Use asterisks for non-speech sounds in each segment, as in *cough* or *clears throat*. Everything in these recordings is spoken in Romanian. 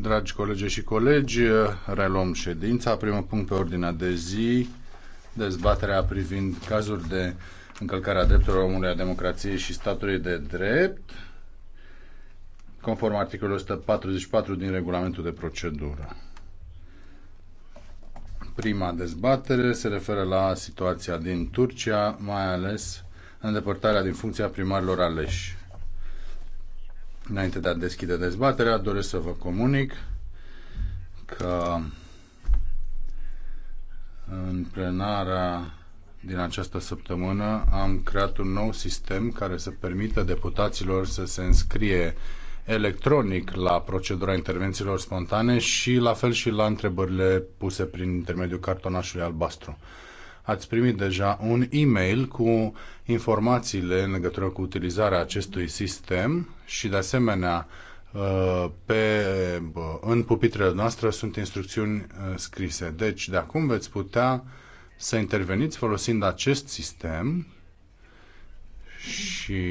Dragi colegi și colegi, reluăm ședința. Primul punct pe ordinea de zi, dezbaterea privind cazuri de încălcare a drepturilor omului, a democrației și statului de drept, conform articolului 144 din regulamentul de procedură. Prima dezbatere se referă la situația din Turcia, mai ales îndepărtarea din funcția primarilor aleși. Înainte de a deschide dezbaterea, doresc să vă comunic că în plenara din această săptămână am creat un nou sistem care să permită deputaților să se înscrie electronic la procedura intervențiilor spontane și la fel și la întrebările puse prin intermediul cartonașului albastru ați primit deja un e-mail cu informațiile în legătură cu utilizarea acestui sistem și, de asemenea, uh, pe, uh, în pupitrele noastre sunt instrucțiuni uh, scrise. Deci, de acum veți putea să interveniți folosind acest sistem și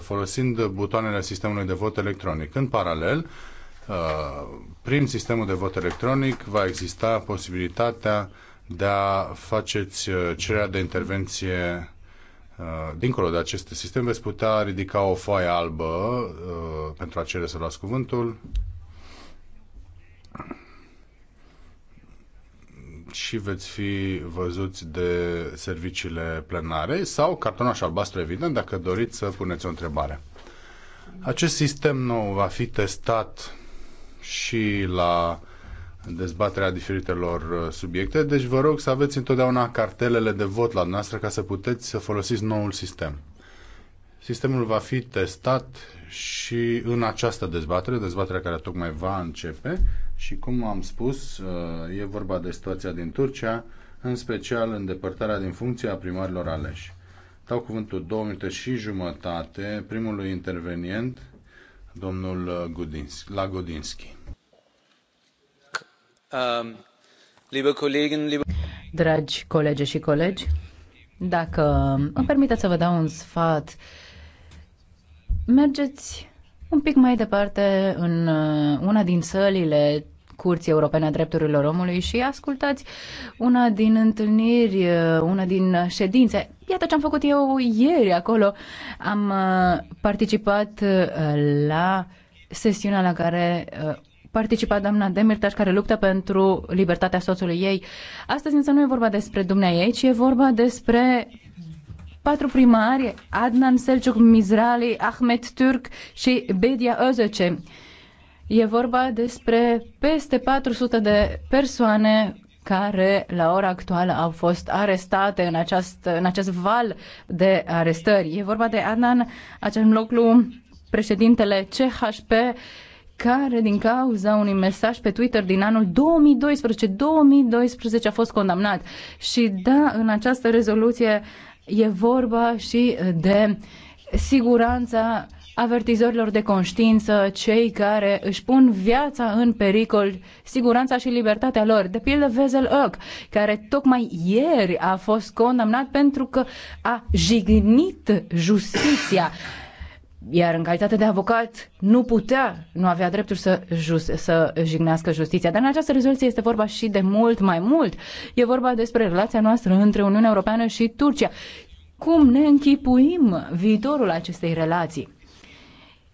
folosind butoanele sistemului de vot electronic. În paralel, prin sistemul de vot electronic va exista posibilitatea da, faceți uh, cererea de intervenție uh, dincolo de acest sistem. Veți putea ridica o foaie albă uh, pentru a cere să luați cuvântul. și veți fi văzuți de serviciile plenare sau cartonaș albastru, evident, dacă doriți să puneți o întrebare. Acest sistem nou va fi testat și la dezbaterea diferitelor uh, subiecte, deci vă rog să aveți întotdeauna cartelele de vot la noastră ca să puteți să folosiți noul sistem. Sistemul va fi testat și în această dezbatere, dezbaterea care tocmai va începe și cum am spus, uh, e vorba de situația din Turcia, în special îndepărtarea din funcție a primarilor aleși. Dau cuvântul două minute și jumătate primului intervenient, domnul uh, Gudinski, la Godinski. Um, Dragi colegi și colegi, dacă îmi permiteți să vă dau un sfat, mergeți un pic mai departe în uh, una din sălile Curții Europene a Drepturilor Omului și ascultați una din întâlniri, uh, una din ședințe. Iată ce am făcut eu ieri acolo. Am uh, participat la sesiunea la care participa doamna Demirtaș care luptă pentru libertatea soțului ei. Astăzi însă nu e vorba despre dumnea ei, ci e vorba despre patru primari, Adnan Selciuk Mizrali, Ahmet Türk și Bedia Özece. E vorba despre peste 400 de persoane care la ora actuală au fost arestate în acest, în acest val de arestări. E vorba de Adnan Acemloglu, președintele CHP, care din cauza unui mesaj pe Twitter din anul 2012, 2012 a fost condamnat. Și da, în această rezoluție e vorba și de siguranța avertizorilor de conștiință, cei care își pun viața în pericol, siguranța și libertatea lor. De pildă Vezel Oc, care tocmai ieri a fost condamnat pentru că a jignit justiția iar în calitate de avocat nu putea, nu avea dreptul să, just, să jignească justiția. Dar în această rezoluție este vorba și de mult mai mult. E vorba despre relația noastră între Uniunea Europeană și Turcia. Cum ne închipuim viitorul acestei relații?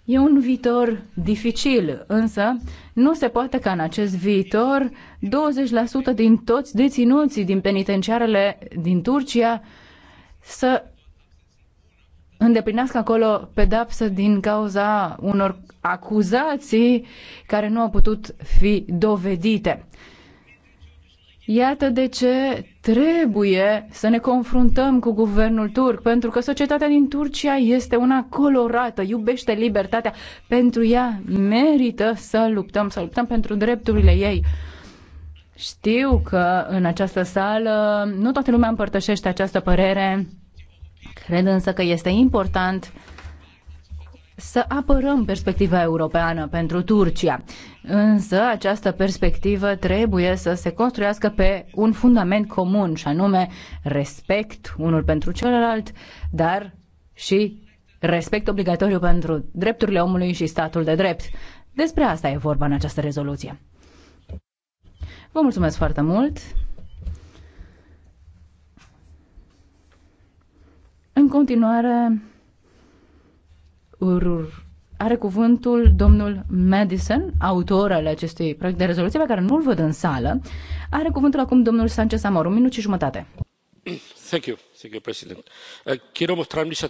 E un viitor dificil, însă nu se poate ca în acest viitor 20% din toți deținuții din penitenciarele din Turcia să îndeplinească acolo pedapsă din cauza unor acuzații care nu au putut fi dovedite. Iată de ce trebuie să ne confruntăm cu guvernul turc, pentru că societatea din Turcia este una colorată, iubește libertatea, pentru ea merită să luptăm, să luptăm pentru drepturile ei. Știu că în această sală nu toată lumea împărtășește această părere, Cred însă că este important să apărăm perspectiva europeană pentru Turcia. Însă această perspectivă trebuie să se construiască pe un fundament comun și anume respect unul pentru celălalt, dar și respect obligatoriu pentru drepturile omului și statul de drept. Despre asta e vorba în această rezoluție. Vă mulțumesc foarte mult! În continuare, are cuvântul domnul Madison, autor al acestui proiect de rezoluție pe care nu-l văd în sală. Are cuvântul acum domnul Sanchez Amor, un minut și jumătate. Thank thank you, you, President.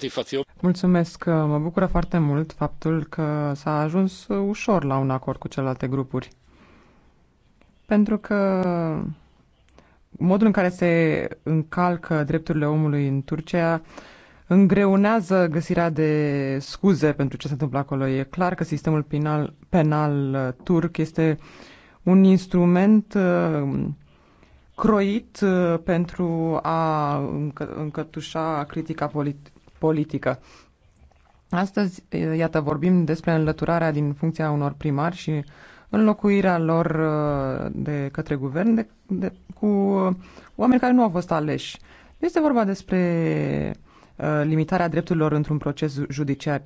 Uh, Mulțumesc. Uh, mă bucură foarte mult faptul că s-a ajuns ușor la un acord cu celelalte grupuri. Pentru că modul în care se încalcă drepturile omului în Turcia îngreunează găsirea de scuze pentru ce se întâmplă acolo. E clar că sistemul penal, penal uh, turc este un instrument uh, croit uh, pentru a încătușa critica polit- politică. Astăzi, iată, vorbim despre înlăturarea din funcția unor primari și înlocuirea lor de către guvern de, de, cu oameni care nu au fost aleși. Este vorba despre Uh, limitarea drepturilor într-un proces judiciar.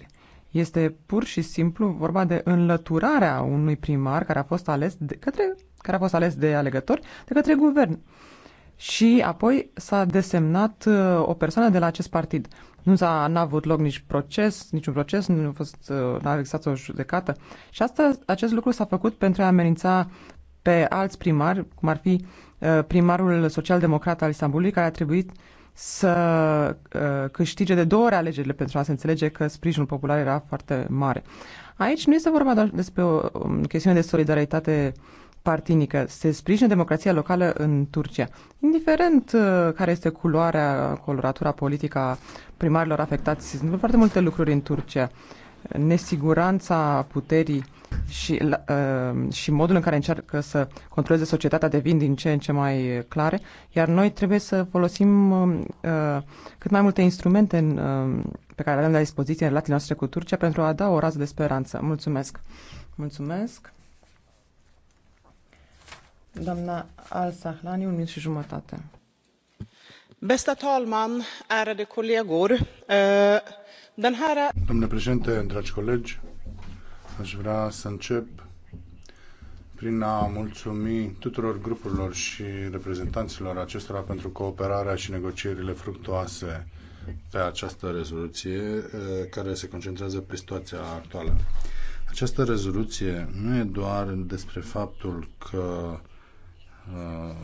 Este pur și simplu vorba de înlăturarea unui primar care a fost ales de către care a fost ales de alegători de către guvern. Și apoi s-a desemnat uh, o persoană de la acest partid. Nu s-a n-a avut loc nici proces, niciun proces, nu a fost uh, n-a existat o judecată. Și asta, acest lucru s-a făcut pentru a amenința pe alți primari, cum ar fi primarul social-democrat al Istanbulului, care a trebuit uh, să uh, câștige de două ori alegerile pentru a se înțelege că sprijinul popular era foarte mare. Aici nu este vorba doar despre o um, chestiune de solidaritate partinică. Se sprijină democrația locală în Turcia. Indiferent uh, care este culoarea, coloratura politică a primarilor afectați, sunt foarte multe lucruri în Turcia. Nesiguranța puterii și, uh, și modul în care încearcă să controleze societatea devin din ce în ce mai clare, iar noi trebuie să folosim uh, cât mai multe instrumente în, uh, pe care le avem la dispoziție în relații noastre cu Turcia pentru a da o rază de speranță. Mulțumesc! Mulțumesc! Doamna Al-Sahlani, un minut și jumătate. Bästa talman, ärade kollegor. Uh, den här... Domnule președinte, dragi colegi, Aș vrea să încep prin a mulțumi tuturor grupurilor și reprezentanților acestora pentru cooperarea și negocierile fructuoase pe această rezoluție eh, care se concentrează pe situația actuală. Această rezoluție nu e doar despre faptul că eh,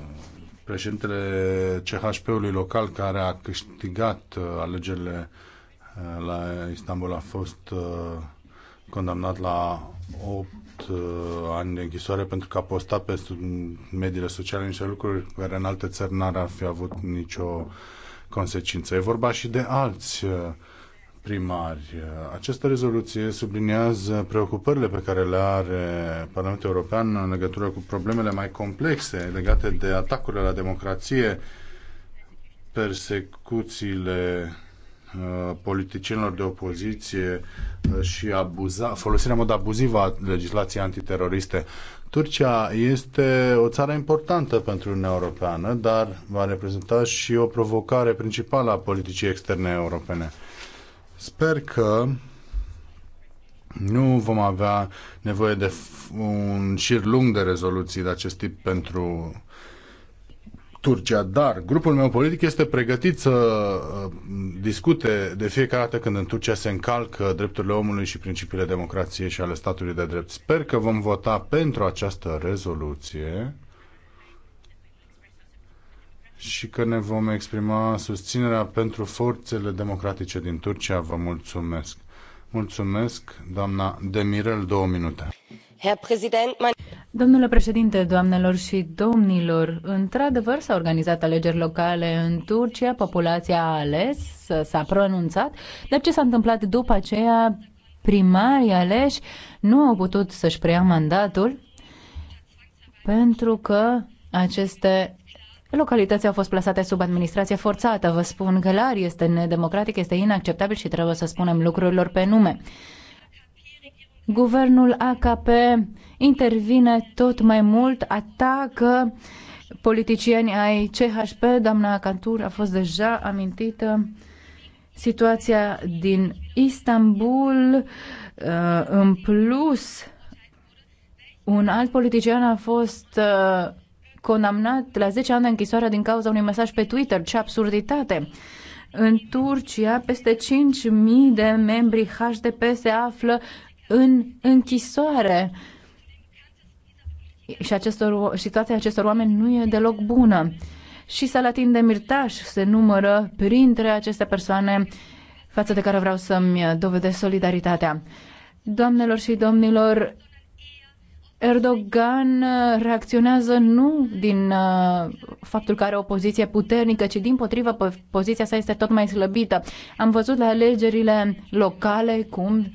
președintele CHP-ului local care a câștigat eh, alegerile la Istanbul a fost condamnat la 8 uh, ani de închisoare pentru că a postat pe mediile sociale niște lucruri care în alte țări n-ar fi avut nicio consecință. E vorba și de alți uh, primari. Această rezoluție subliniază preocupările pe care le are Parlamentul European în legătură cu problemele mai complexe legate de atacurile la democrație, persecuțiile Uh, politicienilor de opoziție uh, și abuza, folosirea în mod abuziv a legislației antiteroriste. Turcia este o țară importantă pentru Uniunea Europeană, dar va reprezenta și o provocare principală a politicii externe europene. Sper că nu vom avea nevoie de un șir lung de rezoluții de acest tip pentru Turcia, dar grupul meu politic este pregătit să uh, discute de fiecare dată când în Turcia se încalcă drepturile omului și principiile democrației și ale statului de drept. Sper că vom vota pentru această rezoluție și că ne vom exprima susținerea pentru forțele democratice din Turcia. Vă mulțumesc. Mulțumesc, doamna Demirel, două minute. Domnule președinte, doamnelor și domnilor, într-adevăr s-au organizat alegeri locale în Turcia, populația a ales, s-a pronunțat, dar ce s-a întâmplat după aceea? Primarii aleși nu au putut să-și preia mandatul pentru că aceste localități au fost plasate sub administrație forțată. Vă spun că este nedemocratic, este inacceptabil și trebuie să spunem lucrurilor pe nume. Guvernul AKP intervine tot mai mult, atacă politicieni ai CHP, doamna Cantur a fost deja amintită, situația din Istanbul, uh, în plus, un alt politician a fost uh, condamnat la 10 ani de închisoare din cauza unui mesaj pe Twitter. Ce absurditate! În Turcia, peste 5.000 de membri HDP se află în închisoare. Și, acestor, și toate acestor oameni nu e deloc bună. Și Salatin de Mirtaș se numără printre aceste persoane față de care vreau să-mi dovedesc solidaritatea. Doamnelor și domnilor, Erdogan reacționează nu din uh, faptul că are o poziție puternică, ci din potrivă poziția sa este tot mai slăbită. Am văzut la alegerile locale cum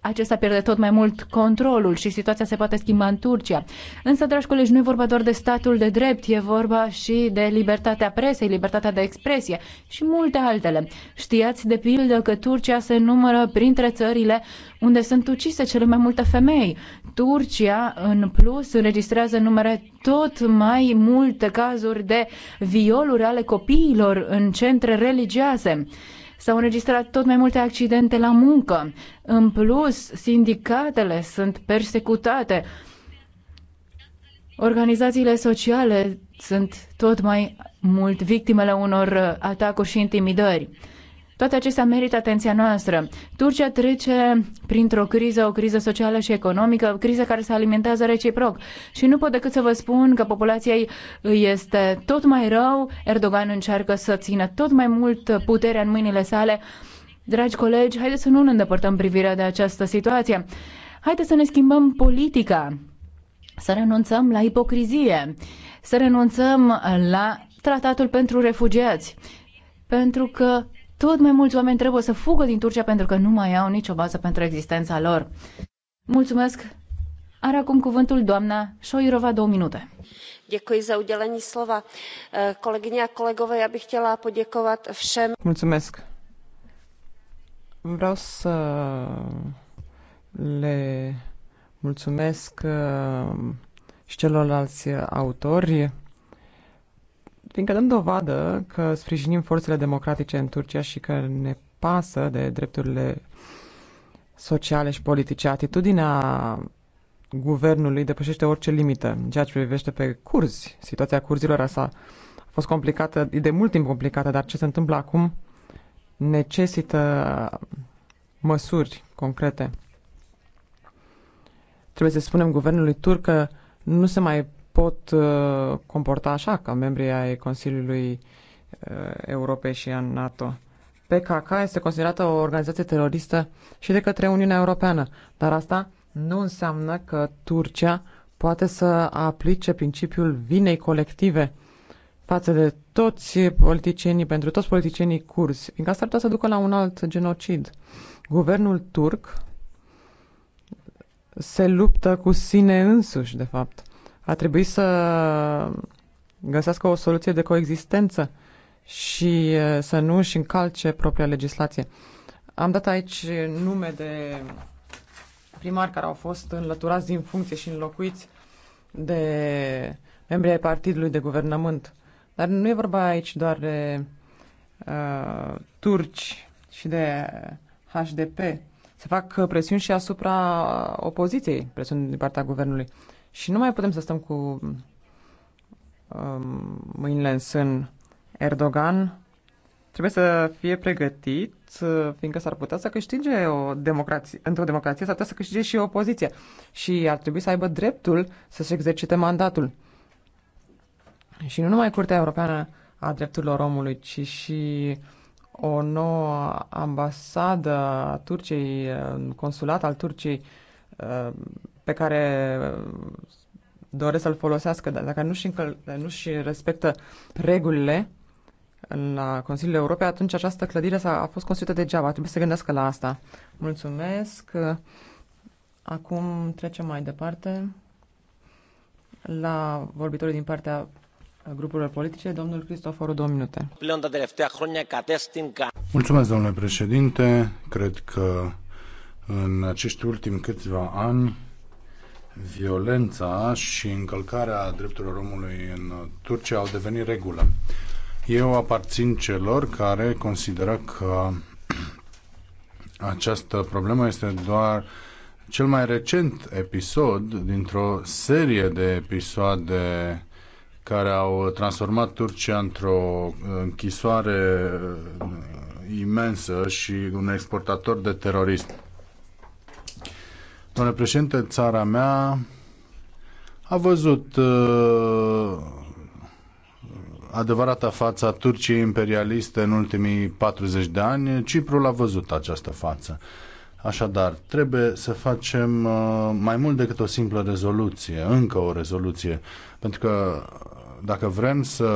acesta pierde tot mai mult controlul și situația se poate schimba în Turcia. Însă, dragi colegi, nu e vorba doar de statul de drept, e vorba și de libertatea presei, libertatea de expresie și multe altele. Știați, de pildă, că Turcia se numără printre țările unde sunt ucise cele mai multe femei. Turcia, în plus, înregistrează numere tot mai multe cazuri de violuri ale copiilor în centre religioase. S-au înregistrat tot mai multe accidente la muncă. În plus, sindicatele sunt persecutate. Organizațiile sociale sunt tot mai mult victimele unor atacuri și intimidări. Toate acestea merită atenția noastră. Turcia trece printr-o criză, o criză socială și economică, o criză care se alimentează reciproc. Și nu pot decât să vă spun că populației este tot mai rău. Erdogan încearcă să țină tot mai mult puterea în mâinile sale. Dragi colegi, haideți să nu ne îndepărtăm privirea de această situație. Haideți să ne schimbăm politica, să renunțăm la ipocrizie, să renunțăm la tratatul pentru refugiați, pentru că tot mai mulți oameni trebuie să fugă din Turcia pentru că nu mai au nicio bază pentru existența lor. Mulțumesc! Are acum cuvântul doamna Șoirova, două minute. Děkuji za udělení slova. Eh, kolegyně a kolegové, já bych chtěla poděkovat všem. Mulțumesc. Vreau să le mulțumesc eh, și celorlalți autori Fiindcă dăm dovadă că sprijinim forțele democratice în Turcia și că ne pasă de drepturile sociale și politice, atitudinea guvernului depășește orice limită. În ceea ce privește pe curzi, situația curzilor asta a fost complicată, e de mult timp complicată, dar ce se întâmplă acum necesită măsuri concrete. Trebuie să spunem guvernului turc că nu se mai pot uh, comporta așa ca membrii ai Consiliului uh, Europei și a NATO. PKK este considerată o organizație teroristă și de către Uniunea Europeană, dar asta nu înseamnă că Turcia poate să aplice principiul vinei colective față de toți politicienii, pentru toți politicienii curzi, fiindcă asta ar putea să ducă la un alt genocid. Guvernul turc se luptă cu sine însuși, de fapt a trebuit să găsească o soluție de coexistență și să nu își încalce propria legislație. Am dat aici nume de primari care au fost înlăturați din funcție și înlocuiți de membrii ai partidului de guvernământ. Dar nu e vorba aici doar de uh, turci și de HDP. Se fac presiuni și asupra opoziției, presiuni din partea guvernului. Și nu mai putem să stăm cu um, mâinile în sân. Erdogan trebuie să fie pregătit, uh, fiindcă s-ar putea să câștige o democrație, într-o democrație s-ar putea să câștige și opoziția. Și ar trebui să aibă dreptul să-și exercite mandatul. Și nu numai Curtea Europeană a Drepturilor Omului, ci și o nouă ambasadă a Turciei, consulat al Turciei uh, pe care uh, doresc să-l folosească, dar dacă nu-și, încăl- nu-și respectă regulile la Consiliul Europei, atunci această clădire s-a, a fost construită degeaba. Trebuie să gândească la asta. Mulțumesc. Acum trecem mai departe la vorbitorii din partea grupurilor politice. Domnul Cristoforu, două minute. Mulțumesc, domnule președinte. Cred că în acești ultimi câțiva ani violența și încălcarea drepturilor omului în Turcia au devenit regulă. Eu aparțin celor care consideră că această problemă este doar cel mai recent episod dintr-o serie de episoade care au transformat Turcia într-o închisoare imensă și un exportator de terorism. Domnule președinte, țara mea a văzut uh, adevărata fața Turciei imperialiste în ultimii 40 de ani. Ciprul a văzut această față. Așadar, trebuie să facem uh, mai mult decât o simplă rezoluție, încă o rezoluție, pentru că dacă vrem să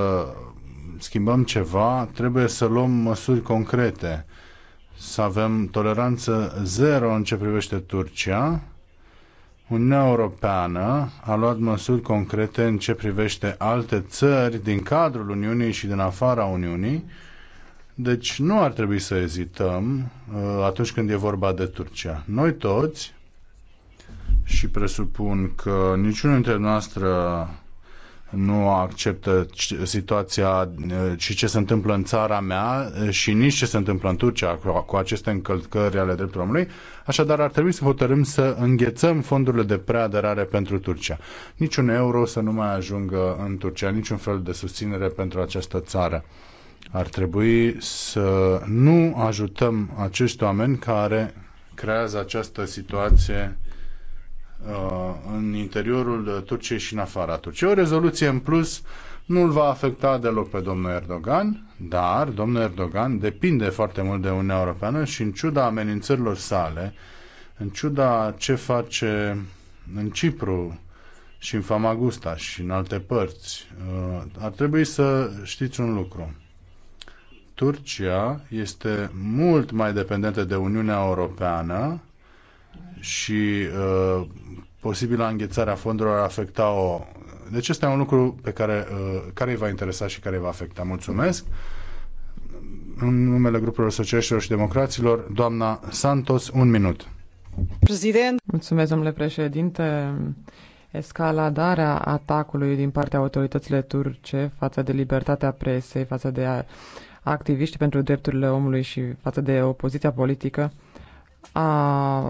schimbăm ceva, trebuie să luăm măsuri concrete să avem toleranță zero în ce privește Turcia. Uniunea Europeană a luat măsuri concrete în ce privește alte țări din cadrul Uniunii și din afara Uniunii. Deci nu ar trebui să ezităm uh, atunci când e vorba de Turcia. Noi toți, și presupun că niciunul dintre noastre nu acceptă situația eh, și ce se întâmplă în țara mea eh, și nici ce se întâmplă în Turcia cu aceste încălcări ale drepturilor omului. Așadar, ar trebui să hotărâm să înghețăm fondurile de preaderare pentru Turcia. Niciun euro să nu mai ajungă în Turcia, niciun fel de susținere pentru această țară. Ar trebui să nu ajutăm acești oameni care creează această situație Uh, în interiorul Turciei și în afara Turciei. O rezoluție în plus nu îl va afecta deloc pe domnul Erdogan, dar domnul Erdogan depinde foarte mult de Uniunea Europeană și în ciuda amenințărilor sale, în ciuda ce face în Cipru și în Famagusta și în alte părți, uh, ar trebui să știți un lucru. Turcia este mult mai dependentă de Uniunea Europeană și uh, posibila înghețarea fondurilor afecta o... Deci este un lucru pe care, uh, care îi va interesa și care îi va afecta. Mulțumesc! În numele grupurilor socialiștilor și democraților, doamna Santos, un minut. Prezident. Mulțumesc, domnule președinte. Escaladarea atacului din partea autorităților turce față de libertatea presei, față de activiști pentru drepturile omului și față de opoziția politică a,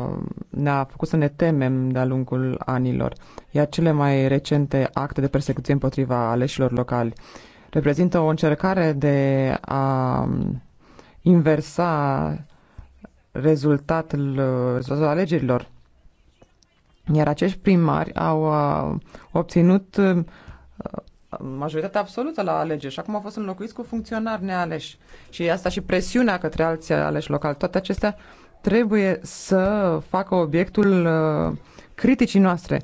ne-a făcut să ne temem de-a lungul anilor, iar cele mai recente acte de persecuție împotriva aleșilor locali reprezintă o încercare de a inversa rezultatul, rezultatul alegerilor. Iar acești primari au a, obținut majoritatea absolută la alegeri și acum au fost înlocuiți cu funcționari nealeși. Și asta și presiunea către alții aleși locali. Toate acestea trebuie să facă obiectul uh, criticii noastre.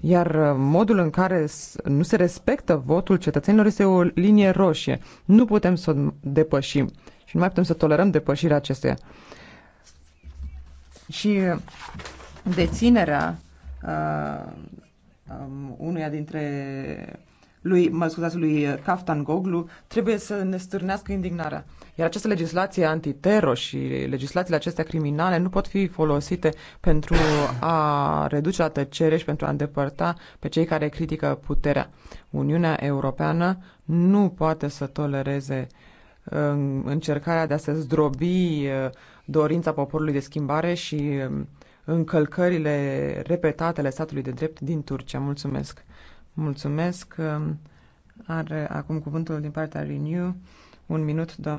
Iar uh, modul în care nu se respectă votul cetățenilor este o linie roșie. Nu putem să o depășim și nu mai putem să tolerăm depășirea acesteia. Și uh, deținerea uh, um, unuia dintre lui, mă scuzați, lui Kaftan Goglu trebuie să ne stârnească indignarea. Iar această legislație antitero și legislațiile acestea criminale nu pot fi folosite pentru a reduce la tăcere și pentru a îndepărta pe cei care critică puterea. Uniunea Europeană nu poate să tolereze uh, încercarea de a se zdrobi uh, dorința poporului de schimbare și um, încălcările repetate ale statului de drept din Turcia. Mulțumesc! Mulțumesc! Um, are acum cuvântul din partea Renew. Un minut, do-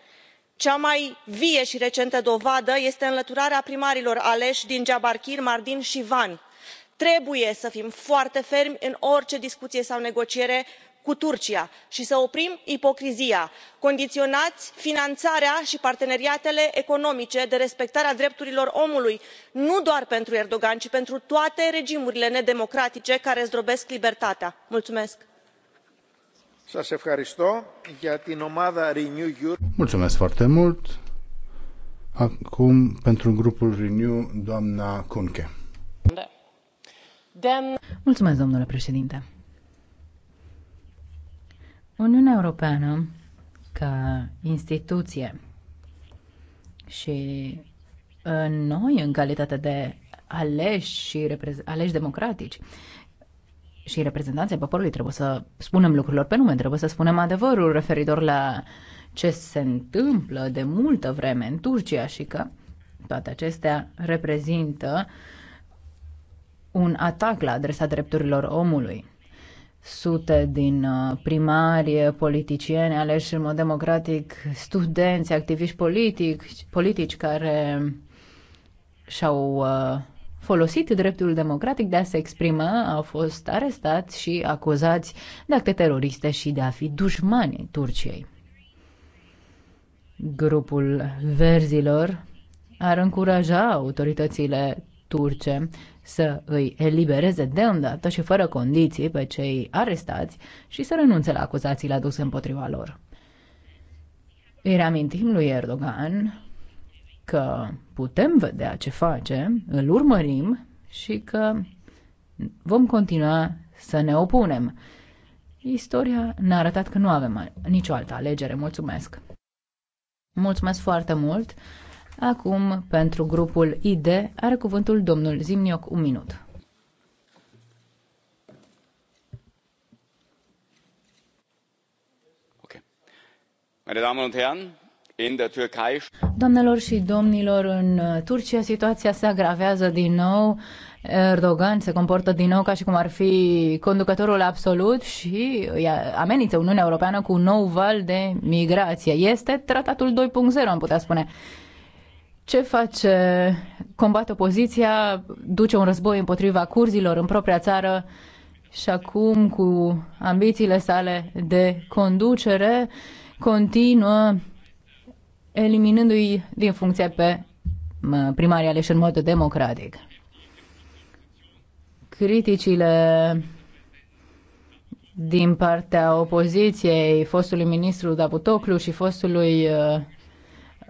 cea mai vie și recentă dovadă este înlăturarea primarilor aleși din diyarbakir mardin și van. trebuie să fim foarte fermi în orice discuție sau negociere cu turcia și să oprim ipocrizia condiționați finanțarea și parteneriatele economice de respectarea drepturilor omului nu doar pentru erdogan ci pentru toate regimurile nedemocratice care zdrobesc libertatea. mulțumesc. Mulțumesc foarte mult. Acum, pentru grupul Renew, doamna Kunke. Mulțumesc, domnule președinte. Uniunea Europeană, ca instituție și uh, noi, în calitate de aleși și aleși democratici, și reprezentanții poporului trebuie să spunem lucrurilor pe nume, trebuie să spunem adevărul referitor la ce se întâmplă de multă vreme în Turcia și că toate acestea reprezintă un atac la adresa drepturilor omului. Sute din uh, primari, politicieni aleși în mod democratic, studenți, activiști politici, politici care și-au uh, folosit dreptul democratic de a se exprima, au fost arestați și acuzați de acte teroriste și de a fi dușmani Turciei. Grupul verzilor ar încuraja autoritățile turce să îi elibereze de îndată și fără condiții pe cei arestați și să renunțe la acuzațiile aduse împotriva lor. Îi reamintim lui Erdogan că putem vedea ce face, îl urmărim și că vom continua să ne opunem. Istoria ne-a arătat că nu avem nicio altă alegere. Mulțumesc! Mulțumesc foarte mult! Acum, pentru grupul ID, are cuvântul domnul Zimnioc un minut. Ok. Meine Damen und Herren, Doamnelor și domnilor, în uh, Turcia situația se agravează din nou. Erdogan se comportă din nou ca și cum ar fi conducătorul absolut și amenință Uniunea Europeană cu un nou val de migrație. Este tratatul 2.0, am putea spune. Ce face? Combate opoziția, duce un război împotriva curzilor în propria țară și acum cu ambițiile sale de conducere continuă eliminându-i din funcție pe primarii aleși în mod democratic. Criticile din partea opoziției, fostului ministru Davutoclu și fostului uh,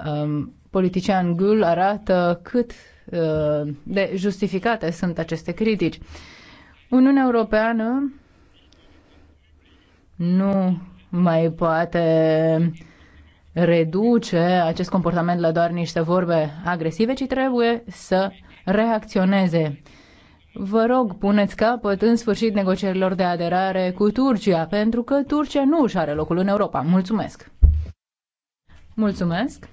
um, politician Gül arată cât uh, de justificate sunt aceste critici. Uniunea Europeană nu mai poate reduce acest comportament la doar niște vorbe agresive, ci trebuie să reacționeze. Vă rog, puneți capăt în sfârșit negocierilor de aderare cu Turcia, pentru că Turcia nu își are locul în Europa. Mulțumesc! Mulțumesc!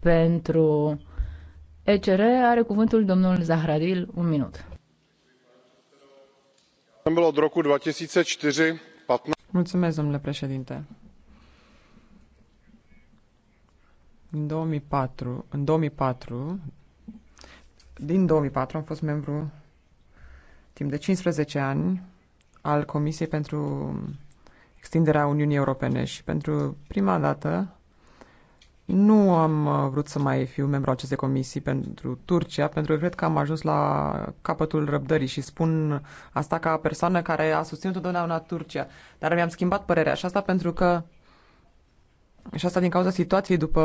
Pentru ECR are cuvântul domnul Zahradil, un minut. Mulțumesc, domnule președinte. Din 2004, în 2004, din 2004 am fost membru timp de 15 ani al Comisiei pentru extinderea Uniunii Europene și pentru prima dată nu am uh, vrut să mai fiu membru acestei comisii pentru Turcia, pentru că cred că am ajuns la capătul răbdării și spun asta ca persoană care a susținut întotdeauna Turcia. Dar mi-am schimbat părerea și asta pentru că și asta din cauza situației după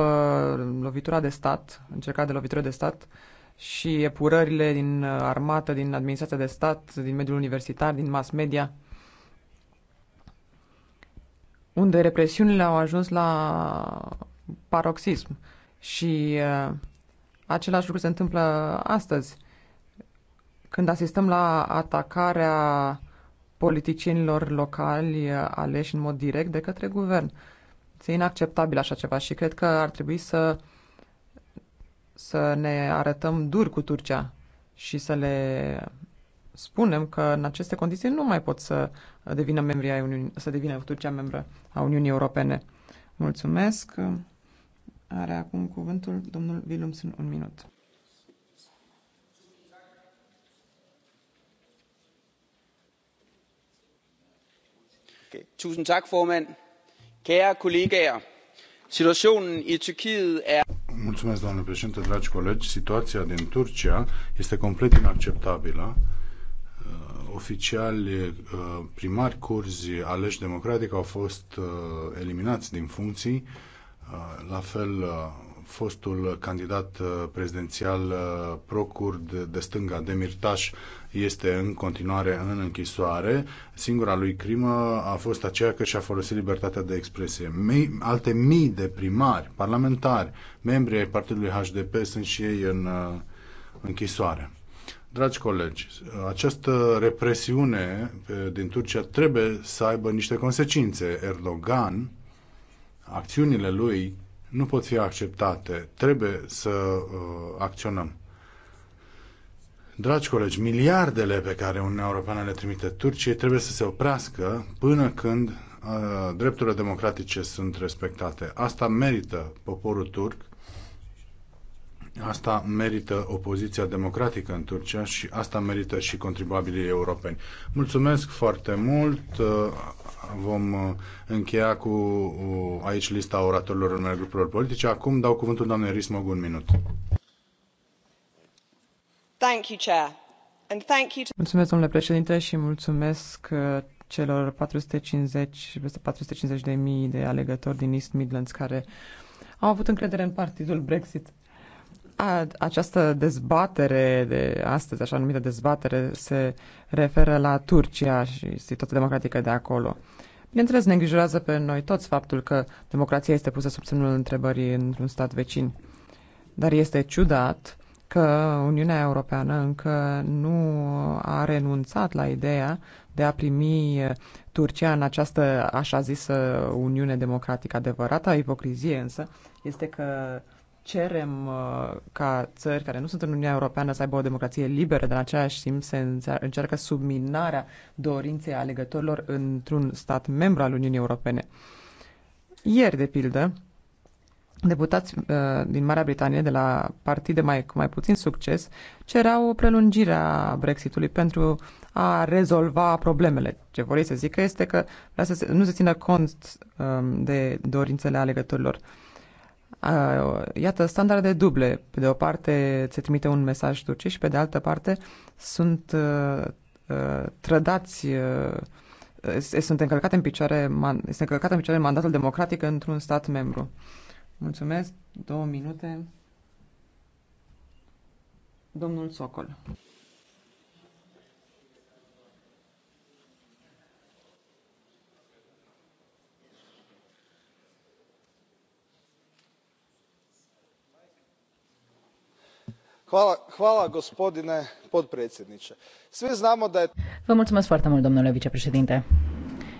lovitura de stat, încercarea de lovitură de stat și epurările din uh, armată, din administrația de stat, din mediul universitar, din mass media, unde represiunile au ajuns la paroxism. Și uh, același lucru se întâmplă astăzi, când asistăm la atacarea politicienilor locali uh, aleși în mod direct de către guvern. Uh, este inacceptabil așa ceva și cred că ar trebui să, să ne arătăm dur cu Turcia și să le spunem că în aceste condiții nu mai pot să devină membri ai Uniunii, să devină Turcia membră a Uniunii Europene. Mulțumesc. Are acum cuvântul domnul în un minut. Tusind tak, formand. Er- Mulțumesc, domnule președinte, dragi colegi. Situația din Turcia este complet inacceptabilă. Uh, Oficiali uh, primari curzi aleși democratic au fost uh, eliminați din funcții. La fel, fostul candidat uh, prezidențial uh, procurd de stânga, Demirtaș, este în continuare în închisoare. Singura lui crimă a fost aceea că și-a folosit libertatea de expresie. Mi, alte mii de primari, parlamentari, membri ai partidului HDP sunt și ei în uh, închisoare. Dragi colegi, această represiune din Turcia trebuie să aibă niște consecințe. Erdogan, acțiunile lui nu pot fi acceptate. Trebuie să uh, acționăm. Dragi colegi, miliardele pe care Uniunea Europeană le trimite Turciei trebuie să se oprească până când uh, drepturile democratice sunt respectate. Asta merită poporul turc Asta merită opoziția democratică în Turcia și asta merită și contribuabilii europeni. Mulțumesc foarte mult. Vom uh, încheia cu uh, aici lista oratorilor în numele grupurilor politice. Acum dau cuvântul doamnei Rismog un minut. Thank you, Chair. And thank you to... Mulțumesc, domnule președinte, și mulțumesc uh, celor 450, peste 450 de mii de alegători din East Midlands care au avut încredere în partidul Brexit a, această dezbatere de astăzi, așa numită dezbatere, se referă la Turcia și situația democratică de acolo. Bineînțeles, ne îngrijorează pe noi toți faptul că democrația este pusă sub semnul întrebării într-un stat vecin. Dar este ciudat că Uniunea Europeană încă nu a renunțat la ideea de a primi Turcia în această așa zisă Uniune Democratică adevărată. Ipocrizie însă este că cerem uh, ca țări care nu sunt în Uniunea Europeană să aibă o democrație liberă, dar în același timp se încearcă subminarea dorinței alegătorilor într-un stat membru al Uniunii Europene. Ieri, de pildă, deputați uh, din Marea Britanie de la partide mai, cu mai puțin succes cereau o prelungire a Brexitului pentru a rezolva problemele. Ce vor ei să zică este că vrea să se, nu se țină cont um, de dorințele alegătorilor. Uh, Iată, standarde duble. Pe de o parte se trimite un mesaj turci și pe de altă parte sunt uh, uh, trădați uh, sunt încălcate în picioare, este încălcat în picioare mandatul democratic într-un stat membru. Mulțumesc. Două minute. Domnul Socol. Da Vă mulțumesc foarte mult, domnule vicepreședinte.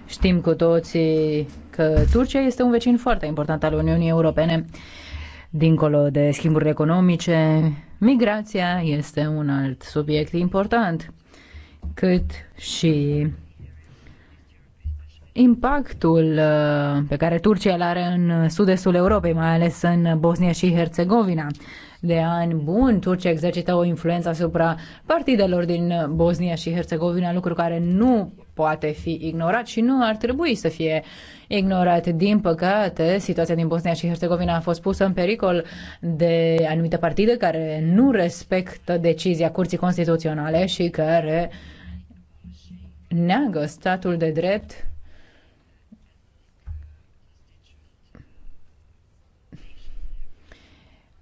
Știm cu toții că Turcia este un vecin foarte important al Uniunii Europene. Dincolo de schimburile economice, migrația este un alt subiect important, cât și impactul uh, pe care Turcia îl are în sud-estul Europei, mai ales în Bosnia și Herțegovina de ani buni, Turcia exercită o influență asupra partidelor din Bosnia și Herțegovina, lucru care nu poate fi ignorat și nu ar trebui să fie ignorat. Din păcate, situația din Bosnia și Herțegovina a fost pusă în pericol de anumite partide care nu respectă decizia Curții Constituționale și care neagă statul de drept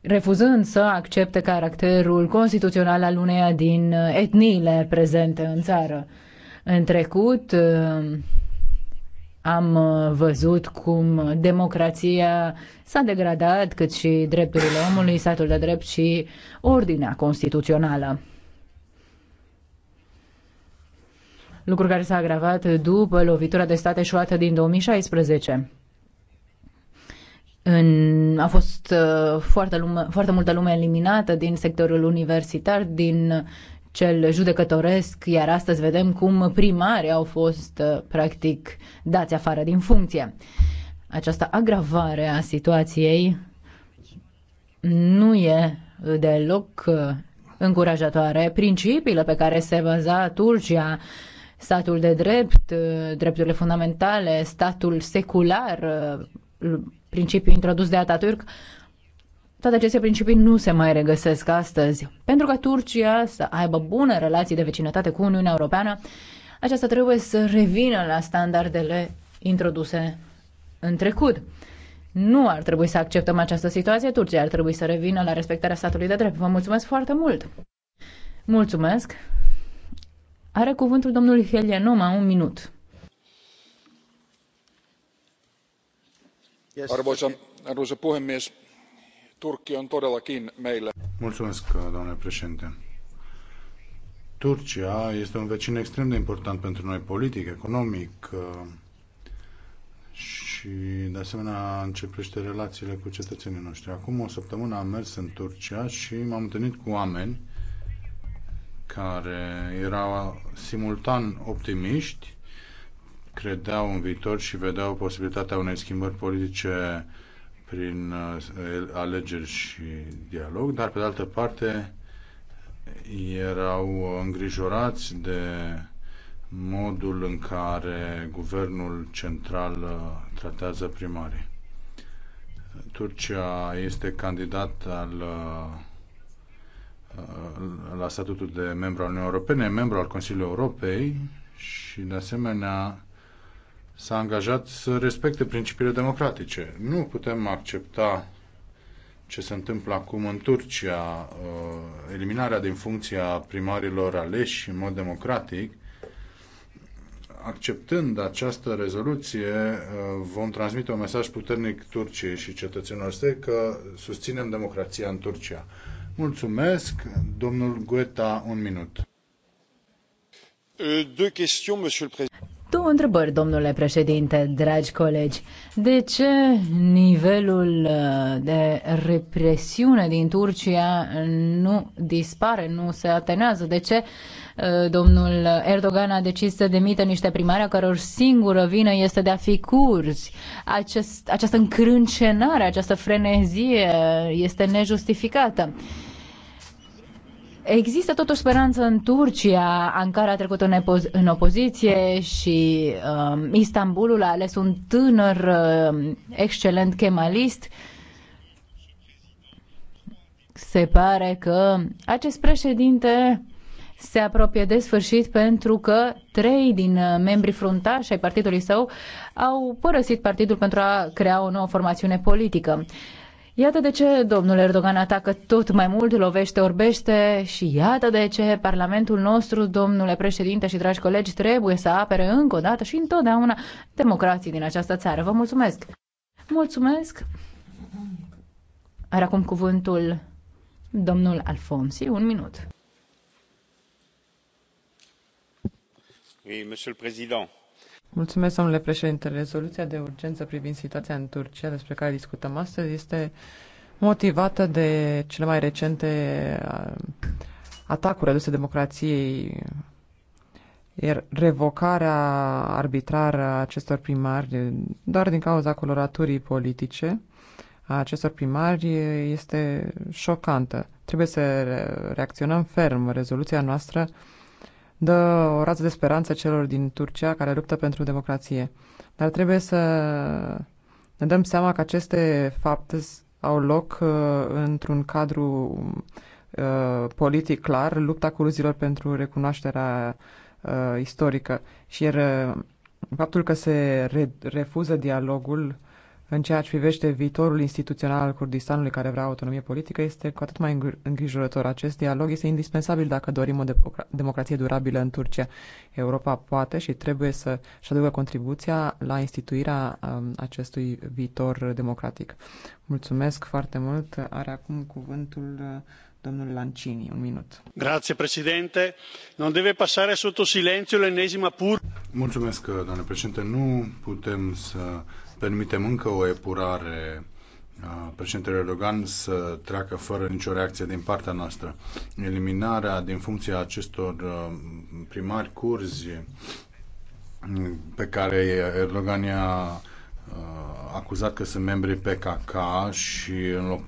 refuzând să accepte caracterul constituțional al uneia din uh, etniile prezente în țară. În trecut uh, am uh, văzut cum democrația s-a degradat, cât și drepturile omului, statul de drept și ordinea constituțională. Lucru care s-a agravat după lovitura de stat șoată din 2016. În, a fost uh, foarte, lume, foarte multă lume eliminată din sectorul universitar, din cel judecătoresc, iar astăzi vedem cum primarii au fost uh, practic dați afară din funcție. Această agravare a situației nu e deloc uh, încurajatoare. Principiile pe care se baza Turcia, statul de drept, uh, drepturile fundamentale, statul secular, uh, principiu introdus de Ataturk, toate aceste principii nu se mai regăsesc astăzi. Pentru ca Turcia să aibă bune relații de vecinătate cu Uniunea Europeană, aceasta trebuie să revină la standardele introduse în trecut. Nu ar trebui să acceptăm această situație. Turcia ar trebui să revină la respectarea statului de drept. Vă mulțumesc foarte mult! Mulțumesc! Are cuvântul domnul Numai un minut. arvoisa puhemies turkki on todellakin meille. domnule președinte turcia este un vecin extrem de important pentru noi politic economic și de asemenea începește relațiile cu cetățenii noștri. Acum o săptămână am mers în Turcia și m-am întâlnit cu oameni care erau simultan optimiști credeau în viitor și vedeau posibilitatea unei schimbări politice prin uh, alegeri și dialog, dar pe de altă parte erau îngrijorați de modul în care guvernul central uh, tratează primarii. Turcia este candidat al, uh, la statutul de membru al Uniunii Europene, membru al Consiliului Europei și, de asemenea, s-a angajat să respecte principiile democratice. Nu putem accepta ce se întâmplă acum în Turcia, uh, eliminarea din funcția primarilor aleși în mod democratic, acceptând această rezoluție, uh, vom transmite un mesaj puternic Turciei și cetățenilor săi că susținem democrația în Turcia. Mulțumesc. Domnul Gueta, un minut. Euh, Două întrebări, domnule președinte, dragi colegi. De ce nivelul uh, de represiune din Turcia nu dispare, nu se atenează? De ce uh, domnul Erdogan a decis să demită niște primari a căror singură vină este de a fi curzi? Acest, această încrâncenare, această frenezie este nejustificată. Există totuși speranță în Turcia. Ankara a trecut în, epo- în opoziție și um, Istanbulul a ales un tânăr uh, excelent chemalist. Se pare că acest președinte se apropie de sfârșit pentru că trei din uh, membrii fruntași ai partidului său au părăsit partidul pentru a crea o nouă formațiune politică. Uh, Iată de ce domnul Erdogan atacă tot mai mult, lovește, orbește și iată de ce Parlamentul nostru, domnule președinte și dragi colegi, trebuie să apere încă o dată și întotdeauna democrații din această țară. Vă mulțumesc! Mulțumesc! Are acum cuvântul domnul Alfonsi, un minut. Oui, monsieur le président Mulțumesc, domnule președinte. Rezoluția de urgență privind situația în Turcia, despre care discutăm astăzi, este motivată de cele mai recente atacuri aduse democrației, iar revocarea arbitrară a acestor primari, doar din cauza coloraturii politice a acestor primari, este șocantă. Trebuie să reacționăm ferm. Rezoluția noastră dă o rază de speranță celor din Turcia care luptă pentru democrație. Dar trebuie să ne dăm seama că aceste fapte au loc uh, într-un cadru uh, politic clar, lupta curuzilor pentru recunoașterea uh, istorică. Și iar, uh, faptul că se re- refuză dialogul uh, în ceea ce privește viitorul instituțional al Kurdistanului care vrea autonomie politică, este cu atât mai îngrijorător. Acest dialog este indispensabil dacă dorim o democra- democrație durabilă în Turcia. Europa poate și trebuie să-și aducă contribuția la instituirea um, acestui viitor democratic. Mulțumesc foarte mult. Are acum cuvântul uh, domnul Lancini. Un minut. Grazie, președinte. Nu deve pasare sotto silențiu l'ennesima pur. Mulțumesc, uh, domnule președinte. Nu putem să permitem încă o epurare a președintelui Erdogan să treacă fără nicio reacție din partea noastră. Eliminarea din funcția acestor uh, primari curzi mm, pe care Erdogan i-a uh, acuzat că sunt membri PKK și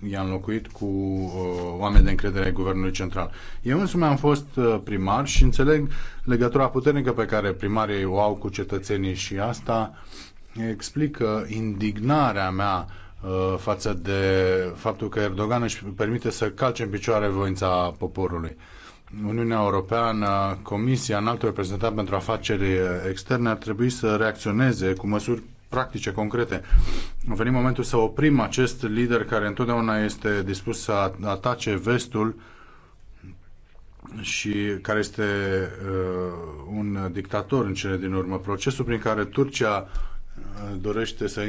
i-a înlocuit cu uh, oameni de încredere ai Guvernului Central. Eu însumi am fost primar și înțeleg legătura puternică pe care primarii o au cu cetățenii și asta uh, explică indignarea mea uh, față de faptul că Erdogan își permite să calce în picioare voința poporului. Uniunea Europeană, Comisia, înaltul reprezentant pentru afaceri externe ar trebui să reacționeze cu măsuri practice, concrete. A venit momentul să oprim acest lider care întotdeauna este dispus să atace vestul și care este uh, un dictator în cele din urmă. Procesul prin care Turcia dorește să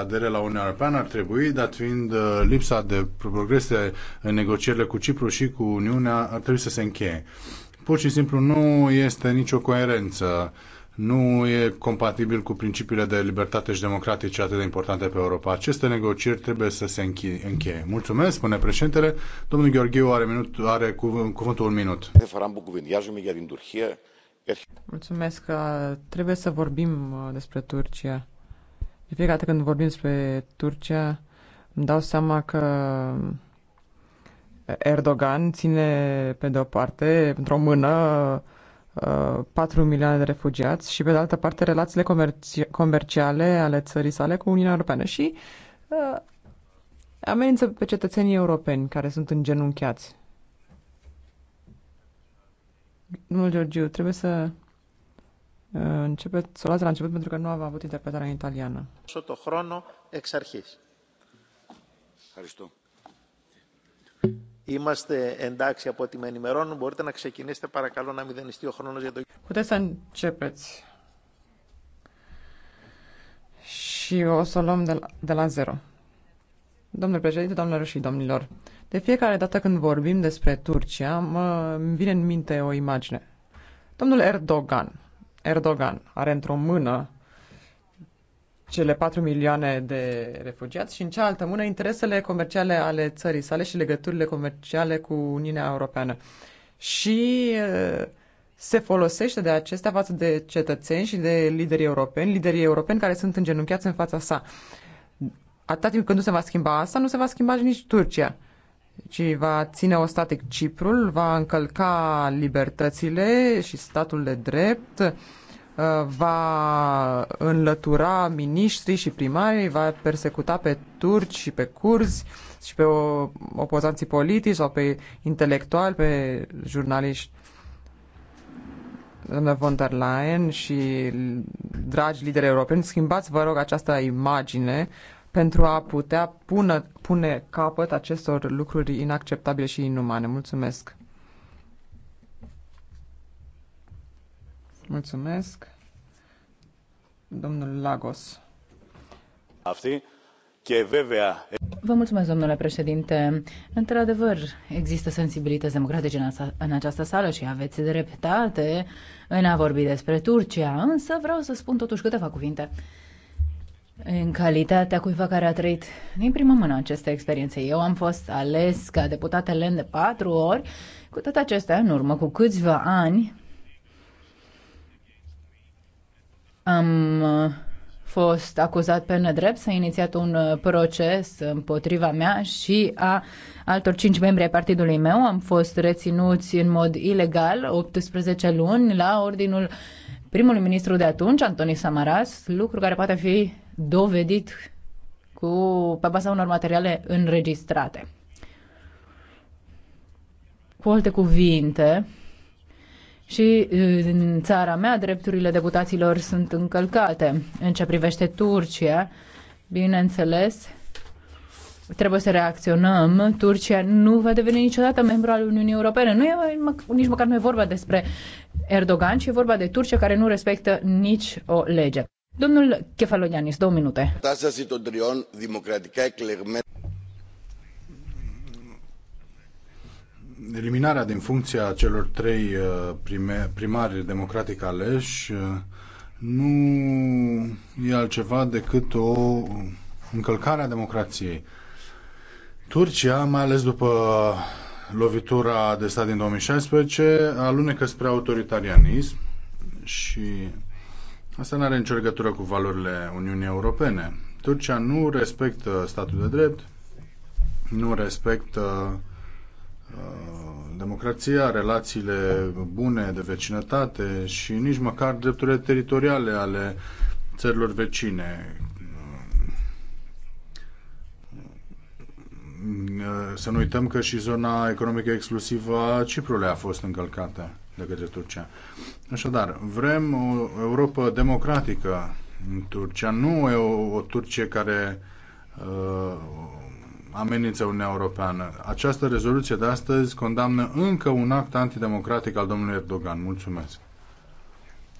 adere la Uniunea Europeană ar trebui, dat fiind uh, lipsa de progrese în negocierile cu Cipru și cu Uniunea, ar trebui să se încheie. Pur și simplu nu este nicio coerență, nu e compatibil cu principiile de libertate și democratice atât de importante pe Europa. Aceste negocieri trebuie să se încheie. Mulțumesc, spune președintele. Domnul Gheorghiu are, minut, are cuvântul un minut. Mulțumesc. Uh, trebuie să vorbim uh, despre Turcia. De fiecare dată când vorbim despre Turcia, îmi dau seama că uh, Erdogan ține pe de-o parte, într-o mână, 4 milioane de refugiați și pe de altă parte relațiile comerci- comerciale ale țării sale cu Uniunea Europeană și uh, amenință pe cetățenii europeni care sunt îngenunchiați. Domnul Georgiu, trebuie să uh, începeți, să o luați la început pentru că nu a avut interpretarea în italiană. Soto chrono ex archis. Haristo. Είμαστε εντάξει από ό,τι με ενημερώνουν. Μπορείτε να ξεκινήσετε παρακαλώ να μηδενιστεί ο χρόνος για το... Puteți să începeți. Și o să o luăm de la, de la zero. Domnule președinte, doamnelor și domnilor, de fiecare dată când vorbim despre Turcia, mă vine în minte o imagine. Domnul Erdogan. Erdogan are într-o mână cele 4 milioane de refugiați și în cealaltă mână interesele comerciale ale țării sale și legăturile comerciale cu Uniunea Europeană. Și se folosește de acestea față de cetățeni și de liderii europeni, liderii europeni care sunt îngenunchiați în fața sa. Atâta timp când nu se va schimba asta, nu se va schimba nici Turcia ci va ține o static Ciprul, va încălca libertățile și statul de drept, uh, va înlătura miniștrii și primarii, va persecuta pe turci și pe curzi și pe opozanții politici sau pe intelectuali, pe jurnaliști. Doamna von der Leyen și dragi lideri europeni, schimbați, vă rog, această imagine pentru a putea pune, pune capăt acestor lucruri inacceptabile și inumane. Mulțumesc! Mulțumesc! Domnul Lagos. Afti. Vă mulțumesc, domnule președinte. Într-adevăr, există sensibilități democratice în, această sală și aveți dreptate în a vorbi despre Turcia, însă vreau să spun totuși câteva cuvinte în calitatea cuiva care a trăit din prima mână aceste experiențe. Eu am fost ales ca deputat elen de patru ori, cu toate acestea, în urmă cu câțiva ani, am uh, fost acuzat pe nedrept, s-a inițiat un uh, proces împotriva mea și a altor cinci membri ai partidului meu. Am fost reținuți în mod ilegal 18 luni la ordinul primul ministru de atunci, Antoni Samaras, lucru care poate fi dovedit cu, pe baza unor materiale înregistrate. Cu alte cuvinte, și uh, în țara mea drepturile deputaților sunt încălcate. În ce privește Turcia, bineînțeles, trebuie să reacționăm. Turcia nu va deveni niciodată membru al Uniunii Europene. Nu e nici măcar nu e vorba despre Erdogan, ci e vorba de Turcia care nu respectă nici o lege. Domnul Kefalonianis, două minute. Eliminarea din funcția celor trei uh, prime, primari democratic aleși uh, nu e altceva decât o încălcare a democrației. Turcia, mai ales după lovitura de stat din 2016 alunecă spre autoritarianism și asta nu are nicio legătură cu valorile Uniunii Europene. Turcia nu respectă statul de drept, nu respectă uh, democrația, relațiile bune de vecinătate și nici măcar drepturile teritoriale ale țărilor vecine, să nu uităm că și zona economică exclusivă a Ciprului a fost încălcată de către Turcia. Așadar, vrem o Europa democratică în Turcia, nu e o, o Turcie care uh, amenință Uniunea Europeană. Această rezoluție de astăzi condamnă încă un act antidemocratic al domnului Erdogan. Mulțumesc!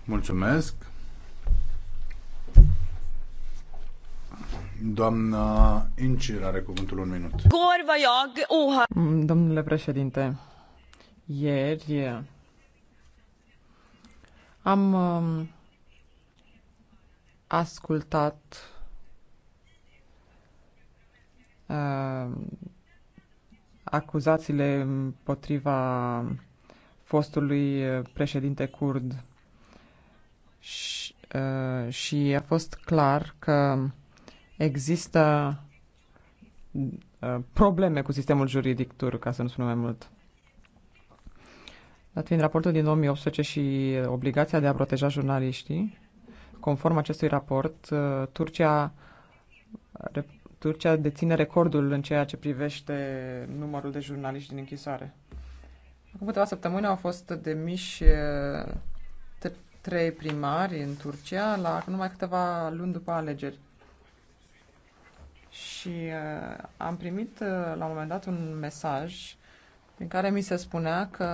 Mulțumesc! Doamna Incir are cuvântul un minut. Mm, domnule președinte, ieri am um, ascultat um, acuzațiile împotriva fostului președinte curd și, uh, și a fost clar că există uh, probleme cu sistemul juridic turc, ca să nu spun mai mult. Dat fiind raportul din 2018 și obligația de a proteja jurnaliștii, conform acestui raport, uh, Turcia, Turcia deține recordul în ceea ce privește numărul de jurnaliști din închisoare. Acum câteva săptămâni au fost demiși uh, trei primari în Turcia, la numai câteva luni după alegeri și uh, am primit uh, la un moment dat un mesaj prin care mi se spunea că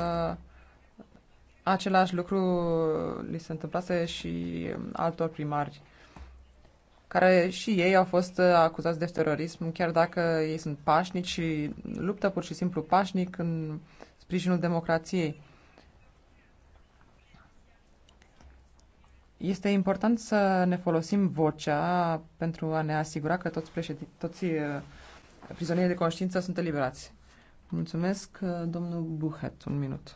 același lucru li se întâmplase și um, altor primari care și ei au fost uh, acuzați de terorism, chiar dacă ei sunt pașnici și luptă pur și simplu pașnic în sprijinul democrației. Este important să ne folosim vocea pentru a ne asigura că toți, președin, toți uh, prizonierii de conștiință sunt eliberați. Mulțumesc, uh, domnul Buchet, un minut.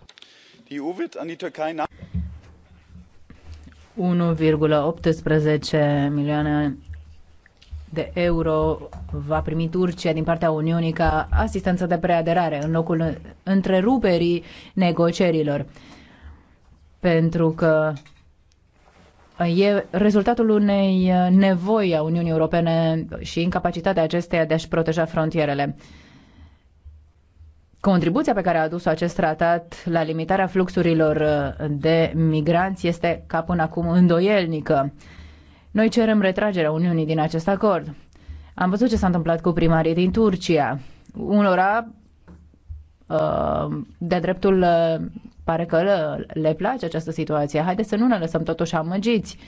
1,18 milioane de euro va primi Turcia din partea Uniunii ca asistență de preaderare în locul întreruperii negocierilor. Pentru că e rezultatul unei uh, nevoi a Uniunii Europene și incapacitatea acesteia de a-și proteja frontierele. Contribuția pe care a adus-o acest tratat la limitarea fluxurilor uh, de migranți este ca până acum îndoielnică. Noi cerem retragerea Uniunii din acest acord. Am văzut ce s-a întâmplat cu primarii din Turcia. Unora uh, de dreptul pare că le place această situație. Haideți să nu ne lăsăm totuși amăgiți,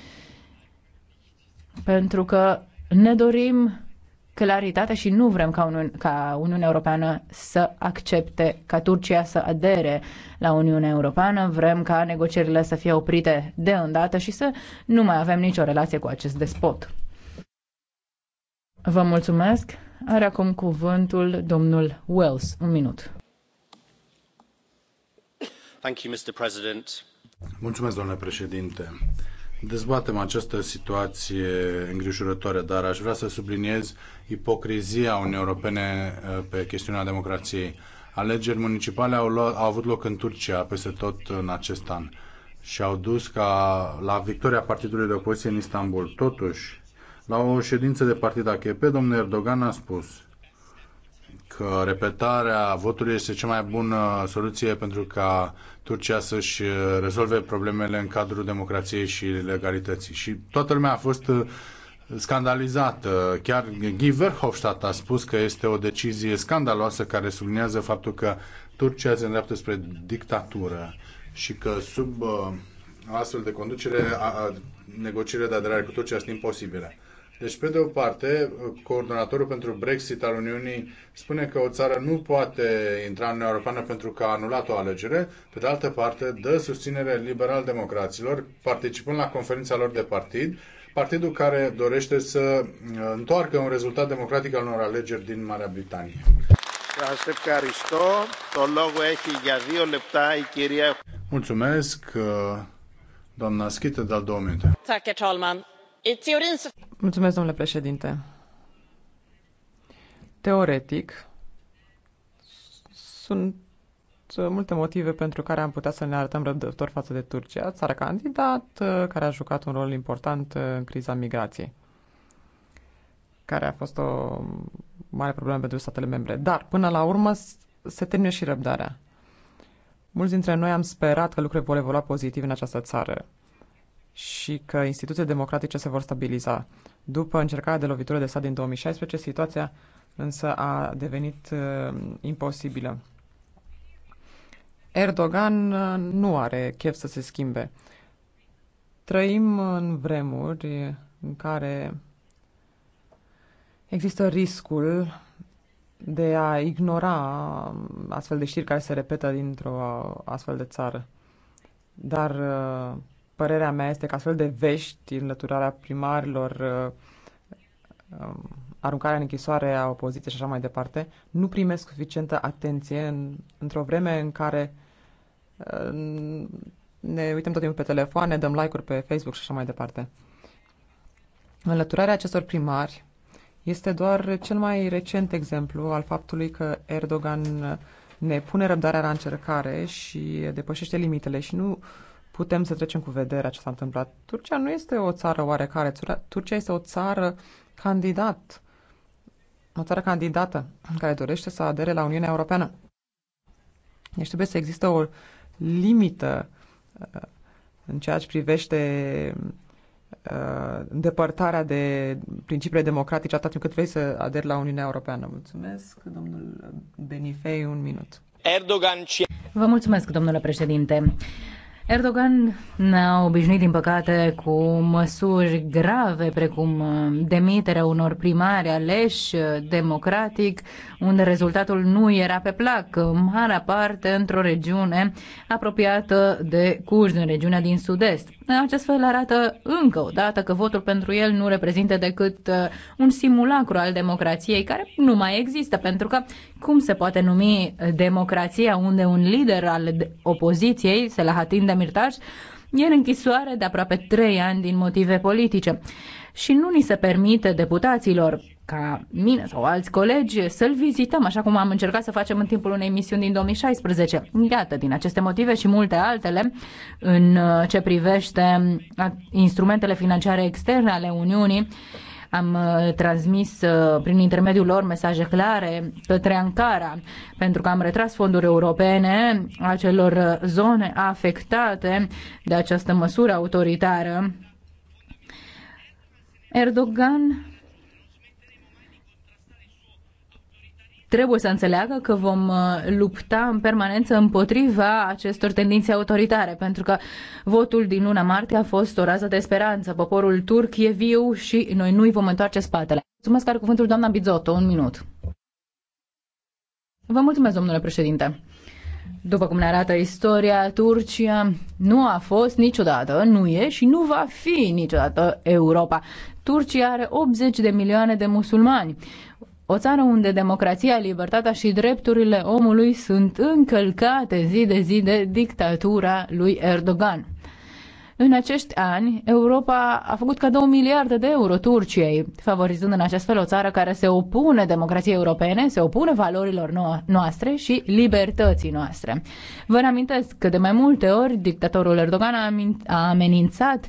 pentru că ne dorim claritate și nu vrem ca, Uniun, ca Uniunea Europeană să accepte ca Turcia să adere la Uniunea Europeană. Vrem ca negocierile să fie oprite de îndată și să nu mai avem nicio relație cu acest despot. Vă mulțumesc. Are acum cuvântul domnul Wells. Un minut. Mulțumesc, domnule președinte. Dezbatem această situație îngrijorătoare, dar aș vrea să subliniez ipocrizia Uniunii Europene uh, pe chestiunea democrației. Alegeri municipale au, luat, au avut loc în Turcia peste tot în acest an și au dus ca la victoria partidului de opoziție în Istanbul. Totuși, la o ședință de partid AKP, domnul Erdogan a spus că repetarea votului este cea mai bună soluție pentru ca Turcia să-și uh, rezolve problemele în cadrul democrației și legalității. Și toată lumea a fost uh, scandalizată. Chiar Guy Verhofstadt a spus că este o decizie scandaloasă care sublinează faptul că Turcia se îndreaptă spre dictatură și că sub uh, astfel de conducere negocierea negocierile de aderare cu Turcia sunt imposibile. Deci, pe de o parte, coordonatorul pentru Brexit al Uniunii spune că o țară nu poate intra în Uniunea Europeană pentru că a anulat o alegere, pe de altă parte, dă susținere liberal-democraților, participând la conferința lor de partid, partidul care dorește să uh, întoarcă un rezultat democratic al unor alegeri din Marea Britanie. Mulțumesc, uh, doamna Schită, dar două minute. Mulțumesc, domnule președinte. Teoretic, sunt multe motive pentru care am putea să ne arătăm răbdător față de Turcia, țara candidat care a jucat un rol important în criza migrației, care a fost o mare problemă pentru statele membre. Dar, până la urmă, se termină și răbdarea. Mulți dintre noi am sperat că lucrurile vor evolua pozitiv în această țară și că instituțiile democratice se vor stabiliza. După încercarea de lovitură de stat din 2016, situația însă a devenit uh, imposibilă. Erdogan uh, nu are chef să se schimbe. Trăim în vremuri în care există riscul de a ignora astfel de știri care se repetă dintr-o astfel de țară. Dar uh, Părerea mea este că astfel de vești, înlăturarea primarilor, uh, um, aruncarea în închisoare a opoziției și așa mai departe, nu primesc suficientă atenție în, într-o vreme în care uh, ne uităm tot timpul pe telefon, ne dăm like-uri pe Facebook și așa mai departe. Înlăturarea acestor primari este doar cel mai recent exemplu al faptului că Erdogan ne pune răbdarea la încercare și depășește limitele și nu putem să trecem cu vederea ce s-a întâmplat. Turcia nu este o țară oarecare. Turcia este o țară candidat, o țară candidată care dorește să adere la Uniunea Europeană. Deci trebuie să există o limită uh, în ceea ce privește uh, îndepărtarea de principiile democratice atât timp cât vrei să aderi la Uniunea Europeană. Mulțumesc, domnul Benifei, un minut. Erdogan. Vă mulțumesc, domnule președinte. Erdogan ne-a obișnuit, din păcate, cu măsuri grave, precum uh, demiterea unor primari aleși uh, democratic, unde rezultatul nu era pe plac, în marea parte într-o regiune apropiată de Cuj, în regiunea din sud-est. Acest fel arată încă o dată că votul pentru el nu reprezintă decât uh, un simulacru al democrației care nu mai există, pentru că cum se poate numi democrația unde un lider al opoziției, Selahatin Demirtaș, e în închisoare de aproape trei ani din motive politice și nu ni se permite deputaților, ca mine sau alți colegi să-l vizităm, așa cum am încercat să facem în timpul unei misiuni din 2016. Iată, din aceste motive și multe altele, în uh, ce privește uh, instrumentele financiare externe ale Uniunii, am uh, transmis prin intermediul lor mesaje clare către Ankara, pentru că am retras fonduri europene acelor zone afectate de această măsură autoritară. Erdogan trebuie să înțeleagă că vom uh, lupta în permanență împotriva acestor tendințe autoritare, pentru că votul din luna martie a fost o rază de speranță. Poporul turc e viu și noi nu-i vom întoarce spatele. Mulțumesc, are cuvântul doamna Bizotto, un minut. Vă mulțumesc, domnule președinte. După cum ne arată istoria, Turcia nu a fost niciodată, nu e și nu va fi niciodată Europa. Turcia are 80 de milioane de musulmani. O țară unde democrația, libertatea și drepturile omului sunt încălcate zi de zi de dictatura lui Erdogan. În acești ani, Europa a făcut ca două miliarde de euro Turciei, favorizând în acest fel o țară care se opune democrației europene, se opune valorilor noastre și libertății noastre. Vă amintesc că de mai multe ori dictatorul Erdogan a, a amenințat uh,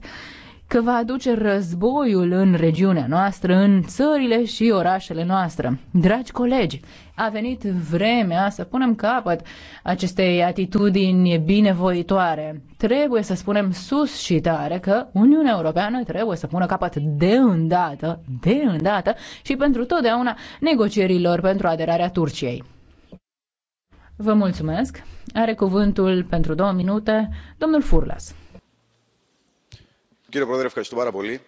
că va aduce războiul în regiunea noastră, în țările și orașele noastre. Dragi colegi, a venit vremea să punem capăt acestei atitudini binevoitoare. Trebuie să spunem sus și tare că Uniunea Europeană trebuie să pună capăt de îndată, de îndată și pentru totdeauna negocierilor pentru aderarea Turciei. Vă mulțumesc. Are cuvântul pentru două minute domnul Furlas să-ți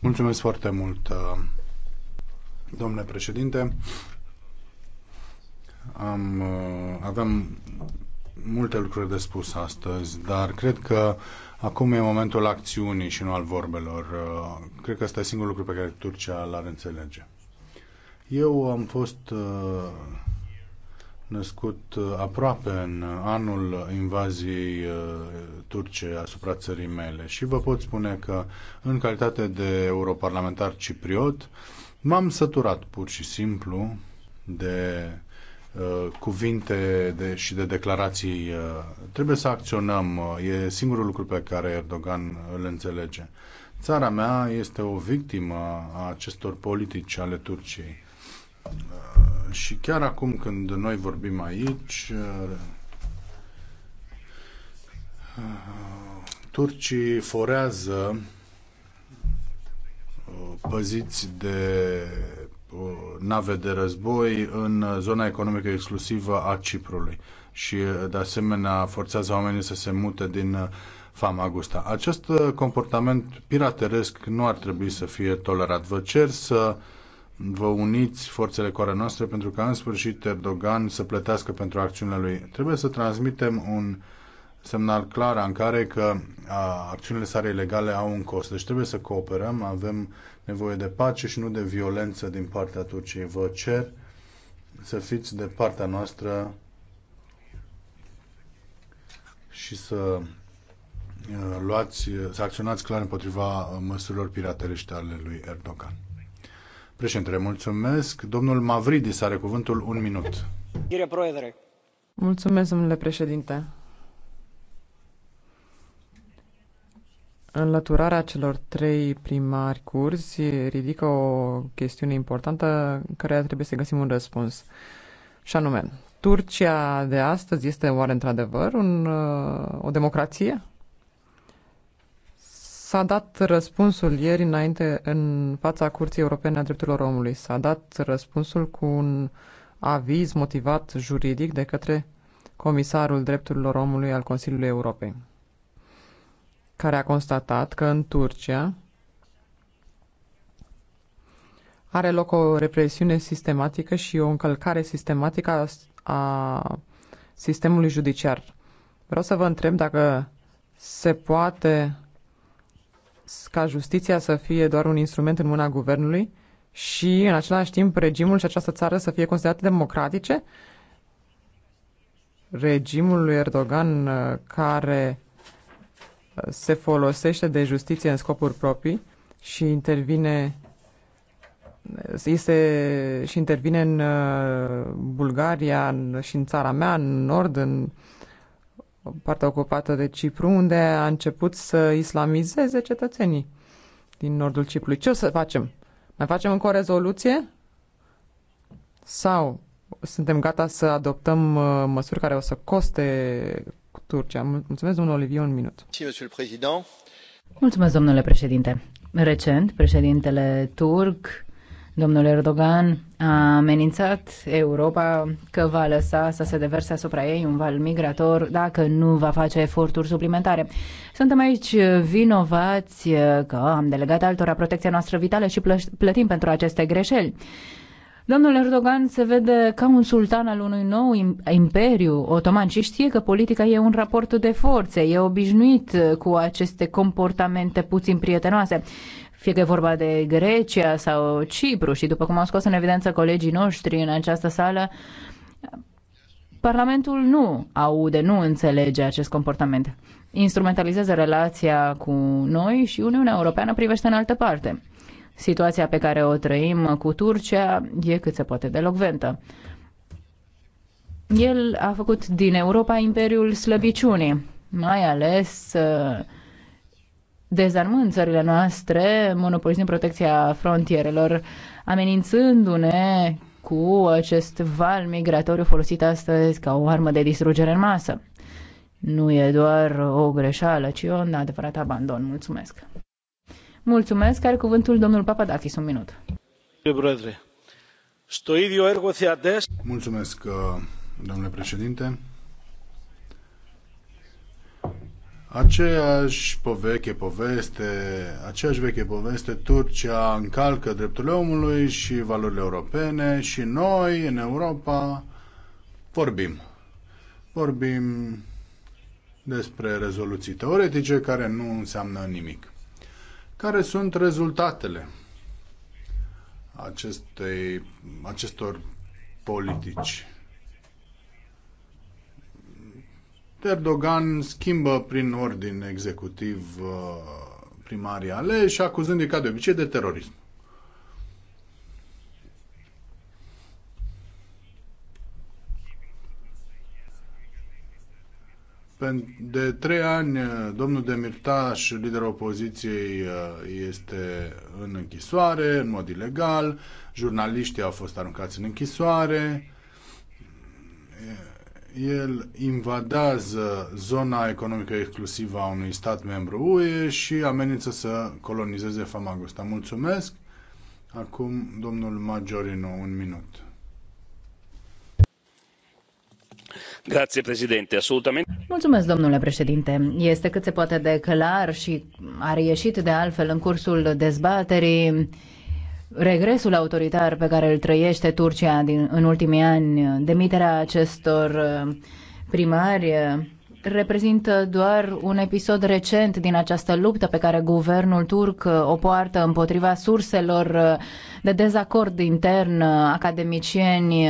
Mulțumesc foarte mult, uh, domnule președinte. Am, uh, avem multe lucruri de spus astăzi, dar cred că acum e momentul acțiunii și nu al vorbelor. Uh, cred că ăsta e singurul lucru pe care Turcia l-ar înțelege. Eu am fost născut uh, aproape în anul invaziei uh, turce asupra țării mele și vă pot spune că în calitate de europarlamentar cipriot m-am săturat pur și simplu de uh, cuvinte de, și de declarații. trebuie să acționăm, e singurul lucru pe care Erdogan îl înțelege. Țara mea este o victimă a acestor politici ale Turciei și chiar acum când noi vorbim aici, turcii forează uh, păziți de uh, nave de război în zona economică exclusivă a Ciprului și uh, de asemenea forțează oamenii să se mute din Famagusta. Acest comportament pirateresc nu ar trebui să fie tolerat. Vă cer să uh, vă uniți forțele cu ale noastre pentru ca în sfârșit Erdogan să plătească pentru acțiunile lui. Trebuie să transmitem un semnal clar în care că a, acțiunile sale ilegale au un cost. Deci trebuie să cooperăm, avem nevoie de pace și nu de violență din partea Turciei. Vă cer să fiți de partea noastră și să luați, să acționați clar împotriva măsurilor piratelești ale lui Erdogan. Președintele, mulțumesc. Domnul Mavridis are cuvântul un minut. Mulțumesc, domnule președinte. Înlăturarea celor trei primari curzi ridică o chestiune importantă în care trebuie să găsim un răspuns. Și anume, Turcia de astăzi este oare într-adevăr un, o democrație? S-a dat răspunsul ieri înainte în fața Curții Europene a Drepturilor Omului. S-a dat răspunsul cu un aviz motivat juridic de către Comisarul Drepturilor Omului al Consiliului Europei, care a constatat că în Turcia are loc o represiune sistematică și o încălcare sistematică a, sistemului judiciar. Vreau să vă întreb dacă se poate ca justiția să fie doar un instrument în mâna guvernului și, în același timp, regimul și această țară să fie considerate democratice? Regimul lui Erdogan, uh, care uh, se folosește de justiție în scopuri proprii și intervine uh, este și intervine în Bulgaria și în țara mea, în nord, în partea ocupată de Cipru, unde a început să islamizeze cetățenii din nordul Ciprului. Ce o să facem? Mai facem încă o rezoluție? Sau suntem gata să adoptăm uh, măsuri care o să coste Turcia? Mulțumesc, domnul Olivier, un minut. Mulțumesc, domnule președinte. Recent, președintele turc Domnul Erdogan a amenințat Europa că va lăsa să se deverse asupra ei un val migrator dacă nu va face eforturi suplimentare. Suntem aici vinovați că am delegat altora protecția noastră vitală și plătim pentru aceste greșeli. Domnul Erdogan se vede ca un sultan al unui nou imperiu otoman și știe că politica e un raport de forțe, e obișnuit cu aceste comportamente puțin prietenoase fie că e vorba de Grecia sau Cipru și după cum au scos în evidență colegii noștri în această sală, Parlamentul nu aude, nu înțelege acest comportament. Instrumentalizează relația cu noi și Uniunea Europeană privește în altă parte. Situația pe care o trăim cu Turcia e cât se poate de locventă. El a făcut din Europa imperiul slăbiciunii, mai ales uh, dezarmând țările noastre, monopolizând protecția frontierelor, amenințându-ne cu acest val migratoriu folosit astăzi ca o armă de distrugere în masă. Nu e doar o greșeală, ci un adevărat abandon. Mulțumesc! Mulțumesc! Are cuvântul domnul Papadakis, un minut. Mulțumesc, domnule președinte. Aceeași veche poveste, aceeași veche poveste, Turcia încalcă drepturile omului și valorile europene și noi, în Europa, vorbim. Vorbim despre rezoluții teoretice care nu înseamnă nimic. Care sunt rezultatele acestei, acestor politici? Erdogan schimbă prin ordin executiv uh, primarii aleși, acuzându-i ca de obicei de terorism. De trei ani, uh, domnul Demirtaș, liderul opoziției, uh, este în închisoare, în mod ilegal, jurnaliștii au fost aruncați în închisoare, el invadează zona economică exclusivă a unui stat membru UE și amenință să colonizeze Famagusta. Mulțumesc. Acum domnul Majorino, un minut. Grazie, președinte. Absolutamente. Mulțumesc, domnule președinte. Este cât se poate de clar și a reieșit de altfel în cursul dezbaterii regresul autoritar pe care îl trăiește Turcia din, în ultimii ani, demiterea acestor uh, primari, uh, reprezintă doar un episod recent din această luptă pe care guvernul turc uh, o poartă împotriva surselor de dezacord intern, academicieni,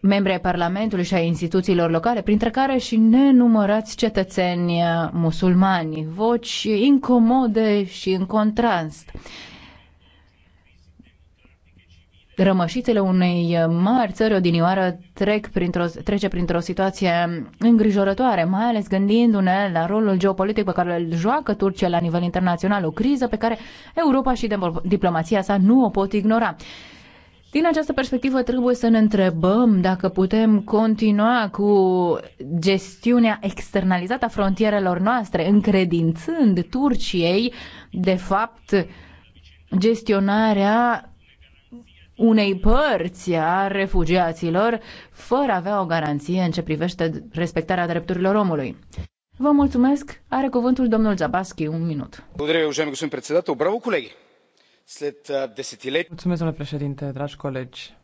membri ai Parlamentului și ai instituțiilor locale, printre care și nenumărați cetățeni musulmani, voci incomode și în contrast rămășițele unei uh, mari țări odinioară trec printr-o, trece printr-o situație îngrijorătoare, mai ales gândindu-ne la rolul geopolitic pe care îl joacă Turcia la nivel internațional, o criză pe care Europa și diplomația sa nu o pot ignora. Din această perspectivă trebuie să ne întrebăm dacă putem continua cu gestiunea externalizată a frontierelor noastre, încredințând Turciei, de fapt, gestionarea unei părți a refugiaților, fără a avea o garanție în ce privește respectarea drepturilor omului. Vă mulțumesc. Are cuvântul domnul Zabaschi, un minut. Mulțumesc, domnule președinte, dragi colegi.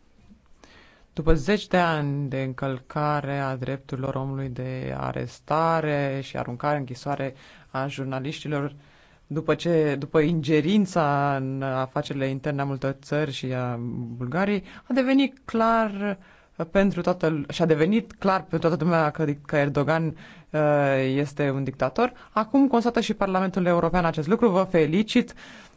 După zeci de ani de încălcare a drepturilor omului de arestare și aruncare în închisoare a jurnaliștilor, după, ce, după ingerința în afacerile interne a multor țări și a Bulgariei, a devenit clar uh, pentru toată, și-a devenit clar pentru toată lumea că, că Erdogan uh, este un dictator. Acum constată și Parlamentul European acest lucru. Vă felicit.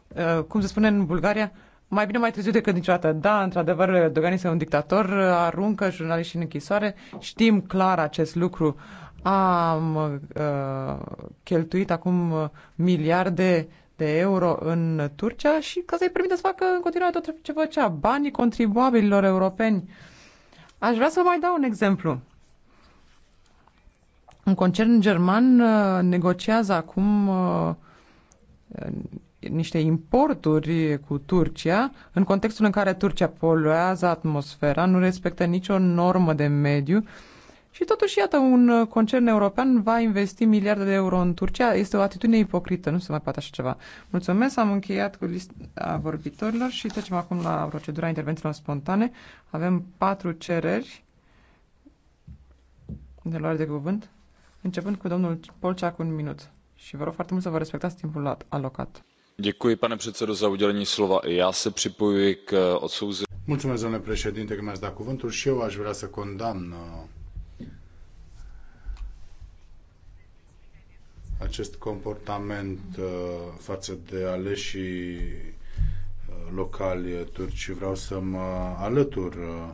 Uh, cum se spune în Bulgaria, mai bine mai târziu decât niciodată. Da, într-adevăr, Erdogan este un dictator, aruncă jurnaliști în închisoare. Știm clar acest lucru am uh, cheltuit acum miliarde de euro în Turcia și ca să-i permite să facă în continuare tot ce făcea, banii contribuabililor europeni. Aș vrea să vă mai dau un exemplu. Un concern german uh, negociază acum uh, niște importuri cu Turcia, în contextul în care Turcia poluează atmosfera, nu respectă nicio normă de mediu și totuși, iată, un uh, concern european va investi miliarde de euro în Turcia. Este o atitudine ipocrită, nu se mai poate așa ceva. Mulțumesc, am încheiat cu lista vorbitorilor și trecem acum la procedura intervențiilor spontane. Avem patru cereri de luare de cuvânt, începând cu domnul cu un minut. Și vă rog foarte mult să vă respectați timpul alocat. Děkuji, pane předsedo, za udělení slova. Já se připojuji k odsouzení. Mulțumesc, domnule președinte, că mi-ați dat cuvântul și eu aș vrea să condamn uh, acest comportament uh, față de aleșii uh, locali turci. Vreau să mă alătur uh,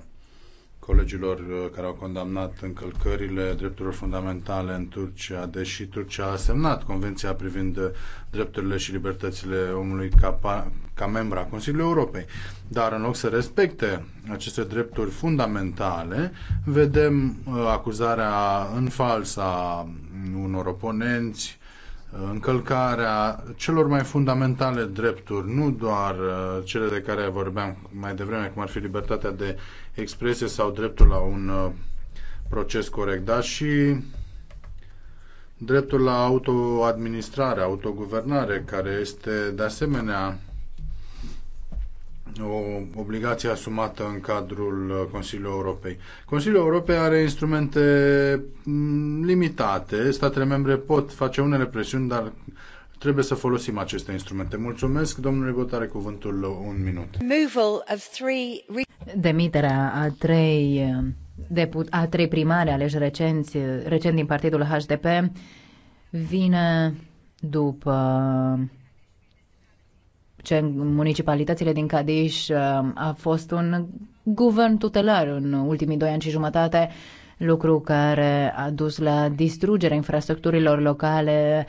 colegilor uh, care au condamnat încălcările drepturilor fundamentale în Turcia, deși Turcia a semnat Convenția privind uh, drepturile și libertățile omului ca, ca membra Consiliului Europei. Dar în loc să respecte aceste drepturi fundamentale, vedem uh, acuzarea în fals a unor oponenți, încălcarea celor mai fundamentale drepturi, nu doar uh, cele de care vorbeam mai devreme, cum ar fi libertatea de expresie sau dreptul la un uh, proces corect, dar și dreptul la autoadministrare, autoguvernare, care este de asemenea o obligație asumată în cadrul uh, Consiliului Europei. Consiliul Europei are instrumente mm, limitate, statele membre pot face unele presiuni, dar trebuie să folosim aceste instrumente. Mulțumesc, domnule Gotare, cuvântul un minut. Demiterea a trei, uh, deput, a trei primare aleși recenți, uh, recent din partidul HDP vine după ce în municipalitățile din Cadiș uh, a fost un guvern tutelar în ultimii doi ani și jumătate, lucru care a dus la distrugerea infrastructurilor locale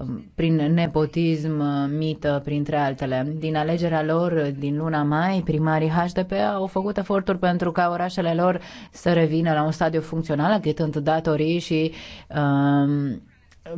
um, prin nepotism, uh, mită, printre altele. Din alegerea lor din luna mai, primarii HDP au făcut eforturi pentru ca orașele lor să revină la un stadiu funcțional, achitând datorii și um,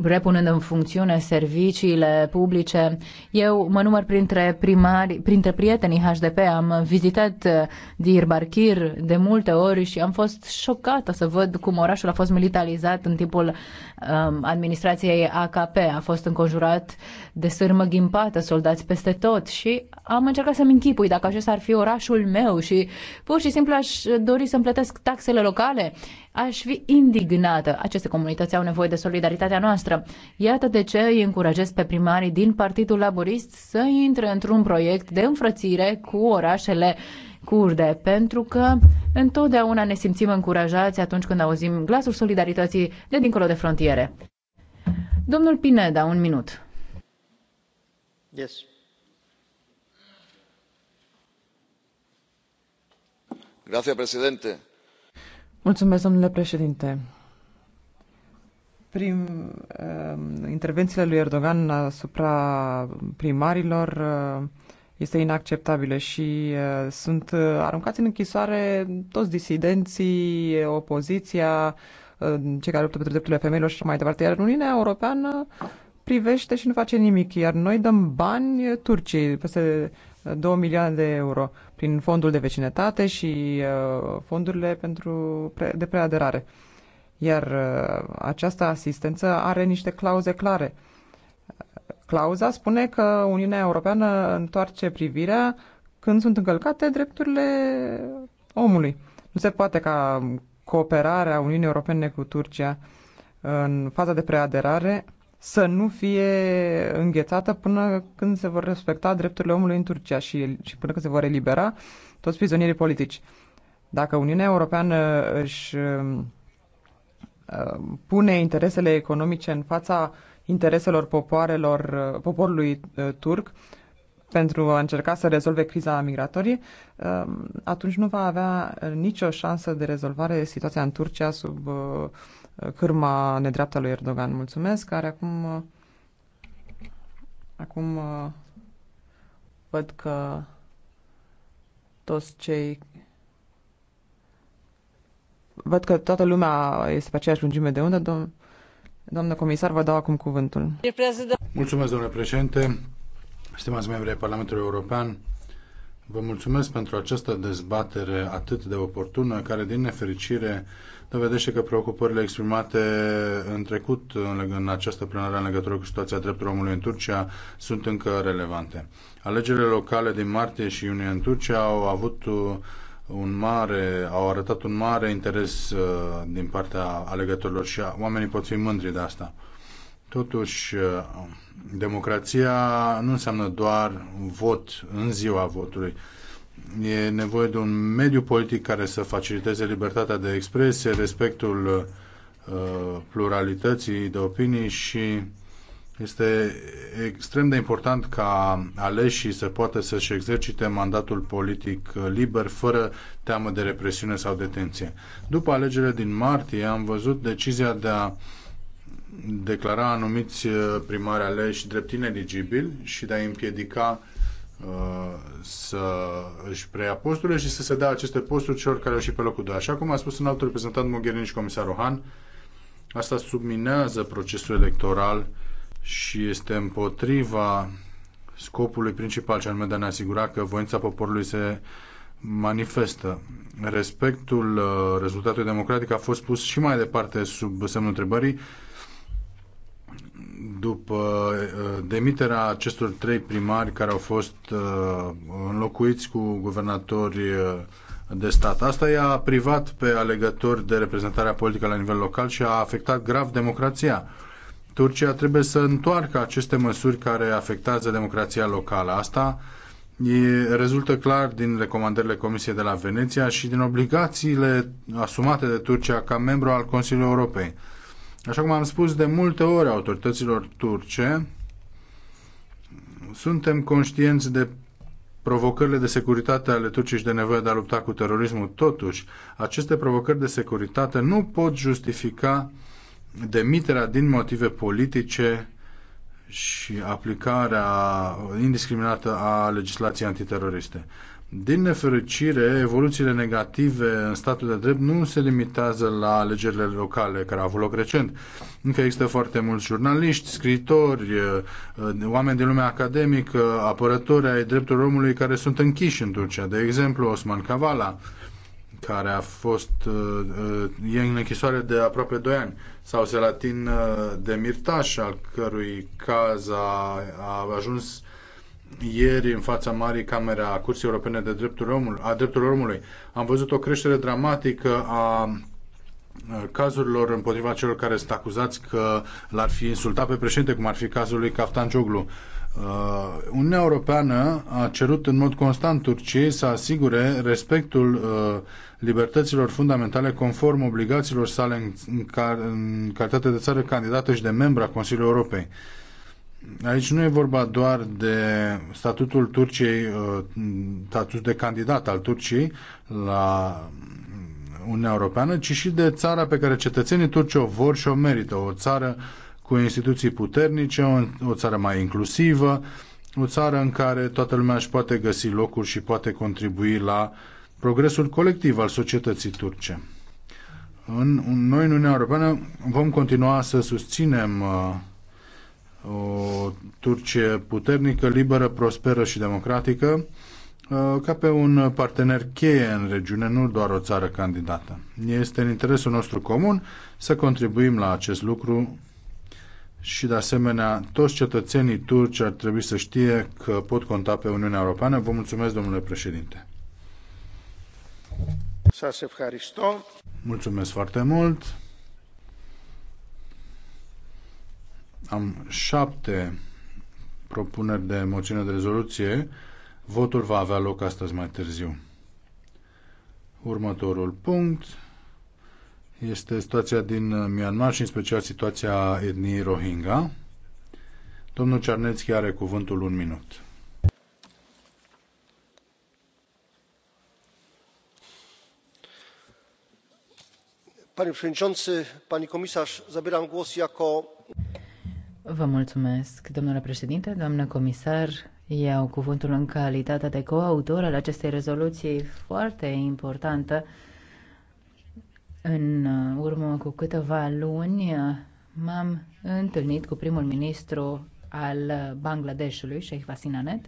repunând în funcțiune serviciile publice. Eu mă număr printre primari, printre prietenii HDP, am vizitat dirbarkir de multe ori și am fost șocată să văd cum orașul a fost militarizat în timpul um, administrației AKP, a fost înconjurat de sârmă ghimpată, soldați peste tot și am încercat să-mi închipui dacă acesta ar fi orașul meu și pur și simplu aș dori să-mi plătesc taxele locale, aș fi indignată. Aceste comunități au nevoie de solidaritatea noastră. Iată de ce îi încurajez pe primarii din Partidul Laborist să intre într-un proiect de înfrățire cu orașele curde, pentru că întotdeauna ne simțim încurajați atunci când auzim glasul solidarității de dincolo de frontiere. Domnul Pineda, un minut. Mulțumesc, domnule președinte prin um, intervențiile lui Erdogan asupra primarilor uh, este inacceptabilă și uh, sunt uh, aruncați în închisoare toți disidenții, opoziția, uh, cei care luptă pentru drepturile femeilor și mai departe. Iar în Uniunea Europeană privește și nu face nimic, iar noi dăm bani Turciei, peste 2 uh, milioane de euro, prin fondul de vecinătate și uh, fondurile pentru pre, de preaderare. Iar uh, această asistență are niște clauze clare. Clauza spune că Uniunea Europeană întoarce privirea când sunt încălcate drepturile omului. Nu se poate ca cooperarea Uniunii Europene cu Turcia în faza de preaderare să nu fie înghețată până când se vor respecta drepturile omului în Turcia și, și până când se vor elibera toți prizonierii politici. Dacă Uniunea Europeană își um, um, pune interesele economice în fața intereselor popoarelor, uh, poporului uh, turc pentru a încerca să rezolve criza migratorie, um, atunci nu va avea nicio șansă de rezolvare situația în Turcia sub uh, cârma nedreaptă lui Erdogan. Mulțumesc, care acum acum văd că toți cei văd că toată lumea este pe aceeași lungime de undă. Dom Doamnă comisar, vă dau acum cuvântul. Mulțumesc, domnule președinte, stimați membri ai Parlamentului European, Vă mulțumesc pentru această dezbatere atât de oportună, care din nefericire dovedește că preocupările exprimate în trecut în, în această plenară în legătură cu situația drepturilor omului în Turcia sunt încă relevante. Alegerile locale din martie și iunie în Turcia au avut uh, un mare, au arătat un mare interes uh, din partea alegătorilor și oamenii pot fi mândri de asta. Totuși, uh, democrația nu înseamnă doar vot în ziua votului. E nevoie de un mediu politic care să faciliteze libertatea de expresie, respectul uh, pluralității de opinii și este extrem de important ca aleșii să poată să-și exercite mandatul politic uh, liber, fără teamă de represiune sau detenție. După alegerile din martie am văzut decizia de a uh, declara anumiți uh, primari aleși drept ineligibili și de a împiedica uh, să își preia posturile și să se dea aceste posturi celor care au și pe locul 2. Așa cum a spus un alt reprezentant Mogherini și comisarul Han, asta subminează procesul electoral și este împotriva scopului principal, cel anume de a ne asigura că voința poporului se manifestă. Respectul uh, rezultatului democratic a fost pus și mai departe sub semnul întrebării după uh, demiterea acestor trei primari care au fost uh, înlocuiți cu guvernatori uh, de stat. Asta i-a privat pe alegători de reprezentarea politică la nivel local și a afectat grav democrația. Turcia trebuie să întoarcă aceste măsuri care afectează democrația locală. Asta e, rezultă clar din recomandările Comisiei de la Veneția și din obligațiile asumate de Turcia ca membru al Consiliului Europei. Așa cum am spus de multe ori autorităților turce, suntem conștienți de provocările de securitate ale Turciei și de nevoia de a lupta cu terorismul. Totuși, aceste provocări de securitate nu pot justifica demiterea din motive politice și aplicarea indiscriminată a legislației antiteroriste. Din nefericire, evoluțiile negative în statul de drept nu se limitează la alegerile locale care au avut loc recent. Încă există foarte mulți jurnaliști, scritori, eh, oameni din lumea academică, apărători ai drepturilor omului care sunt închiși în Turcia. De exemplu, Osman Kavala, care a fost eh, eh, e în închisoare de aproape 2 ani, sau Selatin Demirtaș, al cărui caz a, a ajuns ieri în fața Marii Camere a Curții Europene de Drepturi Omului, a Drepturilor Omului. Am văzut o creștere dramatică a cazurilor împotriva celor care sunt acuzați că l-ar fi insultat pe președinte, cum ar fi cazul lui Caftancioglu. Uh, Uniunea Europeană a cerut în mod constant Turciei să asigure respectul uh, libertăților fundamentale conform obligațiilor sale în, în, car, în calitate de țară candidată și de membra Consiliului Europei. Uh, Aici nu e vorba doar de statutul Turciei, uh, statut de candidat al Turciei la Uniunea Europeană, ci și de țara pe care cetățenii turci o vor și o merită. O țară cu instituții puternice, o țară mai inclusivă, o țară în care toată lumea își poate găsi locul și poate contribui la progresul colectiv al societății turce. În, noi, în Uniunea Europeană, vom continua să susținem uh, o Turcie puternică, liberă, prosperă și democratică, uh, ca pe un partener cheie în regiune, nu doar o țară candidată. Este în interesul nostru comun să contribuim la acest lucru și, de asemenea, toți cetățenii turci ar trebui să știe că pot conta pe Uniunea Europeană. Vă mulțumesc, domnule președinte. Mulțumesc foarte mult. Am șapte propuneri de moțiune de rezoluție. Votul va avea loc astăzi mai târziu. Următorul punct este situația din Myanmar și în special situația etniei Rohingya. Domnul Cernețchi are cuvântul un minut. Panie przewodniczący, pani komisarz, zabieram głos jako Vă mulțumesc, domnule președinte, doamnă comisar. Iau cuvântul în calitate de coautor al acestei rezoluții foarte importantă. În urmă cu câteva luni m-am întâlnit cu primul ministru al Bangladeshului, Sheikh Hasina Net.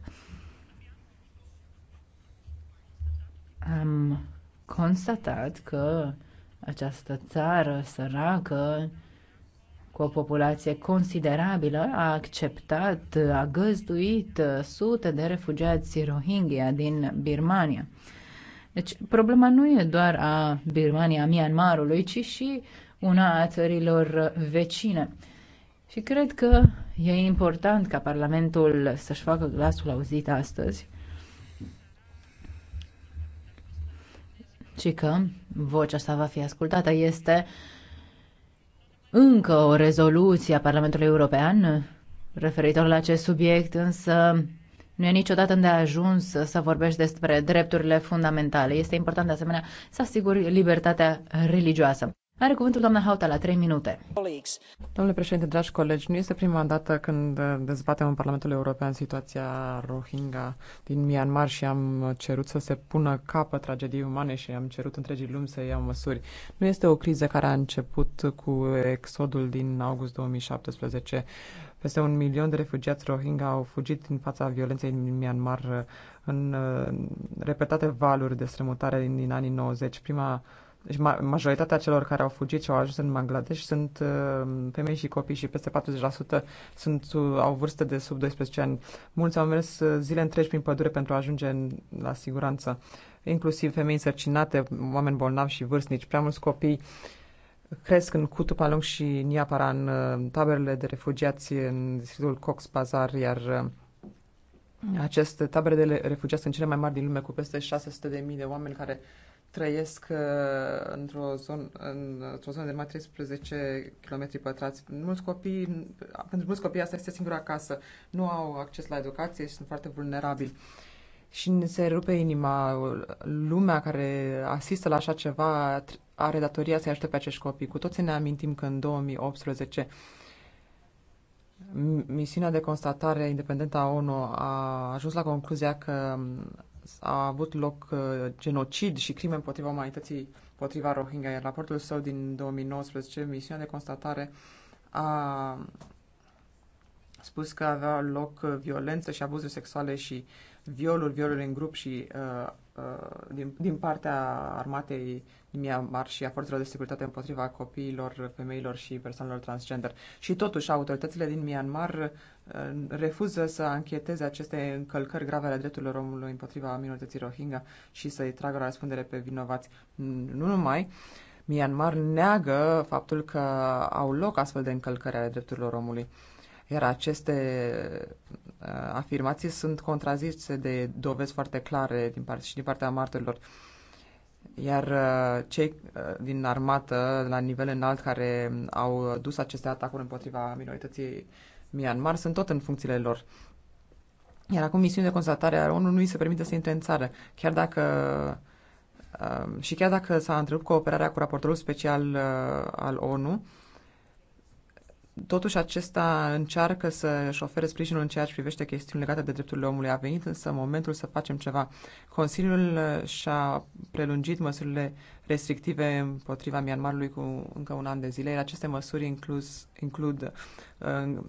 Am constatat că această țară săracă cu o populație considerabilă, a acceptat, a găzduit uh, sute de refugiați Rohingya din Birmania. Deci problema nu e doar a Birmania, a Myanmarului, ci și una a țărilor vecine. Și cred că e important ca Parlamentul să-și facă glasul auzit astăzi și că vocea sa va fi ascultată. Este uh, încă o rezoluție a Parlamentului European referitor la acest subiect, însă nu e niciodată îndeajuns să vorbești despre drepturile fundamentale. Este important de asemenea să asiguri libertatea religioasă. Are cuvântul doamna Hauta la 3 minute. Domnule președinte, dragi colegi, nu este prima dată când dezbatem în Parlamentul European situația Rohingya din Myanmar și am cerut să se pună capăt tragediei umane și am cerut întregii lumi să ia măsuri. Nu este o criză care a început cu exodul din august 2017. Peste un milion de refugiați Rohingya au fugit din fața violenței din Myanmar în repetate valuri de strămutare din, din anii 90. Prima deci majoritatea celor care au fugit și au ajuns în Bangladesh sunt uh, femei și copii și peste 40% sunt, au vârste de sub 12 ani. Mulți au mers uh, zile întregi prin pădure pentru a ajunge la siguranță, inclusiv femei însărcinate, oameni bolnavi și vârstnici. Prea mulți copii cresc în Kutupalung și Niapara, în uh, taberele de refugiați în distritul Cox Bazar, iar aceste tabere de refugiați sunt cele mai mari din lume, cu peste 600.000 de oameni care trăiesc uh, într-o zonă, într-o zonă de numai 13 km pătrați. Mulți copii, pentru mulți copii asta este singura casă. Nu au acces la educație și sunt foarte vulnerabili. Și se rupe inima. Lumea care asistă la așa ceva are datoria să-i ajute pe acești copii. Cu toții ne amintim că în 2018 misiunea de constatare independentă a ONU a ajuns la concluzia că a avut loc uh, genocid și crime împotriva umanității, împotriva Rohingya, iar raportul său din 2019, misiunea de constatare, a spus că avea loc uh, violență și abuzuri sexuale și violuri, violuri în grup și uh, uh, din, din partea armatei Myanmar și a forțelor de securitate împotriva copiilor, femeilor și persoanelor transgender. Și totuși, autoritățile din Myanmar uh, refuză să ancheteze aceste încălcări grave ale drepturilor omului împotriva minorității Rohingya și să-i tragă la răspundere pe vinovați. Nu numai, Myanmar neagă faptul că au loc astfel de încălcări ale drepturilor omului. Iar aceste uh, afirmații sunt contrazise de dovezi foarte clare din parte, și din partea martorilor. Iar uh, cei uh, din armată, la nivel înalt, care au dus aceste atacuri împotriva minorității Myanmar, sunt tot în funcțiile lor. Iar acum misiunea de constatare a ONU nu îi se permite să intre în țară, chiar dacă uh, și chiar dacă s-a întrerupt cooperarea cu raportorul special al ONU, Totuși, acesta încearcă să-și ofere sprijinul în ceea ce privește chestiuni legate de drepturile omului. A venit însă momentul să facem ceva. Consiliul și-a prelungit măsurile restrictive împotriva Myanmarului cu încă un an de zile, iar aceste măsuri inclus, includ uh,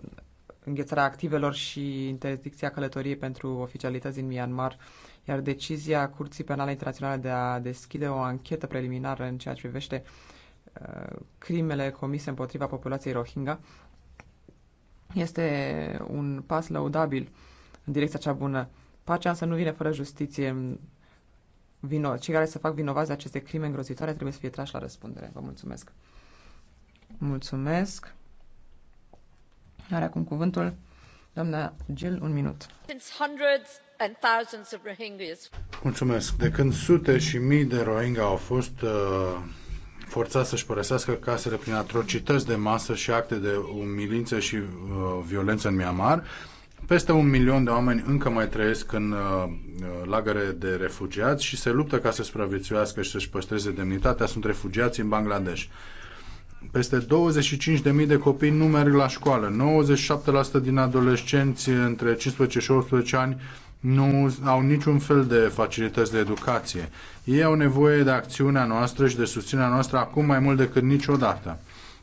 înghețarea activelor și interdicția călătoriei pentru oficialități din Myanmar, iar decizia Curții Penale Internaționale de a deschide o anchetă preliminară în ceea ce privește uh, crimele comise împotriva populației Rohingya este un pas lăudabil în direcția cea bună. Pacea însă nu vine fără justiție. Vino, cei care se fac vinovați de aceste crime îngrozitoare trebuie să fie trași la răspundere. Vă mulțumesc. Mulțumesc. Are acum cuvântul doamna Gil, un minut. Mulțumesc. De când sute și mii de Rohingya au fost uh, forțați să-și părăsească casele prin atrocități de masă și acte de umilință și uh, violență în Myanmar. Peste un milion de oameni încă mai trăiesc în uh, uh lagăre de refugiați și se luptă ca să supraviețuiască și să-și păstreze demnitatea. Sunt refugiați în Bangladesh. Peste 25.000 de copii nu merg la școală. 97% din adolescenți între 15 și 18 ani nu au niciun fel de facilități de educație. Ei au nevoie de acțiunea noastră și de susținerea noastră acum mai mult decât niciodată.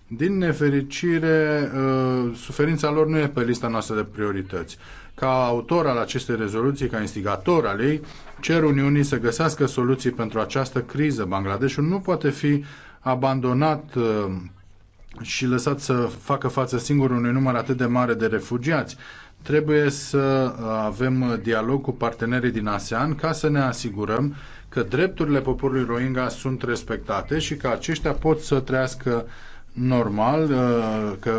Din nefericire, uh, suferința lor nu e pe lista noastră de priorități. Ca autor al acestei rezoluții, ca instigator al ei, cer Uniunii să găsească soluții pentru această criză. Bangladeshul nu poate fi abandonat uh, și lăsat să facă față singur unui număr atât de mare de refugiați. Trebuie să uh, avem uh, dialog cu partenerii din ASEAN ca să ne asigurăm că drepturile poporului Rohingya sunt respectate și că aceștia pot să trăiască normal, uh, că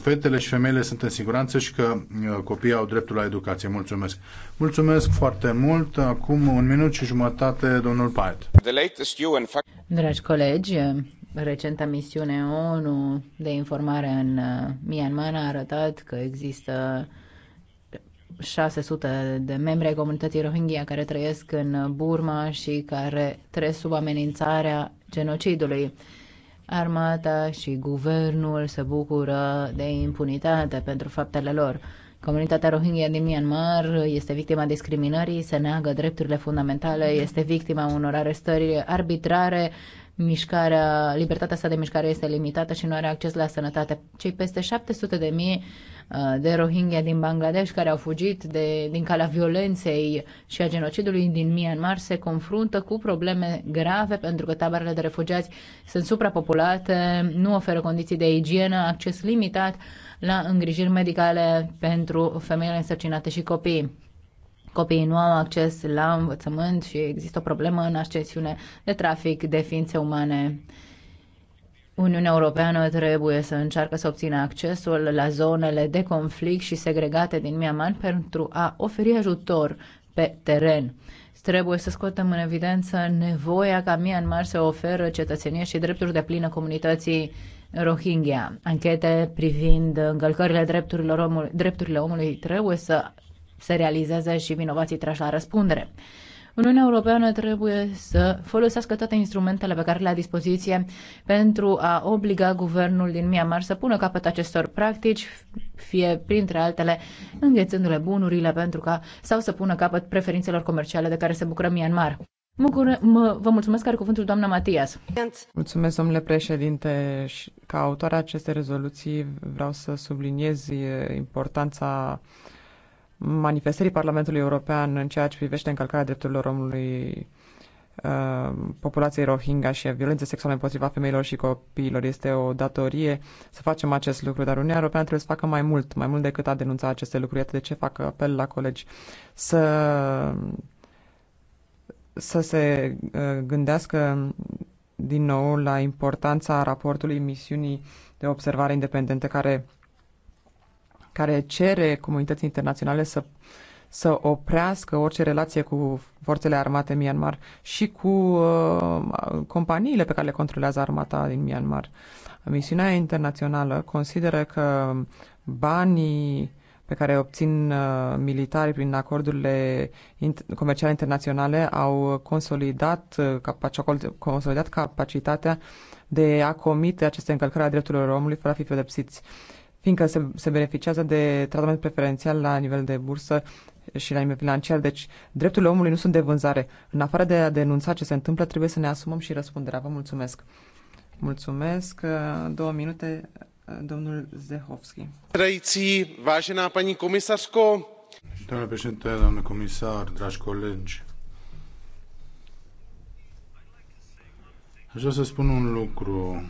fetele și femeile sunt în siguranță și că copiii au dreptul la educație. Mulțumesc. Mulțumesc foarte mult. Acum un minut și jumătate, domnul Paet. Dragi colegi, recenta misiune ONU de informare în Myanmar a arătat că există 600 de membri ai comunității Rohingya care trăiesc în Burma și care trăiesc sub amenințarea genocidului. Armata și guvernul se bucură de impunitate pentru faptele lor. Comunitatea Rohingya din Myanmar este victima discriminării, se neagă drepturile fundamentale, este victima unor arestări arbitrare, mișcarea, libertatea sa de mișcare este limitată și nu are acces la sănătate. Cei peste 700 de mii Uh, de Rohingya din Bangladesh care au fugit de, din calea violenței și a genocidului din Myanmar se confruntă cu probleme grave pentru că taberele de refugiați sunt suprapopulate, nu oferă condiții de igienă, acces limitat la îngrijiri medicale pentru femeile însărcinate și copii copiii nu au acces la învățământ și există o problemă în ascensiune de trafic de ființe umane. Uniunea Europeană trebuie să încearcă să obțină accesul la zonele de conflict și segregate din Myanmar pentru a oferi ajutor pe teren. Trebuie să scoatem în evidență nevoia ca Myanmar să oferă cetățenie și drepturi de plină comunității Rohingya. Anchete privind încălcările drepturilor omului, drepturile omului trebuie să se realizeze și vinovații trași la răspundere. Uniunea Europeană trebuie să folosească toate instrumentele pe care le-a dispoziție pentru a obliga guvernul din Myanmar să pună capăt acestor practici, fie printre altele înghețându-le bunurile pentru ca sau să pună capăt preferințelor comerciale de care se bucură Myanmar. Mă, mă, vă mulțumesc că are cuvântul doamna Matias. Mulțumesc, domnule președinte. Și ca autoare acestei rezoluții vreau să subliniez importanța manifestării Parlamentului European în ceea ce privește încălcarea drepturilor omului uh, populației Rohingya și violențe sexuale împotriva femeilor și copiilor. Este o datorie să facem acest lucru, dar Uniunea Europeană trebuie să facă mai mult, mai mult decât a denunța aceste lucruri. Iată de ce fac apel la colegi să să se uh, gândească din nou la importanța raportului misiunii de observare independente care care cere comunității internaționale să, să oprească orice relație cu forțele armate în Myanmar și cu uh, companiile pe care le controlează armata din Myanmar. Misiunea internațională consideră că banii pe care obțin uh, militari prin acordurile int- comerciale internaționale au consolidat, uh, capac- consolidat capacitatea de a comite aceste încălcări a drepturilor omului fără a fi pedepsiți. Uh, fiindcă se, se beneficiază de tratament preferențial la nivel de bursă și la nivel financiar. Deci, drepturile omului nu sunt de vânzare. În afară de a denunța ce se întâmplă, trebuie să ne asumăm și răspunderea. Vă mulțumesc. Mulțumesc. Două minute, domnul Zehovski. Trăiți, vașina, pani komisarsko. Domnule președinte, domnule comisar, dragi colegi, aș vrea să spun un lucru.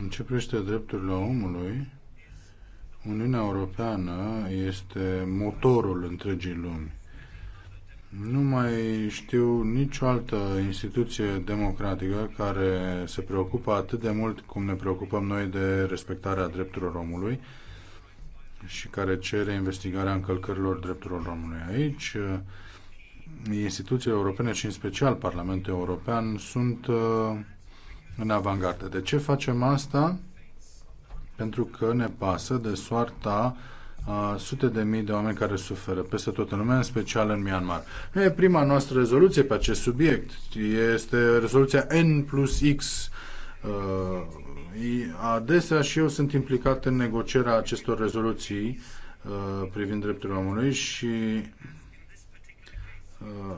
În ce privește drepturile omului, Uniunea Europeană este motorul întregii lumi. Nu mai știu nicio altă instituție democratică care se preocupă atât de mult cum ne preocupăm noi de respectarea drepturilor omului și care cere investigarea încălcărilor drepturilor omului. Aici, instituțiile europene și în special Parlamentul European sunt uh, în avangardă. De ce facem asta? pentru că ne pasă de soarta a sute de mii de oameni care suferă peste tot în lume, în special în Myanmar. Nu e prima noastră rezoluție pe acest subiect. Este rezoluția N plus X. Uh, adesea și eu sunt implicat în negocierea acestor rezoluții uh, privind drepturile omului și uh,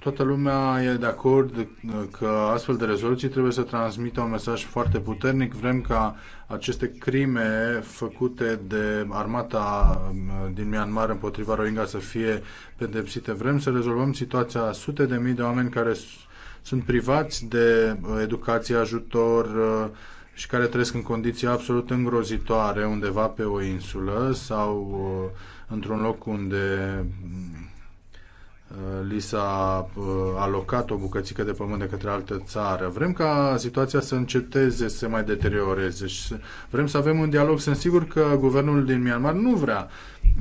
Toată lumea e de acord uh, că astfel de rezoluții trebuie să transmită un mesaj foarte puternic. Vrem ca aceste crime făcute de armata um, din Myanmar împotriva Rohingya să fie pedepsite. Vrem să rezolvăm situația sute de mii de oameni care sunt privați de uh, educație, ajutor uh, și care trăiesc în condiții absolut îngrozitoare undeva pe o insulă sau într-un loc unde mm, Eh, li s-a eh, alocat o bucățică de pământ de către altă țară. Vrem ca situația să înceteze, să se mai deterioreze și vrem să avem un dialog. Sunt sigur că guvernul din Myanmar nu vrea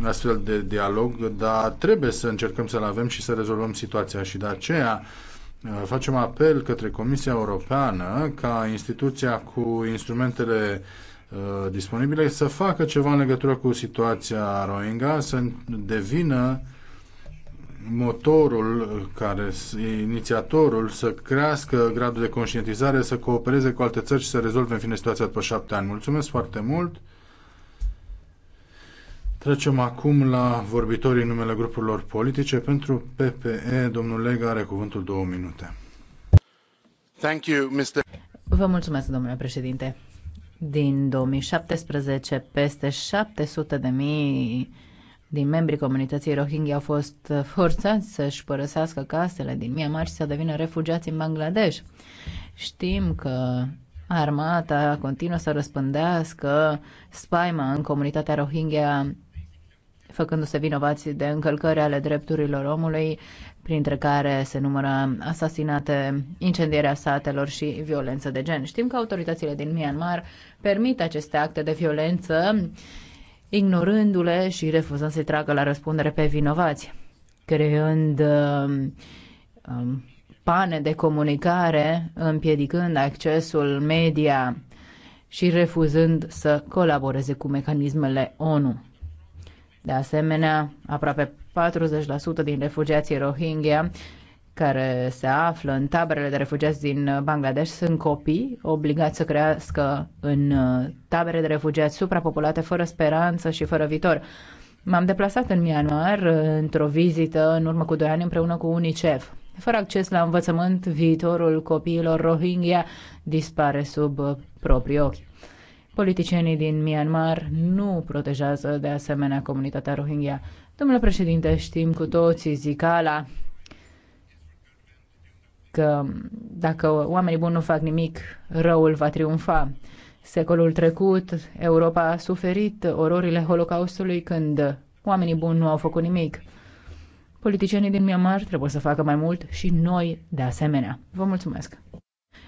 astfel de dialog, dar trebuie să încercăm să-l avem și să rezolvăm situația și de aceea eh, facem apel către Comisia Europeană ca instituția cu instrumentele disponibile să facă ceva în legătură cu situația Rohingya, să devină motorul, care inițiatorul, să crească gradul de conștientizare, să coopereze cu alte țări și să rezolve în fine situația după șapte ani. Mulțumesc foarte mult! Trecem acum la vorbitorii numele grupurilor politice. Pentru PPE, domnul Lega are cuvântul două minute. Thank you, Mr. Vă mulțumesc, domnule președinte. Din 2017, peste 700 de mii din membrii comunității Rohingya au fost uh, forțați să-și părăsească casele din Myanmar și să devină refugiați în Bangladesh. Știm că armata continuă să răspândească spaima în comunitatea Rohingya făcându-se vinovați de încălcări ale drepturilor omului, printre care se numără asasinate, incendierea satelor și violență de gen. Știm că autoritățile din Myanmar permit aceste acte de violență ignorându-le și refuzând să-i tragă la răspundere pe vinovați, creând um, um, pane de comunicare, împiedicând accesul media și refuzând să colaboreze cu mecanismele ONU. De asemenea, aproape 40% din refugiații Rohingya care se află în taberele de refugiați din uh, Bangladesh sunt copii obligați să crească în uh, tabere de refugiați suprapopulate, fără speranță și fără viitor. M-am deplasat în Myanmar uh, într-o vizită în urmă cu doi ani împreună cu UNICEF. Fără acces la învățământ, viitorul copiilor Rohingya dispare sub proprii ochi. Politicienii din Myanmar nu protejează de asemenea comunitatea Rohingya. Domnule președinte, știm cu toții zicala că dacă oamenii buni nu fac nimic, răul va triumfa. Secolul trecut, Europa a suferit ororile Holocaustului când oamenii buni nu au făcut nimic. Politicienii din Myanmar trebuie să facă mai mult și noi de asemenea. Vă mulțumesc!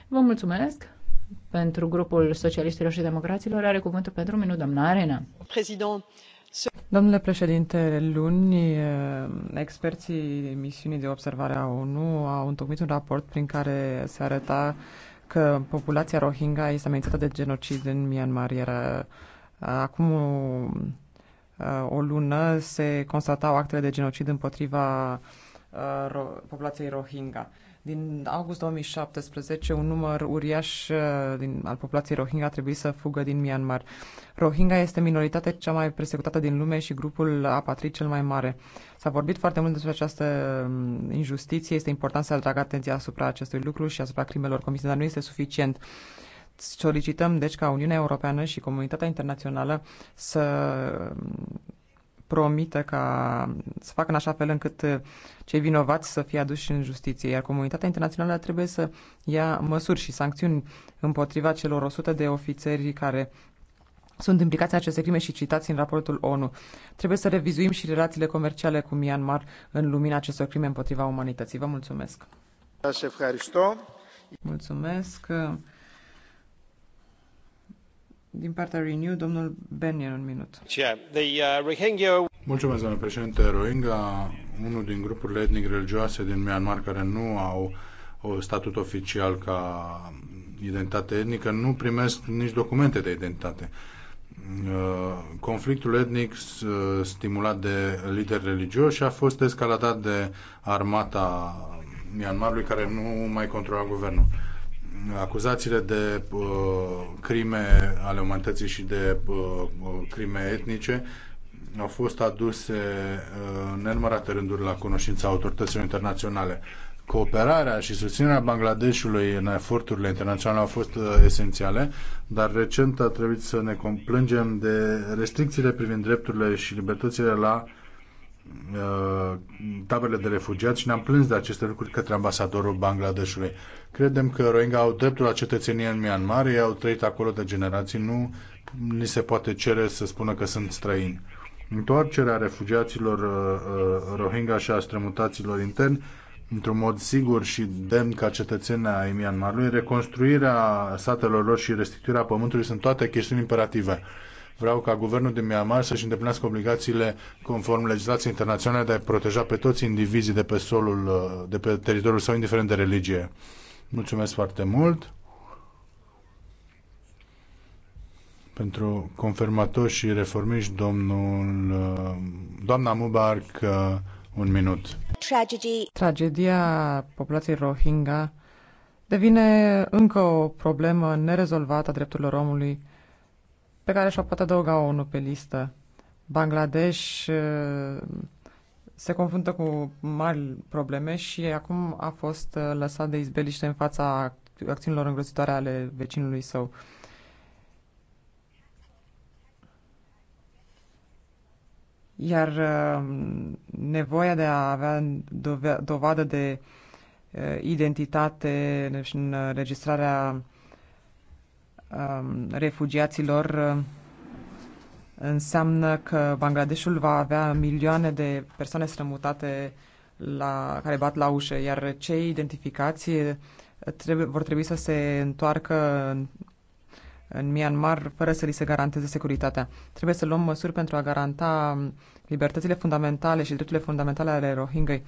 Vă mulțumesc pentru grupul socialiștilor și democraților. Are cuvântul pentru minut, doamna Arena. President. Domnule președinte, luni, eh, experții misiunii de observare a ONU au întocmit un raport prin care se arăta că populația Rohingya este amenințată de genocid în Myanmar, iar eh, acum o, eh, o lună se constatau actele de genocid împotriva populației Rohingya. Din august 2017, un număr uriaș uh, din, al populației Rohingya a trebuit să fugă din Myanmar. Rohingya este minoritatea cea mai persecutată din lume și grupul apatrid cel mai mare. S-a vorbit foarte mult despre această um, injustiție, este important să atragă atenția asupra acestui lucru și asupra crimelor comise, dar nu este suficient solicităm deci ca Uniunea Europeană și comunitatea internațională să um, promite ca să facă în așa fel încât cei vinovați să fie aduși în justiție, iar comunitatea internațională trebuie să ia măsuri și sancțiuni împotriva celor 100 de ofițeri care sunt implicați în aceste crime și citați în raportul ONU. Trebuie să revizuim și relațiile comerciale cu Myanmar în lumina acestor crime împotriva umanității. Vă mulțumesc! Mulțumesc! Din partea Renew, domnul Benian, un minut. Uh, Mulțumesc, domnule președinte. Rohingya, unul din grupurile etnic religioase din Myanmar care nu au o statut oficial ca identitate etnică, nu primesc nici documente de identitate. Uh, conflictul etnic uh, stimulat de lideri religioși a fost escaladat de armata Myanmarului care nu mai controla guvernul acuzațiile de uh, crime ale umanității și de uh, crime etnice au fost aduse uh, în nenumărate rânduri la cunoștința autorităților internaționale. Cooperarea și susținerea Bangladeshului în eforturile internaționale au fost uh, esențiale, dar recent a trebuit să ne complângem de restricțiile privind drepturile și libertățile la uh, Uh, taberele de refugiați și ne-am plâns de aceste lucruri către ambasadorul Bangladeshului. Credem că Rohingya au dreptul la cetățenie în Myanmar, ei au trăit acolo de generații, nu ni se poate cere să spună că sunt străini. Întoarcerea refugiaților uh, uh, Rohingya și a strămutaților interni într-un mod sigur și demn ca cetățeni ai Myanmarului, reconstruirea satelor lor și restituirea pământului sunt toate chestiuni imperative. Vreau ca guvernul din Myanmar să-și îndeplinească obligațiile conform legislației internaționale de a proteja pe toți indivizii de pe, solul, uh, de pe teritoriul său, indiferent de religie. Mulțumesc foarte mult pentru confirmator și reformiști, domnul, uh, doamna Mubarak, uh, un minut. Tragedy. Tragedia populației Rohingya devine încă o problemă nerezolvată a drepturilor omului pe care și-o poate adăuga ONU pe listă. Bangladesh uh, se confruntă cu mari probleme și acum a fost uh, lăsat de izbeliște în fața acțiunilor îngrozitoare ale vecinului său. Iar uh, nevoia de a avea dovadă de identitate și înregistrarea Um, refugiaților um, înseamnă că Bangladeshul va avea milioane de persoane strămutate la, care bat la ușă, iar cei identificați uh, trebuie, vor trebui să se întoarcă în, în Myanmar fără să li se garanteze securitatea. Trebuie să luăm măsuri pentru a garanta um, libertățile fundamentale și drepturile fundamentale ale Rohingyei.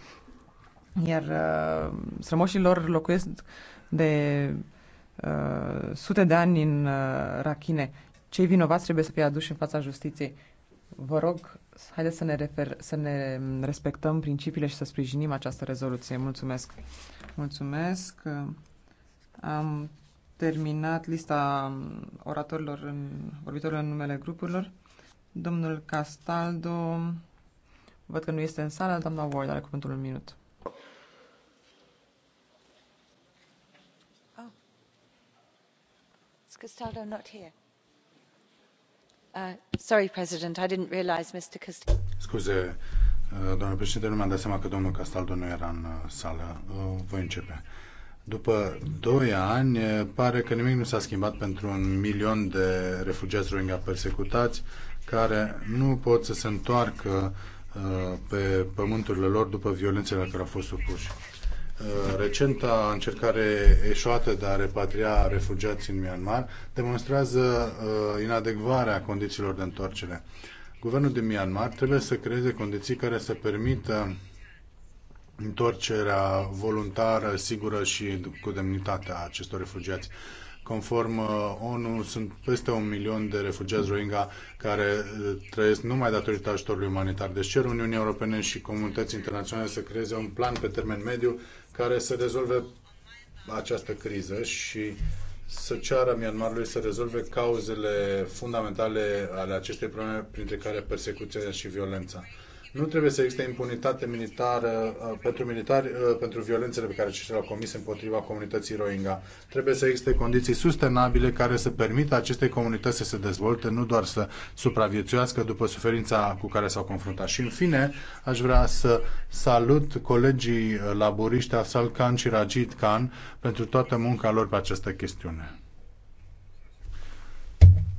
Iar uh, strămoșilor locuiesc de uh, sute de ani în uh, rachine. Cei vinovați trebuie să fie aduși în fața justiției. Vă rog, haideți să ne, refer, să ne respectăm principiile și să sprijinim această rezoluție. Mulțumesc! Mulțumesc! Am terminat lista oratorilor, în, vorbitorilor în numele grupurilor. Domnul Castaldo, văd că nu este în sală, doamna Ward are cuvântul un minut. doamnă uh, uh, președintă nu mi am dat seama că domnul castaldo nu era în uh, sală. Voi începe. După doi ani, pare că nimic nu s-a schimbat pentru un milion de refugiați rohingya persecutați care nu pot să se întoarcă pe pământurile lor după violențele la care au fost supuși Uh, recenta încercare eșuată de a repatria refugiați în Myanmar demonstrează uh, inadecvarea condițiilor de întoarcere. Guvernul din Myanmar trebuie să creeze condiții care să permită întoarcerea voluntară, sigură și cu demnitate a acestor refugiați. Conform uh, ONU, sunt peste un milion de refugiați Rohingya care trăiesc numai datorită ajutorului umanitar. Deci cer Uniunii Europene și comunității internaționale să creeze un plan pe termen mediu care să rezolve această criză și să ceară Myanmarului să rezolve cauzele fundamentale ale acestei probleme, printre care persecuția și violența. Nu trebuie să existe impunitate militară uh, pentru militari uh, pentru violențele pe care aceștia le-au comis împotriva comunității Rohingya. Trebuie să existe condiții sustenabile care să permită acestei comunități să se dezvolte, nu doar să supraviețuiască după suferința cu care s-au confruntat. Și în fine, aș vrea să salut colegii uh, laburiști Asal Khan și Rajid Khan pentru toată munca lor pe această chestiune.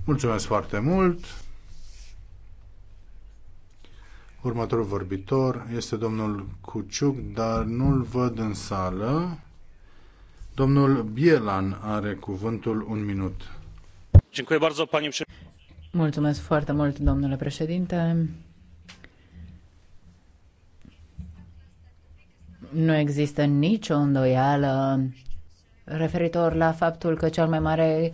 Mulțumesc foarte mult! Următorul vorbitor este domnul Cuciuc, dar nu-l văd în sală. Domnul Bielan are cuvântul un minut. Mulțumesc foarte mult, domnule președinte. Nu există nicio îndoială referitor la faptul că cel mai mare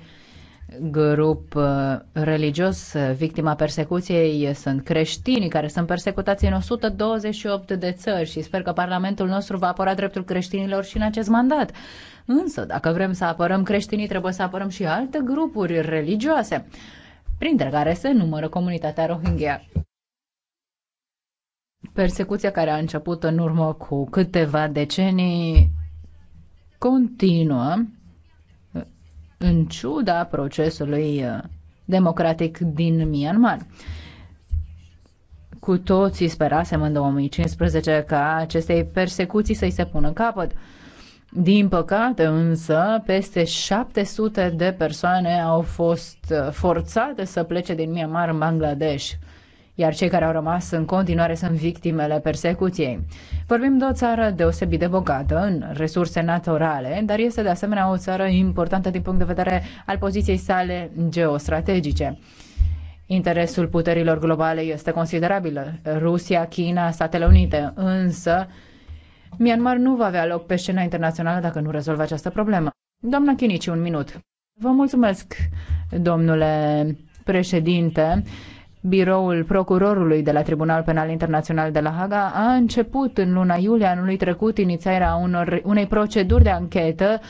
grup uh, religios, uh, victima persecuției uh, sunt creștinii care sunt persecutați în 128 de țări și sper că Parlamentul nostru va apăra dreptul creștinilor și în acest mandat. Însă, dacă vrem să apărăm creștinii, trebuie să apărăm și alte grupuri religioase, printre care se numără comunitatea Rohingya. Persecuția care a început în urmă cu câteva decenii continuă în ciuda procesului uh, democratic din Myanmar. Cu toții sperasem în 2015 ca acestei persecuții să-i se pună capăt. Din păcate însă, peste 700 de persoane au fost uh, forțate să plece din Myanmar în Bangladesh iar cei care au rămas în continuare sunt victimele persecuției. Vorbim de o țară deosebit de bogată în resurse naturale, dar este de asemenea o țară importantă din punct de vedere al poziției sale geostrategice. Interesul puterilor globale este considerabil. Rusia, China, Statele Unite, însă Myanmar nu va avea loc pe scena internațională dacă nu rezolvă această problemă. Doamna Chinici, un minut. Vă mulțumesc, domnule președinte. Biroul procurorului de la Tribunal Penal Internațional de la Haga a început în luna iulie anului trecut inițierea unor, unei proceduri de anchetă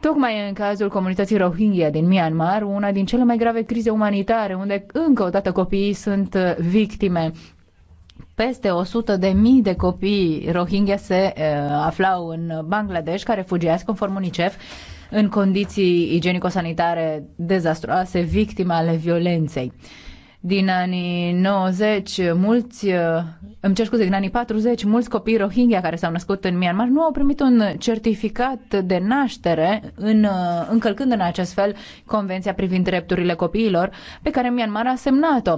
Tocmai în cazul comunității Rohingya din Myanmar, una din cele mai grave crize umanitare, unde încă o dată copiii sunt victime. Peste 100 de mii de copii Rohingya se uh, aflau în Bangladesh care fugiați, conform UNICEF în condiții igienico-sanitare dezastroase, victime ale violenței. Uh, din anii 90, mulți, uh, îmi cer scuze, din anii 40, mulți copii Rohingya care s-au născut în Myanmar nu au primit un certificat de naștere, în, uh, încălcând în acest fel Convenția privind drepturile copiilor, pe care Myanmar a semnat-o.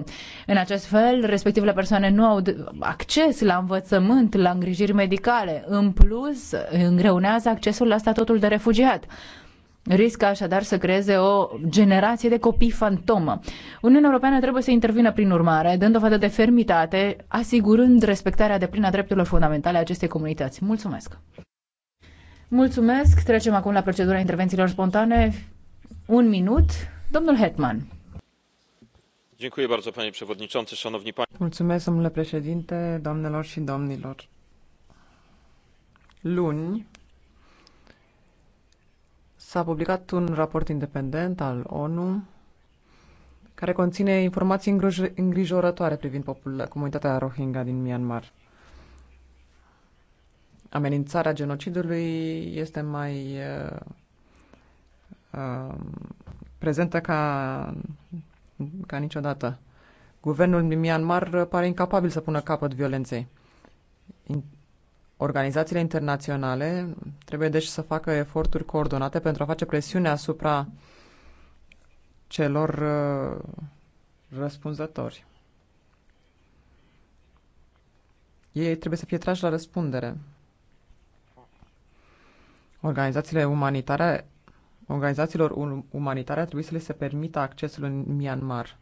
În acest fel, respectivele persoane nu au acces la învățământ, la îngrijiri medicale. În plus, îngreunează accesul la statutul de refugiat riscă așadar să creeze o generație de copii fantomă. Uniunea Europeană trebuie să intervină prin urmare, dând dovadă de fermitate, asigurând respectarea de plină a drepturilor fundamentale a acestei comunități. Mulțumesc! Mulțumesc! Trecem acum la procedura intervențiilor spontane. Un minut. Domnul Hetman. Mulțumesc, domnule președinte, doamnelor și domnilor. Luni, S-a publicat un raport independent al ONU care conține informații îngrijorătoare privind popul, comunitatea Rohingya din Myanmar. Amenințarea genocidului este mai uh, um, prezentă ca, ca niciodată. Guvernul din Myanmar pare incapabil să pună capăt violenței. Organizațiile internaționale trebuie deci să facă eforturi coordonate pentru a face presiune asupra celor uh, răspunzători. Ei trebuie să fie trași la răspundere. Organizațiile umanitare, organizațiilor um, umanitare trebuie să le se permită accesul în Myanmar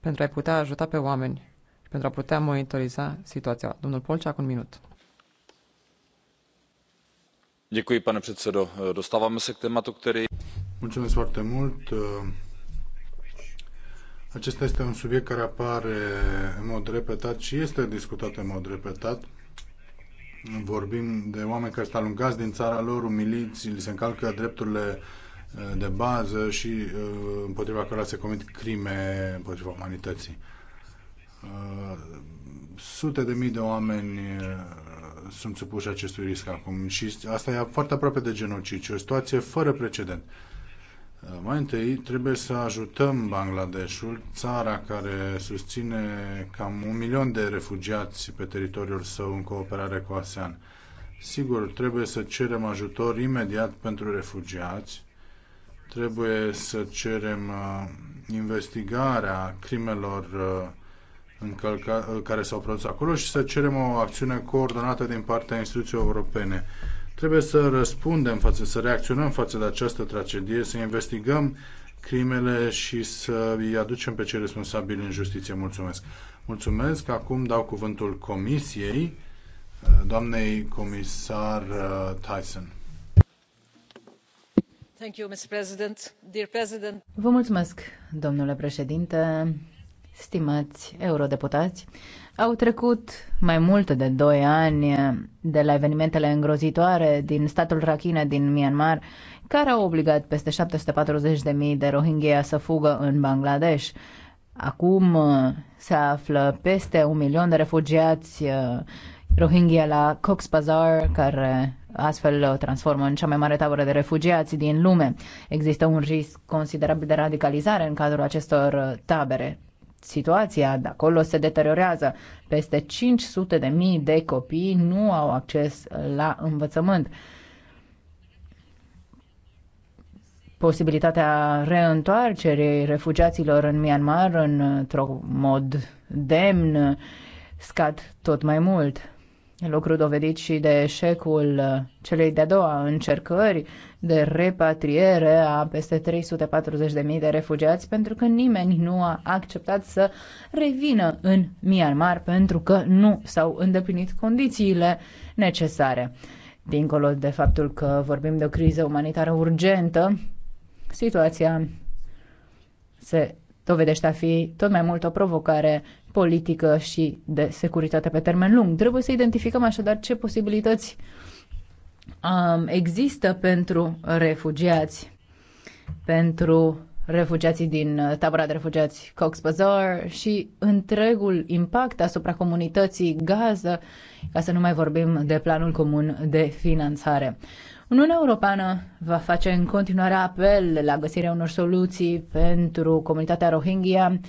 pentru a-i putea ajuta pe oameni și pentru a putea monitoriza situația. Domnul Polcea, acum un minut pane předsedající dostáváme se k tématu které. acesta este un subiect care apare în mod repetat și este discutat în mod repetat. Vorbim de oameni care sunt alungați din țara lor, umiliți, li se încalcă drepturile uh, de bază și uh, împotriva cărora se comit crime împotriva umanității. Uh, sute de mii de oameni sunt supuși acestui risc acum și asta e foarte aproape de genocid și o situație fără precedent. Uh, mai întâi trebuie să ajutăm Bangladeshul, țara care susține cam un milion de refugiați pe teritoriul său în cooperare cu ASEAN. Sigur, trebuie să cerem ajutor imediat pentru refugiați, trebuie să cerem uh, investigarea crimelor uh, încălca, care s-au produs acolo și să cerem o acțiune coordonată din partea instituțiilor europene. Trebuie să răspundem față, să reacționăm față de această tragedie, să investigăm crimele și să îi aducem pe cei responsabili în justiție. Mulțumesc. Mulțumesc. Acum dau cuvântul comisiei, doamnei comisar uh, Tyson. Vă mulțumesc, domnule președinte, stimați eurodeputați, au trecut mai mult de doi ani de la evenimentele îngrozitoare din statul Rakhine din Myanmar, care au obligat peste 740.000 de Rohingya să fugă în Bangladesh. Acum se află peste un milion de refugiați uh, Rohingya la Cox's Bazar, care astfel o transformă în cea mai mare tabără de refugiați din lume. Există un risc considerabil de radicalizare în cadrul acestor tabere situația de acolo se deteriorează. Peste 500 de mii de copii nu au acces la învățământ. Posibilitatea reîntoarcerii refugiaților în Myanmar într-un mod demn scad tot mai mult lucru dovedit și de eșecul celei de-a doua încercări de repatriere a peste 340.000 de refugiați pentru că nimeni nu a acceptat să revină în Myanmar pentru că nu s-au îndeplinit condițiile necesare. Dincolo de faptul că vorbim de o criză umanitară urgentă, situația se dovedește a fi tot mai mult o provocare politică și de securitate pe termen lung. Trebuie să identificăm așadar ce posibilități Um, există pentru refugiați, pentru refugiații din uh, tabăra de refugiați Cox Bazar și întregul impact asupra comunității Gaza, ca să nu mai vorbim de planul comun de finanțare. Uniunea Europeană va face în continuare apel la găsirea unor soluții pentru comunitatea Rohingya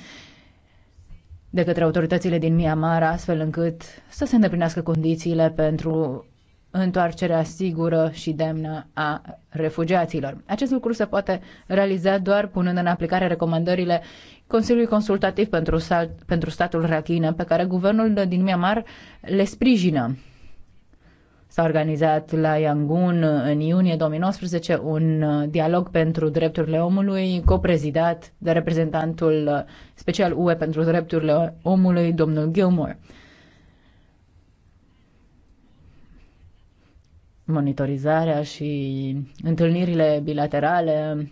de către autoritățile din Myanmar, astfel încât să se îndeplinească condițiile pentru întoarcerea sigură și demnă a refugiaților. Acest lucru se poate realiza doar punând în aplicare recomandările Consiliului Consultativ pentru, stat, pentru statul Rakhine, pe care guvernul din Myanmar le sprijină. S-a organizat la Yangon în iunie 2019 un uh, dialog pentru drepturile omului, coprezidat de reprezentantul uh, special UE pentru drepturile omului, domnul Gilmore. monitorizarea și întâlnirile bilaterale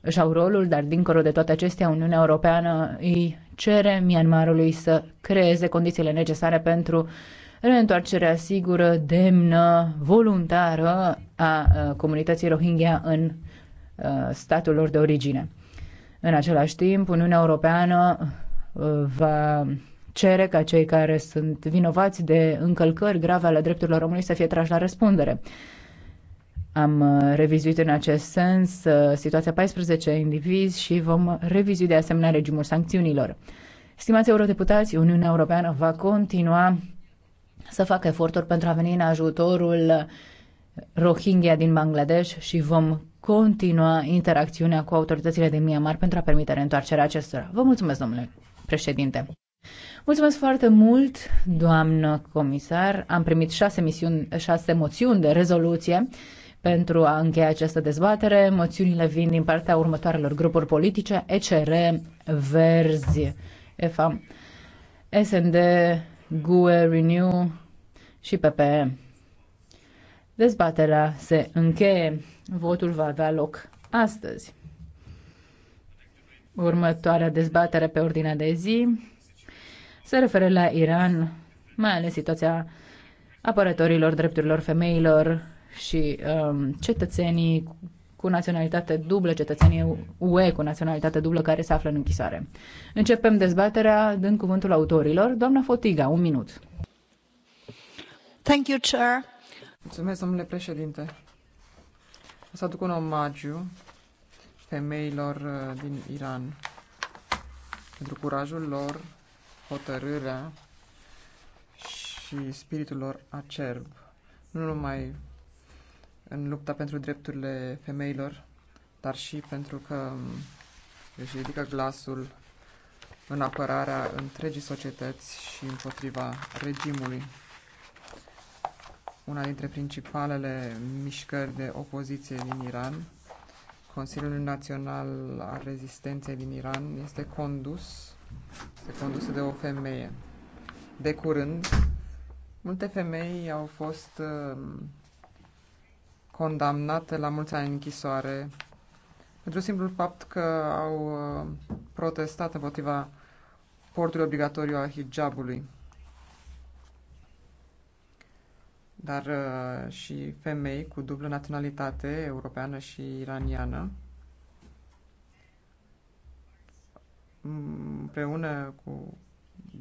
își au rolul, dar dincolo de toate acestea, Uniunea Europeană îi cere Myanmarului să creeze condițiile necesare pentru reîntoarcerea sigură, demnă, voluntară a comunității Rohingya în statul lor de origine. În același timp, Uniunea Europeană va cere ca cei care sunt vinovați de încălcări grave ale drepturilor omului să fie trași la răspundere. Am uh, revizuit în acest sens uh, situația 14 indivizi și vom revizui de asemenea regimul sancțiunilor. Stimați eurodeputați, Uniunea Europeană va continua să facă eforturi pentru a veni în ajutorul Rohingya din Bangladesh și vom continua interacțiunea cu autoritățile din Myanmar pentru a permite reîntoarcerea acestora. Vă mulțumesc, domnule președinte. Mulțumesc foarte mult, doamnă comisar. Am primit șase, misiuni, șase moțiuni de rezoluție pentru a încheia această dezbatere. Moțiunile vin din partea următoarelor grupuri politice, ECR, Verzi, EFA, SND, GUE, Renew și PPE. Dezbaterea se încheie. Votul va avea loc astăzi. Următoarea dezbatere pe ordinea de zi se referă la Iran, mai ales situația apărătorilor drepturilor femeilor și um, cetățenii cu naționalitate dublă, cetățenii UE cu naționalitate dublă care se află în închisoare. Începem dezbaterea dând cuvântul autorilor. Doamna Fotiga, un minut. Thank you, Chair. Mulțumesc, domnule președinte. O să aduc un omagiu femeilor uh, din Iran pentru curajul lor hotărârea și spiritul lor acerb, nu numai în lupta pentru drepturile femeilor, dar și pentru că își ridică glasul în apărarea întregii societăți și împotriva regimului. Una dintre principalele mișcări de opoziție din Iran, Consiliul Național al Rezistenței din Iran, este condus este condusă de o femeie. De curând, multe femei au fost um, condamnate la mulți ani închisoare pentru simplul fapt că au um, protestat împotriva portului obligatoriu a hijabului. Dar uh, și femei cu dublă naționalitate, europeană și iraniană, împreună cu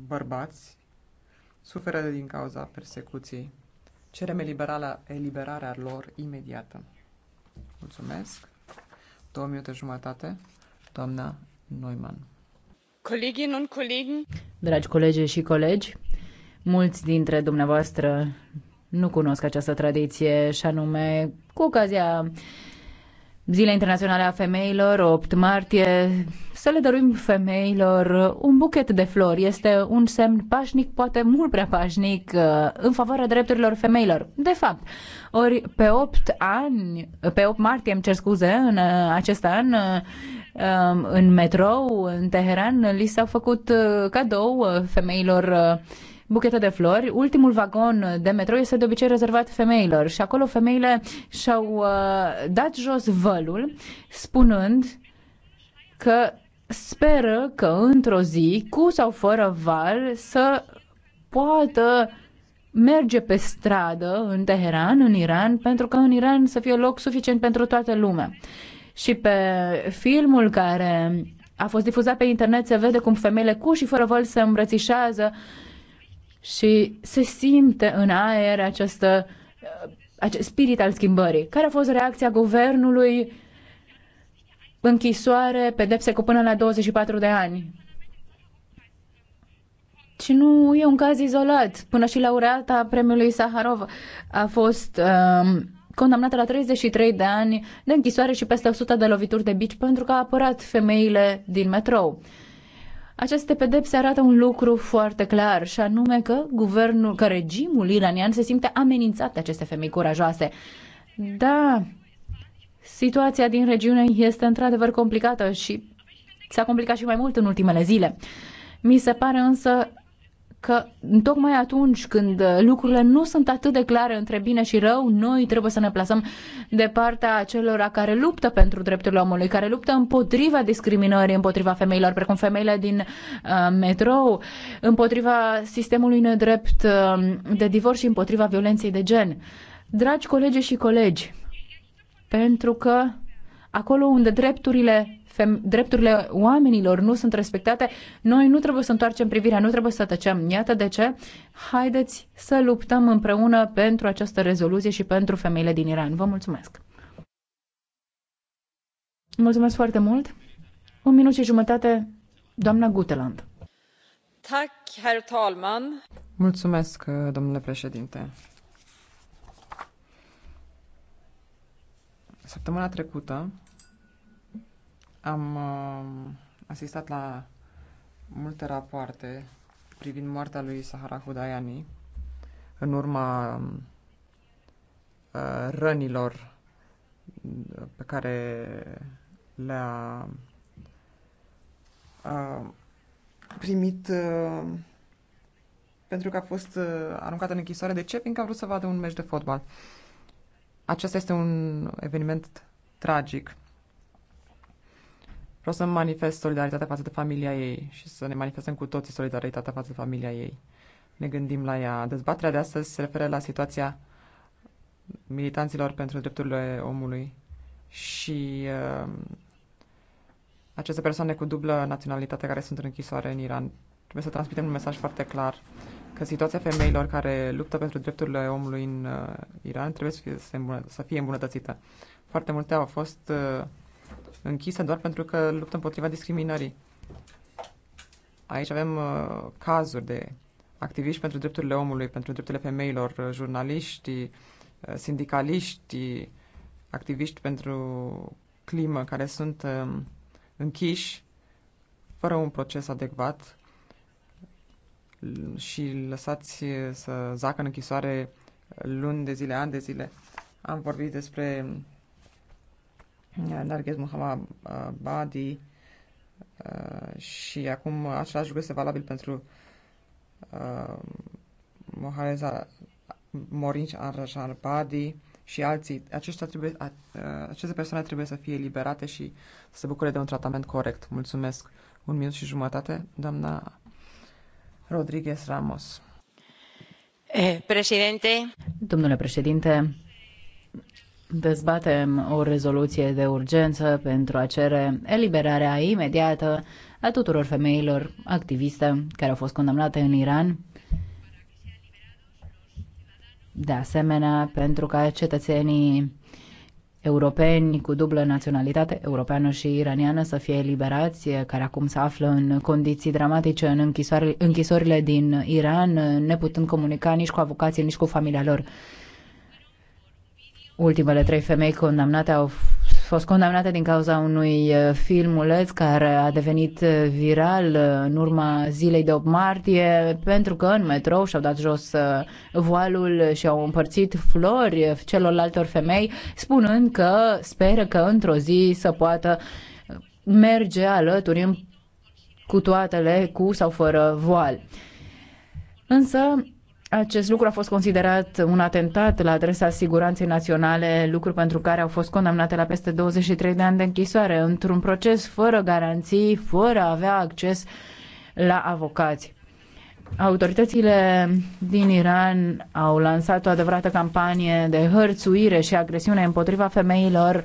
bărbați suferă din cauza persecuției. Cerem eliberarea, eliberarea lor imediată. Mulțumesc. Două minute jumătate, doamna Neumann. Colegii, non colegi. Dragi colegi și colegi, mulți dintre dumneavoastră nu cunosc această tradiție și anume cu ocazia Zile Internaționale a Femeilor, 8 martie, să le dăruim femeilor un buchet de flori. Este un semn pașnic, poate mult prea pașnic, uh, în favoarea drepturilor femeilor. De fapt, ori pe 8 ani, pe 8 martie, îmi cer scuze, în uh, acest an, uh, um, în metrou, în Teheran, li s-au făcut cadou femeilor buchete de flori. Ultimul vagon de metrou este de obicei rezervat femeilor și acolo femeile și-au uh, dat jos vălul spunând că speră că într-o zi, cu sau fără val, să poată merge pe stradă în Teheran, în Iran, pentru că în Iran să fie loc suficient pentru toată lumea. Și pe filmul care a fost difuzat pe internet se vede cum femeile cu și fără văl se îmbrățișează uh, și se simte în aer această, acest spirit al schimbării. Care a fost reacția guvernului? Închisoare, pedepse cu până la 24 de ani. Și nu e un caz izolat. Până și laureata premiului Saharov a fost um, condamnată la 33 de ani de închisoare și peste 100 de lovituri de bici pentru că a apărat femeile din metrou. Aceste pedepse arată un lucru foarte clar, și anume că guvernul, că regimul iranian se simte amenințat de aceste femei curajoase. Da, situația din regiune este într-adevăr complicată și s-a complicat și mai mult în ultimele zile. Mi se pare însă că tocmai atunci când uh, lucrurile nu sunt atât de clare între bine și rău, noi trebuie să ne plasăm de partea celor care luptă pentru drepturile omului, care luptă împotriva discriminării, împotriva femeilor, precum femeile din uh, metrou, împotriva sistemului nedrept uh, de divorț și împotriva violenței de gen. Dragi colegi și colegi, pentru că acolo unde drepturile drepturile oamenilor nu sunt respectate, noi nu trebuie să întoarcem privirea, nu trebuie să tăcem. Iată de ce. Haideți să luptăm împreună pentru această rezoluție și pentru femeile din Iran. Vă mulțumesc! Mulțumesc foarte mult! Un minut și jumătate, doamna Guteland. Mulțumesc, domnule președinte. Săptămâna trecută, am uh, asistat la multe rapoarte privind moartea lui Sahara Hudayani în urma um, uh, rănilor uh, pe care le-a uh, primit uh, pentru că a fost uh, aruncat în închisoare. De ce? Fiindcă a vrut să vadă un meci de fotbal. Acesta este un eveniment tragic Vreau să manifest solidaritatea față de familia ei și să ne manifestăm cu toții solidaritatea față de familia ei. Ne gândim la ea. Dezbaterea de astăzi se referă la situația militanților pentru drepturile omului și uh, aceste persoane cu dublă naționalitate care sunt în închisoare în Iran. Trebuie să transmitem un mesaj foarte clar că situația femeilor care luptă pentru drepturile omului în uh, Iran trebuie să fie, să, să fie îmbunătățită. Foarte multe au fost uh, închisă doar pentru că luptă împotriva discriminării. Aici avem uh, cazuri de activiști pentru drepturile omului, pentru drepturile femeilor, uh, jurnaliști, uh, sindicaliști, activiști pentru climă care sunt uh, închiși fără un proces adecvat și lăsați uh, să zacă în închisoare luni de zile, ani de zile. Am vorbit despre Narghez Badi uh, și acum același lucru este valabil pentru uh, Mohareza Morinci Badi și alții. Aceștia trebuie, uh, aceste persoane trebuie să fie eliberate și să se bucure de un tratament corect. Mulțumesc. Un minut și jumătate, doamna Rodriguez Ramos. Eh, președinte. Domnule președinte, dezbatem o rezoluție de urgență pentru a cere eliberarea imediată a tuturor femeilor activiste care au fost condamnate în Iran. De asemenea, pentru ca cetățenii europeni cu dublă naționalitate, europeană și iraniană, să fie eliberați, care acum se află în condiții dramatice în închisorile din Iran, neputând comunica nici cu avocații, nici cu familia lor. Ultimele trei femei condamnate au fost condamnate din cauza unui uh, filmuleț care a devenit uh, viral uh, în urma zilei de 8 martie pentru că în metrou și-au dat jos voalul și au împărțit flori celorlaltor femei spunând că speră că într-o zi să poată merge alături cu toatele, cu sau fără voal. Însă, acest lucru a fost considerat un atentat la adresa siguranței naționale, lucru pentru care au fost condamnate la peste 23 de ani de închisoare, într-un proces fără garanții, fără a avea acces la avocați. Autoritățile din Iran au lansat o adevărată campanie de hărțuire și agresiune împotriva femeilor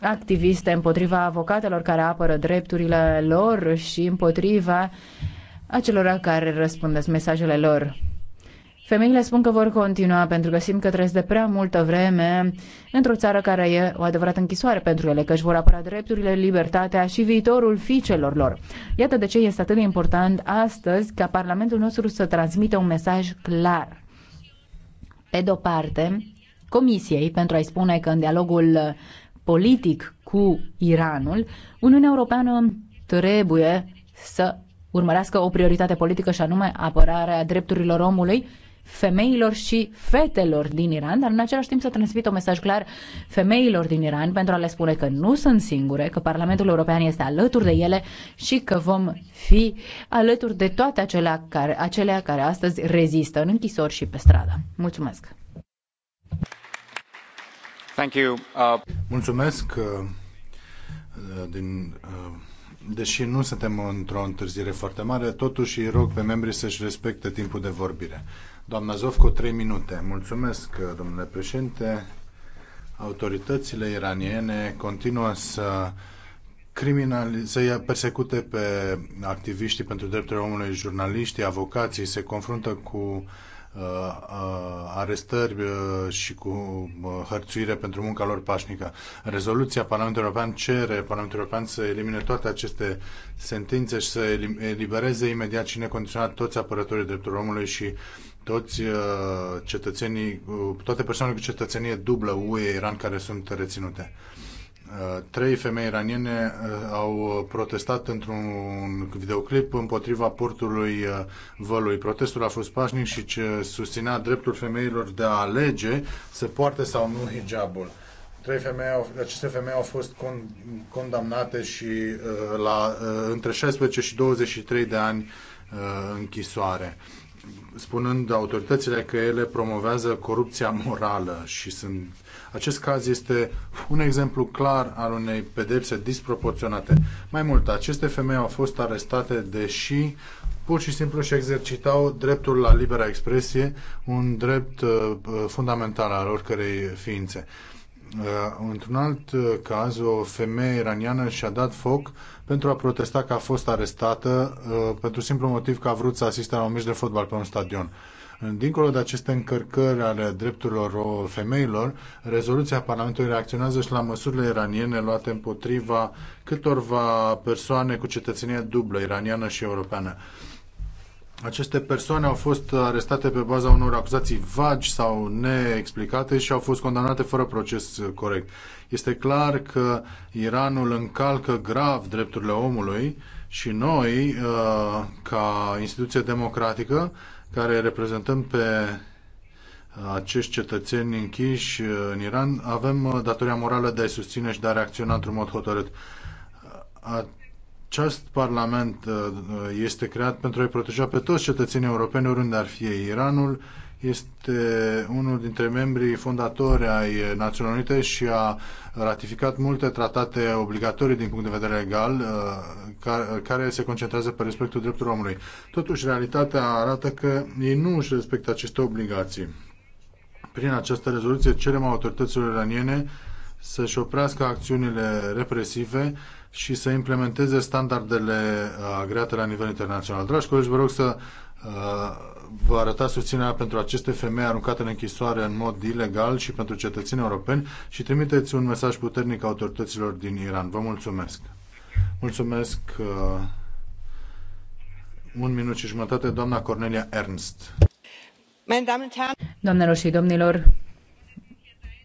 activiste, împotriva avocatelor care apără drepturile lor și împotriva acelora care răspundeți mesajele lor. Femeile spun că vor continua pentru că simt că trăiesc de prea multă vreme într-o țară care e o adevărată închisoare pentru ele, că își vor apăra drepturile, libertatea și viitorul fiicelor lor. Iată de ce este atât de important astăzi ca Parlamentul nostru să transmită un mesaj clar. Pe de-o parte, Comisiei pentru a-i spune că în dialogul politic cu Iranul, Uniunea Europeană trebuie să urmărească o prioritate politică și anume apărarea drepturilor omului femeilor și fetelor din Iran, dar în același timp să transmită un mesaj clar femeilor din Iran pentru a le spune că nu sunt singure, că Parlamentul European este alături de ele și că vom fi alături de toate acelea care, acelea care astăzi rezistă în închisori și pe stradă. Mulțumesc! Thank you. Uh... Mulțumesc! Uh, din, uh, deși nu suntem într-o întârziere foarte mare, totuși îi rog pe membrii să-și respecte timpul de vorbire. Doamna Zovco, trei minute. Mulțumesc, domnule președinte. Autoritățile iraniene continuă să criminali, să persecute pe activiștii pentru drepturile omului, jurnaliștii, avocații, se confruntă cu uh, uh, arestări uh, și cu uh, hărțuire pentru munca lor pașnică. Rezoluția Parlamentului European cere Parlamentul European să elimine toate aceste sentințe și să elibereze imediat și necondiționat toți apărătorii drepturilor omului și toți uh, cetățenii, uh, toate persoanele cu cetățenie dublă UE Iran care sunt reținute. Uh, trei femei iraniene au protestat într-un videoclip împotriva portului vălui. Protestul a fost pașnic și ce susținea dreptul femeilor de a alege să poarte sau nu hijabul. Trei femei au, aceste femei au fost con, condamnate și la între 16 și 23 de ani închisoare spunând autoritățile că ele promovează corupția morală și sunt... Acest caz este un exemplu clar al unei pedepse disproporționate. Mai mult, aceste femei au fost arestate deși pur și simplu și exercitau dreptul la libera expresie, un drept uh, fundamental al oricărei ființe. Uh, într-un alt uh, caz, o femeie iraniană și-a dat foc pentru a protesta că a fost arestată uh, pentru simplu motiv că a vrut să asiste la un meci de fotbal pe un stadion. Dincolo de aceste încărcări ale drepturilor femeilor, rezoluția Parlamentului reacționează și la măsurile iraniene luate împotriva câtorva persoane cu cetățenie dublă, iraniană și europeană. Aceste persoane au fost arestate pe baza unor acuzații vagi sau neexplicate și au fost condamnate fără proces corect. Este clar că Iranul încalcă grav drepturile omului și noi, uh, ca instituție democratică, care reprezentăm pe uh, acești cetățeni închiși uh, în Iran, avem datoria morală de a-i susține și de a reacționa într-un mod hotărât acest Parlament uh, uh, este creat pentru a-i proteja pe toți cetățenii europeni, oriunde ar fi ei. Iranul este unul dintre membrii fondatori ai Națiunilor Unite și a ratificat multe tratate obligatorii din punct de vedere legal uh, care se concentrează pe respectul drepturilor omului. Totuși, realitatea arată că ei nu își respectă aceste obligații. Prin această rezoluție cerem autorităților iraniene să-și oprească acțiunile represive și să implementeze standardele uh, agreate la nivel internațional. Dragi colegi, vă rog să uh, vă arătați susținerea pentru aceste femei aruncate în închisoare în mod ilegal și pentru cetățenii europeni și trimiteți un mesaj puternic autorităților din Iran. Vă mulțumesc! Mulțumesc! Uh, un minut și jumătate, doamna Cornelia Ernst. Doamnelor și domnilor,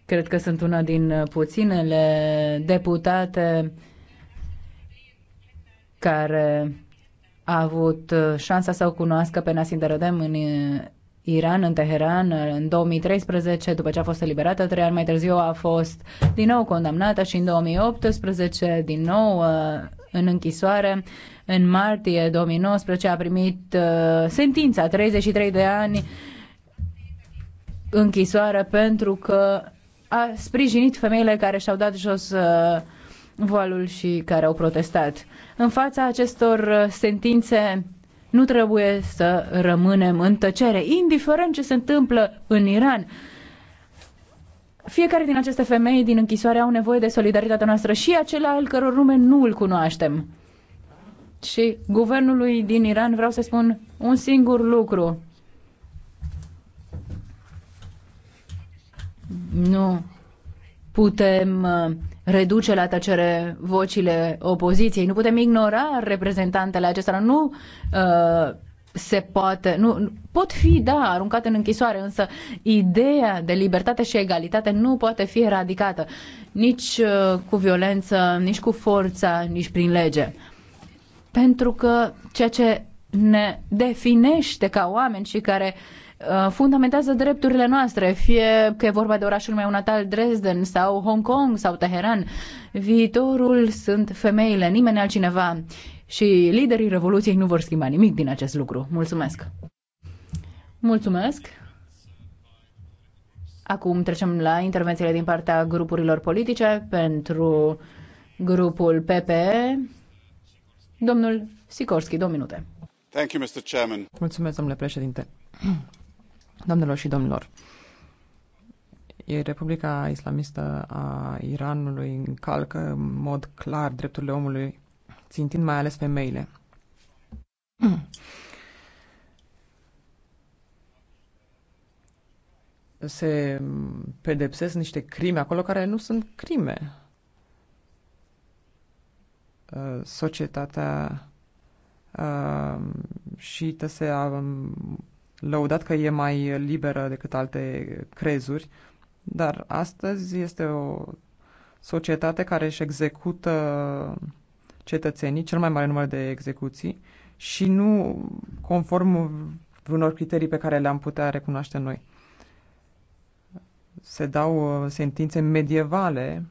cred că sunt una din puținele deputate care a avut uh, șansa să o cunoască pe Nassim Darodem în uh, Iran, în Teheran, uh, în 2013, după ce a fost eliberată, trei ani mai târziu a fost din nou condamnată și în 2018, din nou în închisoare. În martie 2019 a primit sentința, 33 de ani închisoare pentru că a sprijinit femeile care și-au dat jos voalul și care au protestat. În fața acestor uh, sentințe nu trebuie să rămânem în tăcere, indiferent ce se întâmplă în Iran. Fiecare din aceste femei din închisoare au nevoie de solidaritatea noastră și acela al căror nume nu îl cunoaștem. Și guvernului din Iran vreau să spun un singur lucru. Nu putem uh, reduce la tăcere vocile opoziției. Nu putem ignora reprezentantele acestora. Nu uh, se poate, nu, pot fi, da, aruncate în închisoare, însă ideea de libertate și egalitate nu poate fi eradicată nici uh, cu violență, nici cu forța, nici prin lege. Pentru că ceea ce ne definește ca oameni și care uh, Uh, fundamentează drepturile noastre, fie că e vorba de orașul meu natal Dresden sau Hong Kong sau Teheran. Viitorul sunt femeile, nimeni altcineva. Și liderii Revoluției nu vor schimba nimic din acest lucru. Mulțumesc! Mulțumesc! Acum trecem la intervențiile din partea grupurilor politice pentru grupul PPE. Domnul Sikorski, două minute. Thank you, Mr. Chairman. Mulțumesc, domnule președinte. Doamnelor și domnilor, Republica Islamistă a Iranului încalcă în mod clar drepturile omului, țintind mai ales femeile. *clears throat* Se pedepsesc niște crime acolo care nu sunt crime. Uh, societatea uh, și se um, lăudat că e mai liberă decât alte crezuri, dar astăzi este o societate care își execută cetățenii, cel mai mare număr de execuții, și nu conform unor criterii pe care le-am putea recunoaște noi. Se dau uh, sentințe medievale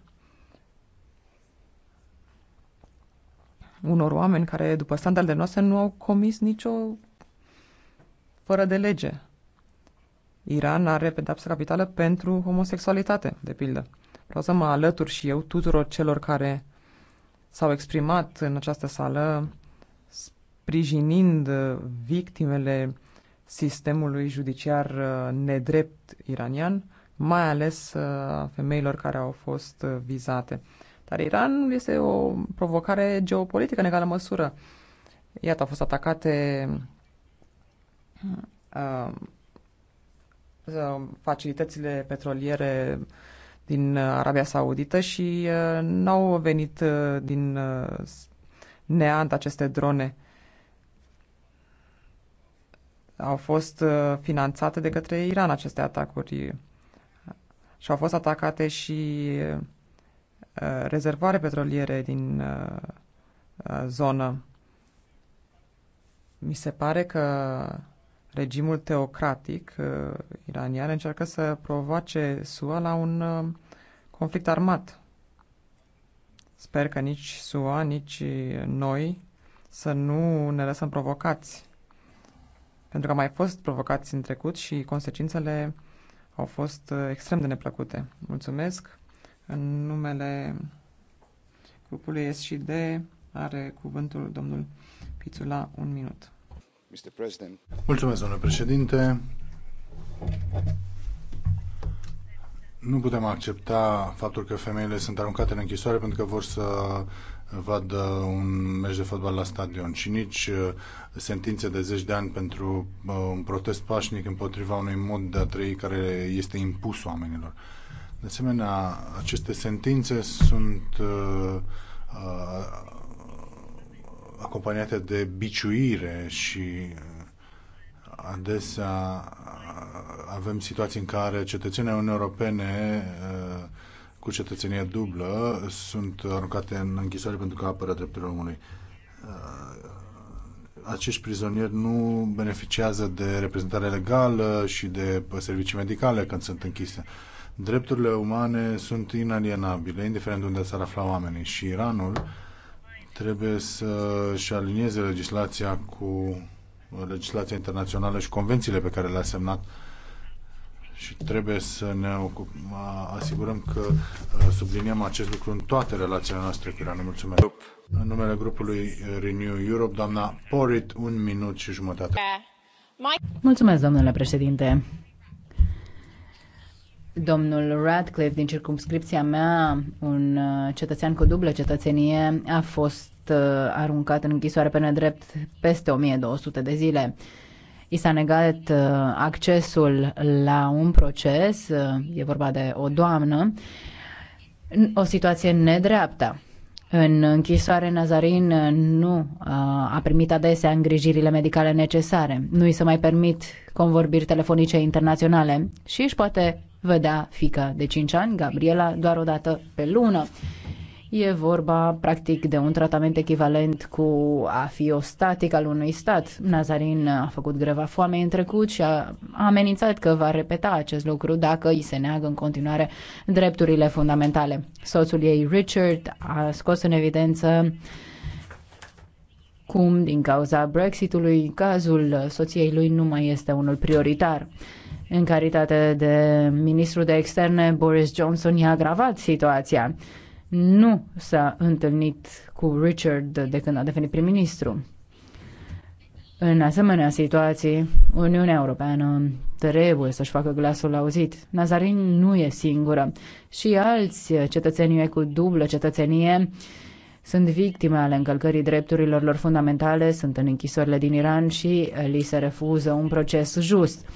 unor oameni care, după standardele noastre, nu au comis nicio fără de lege. Iran are pedapsă capitală pentru homosexualitate, de pildă. Vreau să mă alătur și eu tuturor celor care s-au exprimat în această sală sprijinind victimele sistemului judiciar uh, nedrept iranian, mai ales uh, femeilor care au fost uh, vizate. Dar Iran este o provocare geopolitică în egală măsură. Iată, au fost atacate Uh, uh, facilitățile petroliere din Arabia Saudită și uh, n-au venit din neant aceste drone. Au fost finanțate de către Iran aceste atacuri și au fost atacate și rezervoare petroliere din zonă. Mi se pare că regimul teocratic uh, iranian încearcă să provoace SUA la un uh, conflict armat. Sper că nici SUA, nici uh, noi să nu ne lăsăm provocați. Pentru că am mai fost provocați în trecut și consecințele au fost uh, extrem de neplăcute. Mulțumesc. În numele grupului S și D are cuvântul domnul Pițula un minut. Mulțumesc, domnule președinte. Nu putem accepta faptul că femeile sunt aruncate în închisoare pentru că vor să vadă un meci de fotbal la stadion și nici uh, sentințe de zeci de ani pentru uh, un protest pașnic împotriva unui mod de a trăi care este impus oamenilor. De asemenea, aceste sentințe sunt uh, uh, acompaniate de biciuire și uh, adesea uh, avem situații în care cetățenii Uniunii Europene uh, cu cetățenie dublă sunt aruncate în închisoare pentru că apără drepturile omului. Acești prizonieri nu beneficiază de reprezentare legală și de servicii medicale când sunt închise. Drepturile umane sunt inalienabile, indiferent unde s-ar afla oamenii și Iranul trebuie să-și alinieze legislația cu legislația internațională și convențiile pe care le-a semnat și trebuie să ne ocup, asigurăm că uh, subliniem acest lucru în toate relațiile noastre cu Iranul. Mulțumesc. În numele grupului Renew Europe, doamna Porit, un minut și jumătate. Mulțumesc, domnule președinte domnul Radcliffe din circumscripția mea, un uh, cetățean cu dublă cetățenie, a fost uh, aruncat în închisoare pe nedrept peste 1200 de zile. I s-a negat uh, accesul la un proces, e vorba de o doamnă, o situație nedreaptă. În închisoare, Nazarin nu a primit adesea îngrijirile medicale necesare, nu i se mai permit convorbiri telefonice internaționale și își poate vedea fica de 5 ani, Gabriela, doar o dată pe lună. E vorba, practic, de un tratament echivalent cu a fi o static al unui stat. Nazarin a făcut greva foamei în trecut și a amenințat că va repeta acest lucru dacă îi se neagă în continuare drepturile fundamentale. Soțul ei, Richard, a scos în evidență cum, din cauza Brexitului, cazul soției lui nu mai este unul prioritar. În calitate de ministru de externe, Boris Johnson i-a agravat situația. Nu s-a întâlnit cu Richard de când a devenit prim-ministru. În asemenea situații, Uniunea Europeană trebuie să-și facă glasul auzit. Nazarin nu e singură și alți cetățenii cu dublă cetățenie sunt victime ale încălcării drepturilor lor fundamentale, sunt în închisorile din Iran și li se refuză un proces just.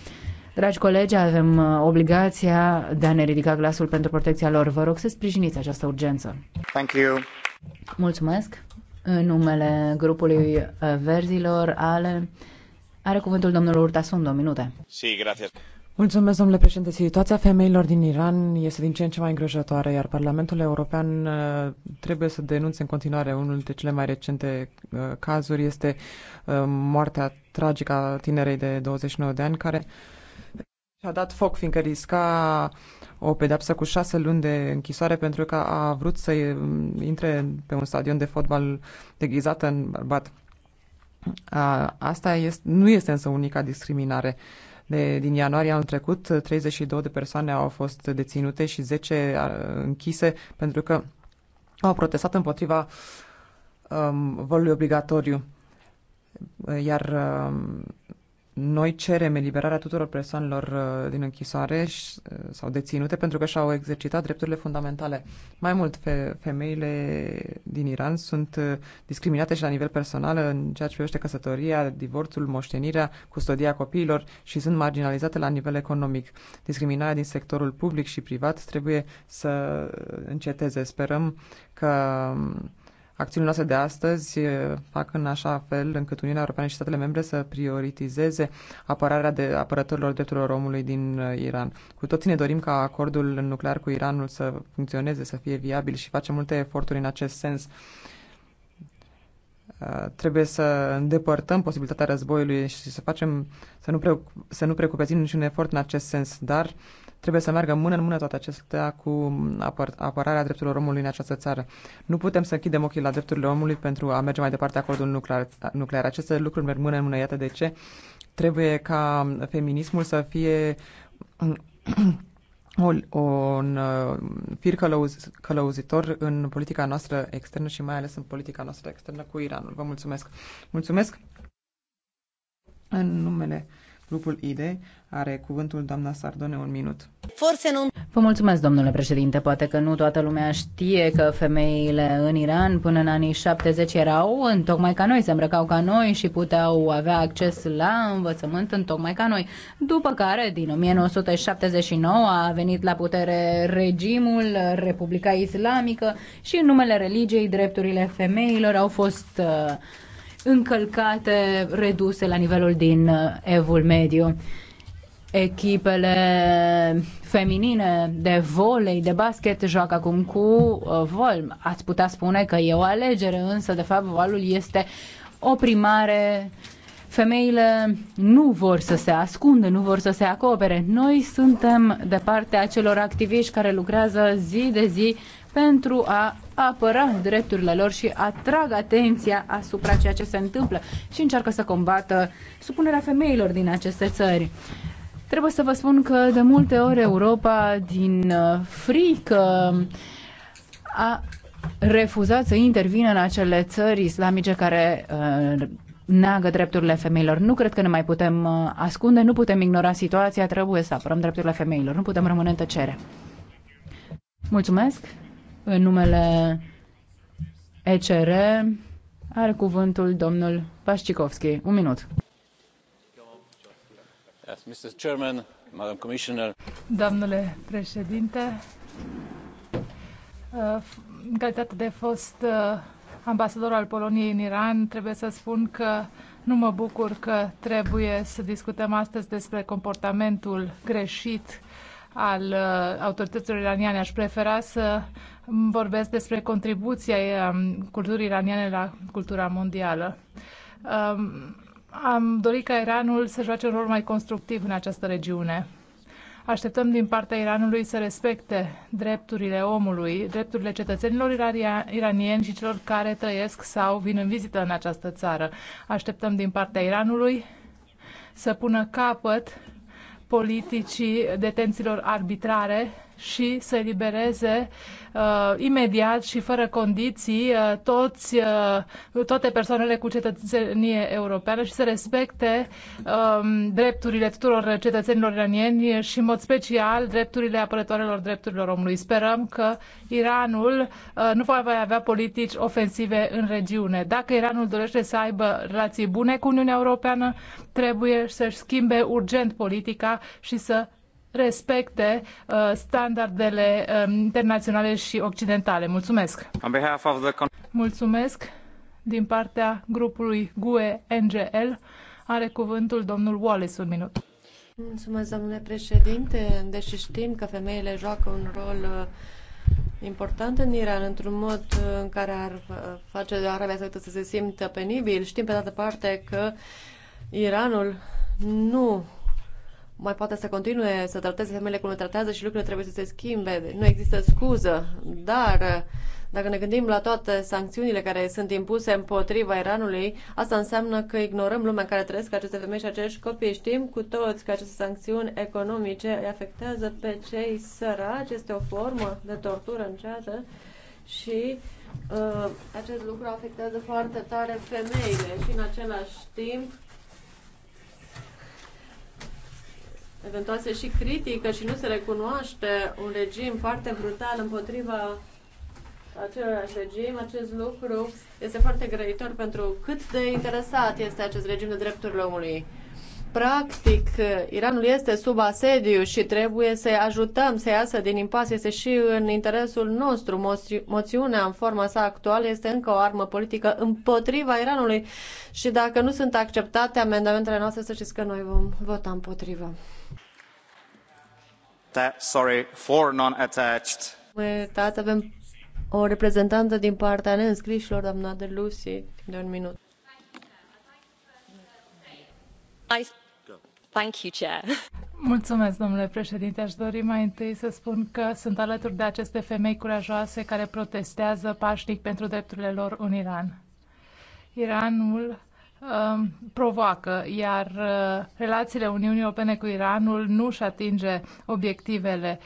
Dragi colegi, avem uh, obligația de a ne ridica glasul pentru protecția lor. Vă rog să sprijiniți această urgență. Thank you. Mulțumesc. În numele grupului uh, Verzilor ale are cuvântul domnul Urtasun, două minute. Sí, gracias. Mulțumesc, domnule președinte. Situația femeilor din Iran este din ce în ce mai îngrijorătoare, iar Parlamentul European uh, trebuie să denunțe în continuare unul dintre cele mai recente cazuri. Este moartea tragică a tinerei de 29 de ani, care și-a dat foc, fiindcă risca o pedapsă cu șase luni de închisoare pentru că a vrut să intre pe un stadion de fotbal deghizat în bărbat. asta este, nu este însă unica discriminare. De, din ianuarie anul trecut, 32 de persoane au fost deținute și 10 închise pentru că au protestat împotriva um, volului obligatoriu. Iar um, noi cerem eliberarea tuturor persoanelor uh, din închisoare uh, sau deținute pentru că și-au exercitat drepturile fundamentale. Mai mult, fe femeile din Iran sunt uh, discriminate și la nivel personal în ceea ce privește căsătoria, divorțul, moștenirea, custodia copiilor și sunt marginalizate la nivel economic. Discriminarea din sectorul public și privat trebuie să înceteze. Sperăm că um, Acțiunile noastre de astăzi fac în așa fel încât Uniunea Europeană și statele membre să prioritizeze apărarea de apărătorilor drepturilor omului din Iran. Cu toții ne dorim ca acordul nuclear cu Iranul să funcționeze, să fie viabil și facem multe eforturi în acest sens trebuie să îndepărtăm posibilitatea războiului și să facem să nu, pre, să nu precupețim niciun efort în acest sens, dar Trebuie să meargă mână în mână toate acestea cu apăr- apărarea drepturilor omului în această țară. Nu putem să închidem ochii la drepturile omului pentru a merge mai departe acordul nuclear. nuclear. Aceste lucruri merg mână în mână. Iată de ce trebuie ca feminismul să fie un uh, fir călăuz, călăuzitor în politica noastră externă și mai ales în politica noastră externă cu Iranul. Vă mulțumesc! Mulțumesc! În numele grupul IDE are cuvântul doamna Sardone un minut. Forse nu... Vă mulțumesc, domnule președinte. Poate că nu toată lumea știe că femeile în Iran până în anii 70 erau în tocmai ca noi, se îmbrăcau ca noi și puteau avea acces la învățământ în tocmai ca noi. După care, din 1979, a venit la putere regimul, Republica Islamică și în numele religiei drepturile femeilor au fost uh, încălcate, reduse la nivelul din uh, evul mediu echipele feminine de volei, de basket joacă acum cu uh, Volm. Ați putea spune că e o alegere, însă de fapt volul este o primare femeile nu vor să se ascundă, nu vor să se acopere. Noi suntem de partea acelor activiști care lucrează zi de zi pentru a apăra drepturile lor și atrag atenția asupra ceea ce se întâmplă și încearcă să combată supunerea femeilor din aceste țări. Trebuie să vă spun că de multe ori Europa, din uh, frică, a refuzat să intervină în acele țări islamice care uh, neagă drepturile femeilor. Nu cred că ne mai putem uh, ascunde, nu putem ignora situația, trebuie să apărăm drepturile femeilor, nu putem rămâne în tăcere. Mulțumesc. În numele ECR are cuvântul domnul Pașcikovski. Un minut. Domnule președinte, uh, în calitate de fost uh, ambasador al Poloniei în Iran, trebuie să spun că nu mă bucur că trebuie să discutăm astăzi despre comportamentul greșit al uh, autorităților iraniane. Aș prefera să vorbesc despre contribuția um, culturii iraniene la cultura mondială. Um, am dorit ca Iranul să joace un rol mai constructiv în această regiune. Așteptăm din partea Iranului să respecte drepturile omului, drepturile cetățenilor iranieni și celor care trăiesc sau vin în vizită în această țară. Așteptăm din partea Iranului să pună capăt politicii detențiilor arbitrare și să elibereze uh, imediat și fără condiții uh, toți, uh, toate persoanele cu cetățenie europeană și să respecte um, uh, drepturile tuturor cetățenilor iranieni și, în mod special, drepturile apărătoarelor drepturilor omului. Sperăm că Iranul uh, nu va mai avea politici ofensive în regiune. Dacă Iranul dorește să aibă relații bune cu Uniunea Europeană, trebuie să-și schimbe urgent politica și să respecte uh, standardele um, internaționale și occidentale. Mulțumesc! Mulțumesc din partea grupului GUE NGL. Are cuvântul domnul Wallace un minut. Mulțumesc, domnule președinte. Deși știm că femeile joacă un rol uh, important în Iran, într-un mod uh, în care ar face de Arabia Saudită să se simtă penibil, știm pe de altă parte că Iranul nu mai poate să continue să trateze femeile cum le tratează și lucrurile trebuie să se schimbe. Nu există scuză, dar dacă ne gândim la toate sancțiunile care sunt impuse împotriva Iranului, asta înseamnă că ignorăm lumea în care trăiesc aceste femei și acești copii. Știm cu toți că aceste sancțiuni economice îi afectează pe cei săraci, este o formă de tortură înceată și uh, acest lucru afectează foarte tare femeile și în același timp eventual se și critică și nu se recunoaște un regim foarte brutal împotriva același regim, acest lucru este foarte grăitor pentru cât de interesat este acest regim de drepturile omului. Practic, Iranul este sub asediu și trebuie să-i ajutăm să iasă din impas. Este și în interesul nostru. moțiunea în forma sa actuală este încă o armă politică împotriva Iranului și dacă nu sunt acceptate amendamentele noastre, să știți că noi vom vota împotriva. sorry, for non-attached. Uitați, avem o reprezentantă din partea neînscrișilor, doamna de Lucy, de un minut. I Mulțumesc, domnule președinte. Aș dori mai întâi să spun că sunt alături de aceste femei curajoase care protestează pașnic pentru drepturile lor în Iran. Iranul Um, provoacă, iar uh, relațiile Uniunii Europene cu Iranul nu își atinge obiectivele.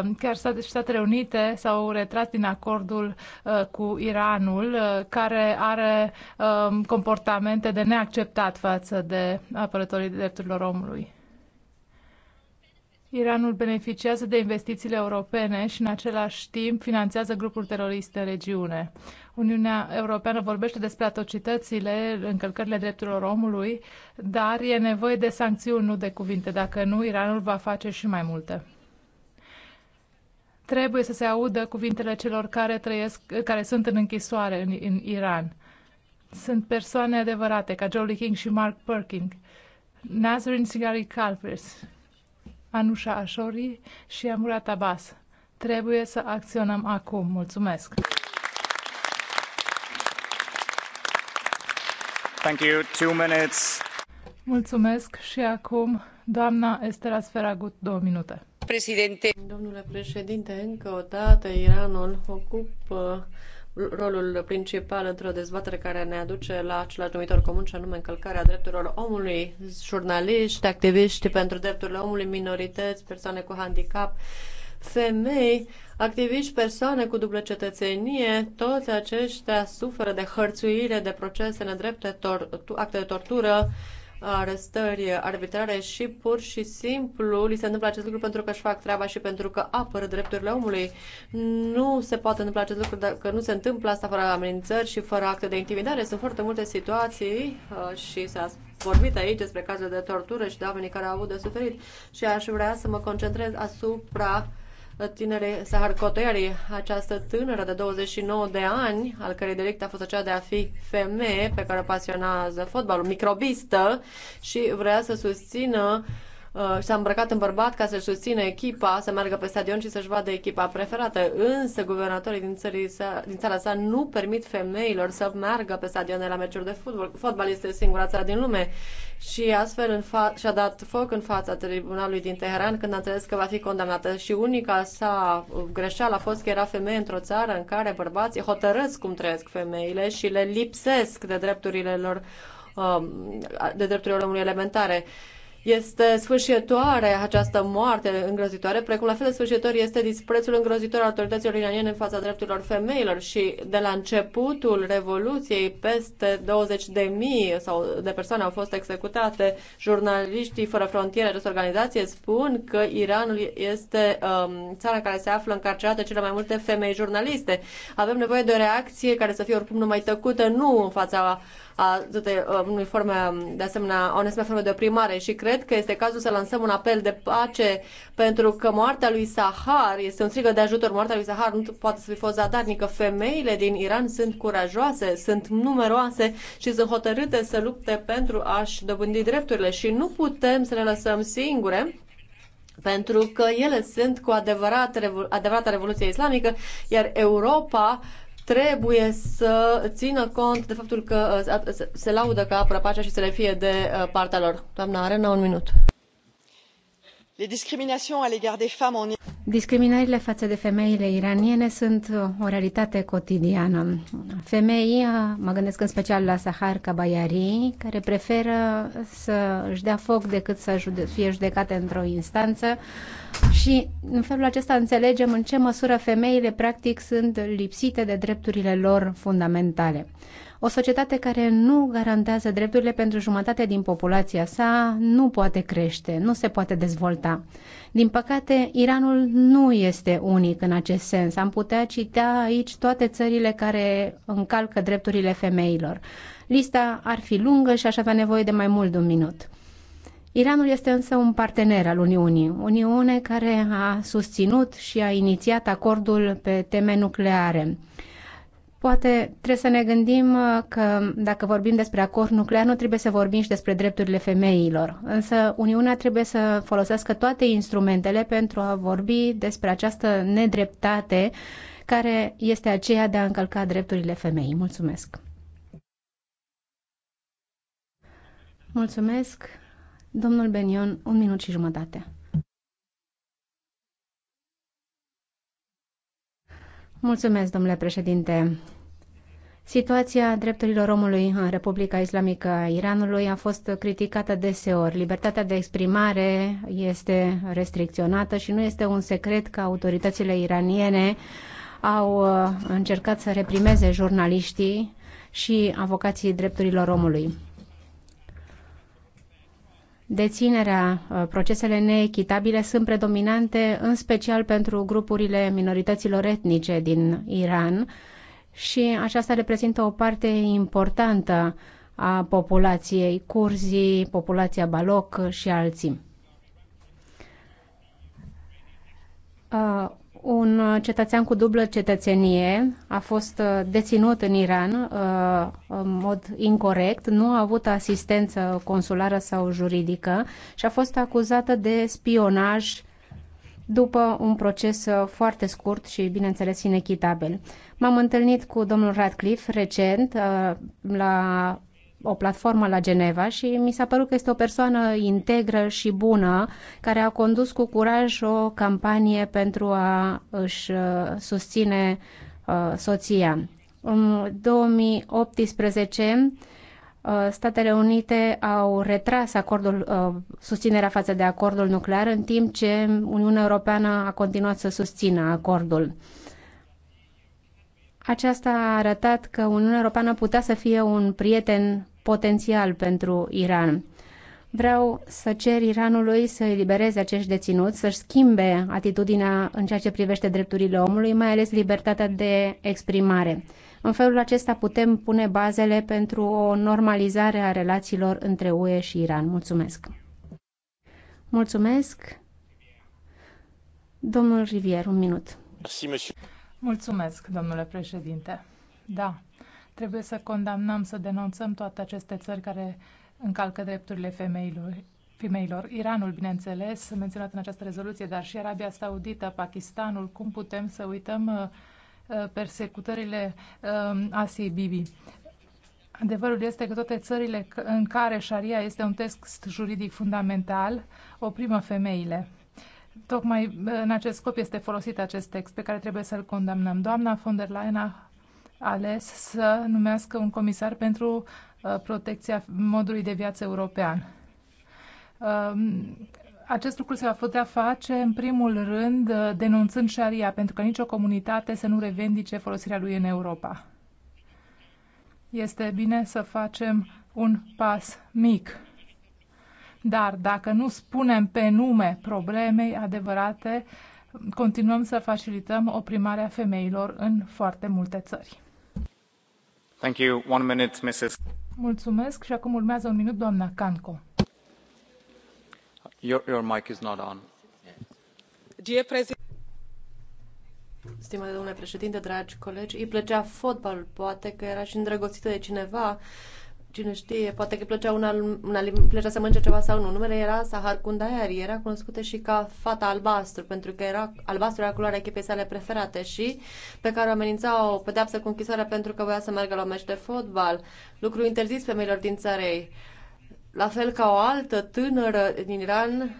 Um, chiar Statele Unite s-au retrat din acordul uh, cu Iranul, uh, care are um, comportamente de neacceptat față de apărătorii drepturilor omului. Iranul beneficiază de investițiile europene și în același timp finanțează grupuri teroriste în regiune. Uniunea Europeană vorbește despre atrocitățile, încălcările drepturilor omului, dar e nevoie de sancțiuni, nu de cuvinte. Dacă nu, Iranul va face și mai multe. Trebuie să se audă cuvintele celor care, trăiesc, care sunt în închisoare în, în Iran. Sunt persoane adevărate, ca Jolie King și Mark Perkins, Nazarene Sigari Calvers, Anusha Ashori și Amurat Abbas. Trebuie să acționăm acum. Mulțumesc! Thank you. Two minutes. Mulțumesc și acum doamna Estera Sferagut, două minute. Președinte. Domnule președinte, încă o dată Iranul ocupă rolul principal într-o dezbatere care ne aduce la același numitor comun, și anume încălcarea drepturilor omului, jurnaliști, activiști pentru drepturile omului, minorități, persoane cu handicap, femei, activiști, persoane cu dublă cetățenie, toți aceștia suferă de hărțuire, de procese nedrepte, tor- acte de tortură, arestări arbitrare și pur și simplu li se întâmplă acest lucru pentru că își fac treaba și pentru că apără drepturile omului. Nu se poate întâmpla acest lucru dacă nu se întâmplă asta fără amenințări și fără acte de intimidare. Sunt foarte multe situații uh, și s-a vorbit aici despre cazurile de tortură și de oamenii care au avut de suferit și aș vrea să mă concentrez asupra tinere Sahar Cotoiari, această tânără de 29 de ani, al cărei delict a fost acela de a fi femeie pe care o pasionează fotbalul, microbistă și vrea să susțină uh, uh, s-a îmbrăcat în bărbat ca să susțină echipa, să meargă pe stadion și să-și vadă echipa preferată. Însă guvernatorii din, țării sa, din țara sa nu permit femeilor să meargă pe stadioane la meciuri de fotbal. Fotbal este singura țară din lume și astfel în fa- și-a dat foc în fața tribunalului din Teheran când a înțeles că va fi condamnată și unica sa greșeală a fost că era femeie într-o țară în care bărbații hotărăsc cum trăiesc femeile și le lipsesc de drepturile lor um, de drepturile omului elementare. Este sfârșietoare această moarte îngrozitoare, precum la fel de sfârșitor este disprețul îngrozitor al autorităților iraniene în fața drepturilor femeilor și de la începutul Revoluției peste 20 de mii sau de persoane au fost executate. Jurnaliștii fără frontiere această organizație spun că Iranul este um, țara care se află încarcerată cele mai multe femei jurnaliste. Avem nevoie de o reacție care să fie oricum numai tăcută, nu în fața a unui forme, de asemenea, a unei asemenea forme de oprimare și cred că este cazul să lansăm un apel de pace pentru că moartea lui Sahar este un strigă de ajutor. Moartea lui Sahar nu poate să fi fost zadarnică. Femeile din Iran sunt curajoase, sunt numeroase și sunt hotărâte să lupte pentru a-și dobândi drepturile și nu putem să le lăsăm singure pentru că ele sunt cu adevărat, adevărata revoluție islamică, iar Europa trebuie să țină cont de faptul că uh, se laudă că apără pacea și să le fie de uh, partea lor. Doamna Arena, un minut. Discriminările față de femeile iraniene sunt uh, o realitate cotidiană. Femei, uh, mă gândesc în special la Sahar Kabayari, care preferă să își dea foc decât să fie judecate într-o instanță și în felul acesta înțelegem în ce măsură femeile practic sunt lipsite de drepturile lor fundamentale. O societate care nu garantează drepturile pentru jumătate din populația sa nu poate crește, nu se poate dezvolta. Din păcate, Iranul nu este unic în acest sens. Am putea cita aici toate țările care încalcă drepturile femeilor. Lista ar fi lungă și aș avea nevoie de mai mult de un minut. Iranul este însă un partener al Uniunii, Uniune care a susținut și a inițiat acordul pe teme nucleare. Poate trebuie să ne gândim uh, că dacă vorbim despre acord nuclear, nu trebuie să vorbim și despre drepturile femeilor. Însă Uniunea trebuie să folosească toate instrumentele pentru a vorbi despre această nedreptate care este aceea de a încălca drepturile femeii. Mulțumesc! Mulțumesc, domnul Benion, un minut și jumătate. Mulțumesc, domnule președinte. Situația drepturilor omului în Republica Islamică a Iranului a fost criticată deseori. Libertatea de exprimare este restricționată și nu este un secret că autoritățile iraniene au uh, încercat să reprimeze jurnaliștii și avocații drepturilor omului deținerea, uh, procesele neechitabile sunt predominante în special pentru grupurile minorităților etnice din Iran și aceasta reprezintă o parte importantă a populației curzii, populația baloc și alții. Uh, un cetățean cu dublă cetățenie a fost uh, deținut în Iran uh, în mod incorrect, nu a avut asistență consulară sau juridică și a fost acuzată de spionaj după un proces uh, foarte scurt și, bineînțeles, inechitabil. M-am întâlnit cu domnul Radcliffe recent la o platformă la Geneva și mi s-a părut că este o persoană integră și bună care a condus cu curaj o campanie pentru a își uh, susține uh, soția. În 2018 uh, Statele Unite au retras acordul, susținerea față de acordul nuclear, în timp ce Uniunea Europeană a continuat să susțină acordul. Aceasta a arătat că Uniunea Europeană putea să fie un prieten potențial pentru Iran. Vreau să cer Iranului să elibereze acești deținuți, să-și schimbe atitudinea în ceea ce privește drepturile omului, mai ales libertatea de exprimare. În felul acesta putem pune bazele pentru o normalizare a relațiilor între UE și Iran. Mulțumesc! Mulțumesc! Domnul Rivier, un minut. Merci, Mulțumesc, domnule președinte. Da, trebuie să condamnăm, să denunțăm toate aceste țări care încalcă drepturile femeilor. Femeilor. Iranul, bineînțeles, menționat în această rezoluție, dar și Arabia Saudită, Pakistanul, cum putem să uităm uh, uh, persecutările um, Asiei Bibi. Adevărul este că toate țările în care șaria este un text juridic fundamental oprimă femeile. Tocmai în acest scop este folosit acest text pe care trebuie să-l condamnăm. Doamna von der Leyen a ales să numească un comisar pentru uh, protecția modului de viață european. Um, acest lucru se va putea face, în primul rând, uh, denunțând șaria, pentru că nicio comunitate să nu revendice folosirea lui în Europa. Este bine să facem un pas mic dar dacă nu spunem pe nume problemei adevărate, continuăm să facilităm oprimarea femeilor în foarte multe țări. Thank you. One minute, Mrs. Mulțumesc și acum urmează un minut doamna Canco. Your, your mic is not on. Stimate domnule președinte, dragi colegi, îi plăcea fotbal, poate că era și îndrăgostită de cineva, Cine știe, poate că plăcea, un al, plăcea să mănânce ceva sau nu. Numele era Sahar Kundayari, era cunoscută și ca fata albastru, pentru că era, albastru era culoarea echipei sale preferate și pe care o amenința o pedeapsă cu închisoarea pentru că voia să meargă la meci de fotbal, lucru interzis femeilor din țărei. La fel ca o altă tânără din Iran,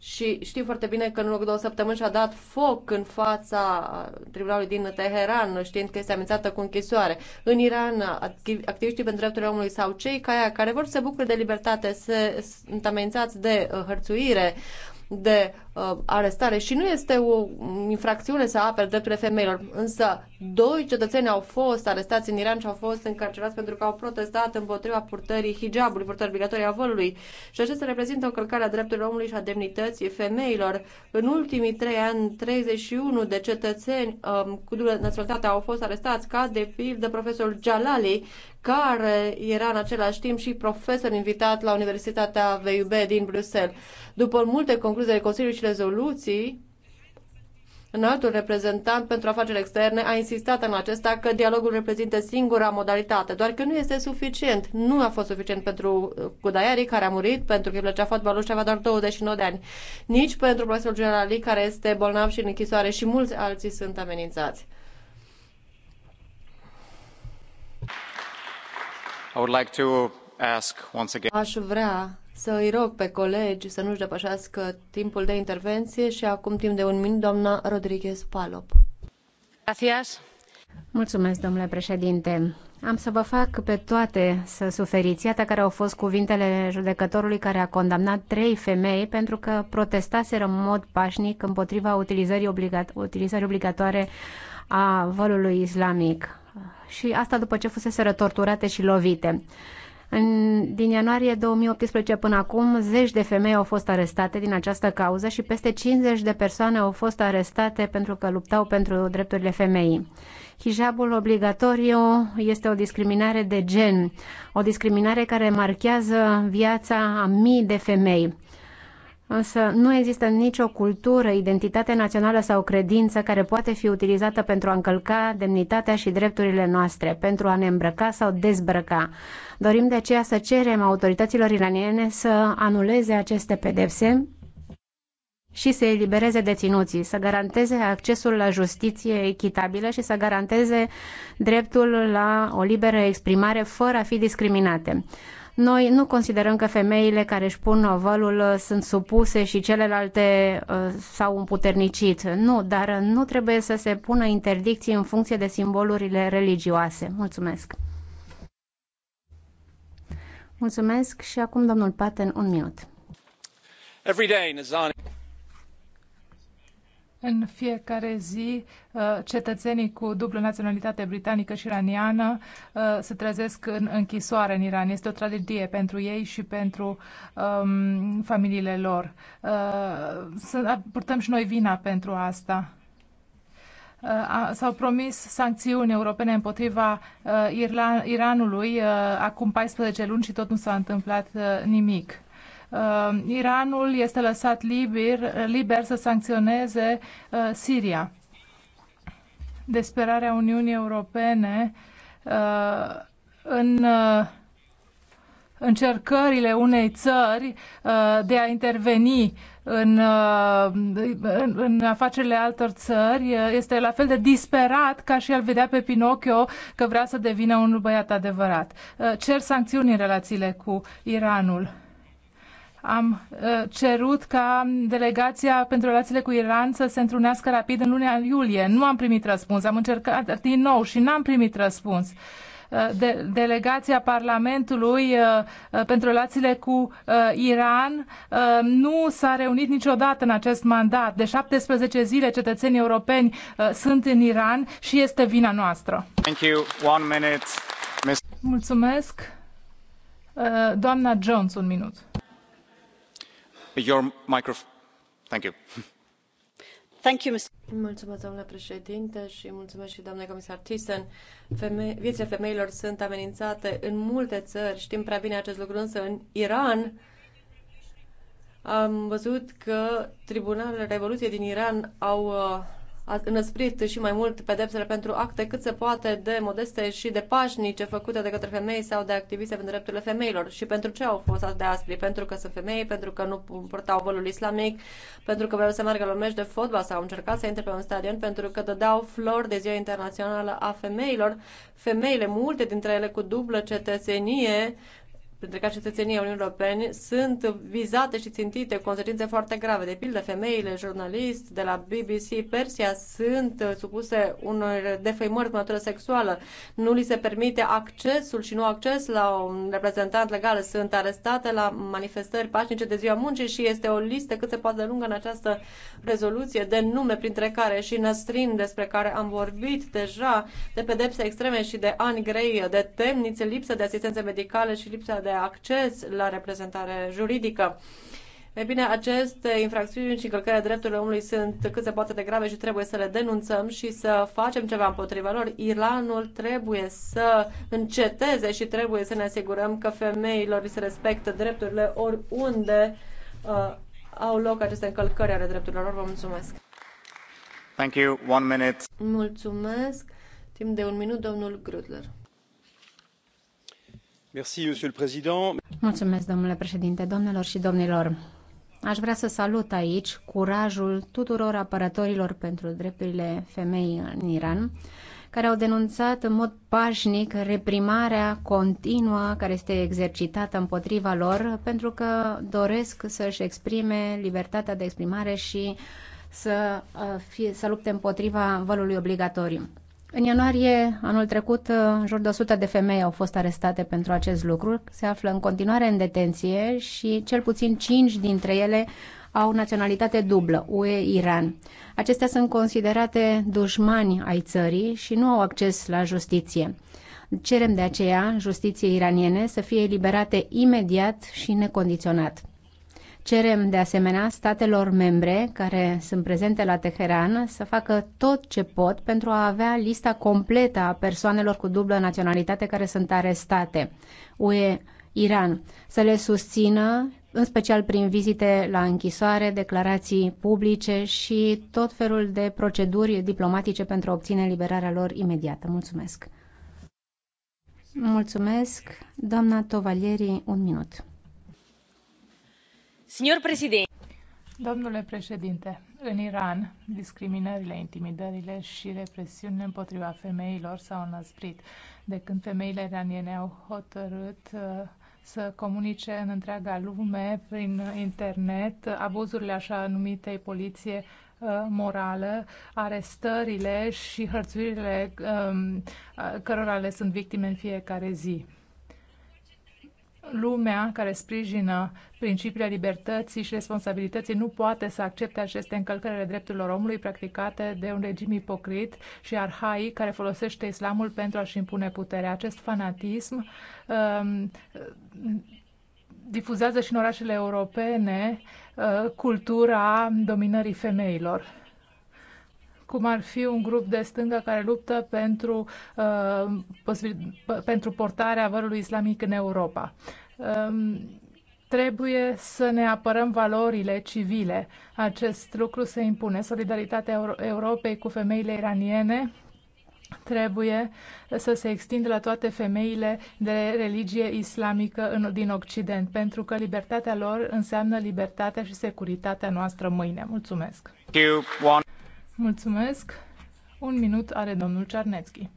și știm foarte bine că în urmă cu două săptămâni și-a dat foc în fața tribunalului din Teheran, știind că este amenințată cu închisoare. În Iran, activiștii pentru drepturile omului sau cei care, care vor să se bucure de libertate se, sunt amenințați de uh, hărțuire. Uh, de uh, arestare și nu este o infracțiune să apere drepturile femeilor. Însă, doi cetățeni au fost arestați în Iran și au fost încarcerați pentru că au protestat împotriva purtării hijabului, purtării obligatorii a vălului. Și acesta reprezintă o călcare a drepturilor omului și a demnității femeilor. În ultimii trei ani, 31 de cetățeni um, cu dublă naționalitate au fost arestați, ca de pildă profesorul Jalali, care era în același timp și profesor invitat la Universitatea VUB din Bruxelles. După multe concluzii ale Consiliului și rezoluții, în altul reprezentant pentru afaceri externe a insistat în acesta că dialogul reprezintă singura modalitate, doar că nu este suficient. Nu a fost suficient pentru Kudaiari, uh, care a murit, pentru că îi plăcea fotbalul și avea doar 29 de ani, nici pentru profesorul general care este bolnav și în închisoare și mulți alții sunt amenințați. Aș vrea să îi rog pe colegi să nu-și depășească timpul de intervenție și acum timp de un minut, doamna Rodriguez Palop. Mulțumesc, domnule președinte. Am să vă fac pe toate să suferiți. Iată care au fost cuvintele judecătorului care a condamnat trei femei pentru că protestaseră în mod pașnic împotriva utilizării, obligat- utilizării obligatoare a vălului islamic și asta după ce fusese torturate și lovite. În, din ianuarie 2018 până acum, zeci de femei au fost arestate din această cauză și peste 50 de persoane au fost arestate pentru că luptau pentru drepturile femeii. Hijabul obligatoriu este o discriminare de gen, o discriminare care marchează viața a mii de femei. Însă nu există nicio cultură, identitate națională sau credință care poate fi utilizată pentru a încălca demnitatea și drepturile noastre, pentru a ne îmbrăca sau dezbrăca. Dorim de aceea să cerem autorităților iraniene să anuleze aceste pedepse și să elibereze deținuții, să garanteze accesul la justiție echitabilă și să garanteze dreptul la o liberă exprimare fără a fi discriminate. Noi nu considerăm că femeile care își pun ovalul uh, sunt supuse și celelalte uh, s-au împuternicit. Nu, dar uh, nu trebuie să se pună interdicții în funcție de simbolurile religioase. Mulțumesc! Mulțumesc și acum domnul Paten un minut în fiecare zi, uh, cetățenii cu dublă naționalitate britanică și iraniană uh, se trezesc în închisoare în Iran. Este o tragedie pentru ei și pentru um, familiile lor. Uh, să purtăm și noi vina pentru asta s-au promis sancțiuni europene împotriva Irla- Iranului acum 14 luni și tot nu s-a întâmplat nimic uh, Iranul este lăsat liber, liber să sancționeze uh, Siria. Desperarea Uniunii Europene uh, în uh, încercările unei țări uh, de a interveni în, uh, în, în afacerile altor țări uh, este la fel de disperat ca și al vedea pe Pinocchio că vrea să devină un băiat adevărat. Uh, cer sancțiuni în relațiile cu Iranul. Am uh, cerut ca delegația pentru relațiile cu Iran să se întrunească rapid în luna iulie. Nu am primit răspuns. Am încercat din nou și n-am primit răspuns uh, de, delegația Parlamentului uh, uh, pentru relațiile cu uh, Iran uh, nu s-a reunit niciodată în acest mandat. De 17 zile cetățenii europeni sunt în Iran și este vina noastră. Thank you. One minute. Mulțumesc. Doamna Jones, un minut domnule președinte și mulțumesc și doamnei comisar thyssen. viețile femeilor sunt amenințate în multe țări știm prea bine acest lucru însă în iran am văzut că tribunalele revoluției din iran au uh, înăsprit și mai mult pedepsele pentru acte cât se poate de modeste și de pașnice făcute de către femei sau de activiste pentru drepturile femeilor. Și pentru ce au fost atât de aspri? Pentru că sunt femei, pentru că nu purtau volul islamic, pentru că vreau să meargă la meci de fotbal sau au încercat să intre pe un stadion, pentru că dădeau flori de ziua internațională a femeilor. Femeile, multe dintre ele cu dublă cetățenie, pentru ca cetățenii Uniunii Europene sunt vizate și țintite consecințe foarte grave. De pildă, femeile jurnalist de la BBC Persia sunt supuse unor defăimări cu natură sexuală. Nu li se permite accesul și nu acces la un reprezentant legal. Sunt arestate la manifestări pașnice de ziua muncii și este o listă cât se poate lungă în această rezoluție de nume, printre care și Năstrin, despre care am vorbit deja, de pedepse extreme și de ani grei, de temnițe, lipsă de asistență medicală și lipsa de de acces la reprezentare juridică. E bine, aceste infracțiuni și încălcarea drepturilor omului sunt cât se poate de grave și trebuie să le denunțăm și să facem ceva împotriva lor. Iranul trebuie să înceteze și trebuie să ne asigurăm că femeilor se respectă drepturile oriunde uh, au loc aceste încălcări ale drepturilor lor. Vă mulțumesc! Thank you. One minute. Mulțumesc. Timp de un minut, domnul Grudler. Mulțumesc, domnule președinte, doamnelor și domnilor. Aș vrea să salut aici curajul tuturor apărătorilor pentru drepturile femei în Iran, care au denunțat în mod pașnic reprimarea continuă care este exercitată împotriva lor, pentru că doresc să-și exprime libertatea de exprimare și să, uh, fie, să lupte împotriva vălului obligatoriu. În ianuarie anul trecut, uh, în jur de 100 de femei au fost arestate pentru acest lucru. Se află în continuare în detenție și cel puțin 5 dintre ele au naționalitate dublă, UE-Iran. Acestea sunt considerate dușmani ai țării și nu au acces la justiție. Cerem de aceea justiție iraniene să fie eliberate imediat și necondiționat. Cerem de asemenea statelor membre care sunt prezente la Teheran să facă tot ce pot pentru a avea lista completă a persoanelor cu dublă naționalitate care sunt arestate. UE Iran să le susțină în special prin vizite la închisoare, declarații publice și tot felul de proceduri diplomatice pentru a obține liberarea lor imediată. Mulțumesc! Mulțumesc, doamna Tovalieri, un minut. Domnule președinte, în Iran, discriminările, intimidările și represiunile împotriva femeilor s-au înăsprit de când femeile iraniene au hotărât uh, să comunice în întreaga lume prin internet abuzurile așa numitei poliție uh, morală, arestările și hărțuirile um, uh, cărora le sunt victime în fiecare zi lumea care sprijină principiile libertății și responsabilității nu poate să accepte aceste încălcări ale drepturilor omului practicate de un regim ipocrit și arhaic care folosește islamul pentru a-și impune puterea. Acest fanatism um, difuzează și în orașele europene uh, cultura dominării femeilor cum ar fi un grup de stânga care luptă pentru, uh, pentru portarea vărului islamic în Europa. Uh, trebuie să ne apărăm valorile civile. Acest lucru se impune. Solidaritatea Euro Europei cu femeile iraniene trebuie să se extindă la toate femeile de religie islamică în, din Occident, pentru că libertatea lor înseamnă libertatea și securitatea noastră mâine. Mulțumesc! Mulțumesc. Un minut are domnul Czarnecki.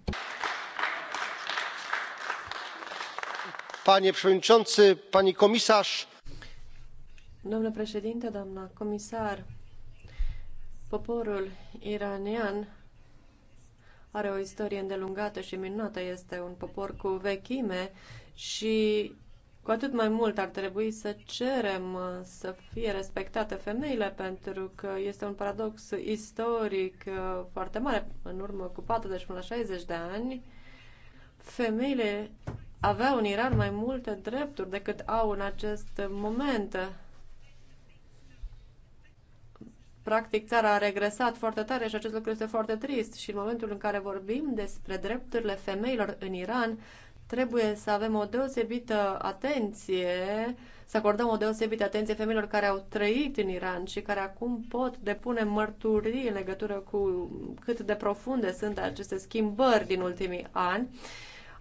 Panie przewodniczący, pani komisarz. Domnule președinte, doamna comisar, poporul iranian are o istorie îndelungată și minunată. Este un popor cu vechime și cu atât mai mult ar trebui să cerem uh, să fie respectate femeile, pentru că este un paradox istoric uh, foarte mare. În urmă cu 40 până la 60 de ani, femeile aveau în Iran mai multe drepturi decât au în acest moment. Practic, țara a regresat foarte tare și acest lucru este foarte trist. Și în momentul în care vorbim despre drepturile femeilor în Iran, Trebuie să avem o deosebită atenție, să acordăm o deosebită atenție femeilor care au trăit în Iran și care acum pot depune mărturii în legătură cu cât de profunde sunt aceste schimbări din ultimii ani.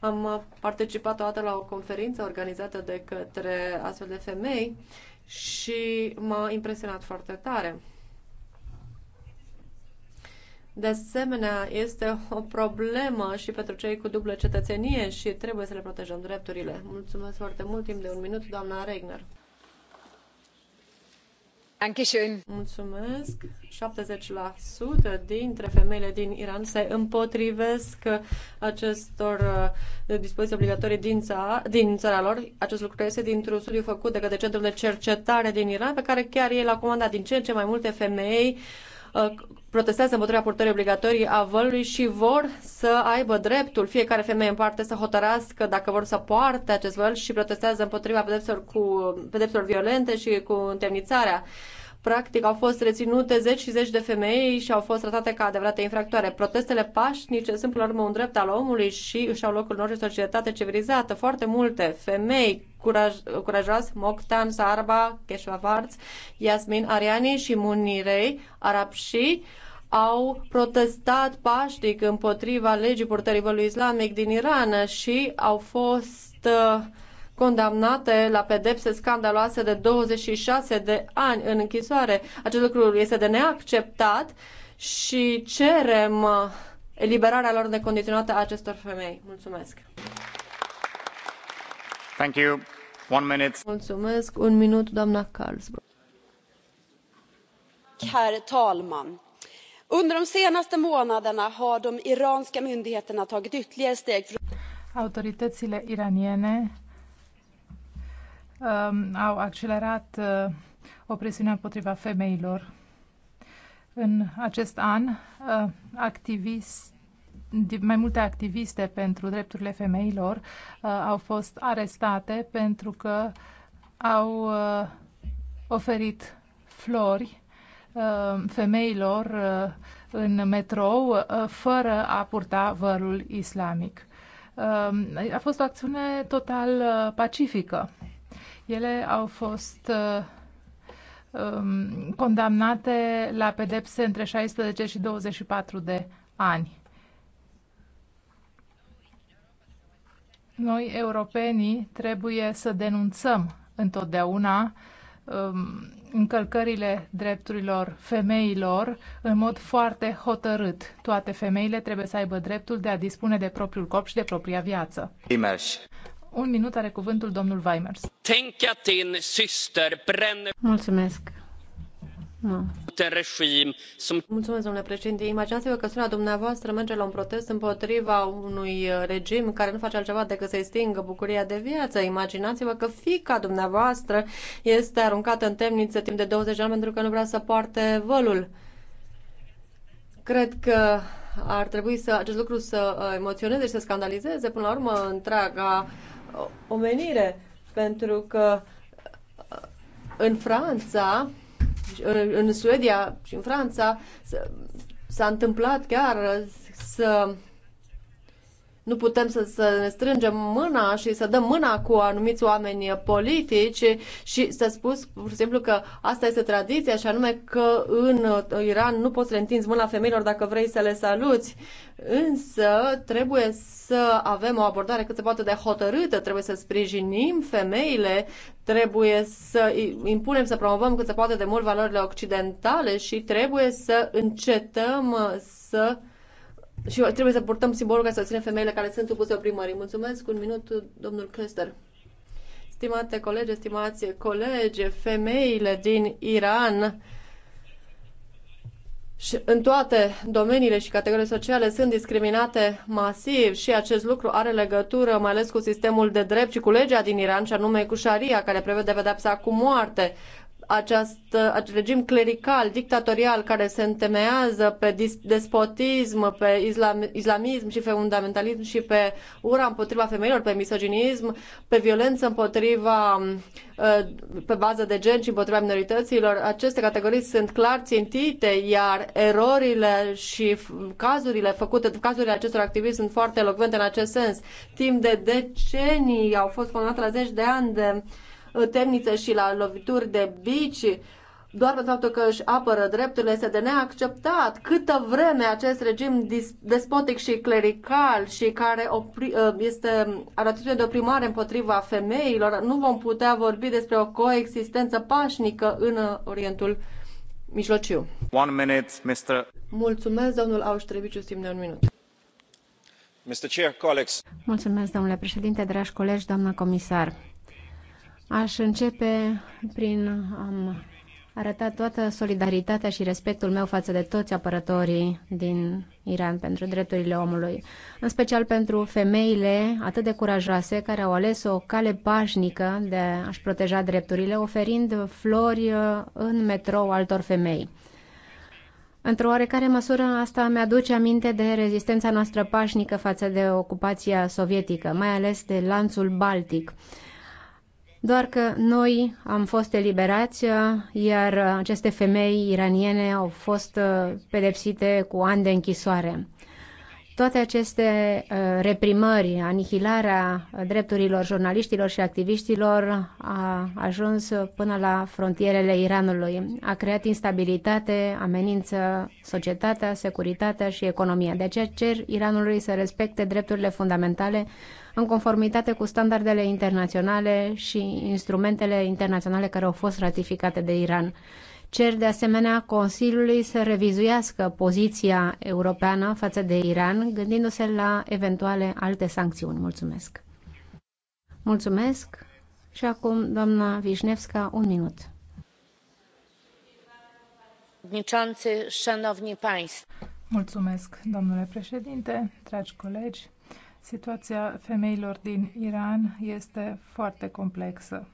Am participat o dată la o conferință organizată de către astfel de femei și m-a impresionat foarte tare. De asemenea, este o problemă și pentru cei cu dublă cetățenie și trebuie să le protejăm drepturile. Mulțumesc foarte mult, timp de un minut, doamna Regner. Mulțumesc. 70% dintre femeile din Iran se împotrivesc acestor uh, dispoziții obligatorii din, ța, din țara lor. Acest lucru este dintr-un studiu făcut de către Centrul de Cercetare din Iran, pe care chiar el a comandat din ce în ce mai multe femei uh, protestează împotriva purtării obligatorii a vălului și vor să aibă dreptul fiecare femeie în parte să hotărască dacă vor să poarte acest văl și protestează împotriva pedepselor, cu, pedepselor violente și cu întemnițarea. Practic au fost reținute zeci și zeci de femei și au fost tratate ca adevărate infractoare. Protestele pașnice sunt până la urmă un drept al omului și își au locul în orice societate civilizată. Foarte multe femei curaj, curajos, Moktan, Sarba, Keshwavarts, Yasmin Ariani și Munirei Arabshi au protestat pașnic împotriva legii purtării vălui islamic din Iran și au fost uh, condamnate la pedepse scandaloase de 26 de ani în închisoare. Acest lucru este de neacceptat și cerem uh, eliberarea lor necondiționată a acestor femei. Mulțumesc! Mulțumesc. Un minut, Herr talman! Under de senaste månaderna har de iranska myndigheterna tagit ytterligare steg för... Autoritățile iraniene um, au accelerat uh, opresiunea împotriva femeilor. În acest an, uh, activiști mai multe activiste pentru drepturile femeilor uh, au fost arestate pentru că au uh, oferit flori uh, femeilor uh, în metrou uh, fără a purta vărul islamic. Uh, a fost o acțiune total uh, pacifică. Ele au fost uh, um, condamnate la pedepse între 16 și 24 de ani. Noi, europenii, trebuie să denunțăm întotdeauna um, încălcările drepturilor femeilor în mod foarte hotărât. Toate femeile trebuie să aibă dreptul de a dispune de propriul corp și de propria viață. Imers. Un minut are cuvântul domnul Weimers. Mulțumesc. Da. Mulțumesc, domnule președinte. Imaginați-vă că sora dumneavoastră merge la un protest împotriva unui uh, regim care nu face altceva decât să-i stingă bucuria de viață. Imaginați-vă că fiica dumneavoastră este aruncată în temniță timp de douăzeci de ani pentru că nu vrea să poarte vălul. Cred că ar trebui să acest lucru să uh, emoționeze și să scandalizeze până la urmă întreaga uh, omenire, pentru că în Franța deci, în Suedia și în Franța s-a întâmplat chiar să nu putem să, să ne strângem mâna și să dăm mâna cu anumiți oameni politici și să spus pur și simplu că asta este tradiția și anume că în Iran nu poți să le întinzi mâna femeilor dacă vrei să le saluți. Însă trebuie să avem o abordare cât se poate de hotărâtă, trebuie să sprijinim femeile, trebuie să impunem, să promovăm cât se poate de mult valorile occidentale și trebuie să încetăm să și trebuie să purtăm simbolul ca să ținem femeile care sunt supuse oprimării. Mulțumesc un minut, domnul Köster. Stimate colegi, stimați colegi, femeile din Iran și în toate domeniile și categoriile sociale sunt discriminate masiv și acest lucru are legătură mai ales cu sistemul de drept și cu legea din Iran, și anume cu șaria, care prevede pedepsa cu moarte acest, acest regim clerical, dictatorial, care se întemeiază pe despotism, pe islam, islamism și pe fundamentalism și pe ura împotriva femeilor, pe misoginism, pe violență împotriva uh, pe bază de gen și împotriva minorităților, aceste categorii sunt clar țintite, iar erorile și cazurile făcute, cazurile acestor activiști sunt foarte elocvente în acest sens. Timp de decenii au fost condamnate la zeci de ani de uh, Uh, temnițe și la lovituri de bici, doar pentru faptul că își apără drepturile, este de neacceptat. Câtă vreme acest regim despotic și clerical și care opri, uh, este aratitudine de oprimare împotriva femeilor, nu vom putea vorbi despre o coexistență pașnică în uh, Orientul Mijlociu. One minute, Mr. Mulțumesc, domnul Auștreviciu, timp de un minut. Mr. Chair, colleagues. Mulțumesc, domnule președinte, dragi colegi, doamnă comisar. Aș începe prin a arăta toată solidaritatea și respectul meu față de toți apărătorii din Iran pentru drepturile omului, în special pentru femeile atât de curajoase care au ales o cale pașnică de a-și proteja drepturile, oferind flori uh, în metrou altor femei. Într-o oarecare măsură, asta mi-aduce aminte de rezistența noastră pașnică față de ocupația sovietică, mai ales de lanțul Baltic doar că noi am fost eliberați, iar aceste femei iraniene au fost uh, pedepsite cu ani de închisoare. Toate aceste uh, reprimări, anihilarea drepturilor jurnaliștilor și activiștilor a ajuns până la frontierele Iranului. A creat instabilitate, amenință societatea, securitatea și economia. De aceea cer Iranului să respecte drepturile fundamentale în conformitate cu standardele internaționale și instrumentele internaționale care au fost ratificate de Iran. Cer de asemenea Consiliului să revizuiască poziția europeană față de Iran, gândindu-se la eventuale alte sancțiuni. Mulțumesc! Mulțumesc! Și acum, doamna Vișnevska, un minut. Mulțumesc, domnule președinte, dragi colegi. Situația femeilor din Iran este foarte complexă.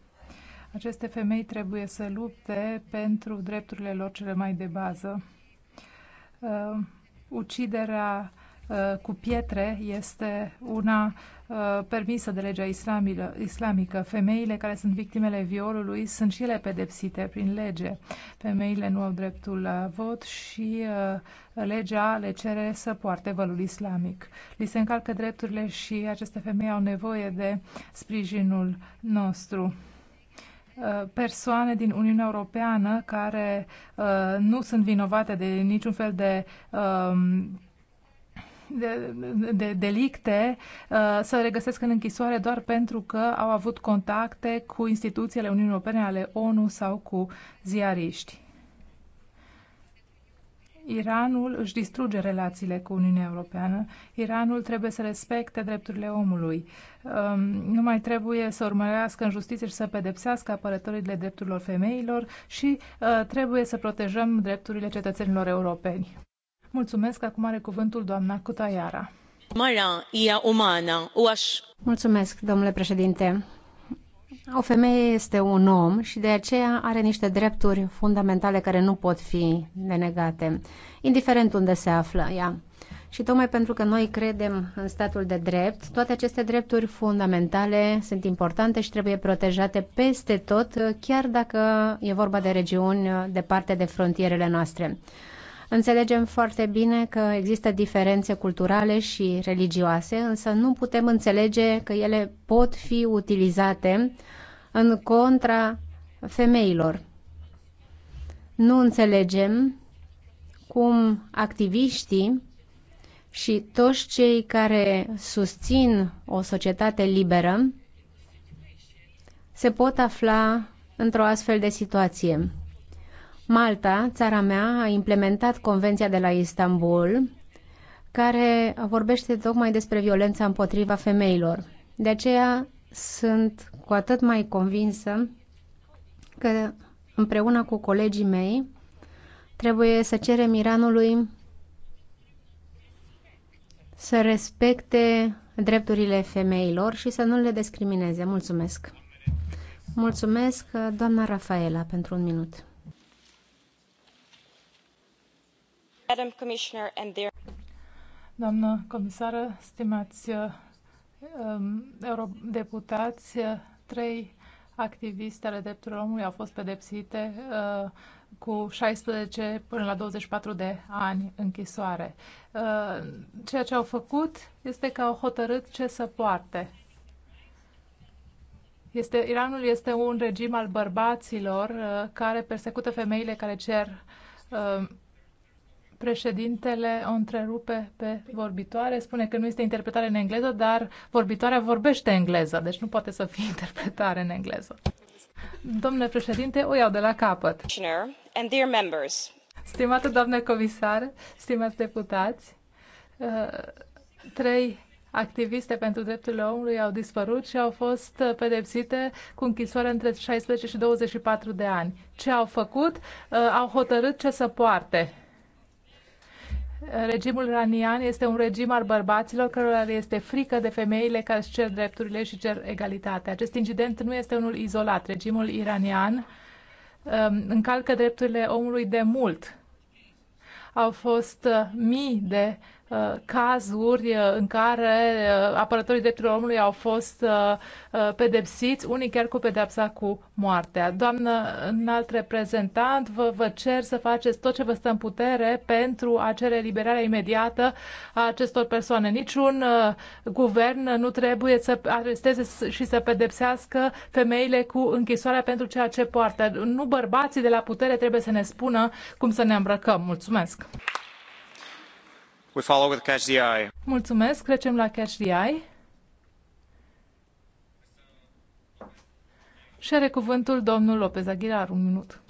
Aceste femei trebuie să lupte pentru drepturile lor cele mai de bază. Uh, uciderea uh, cu pietre este una uh, permisă de legea islamilă, islamică. Femeile care sunt victimele violului sunt și ele pedepsite prin lege. Femeile nu au dreptul la vot și uh, legea le cere să poarte vălul islamic. Li se încalcă drepturile și aceste femei au nevoie de sprijinul nostru Uh, persoane din Uniunea Europeană care uh, nu sunt vinovate de niciun fel de um, de, de delicte uh, să regăsesc în închisoare doar pentru că au avut contacte cu instituțiile Uniunii Europene ale ONU sau cu ziariști. Iranul își distruge relațiile cu Uniunea Europeană. Iranul trebuie să respecte drepturile omului. Um, nu mai trebuie să urmărească în justiție și să pedepsească de drepturilor femeilor și uh, trebuie să protejăm drepturile cetățenilor europeni. Mulțumesc. Acum are cuvântul doamna Cutaiara. Mulțumesc, domnule președinte o femeie este un om și de aceea are niște drepturi fundamentale care nu pot fi denegate, indiferent unde se află ea. Și tocmai pentru că noi credem în statul de drept, toate aceste drepturi fundamentale sunt importante și trebuie protejate peste tot, chiar dacă e vorba de regiuni departe de frontierele noastre. Înțelegem foarte bine că există diferențe culturale și religioase, însă nu putem înțelege că ele pot fi utilizate în contra femeilor. Nu înțelegem cum activiștii și toți cei care susțin o societate liberă se pot afla într-o astfel de situație. Malta, țara mea, a implementat Convenția de la Istanbul, care vorbește tocmai despre violența împotriva femeilor. De aceea sunt cu atât mai convinsă că împreună cu colegii mei trebuie să cerem Iranului să respecte drepturile femeilor și să nu le discrimineze. Mulțumesc! Mulțumesc, doamna Rafaela, pentru un minut. Doamnă comisară, stimați uh, um, eurodeputați, uh, trei activiste ale drepturilor omului au fost pedepsite uh, cu 16 până la 24 de ani închisoare. ceea ce au făcut este că au hotărât ce să poarte. Este, Iranul este un regim al bărbaților care persecută femeile care cer uh, Președintele o întrerupe pe vorbitoare, spune că nu este interpretare în engleză, dar vorbitoarea vorbește engleză, deci nu poate să fie *laughs* interpretare în engleză. Domnule președinte, o iau de la capăt. Stimată doamnă comisar, stimați deputați, uh, trei activiste pentru drepturile omului au dispărut și au fost pedepsite cu închisoare între 16 și 24 de ani. Ce au făcut? Uh, au hotărât ce să poarte regimul iranian este un regim al bărbaților cărora le este frică de femeile care își cer drepturile și cer egalitatea. Acest incident nu este unul izolat. Regimul iranian um, încalcă drepturile omului de mult. Au fost uh, mii de Uh, cazuri uh, în care uh, apărătorii drepturilor omului au fost pedepsiți, unii chiar cu pedepsa cu moartea. Doamnă înalt reprezentant, vă, vă cer să faceți tot ce vă stă în putere pentru a cere eliberarea imediată a acestor persoane. Niciun guvern nu trebuie să aresteze și să pedepsească femeile cu închisoarea pentru ceea ce poartă. Nu bărbații de la putere trebuie să ne spună cum să ne îmbrăcăm. Mulțumesc! We follow with Catch the Eye. Mulțumesc. Trecem la Catch the Eye. Și are cuvântul domnul Lopez Aguilar, un minut.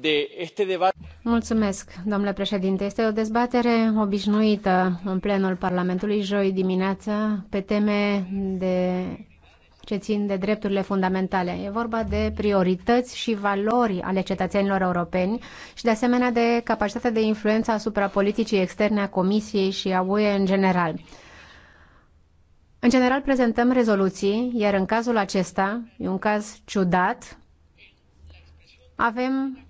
De este debat... Mulțumesc, domnule președinte. Este o dezbatere obișnuită în plenul Parlamentului joi dimineața pe teme de ce țin de drepturile fundamentale. E vorba de priorități și valori ale cetățenilor europeni și de asemenea de capacitatea de influență asupra politicii externe a Comisiei și a UE în general. În general prezentăm rezoluții, iar în cazul acesta, e un caz ciudat, avem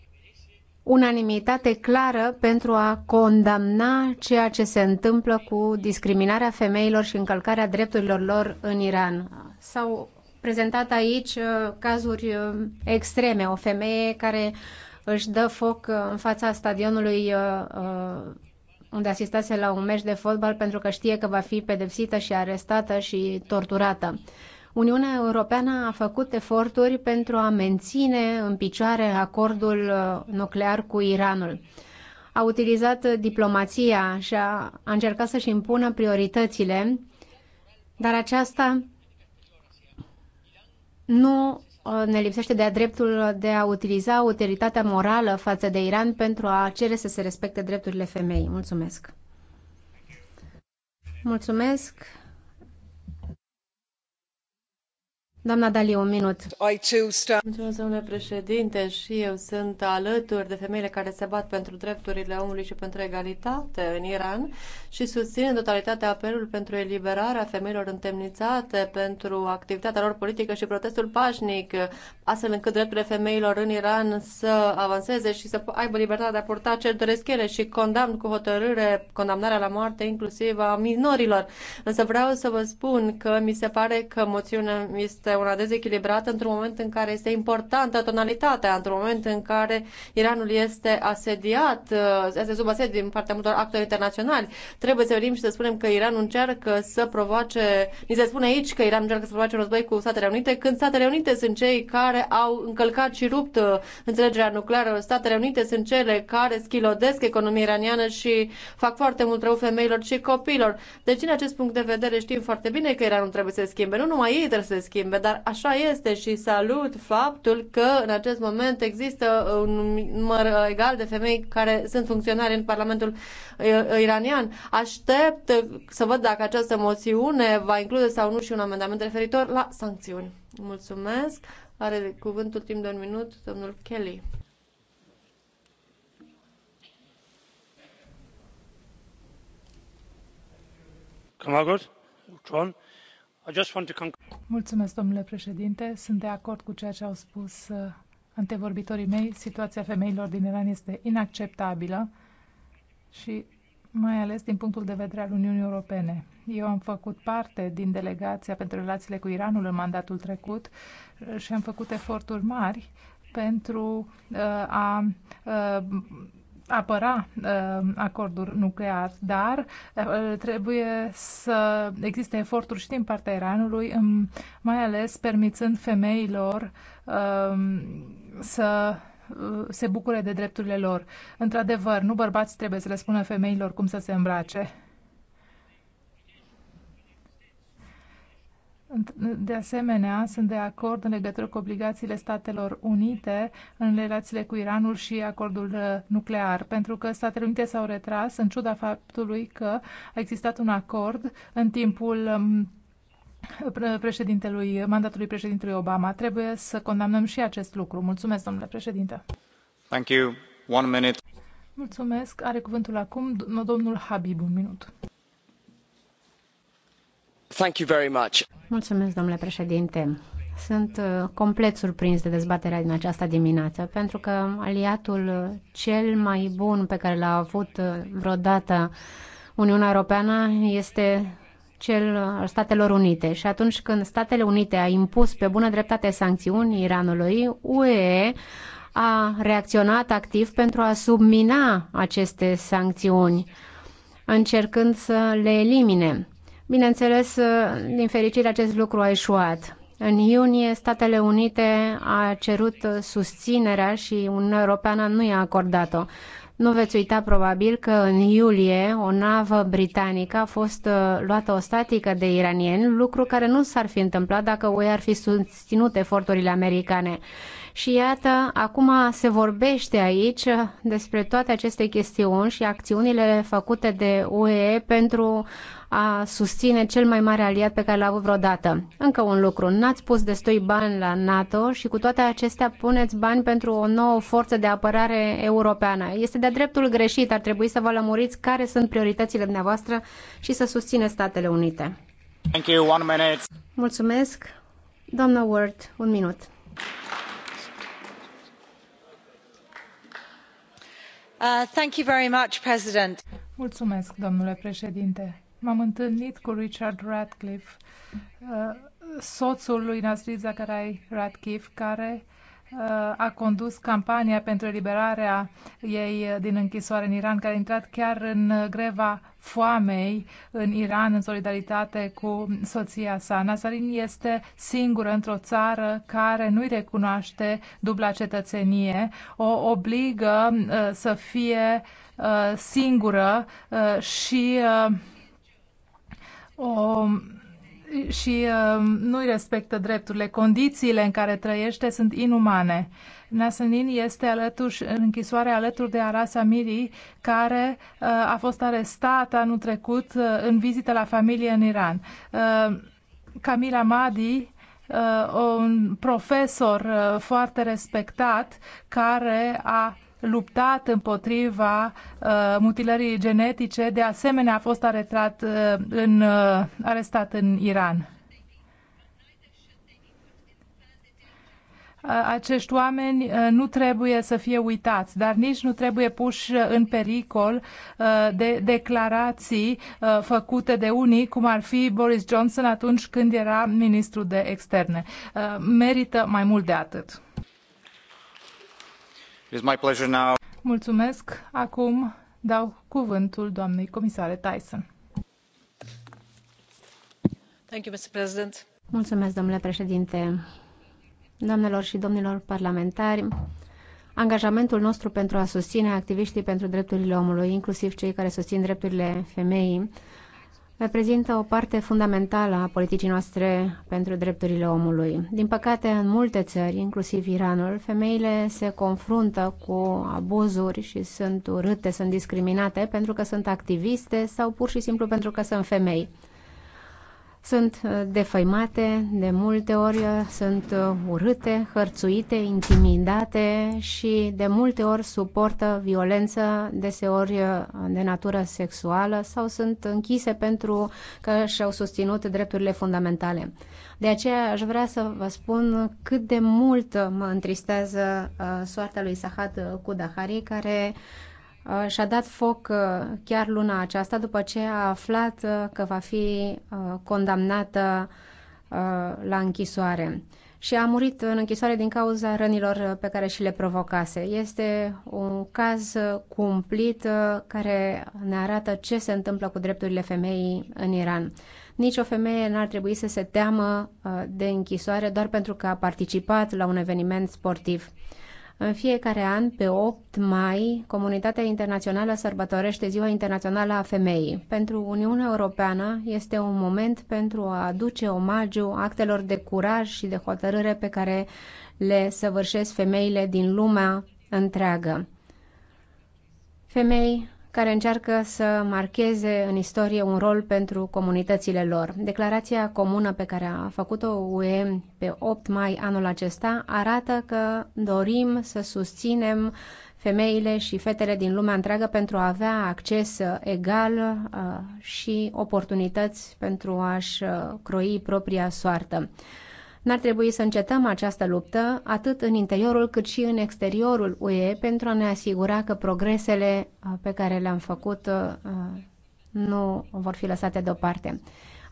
unanimitate clară pentru a condamna ceea ce se întâmplă cu discriminarea femeilor și încălcarea drepturilor lor în Iran. S-au prezentat aici uh, cazuri uh, extreme, o femeie care își dă foc uh, în fața stadionului unde asistase la un meci de fotbal pentru că știe că va fi pedepsită și arestată și torturată. Uniunea Europeană a făcut eforturi pentru a menține în picioare acordul uh, nuclear cu Iranul. A utilizat diplomația și a, a încercat să-și impună prioritățile, dar aceasta nu uh, ne lipsește de dreptul de a utiliza autoritatea morală față de Iran pentru a cere să se respecte drepturile femeii. Mulțumesc! Mulțumesc! minut. domnule președinte, și eu sunt alături de femeile care se bat pentru drepturile omului și pentru egalitate în Iran și susțin în totalitate apelul pentru eliberarea femeilor întemnițate pentru activitatea lor politică și protestul pașnic, astfel încât drepturile femeilor în Iran să avanseze și să aibă libertatea de a purta ce doresc ele și condamn cu hotărâre condamnarea la moarte inclusiv a minorilor. Însă vreau să vă spun că mi se pare că moțiunea este una dezechilibrată într-un moment în care este importantă tonalitatea, într-un moment în care Iranul este asediat, uh, este sub asediu din partea multor actori internaționali. Trebuie să venim și să spunem că Iranul încearcă să provoace, ni se spune aici că Iranul încearcă să provoace un război cu Statele Unite, când Statele Unite sunt cei care au încălcat și rupt uh, înțelegerea nucleară. Statele Unite sunt cele care schilodesc economia iraniană și fac foarte mult rău femeilor și copiilor. Deci, din acest punct de vedere, știm foarte bine că Iranul trebuie să se schimbe. Nu numai ei trebuie să se schimbe, dar așa este și salut faptul că în acest moment există un număr egal de femei care sunt funcționari în Parlamentul uh, iranian. Aștept să văd dacă această moțiune va include sau nu și un amendament referitor la sancțiuni. Mulțumesc. Are cuvântul timp de un minut domnul Kelly. Come on, Mulțumesc, domnule președinte. Sunt de acord cu ceea ce au spus uh, antevorbitorii mei. Situația femeilor din Iran este inacceptabilă și mai ales din punctul de vedere al Uniunii Europene. Eu am făcut parte din delegația pentru relațiile cu Iranul în mandatul trecut uh, și am făcut eforturi mari pentru uh, a apăra uh, acordul nuclear, dar uh, trebuie să existe eforturi și din partea Iranului, um, mai ales permițând femeilor um, uh, să se bucure de drepturile lor. Într-adevăr, nu bărbații trebuie să le spună femeilor cum să se îmbrace. De asemenea, sunt de acord în legătură cu obligațiile Statelor Unite în relațiile cu Iranul și acordul uh, nuclear, pentru că Statele Unite s-au retras în ciuda faptului că a existat un acord în timpul um, președintelui, mandatului președintelui Obama. Trebuie să condamnăm și acest lucru. Mulțumesc, domnule președinte. Thank you. One minute. Mulțumesc. Are cuvântul acum domnul Habib, un minut. Mulțumesc, domnule președinte. Sunt uh, complet surprins de dezbaterea din această dimineață, pentru că aliatul cel mai bun pe care l-a avut uh, vreodată Uniunea Europeană este cel uh, al Statelor Unite. Și atunci când Statele Unite a impus pe bună dreptate sancțiuni Iranului, UE a reacționat activ pentru a submina aceste sancțiuni, încercând să le elimine. Bineînțeles, din fericire, acest lucru a eșuat. În iunie, Statele Unite a cerut susținerea și Uniunea Europeană nu i-a acordat-o. Nu veți uita probabil că în iulie o navă britanică a fost uh, luată ostatică de iranieni, lucru care nu s-ar fi întâmplat dacă UE ar fi susținut eforturile americane. Și iată, acum se vorbește aici uh, despre toate aceste chestiuni și acțiunile făcute de UE pentru a susține cel mai mare aliat pe care l-a avut vreodată. Încă un lucru, n-ați pus destui bani la NATO și cu toate acestea puneți bani pentru o nouă forță de apărare europeană. Este de-a dreptul greșit, ar trebui să vă lămuriți care sunt prioritățile dumneavoastră și să susține Statele Unite. Thank you, one minute. Mulțumesc. Doamna Ward, un minut. Uh, thank you very much, President. Mulțumesc, domnule președinte M-am întâlnit cu Richard Radcliffe, uh, soțul lui Nasrid Zakarai Radcliffe, care uh, a condus campania pentru eliberarea ei uh, din închisoare în Iran, care a intrat chiar în greva foamei în Iran în solidaritate cu soția sa. Nazarin este singură într-o țară care nu-i recunoaște dubla cetățenie, o obligă să fie singură și o, um, și um, nu-i respectă drepturile. Condițiile în care trăiește sunt inumane. Nasanin este alături, în închisoare alături de Aras Amiri, care uh, a fost arestat anul trecut uh, în vizită la familie în Iran. Camila uh, Madi, un profesor foarte respectat, care a luptat împotriva uh, mutilării genetice, de asemenea a fost arestat, uh, în, uh, arestat în Iran. Uh, acești oameni uh, nu trebuie să fie uitați, dar nici nu trebuie puși în pericol uh, de declarații făcute de unii, cum ar fi Boris Johnson atunci când era ministru de externe. Merită mai mult de atât. It's my pleasure now. Mulțumesc. Acum dau cuvântul doamnei comisare Tyson. Thank you, Mr. President. Mulțumesc, domnule președinte. Doamnelor și domnilor parlamentari, angajamentul nostru pentru a susține activiștii pentru drepturile omului, inclusiv cei care susțin drepturile femeii, reprezintă o parte fundamentală a politicii noastre pentru drepturile omului. Din păcate, în multe țări, inclusiv Iranul, femeile se confruntă cu abuzuri și sunt urâte, sunt discriminate pentru că sunt activiste sau pur și simplu pentru că sunt femei. Sunt uh, defăimate de multe ori, uh, sunt uh, urâte, hărțuite, intimidate și de multe ori suportă violență, deseori de natură sexuală sau sunt închise pentru că și-au susținut drepturile fundamentale. De aceea aș vrea să vă spun cât de mult mă întristează soarta lui Sahat Kudahari, care uh, Uh, și-a dat foc uh, chiar luna aceasta după ce a aflat uh, că va fi condamnată la închisoare. Și a murit în închisoare din cauza rănilor pe care și le provocase. Este un caz cumplit care ne arată ce se întâmplă cu drepturile femeii în Iran. Nici o femeie n-ar trebui să se teamă de închisoare doar pentru că a participat la un eveniment sportiv. În fiecare an, pe 8 mai, comunitatea internațională sărbătorește Ziua Internațională a Femeii. Pentru Uniunea Europeană este un moment pentru a aduce omagiu actelor de curaj și de hotărâre pe care le săvârșesc femeile din lumea întreagă. Femei care încearcă să marcheze în istorie un rol pentru comunitățile lor. Declarația comună pe care a făcut-o UE pe 8 mai anul acesta arată că dorim să susținem femeile și fetele din lumea întreagă pentru a avea acces egal uh, și oportunități pentru a-și uh, croi propria soartă. N-ar trebui să încetăm această luptă atât în interiorul cât și în exteriorul UE pentru a ne asigura că progresele uh, pe care le-am făcut uh, nu vor fi lăsate deoparte.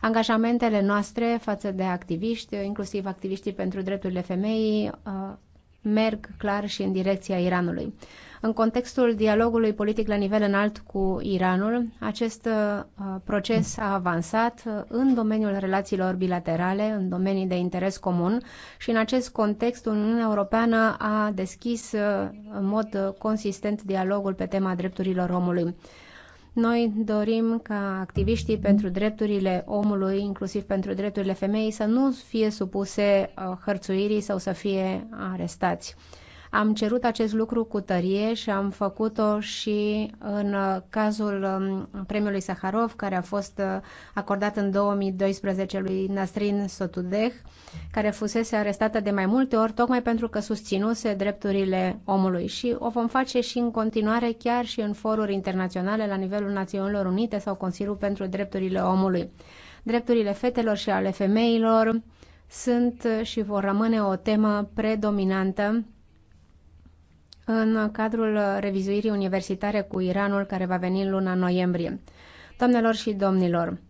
Angajamentele noastre față de activiști, inclusiv activiștii pentru drepturile femeii, uh, merg clar și în direcția Iranului. În contextul dialogului politic la nivel înalt cu Iranul, acest uh, proces a avansat uh, în domeniul relațiilor bilaterale, în domenii de interes comun și în acest context Uniunea Europeană a deschis uh, în mod consistent dialogul pe tema drepturilor omului. Noi dorim ca activiștii pentru drepturile omului, inclusiv pentru drepturile femeii, să nu fie supuse hărțuirii sau să fie arestați. Am cerut acest lucru cu tărie și am făcut-o și în uh, cazul um, premiului Saharov, care a fost uh, acordat în 2012 lui Nasrin Sotudeh, care fusese arestată de mai multe ori, tocmai pentru că susținuse drepturile omului. Și o vom face și în continuare, chiar și în foruri internaționale, la nivelul Națiunilor Unite sau Consiliul pentru Drepturile Omului. Drepturile fetelor și ale femeilor sunt și vor rămâne o temă predominantă în cadrul revizuirii universitare cu Iranul care va veni în luna noiembrie. Doamnelor și domnilor,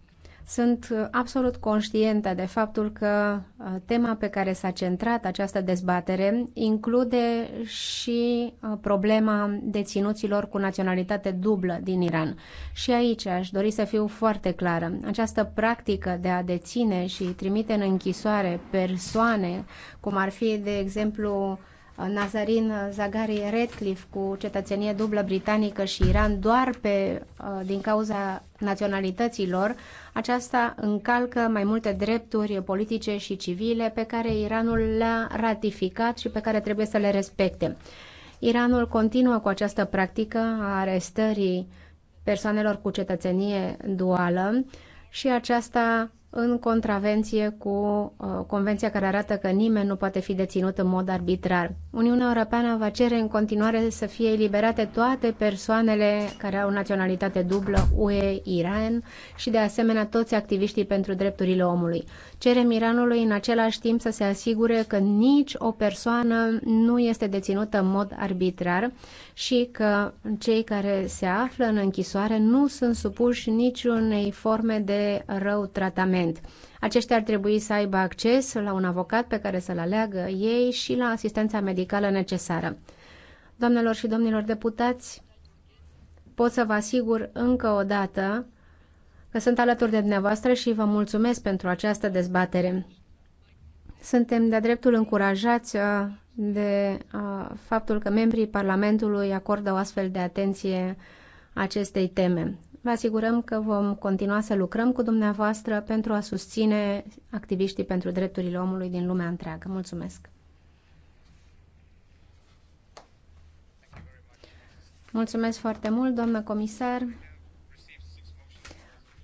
sunt absolut conștientă de faptul că uh, tema pe care s-a centrat această dezbatere include și uh, problema deținuților cu naționalitate dublă din Iran. Și aici aș dori să fiu foarte clară. Această practică de a deține și trimite în închisoare persoane, cum ar fi, de exemplu, Nazarin Zagari Redcliffe cu cetățenie dublă britanică și Iran doar pe, uh, din cauza naționalităților, aceasta încalcă mai multe drepturi politice și civile pe care Iranul le-a ratificat și pe care trebuie să le respecte. Iranul continuă cu această practică a arestării persoanelor cu cetățenie duală și aceasta în contravenție cu uh, convenția care arată că nimeni nu poate fi deținut în mod arbitrar. Uniunea Europeană va cere în continuare să fie eliberate toate persoanele care au naționalitate dublă UE-Iran și de asemenea toți activiștii pentru drepturile omului. Cerem Iranului în același timp să se asigure că nici o persoană nu este deținută în mod arbitrar și că cei care se află în închisoare nu sunt supuși niciunei forme de rău tratament Parlament. Aceștia ar trebui să aibă acces la un avocat pe care să-l aleagă ei și la asistența medicală necesară. Doamnelor și domnilor deputați, pot să vă asigur încă o dată că sunt alături de dumneavoastră și vă mulțumesc pentru această dezbatere. Suntem de-a dreptul încurajați uh, de uh, faptul că membrii Parlamentului acordă o astfel de atenție acestei teme. Vă asigurăm că vom continua să lucrăm cu dumneavoastră pentru a susține activiștii pentru drepturile omului din lumea întreagă. Mulțumesc! Mulțumesc foarte mult, doamnă comisar.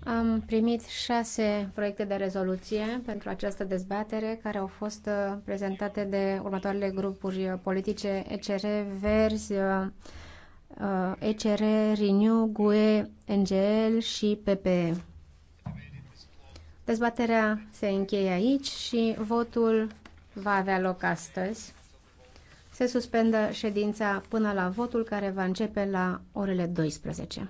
Am primit șase proiecte de rezoluție pentru această dezbatere, care au fost uh, prezentate de următoarele grupuri uh, politice ECR, Verzi, uh, Uh, ECR, Renew, GUE, NGL și PPE. Dezbaterea se încheie aici și votul va avea loc astăzi. Se suspendă ședința până la votul care va începe la orele 12.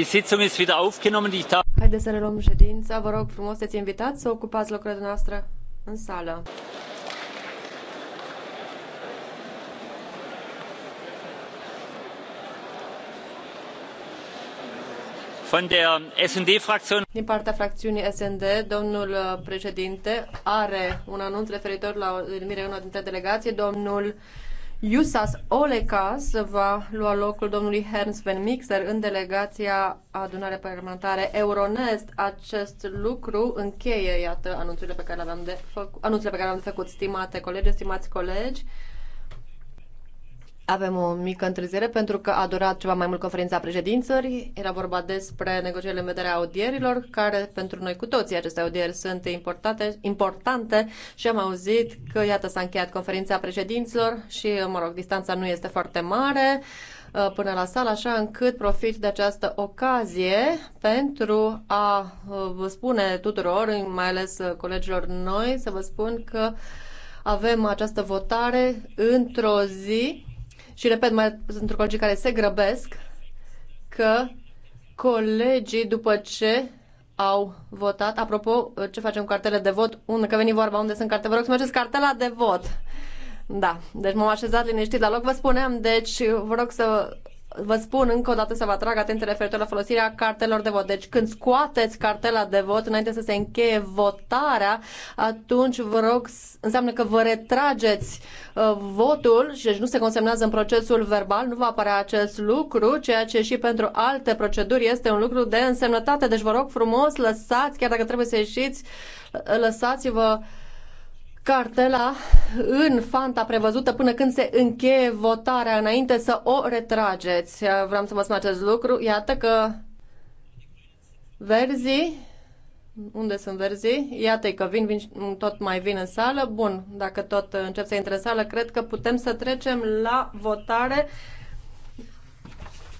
Haideți să reluăm ședința. Vă rog frumos, te-ți invitați să ocupați locurile noastre în sală. Von der SND -fraktion. Din partea fracțiunii SND, domnul uh, președinte are un anunț referitor la numirea unor dintre delegații. Domnul Iusas Olecas va lua locul domnului Hans Van Mixer în delegația adunare parlamentare Euronest. Acest lucru încheie, iată, anunțurile pe care le-am de făcut, anunțurile pe care le-am făcut, stimate colegi, stimați colegi. Avem o mică întârziere pentru că a durat ceva mai mult conferința președințării. Era vorba despre negocierile în vederea audierilor, care pentru noi cu toții aceste audieri sunt importante, importante și am auzit că, iată, s-a încheiat conferința președinților și, mă rog, distanța nu este foarte mare uh, până la sală, așa încât profit de această ocazie pentru a uh, vă spune tuturor, mai ales uh, colegilor noi, să vă spun că avem această votare într-o zi și repet mai pentru colegii care se grăbesc că colegii după ce au votat, apropo, ce facem cu cartele de vot, unde că veni vorba, unde sunt cartele, vă rog să mergeți cartela de vot. Da, deci m-am așezat liniștit la loc, vă spuneam, deci vă rog să vă spun încă o dată să vă atrag atenție referitor la folosirea cartelor de vot. Deci când scoateți cartela de vot înainte să se încheie votarea, atunci vă rog, înseamnă că vă retrageți uh, votul și deci nu se consemnează în procesul verbal, nu va apărea acest lucru, ceea ce și pentru alte proceduri este un lucru de însemnătate. Deci vă rog frumos, lăsați, chiar dacă trebuie să ieșiți, lăsați-vă uh, cartela în fanta prevăzută până când se încheie votarea, înainte să o retrageți. Vreau să vă spun acest lucru. Iată că verzii, unde sunt verzii? Iată că vin, vin, tot mai vin în sală. Bun, dacă tot încep să intre în sală, cred că putem să trecem la votare.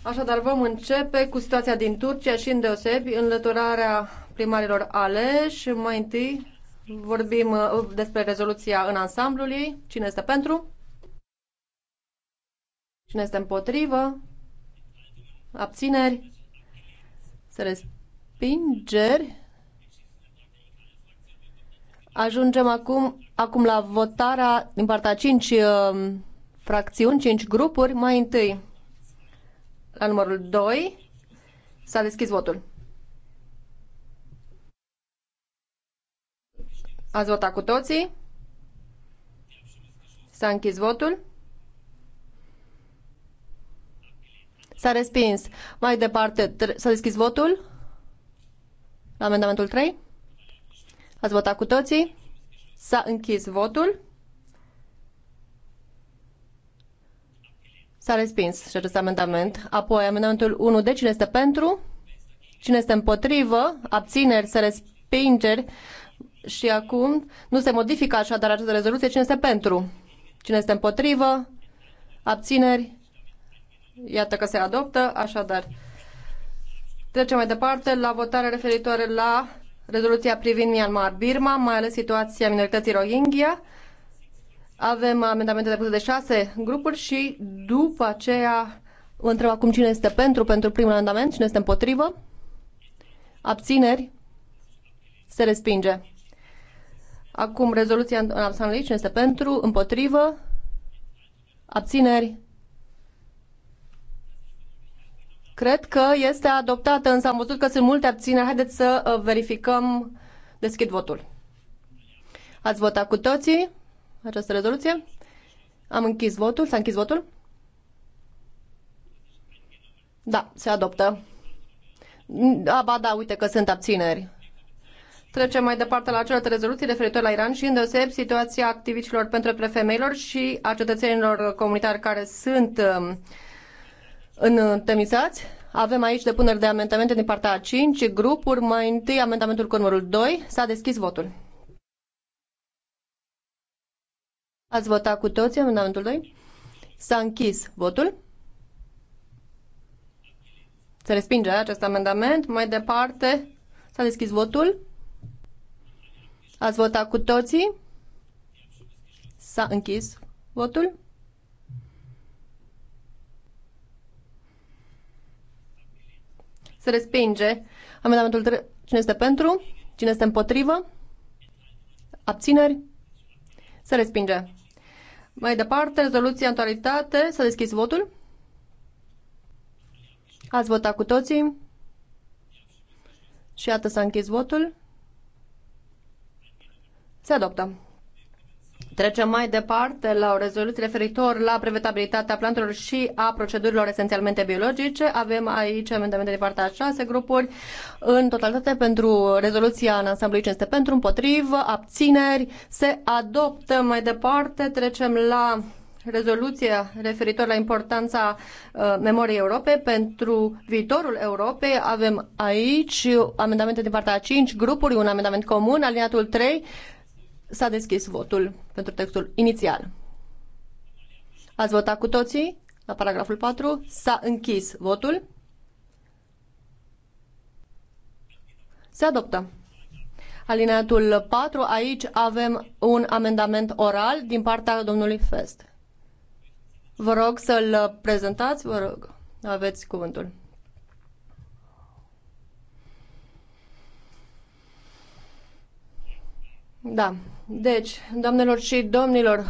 Așadar, vom începe cu situația din Turcia și, în deosebi înlăturarea primarilor aleși. Mai întâi, Vorbim uh, despre rezoluția în ansamblul ei. Cine este pentru? Cine este împotrivă? Abțineri? Se respingeri? Ajungem acum, acum la votarea din partea 5 uh, fracțiuni, 5 grupuri. Mai întâi, la numărul 2, s-a deschis votul. Ați votat cu toții? S-a închis votul? S-a respins. Mai departe, s-a deschis votul? La amendamentul 3? Ați votat cu toții? S-a închis votul? S-a respins și acest amendament. Apoi, amendamentul 1 de deci cine este pentru? Cine este împotrivă? Abțineri? să respingeri? Și acum nu se modifică așadar această rezoluție. Cine este pentru? Cine este împotrivă? Abțineri? Iată că se adoptă, așadar. Trecem mai departe la votarea referitoare la rezoluția privind Myanmar-Birma, mai ales situația minorității Rohingya. Avem amendamente depuse de șase grupuri și după aceea vă întreb acum cine este pentru, pentru primul amendament, cine este împotrivă. Abțineri? Se respinge. Acum, rezoluția în ansamblu aici este pentru, împotrivă, abțineri. Cred că este adoptată, însă am văzut că sunt multe abțineri. Haideți să uh, verificăm. Deschid votul. Ați votat cu toții această rezoluție? Am închis votul. S-a închis votul? Da, se adoptă. Aba da, uite că sunt abțineri. Trecem mai departe la celelalte rezoluție referitoare la Iran și îndeoseb situația activiștilor pentru femeilor și a cetățenilor comunitari care sunt um, întemnițați. Uh, Avem aici depuneri de amendamente din partea a 5 grupuri. Mai întâi amendamentul cu numărul 2. S-a deschis votul. Ați votat cu toții amendamentul 2? S-a închis votul. Se respinge acest amendament. Mai departe, s-a deschis votul. Ați votat cu toții? S-a închis votul? Se respinge amendamentul 3. Cine este pentru? Cine este împotrivă? Abțineri? Se respinge. Mai departe, rezoluția în totalitate. S-a deschis votul. Ați votat cu toții. Și iată s-a închis votul. Se adoptă. Trecem mai departe la o rezoluție referitor la brevetabilitatea plantelor și a procedurilor esențialmente biologice. Avem aici amendamente de partea a șase grupuri în totalitate pentru rezoluția în ansamblu este pentru, împotrivă, abțineri. Se adoptă mai departe. Trecem la rezoluție referitor la importanța uh, memoriei Europei pentru viitorul Europei. Avem aici amendamente de partea a 5 grupuri, un amendament comun, aliniatul 3 S-a deschis votul pentru textul inițial. Ați votat cu toții la paragraful 4. S-a închis votul. Se adoptă. Alineatul 4, aici avem un amendament oral din partea domnului Fest. Vă rog să-l prezentați, vă rog. Aveți cuvântul. Da. Deci, doamnelor și domnilor,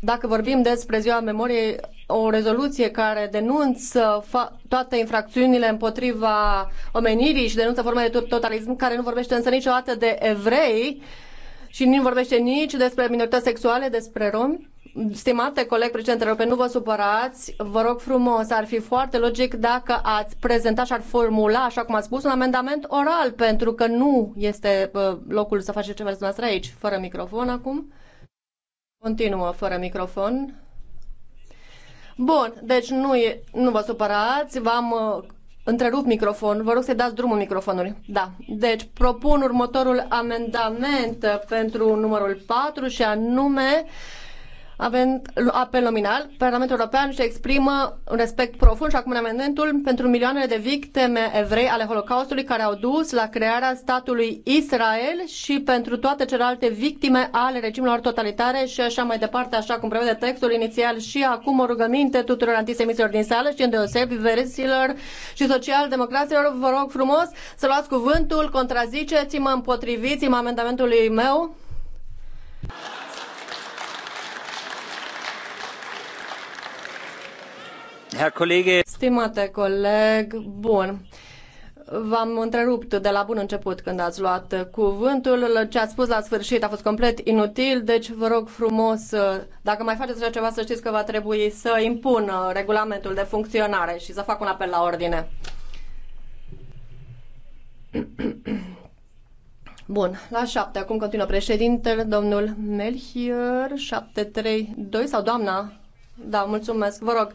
dacă vorbim despre Ziua Memoriei, o rezoluție care denunță toate infracțiunile împotriva omenirii și denunță forme de totalism, care nu vorbește însă niciodată de evrei și nu vorbește nici despre minorități sexuale, despre romi, Stimate coleg președinte European, nu vă supărați, vă rog frumos, ar fi foarte logic dacă ați prezenta și ar formula, așa cum ați spus, un amendament oral, pentru că nu este uh, locul să faceți ceva dumneavoastră aici, fără microfon acum. Continuă fără microfon. Bun, deci nu, e, nu vă supărați, v-am uh, întrerupt microfon, vă rog să dați drumul microfonului. Da. Deci propun următorul amendament uh, pentru numărul 4 și anume uh, avem apel nominal. Parlamentul European își exprimă un respect profund și acum în amendamentul pentru milioanele de victime evrei ale Holocaustului care au dus la crearea statului Israel și pentru toate celelalte victime ale regimelor totalitare și așa mai departe, așa cum prevede textul inițial și acum o rugăminte tuturor antisemiților din sală și îndeosebi versilor și social-democraților. Vă rog frumos să luați cuvântul, contraziceți-mă, împotriviți-mă amendamentului meu. Stimate coleg, bun. V-am întrerupt de la bun început când ați luat cuvântul. Ce ați spus la sfârșit a fost complet inutil, deci vă rog frumos, dacă mai faceți așa ceva, să știți că va trebui să impun regulamentul de funcționare și să fac un apel la ordine. *clears throat* Bun, la șapte. Acum continuă președintele, domnul Melchior, 732 sau doamna? Da, mulțumesc. Vă rog,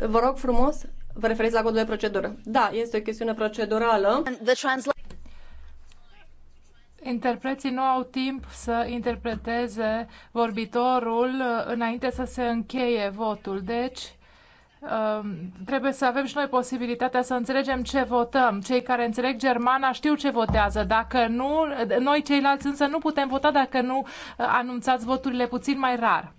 Vă rog frumos, vă referiți la codul de procedură. Da, este o chestiune procedurală. Interpreții nu au timp să interpreteze vorbitorul înainte să se încheie votul. Deci, um, trebuie să avem și noi posibilitatea să înțelegem ce votăm. Cei care înțeleg germana știu ce votează. Dacă nu, noi ceilalți însă nu putem vota dacă nu uh, anunțați voturile puțin mai rar.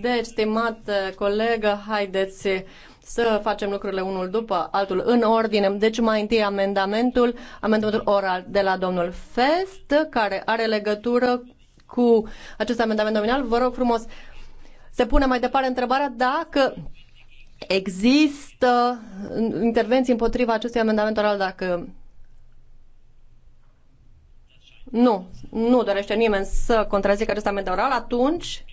Deci, stimat colegă, haideți să facem lucrurile unul după altul în ordine. Deci mai întâi amendamentul, amendamentul oral de la domnul Fest, care are legătură cu acest amendament nominal. Vă rog frumos, se pune mai departe întrebarea dacă există intervenții împotriva acestui amendament oral, dacă nu, nu dorește nimeni să contrazică acest amendament oral, atunci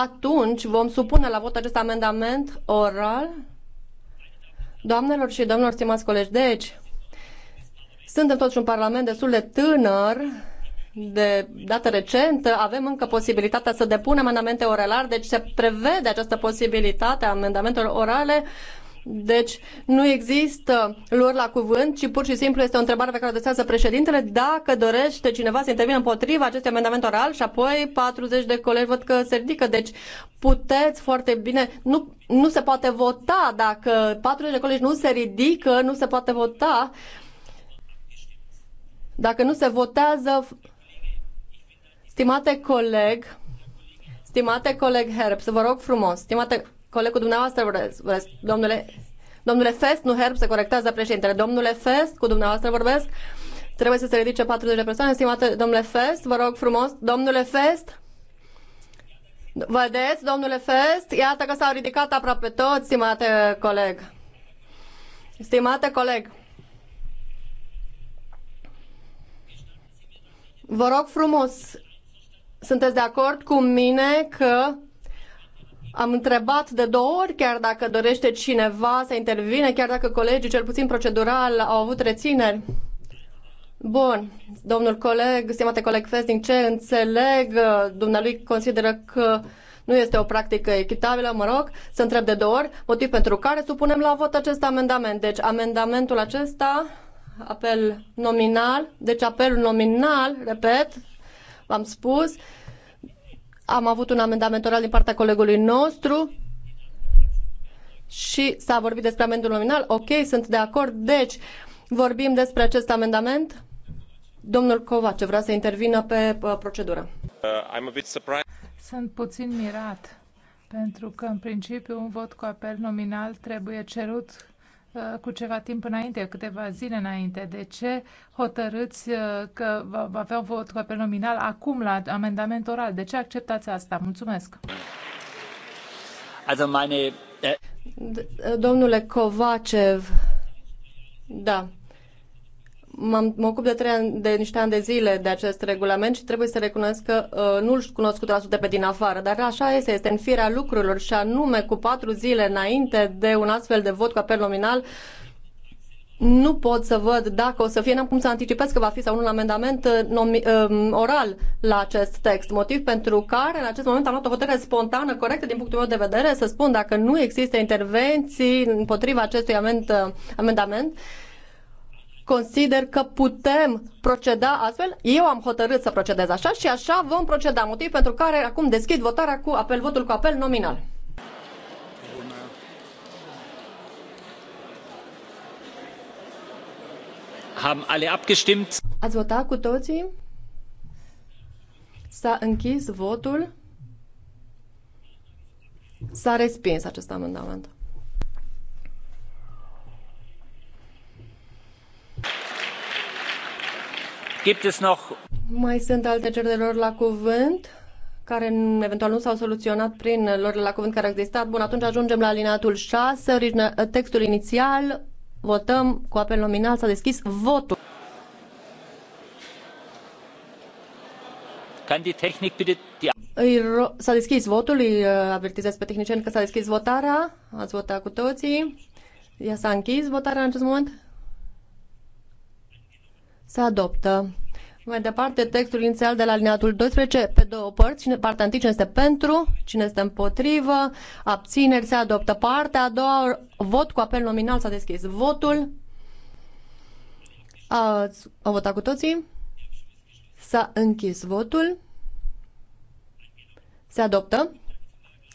atunci vom supune la vot acest amendament oral. Doamnelor și domnilor, stimați colegi, deci, suntem totuși un parlament destul de tânăr, de dată recentă, avem încă posibilitatea să depunem amendamente orale. deci se prevede această posibilitate a amendamentelor orale deci nu există lor la cuvânt, ci pur și simplu este o întrebare pe care o adresează președintele dacă dorește cineva să intervină împotriva acestui amendament oral și apoi 40 de colegi văd că se ridică. Deci puteți foarte bine, nu, nu se poate vota dacă 40 de colegi nu se ridică, nu se poate vota. Dacă nu se votează, stimate coleg, stimate coleg Herbs, vă rog frumos, stimate Colegul dumneavoastră, vorbesc, domnule, domnule Fest, nu Herb, se corectează președintele. Domnule Fest, cu dumneavoastră vorbesc, trebuie să se ridice 40 de persoane. Stimate domnule Fest, vă rog frumos, domnule Fest, vedeți, domnule Fest, iată că s-au ridicat aproape toți, stimate coleg. Stimate coleg, vă rog frumos, sunteți de acord cu mine că am întrebat de două ori chiar dacă dorește cineva să intervine, chiar dacă colegii, cel puțin procedural, au avut rețineri. Bun, domnul coleg, stimate coleg Fes, din ce înțeleg, uh, dumnealui consideră că nu este o practică echitabilă, mă rog, să întreb de două ori, motiv pentru care supunem la vot acest amendament. Deci amendamentul acesta, apel nominal, deci apelul nominal, repet, v-am spus, am avut un amendament oral din partea colegului nostru și s-a vorbit despre amendul nominal. Ok, sunt de acord. Deci, vorbim despre acest amendament. Domnul Covace vrea să intervină pe procedură. Uh, sunt puțin mirat, pentru că, în principiu, un vot cu apel nominal trebuie cerut Uh, cu ceva timp înainte, câteva zile înainte. De ce hotărâți uh, că va avea vot cu apel nominal acum la amendament oral? De ce acceptați asta? Mulțumesc! Uh, domnule Kovacev, da, mă ocup de, trei ani, de niște ani de zile de acest regulament și trebuie să recunosc că uh, nu-l cunosc cu 100% pe din afară, dar așa este, este în firea lucrurilor și anume cu patru zile înainte de un astfel de vot cu apel nominal, nu pot să văd dacă o să fie, n-am cum să anticipez că va fi sau un amendament uh, um, oral la acest text, motiv pentru care în acest moment am luat o hotărâre spontană, corectă din punctul meu de vedere, să spun dacă nu există intervenții împotriva acestui amend, uh, amendament, consider că putem proceda astfel. Eu am hotărât să procedez așa și așa vom proceda. Motiv pentru care acum deschid votarea cu apel, votul cu apel nominal. Haben alle abgestimmt? Ați votat cu toții? S-a închis votul. S-a respins acest amendament. Gibt es noch... Mai sunt alte cereri la cuvânt care eventual nu s-au soluționat prin lor la cuvânt care au existat. Bun, atunci ajungem la alineatul 6, textul inițial, votăm cu apel nominal, s-a deschis votul. S-a deschis votul, îi uh, avertizez pe tehnicieni că s-a deschis votarea, ați votat cu toții. Ea s-a închis votarea în acest moment? Se adoptă. Mai departe, textul inițial de la alineatul 12, pe două părți, cine, partea întâi cine este pentru, cine este împotrivă, abțineri, se adoptă partea a doua, vot cu apel nominal s-a deschis votul. Ați, au votat cu toții? S-a închis votul. Se adoptă.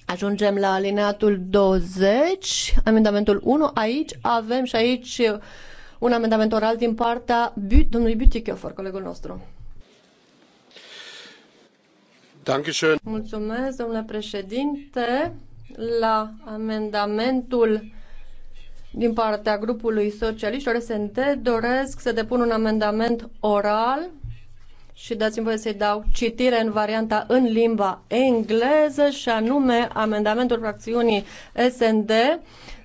Ajungem la alineatul 20, amendamentul 1. Aici avem și aici un amendament oral din partea But, domnului Butikofer, colegul nostru. Dankeschön. Mulțumesc, domnule președinte. La amendamentul din partea grupului socialiștilor SND doresc să depun un amendament oral și dați-mi voie să-i dau citire în varianta în limba engleză și anume amendamentul fracțiunii SND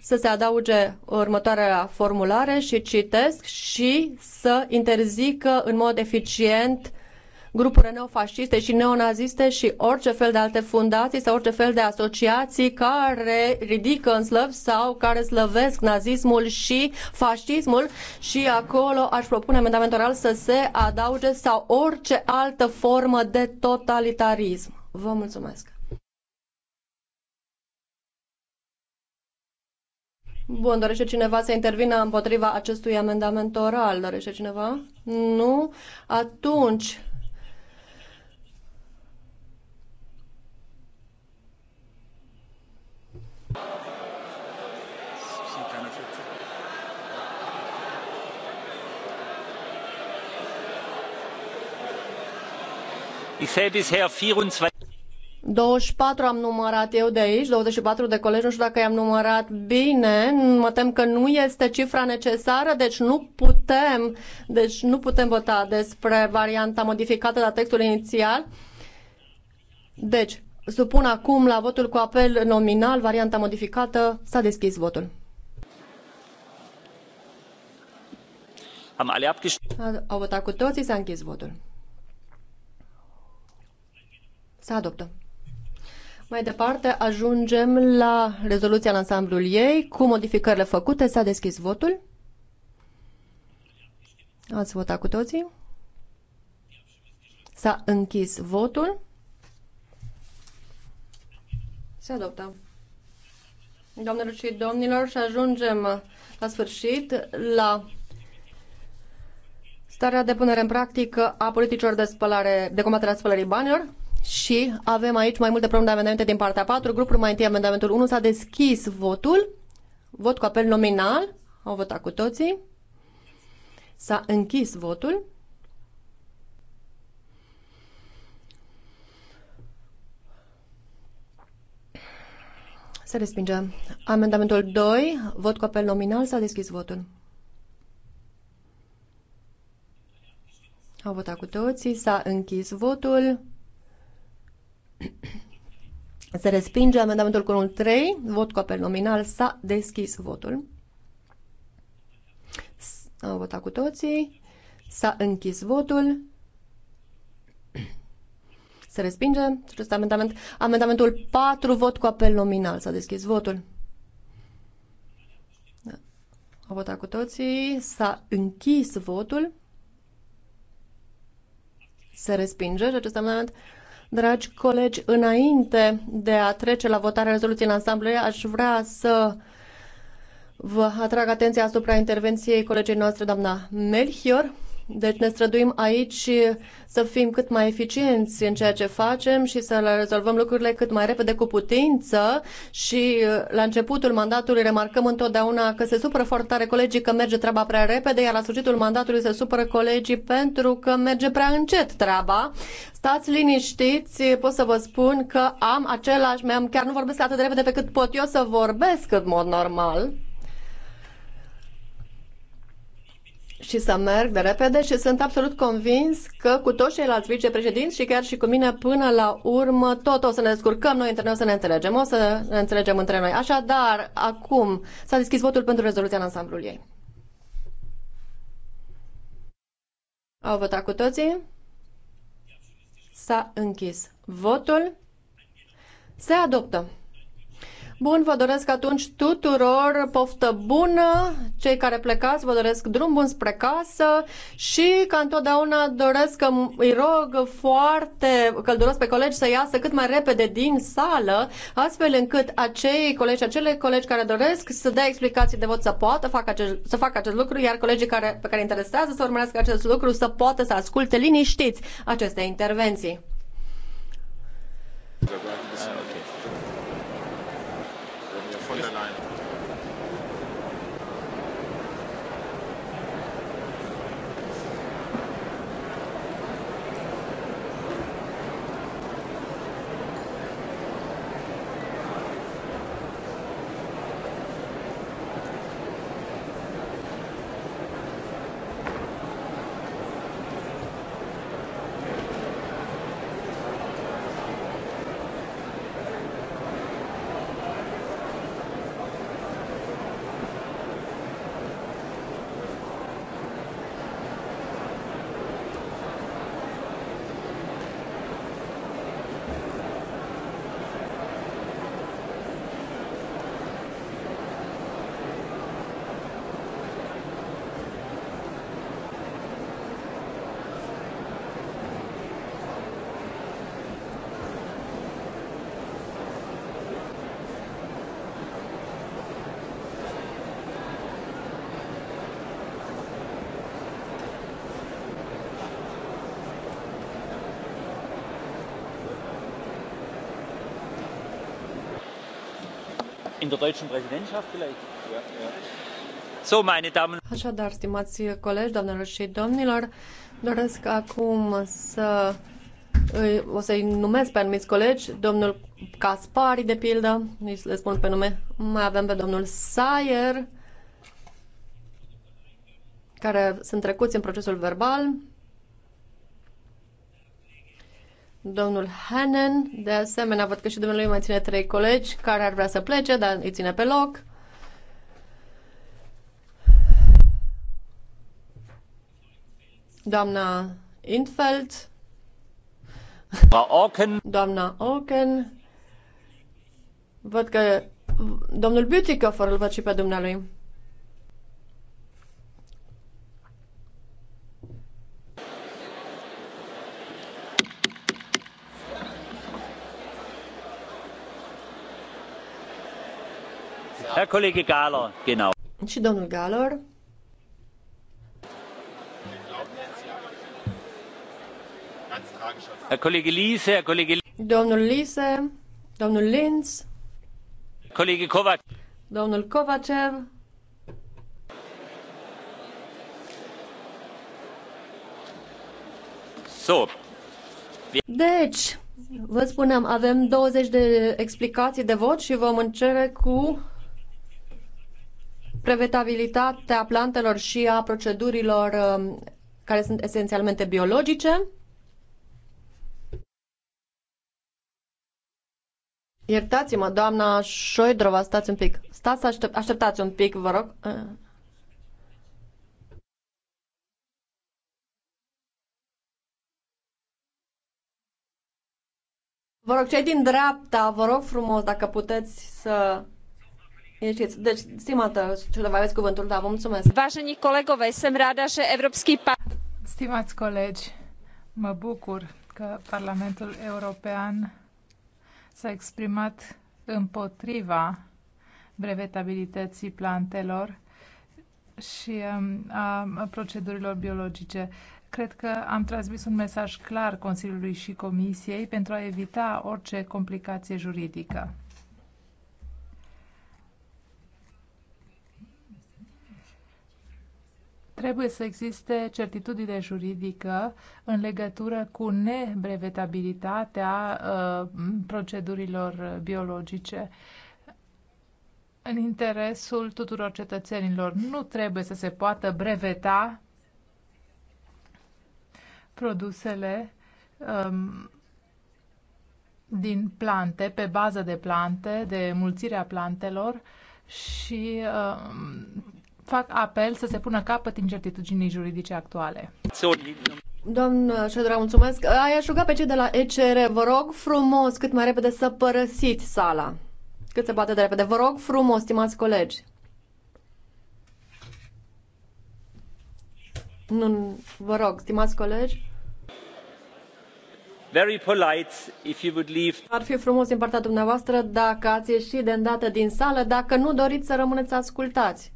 să se adauge următoarea formulare și citesc și să interzică în mod eficient grupurile neofasciste și neonaziste și orice fel de alte fundații sau orice fel de asociații care ridică în slăb sau care slăvesc nazismul și fascismul și acolo aș propune amendamentul oral să se adauge sau orice altă formă de totalitarism. Vă mulțumesc! Bun, dorește cineva să intervină împotriva acestui amendament oral? Dorește cineva? Nu? Atunci... Ich sehe bisher 24 24 am numărat eu de aici, 24 de colegi, nu știu dacă i-am numărat bine, mă tem că nu este cifra necesară, deci nu putem, deci nu putem vota despre varianta modificată la textul inițial. Deci, supun acum la votul cu apel nominal, varianta modificată, s-a deschis votul. Am Au votat cu toții, s-a închis votul. Se adoptă. Mai departe, ajungem la rezoluția în ansamblul ei. Cu modificările făcute, s-a deschis votul. Ați votat cu toții? S-a închis votul. Se adoptă. Doamnelor și domnilor, și ajungem la sfârșit la starea de punere în practică a politicilor de, spălare, de combatere a spălării banilor. Și avem aici mai multe probleme de amendamente din partea 4. Grupul mai întâi, amendamentul 1, s-a deschis votul. Vot cu apel nominal. Au votat cu toții. S-a închis votul. Se respinge. Amendamentul 2, vot cu apel nominal, s-a deschis votul. Au votat cu toții, s-a închis votul. Se respinge amendamentul cu 3. Vot cu apel nominal. S-a deschis votul. Au votat cu toții. S-a închis votul. Se respinge acest amendament. Amendamentul 4, vot cu apel nominal. S-a deschis votul. Au votat cu toții. S-a închis votul. Se respinge acest amendament. Dragi colegi, înainte de a trece la votarea rezoluției în ansamblu, aș vrea să vă atrag atenția asupra intervenției colegei noastre, doamna Melchior, deci ne străduim aici să fim cât mai eficienți în ceea ce facem și să rezolvăm lucrurile cât mai repede cu putință și uh, la începutul mandatului remarcăm întotdeauna că se supără foarte tare colegii că merge treaba prea repede, iar la sfârșitul mandatului se supără colegii pentru că merge prea încet treaba. Stați liniștiți, pot să vă spun că am același, mi-am chiar nu vorbesc atât de repede pe cât pot eu să vorbesc în mod normal, și să merg de repede și sunt absolut convins că cu toți ceilalți vicepreședinți și chiar și cu mine până la urmă tot o să ne descurcăm noi între noi, o să ne înțelegem, o să ne înțelegem între noi. Așadar, acum s-a deschis votul pentru rezoluția în ansamblul ei. Au votat cu toții? S-a închis votul. Se adoptă. Bun, vă doresc atunci tuturor poftă bună, cei care plecați vă doresc drum bun spre casă și ca întotdeauna doresc că îi rog foarte călduros pe colegi să iasă cât mai repede din sală, astfel încât acei colegi, acele colegi care doresc să dea explicații de vot să poată fac acest, să facă acest lucru, iar colegii care, pe care interesează să urmărească acest lucru să poată să asculte liniștiți aceste intervenții. der deutschen Präsidentschaft vielleicht. Ja, ja. So, meine Damen. Așadar, stimați colegi, doamnelor și domnilor, doresc acum să o să-i numesc pe anumiți colegi, domnul Caspari, de pildă, îi le spun pe nume, mai avem pe domnul Sayer, care sunt trecuți în procesul verbal, Domnul Hanen, de asemenea, văd că și dumnealui mai ține trei colegi care ar vrea să plece, dar îi ține pe loc. Doamna Infeld. Doamna Oken. Văd că domnul Beautycofer îl văd și pe dumnealui. Herr Kollege Galer, genau. Și domnul Galer. Herr Kollege Liese, Herr Kollege Domnul Lise, domnul Linz. Kollege Kovac. Domnul Kovacev. So. Deci, vă spuneam, avem 20 de explicații de vot și vom începe cu Prevetabilitatea plantelor și a procedurilor um, care sunt esențialmente biologice. Iertați-mă, doamna Șoidrova, stați un pic. Stați, aștept, așteptați un pic, vă rog. Uh. Vă rog, cei din dreapta, vă rog frumos, dacă puteți să deci, da, Vážení kolegové, jsem ráda, že Evropský Stimați colegi, mă bucur că Parlamentul European s-a exprimat împotriva brevetabilității plantelor și um, a procedurilor biologice. Cred că am transmis un mesaj clar Consiliului și Comisiei pentru a evita orice complicație juridică. Trebuie să existe certitudine juridică în legătură cu nebrevetabilitatea uh, procedurilor biologice în interesul tuturor cetățenilor. Nu trebuie să se poată breveta produsele um, din plante, pe bază de plante, de mulțirea plantelor și um, fac apel să se pună capăt incertitudinii juridice actuale. Domnul Ședra, mulțumesc. Ai ruga pe cei de la ECR, vă rog frumos, cât mai repede să părăsiți sala. Cât se poate de repede. Vă rog frumos, stimați colegi. Nu, vă rog, stimați colegi. Very polite if you would leave. Ar fi frumos din partea dumneavoastră dacă ați ieșit de îndată din sală, dacă nu doriți să rămâneți ascultați.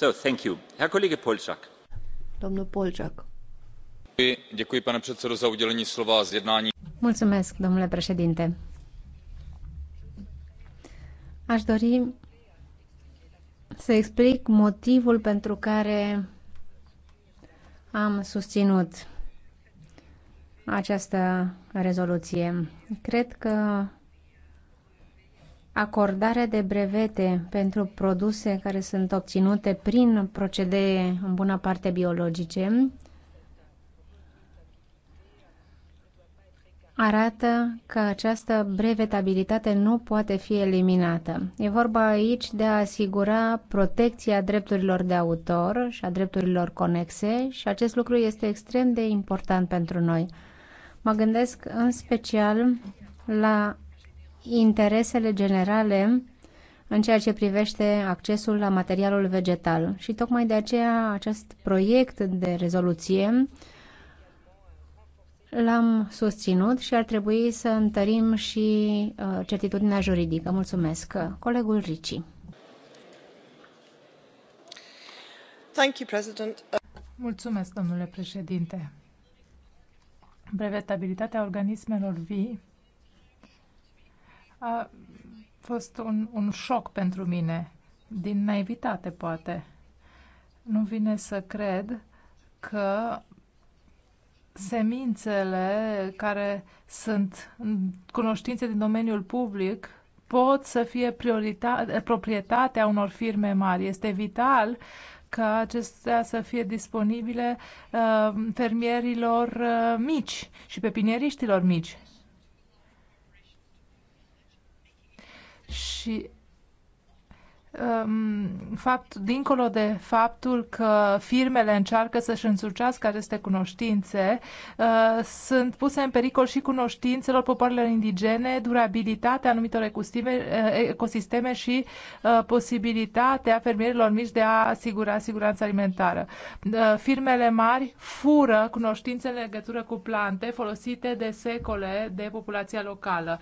pane președinte Mulțumesc, domnule președinte. Aș dori să explic motivul pentru care am susținut această rezoluție. Cred că acordarea de brevete pentru produse care sunt obținute prin procedee în bună parte biologice arată că această brevetabilitate nu poate fi eliminată. E vorba aici de a asigura protecția drepturilor de autor și a drepturilor conexe și acest lucru este extrem de important pentru noi. Mă gândesc în special la interesele generale în ceea ce privește accesul la materialul vegetal. Și tocmai de aceea acest proiect de rezoluție l-am susținut și ar trebui să întărim și uh, certitudinea juridică. Mulțumesc. Uh, colegul Ricci. Thank you, President. Mulțumesc, domnule președinte. Brevetabilitatea organismelor vii a fost un, un șoc pentru mine, din naivitate poate. Nu vine să cred că semințele care sunt cunoștințe din domeniul public pot să fie proprietatea unor firme mari. Este vital ca acestea să fie disponibile uh, fermierilor uh, mici și pepinieriștilor mici. și um, fapt, dincolo de faptul că firmele încearcă să-și însurcească aceste cunoștințe, uh, sunt puse în pericol și cunoștințelor popoarelor indigene, durabilitatea anumitor ecosisteme uh, și uh, posibilitatea fermierilor mici de a asigura siguranța alimentară. Firmele mari fură cunoștințe în legătură cu plante folosite de secole de populația locală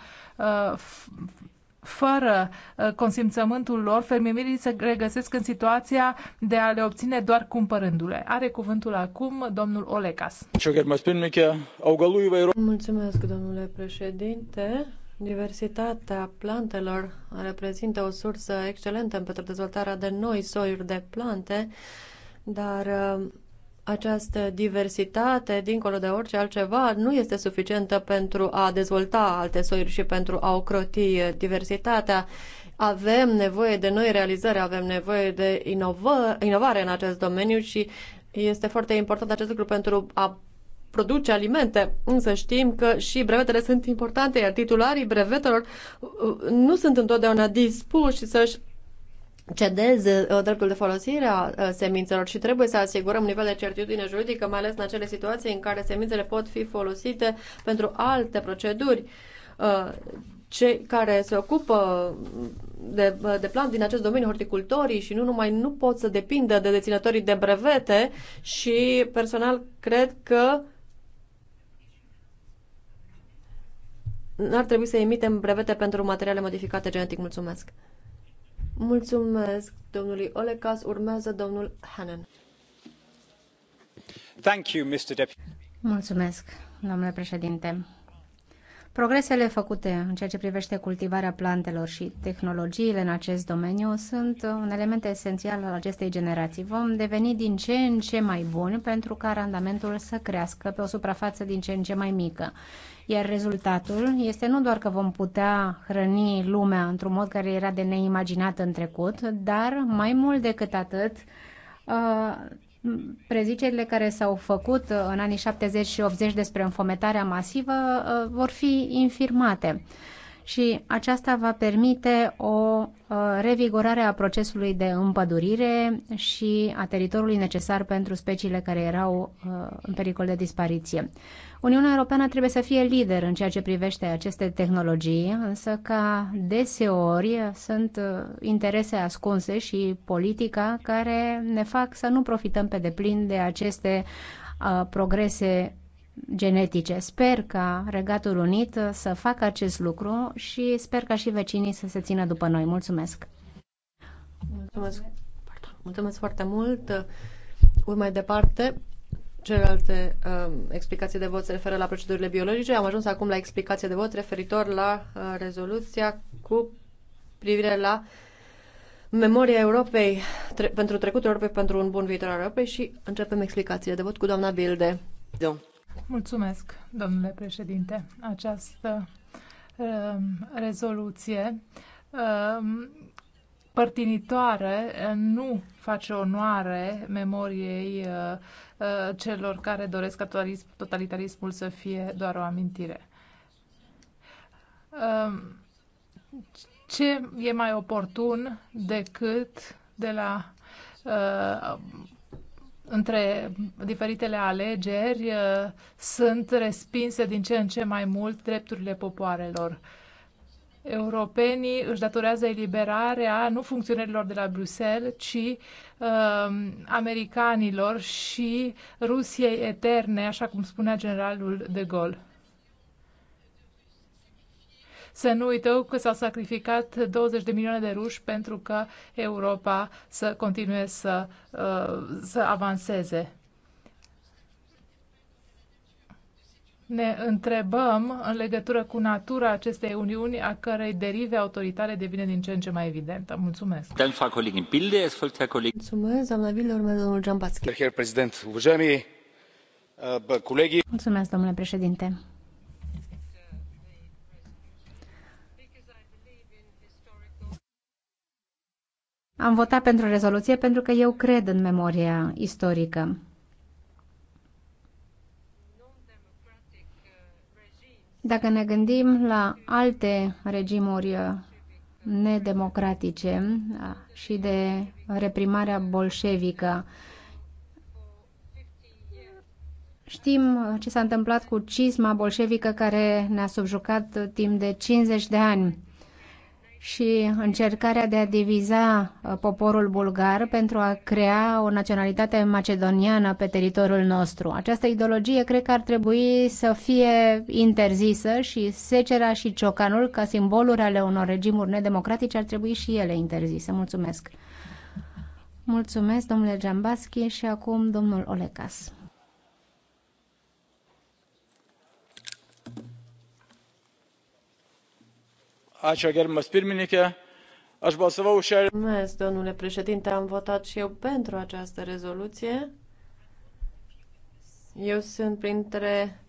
fără uh, consimțământul lor, fermierii se regăsesc în situația de a le obține doar cumpărându-le. Are cuvântul acum domnul Olecas. Mulțumesc, domnule președinte. Diversitatea plantelor reprezintă o sursă excelentă pentru dezvoltarea de noi soiuri de plante, dar uh, această diversitate, dincolo de orice altceva, nu este suficientă pentru a dezvolta alte soiuri și pentru a ocroti diversitatea. Avem nevoie de noi realizări, avem nevoie de inovă, inovare în acest domeniu și este foarte important acest lucru pentru a produce alimente. Însă știm că și brevetele sunt importante, iar titularii brevetelor uh, nu sunt întotdeauna dispuși să-și cedez uh, dreptul de folosire a uh, semințelor și trebuie să asigurăm nivel de certitudine juridică, mai ales în acele situații în care semințele pot fi folosite pentru alte proceduri. Uh, cei care se ocupă de, de plant din acest domeniu, horticultorii și nu numai, nu pot să depindă de deținătorii de brevete și personal cred că n-ar trebui să emitem brevete pentru materiale modificate genetic. Mulțumesc! Mulțumesc, domnului Olecas. Urmează domnul Hannan. Mulțumesc, domnule președinte. Progresele făcute în ceea ce privește cultivarea plantelor și tehnologiile în acest domeniu sunt un element esențial al acestei generații. Vom deveni din ce în ce mai buni pentru ca randamentul să crească pe o suprafață din ce în ce mai mică. Iar rezultatul este nu doar că vom putea hrăni lumea într-un mod care era de neimaginat în trecut, dar mai mult decât atât, uh, prezicerile care s-au făcut uh, în anii 70 și 80 despre înfometarea masivă uh, vor fi infirmate și aceasta va permite o uh, revigorare a procesului de împădurire și a teritoriului necesar pentru speciile care erau uh, în pericol de dispariție. Uniunea Europeană trebuie să fie lider în ceea ce privește aceste tehnologii, însă ca deseori sunt uh, interese ascunse și politica care ne fac să nu profităm pe deplin de aceste progrese genetice. Sper ca Regatul Unit să facă acest lucru și sper ca și vecinii să se țină după noi. Mulțumesc! Mulțumesc, pardon, mulțumesc foarte mult! Urmai mai departe, celelalte uh, explicații de vot se referă la procedurile biologice. Am ajuns acum la explicația de vot referitor la uh, rezoluția cu privire la memoria Europei tre- pentru trecutul Europei, pentru un bun viitor al Europei și începem explicațiile de vot cu doamna Bilde. Da. Mulțumesc, domnule președinte. Această uh, rezoluție uh, părtinitoare nu face onoare memoriei uh, uh celor care doresc ca totalitarismul să fie doar o amintire. Um, ce e mai oportun decât de la uh, între diferitele alegeri uh, sunt respinse din ce în ce mai mult drepturile popoarelor. Europenii își datorează eliberarea nu funcționarilor de la Bruxelles, ci uh, americanilor și Rusiei eterne, așa cum spunea generalul de Gaulle. Să nu uităm că s-au sacrificat 20 de milioane de ruși pentru că Europa să continue să, uh, să avanseze. Ne întrebăm în legătură cu natura acestei uniuni a cărei derive autoritare devine din ce în ce mai evidentă. Mulțumesc. Mulțumesc, doamna Bilde, urmează domnul Giambatski. Э, Mulțumesc, domnule președinte. Am votat pentru rezoluție pentru că eu cred în memoria istorică. Dacă ne gândim la alte regimuri uh, nedemocratice uh, și de reprimarea bolșevică, știm ce s-a întâmplat cu cisma bolșevică care ne-a subjucat timp de 50 de ani și încercarea de a diviza uh, poporul bulgar pentru a crea o naționalitate macedoniană pe teritoriul nostru. Această ideologie cred că ar trebui să fie interzisă și secera și ciocanul ca simboluri ale unor regimuri nedemocratice ar trebui și ele interzise. Mulțumesc! Mulțumesc, domnule Giambaschi, și acum domnul Olecas. domnule președinte. Am votat și eu pentru această rezoluție. Eu sunt printre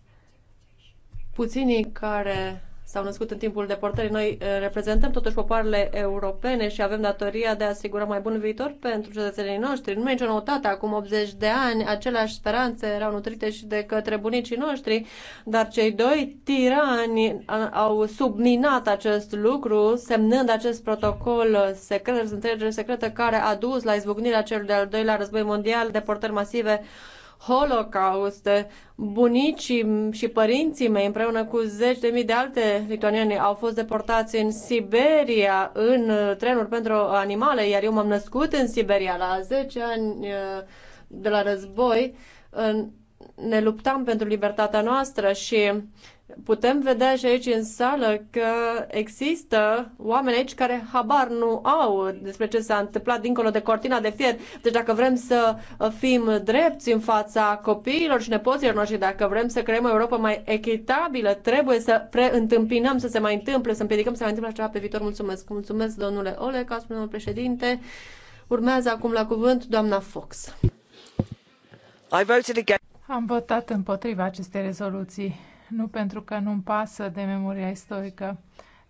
puținii care s-au născut în timpul deportării. Noi uh, reprezentăm totuși popoarele europene și avem datoria de a asigura mai bun viitor pentru cetățenii noștri. Nu e nicio noutate, acum 80 de ani aceleași speranțe erau nutrite și de către bunicii noștri, dar cei doi tirani uh, au subminat acest lucru, semnând acest protocol secret, înțelegere secretă care a dus la izbucnirea celui de-al doilea război mondial, deportări masive Holocaust, Bunicii și părinții mei, împreună cu zeci de mii de alte lituanieni, au fost deportați în Siberia, în uh, trenuri pentru animale, iar eu m-am născut în Siberia la 10 ani uh, de la război. Uh, ne luptam pentru libertatea noastră și Putem vedea și aici în sală că există oameni aici care habar nu au despre ce s-a întâmplat dincolo de cortina de fier. Deci dacă vrem să fim drepți în fața copiilor și nepoților noștri, dacă vrem să creăm o Europa mai echitabilă, trebuie să preîntâmpinăm să se mai întâmple, să împiedicăm să mai întâmple ceva pe viitor. Mulțumesc! Mulțumesc, domnule Ole, ca spune domnul președinte. Urmează acum la cuvânt doamna Fox. I voted against. Am votat împotriva acestei rezoluții nu pentru că nu-mi pasă de memoria istorică,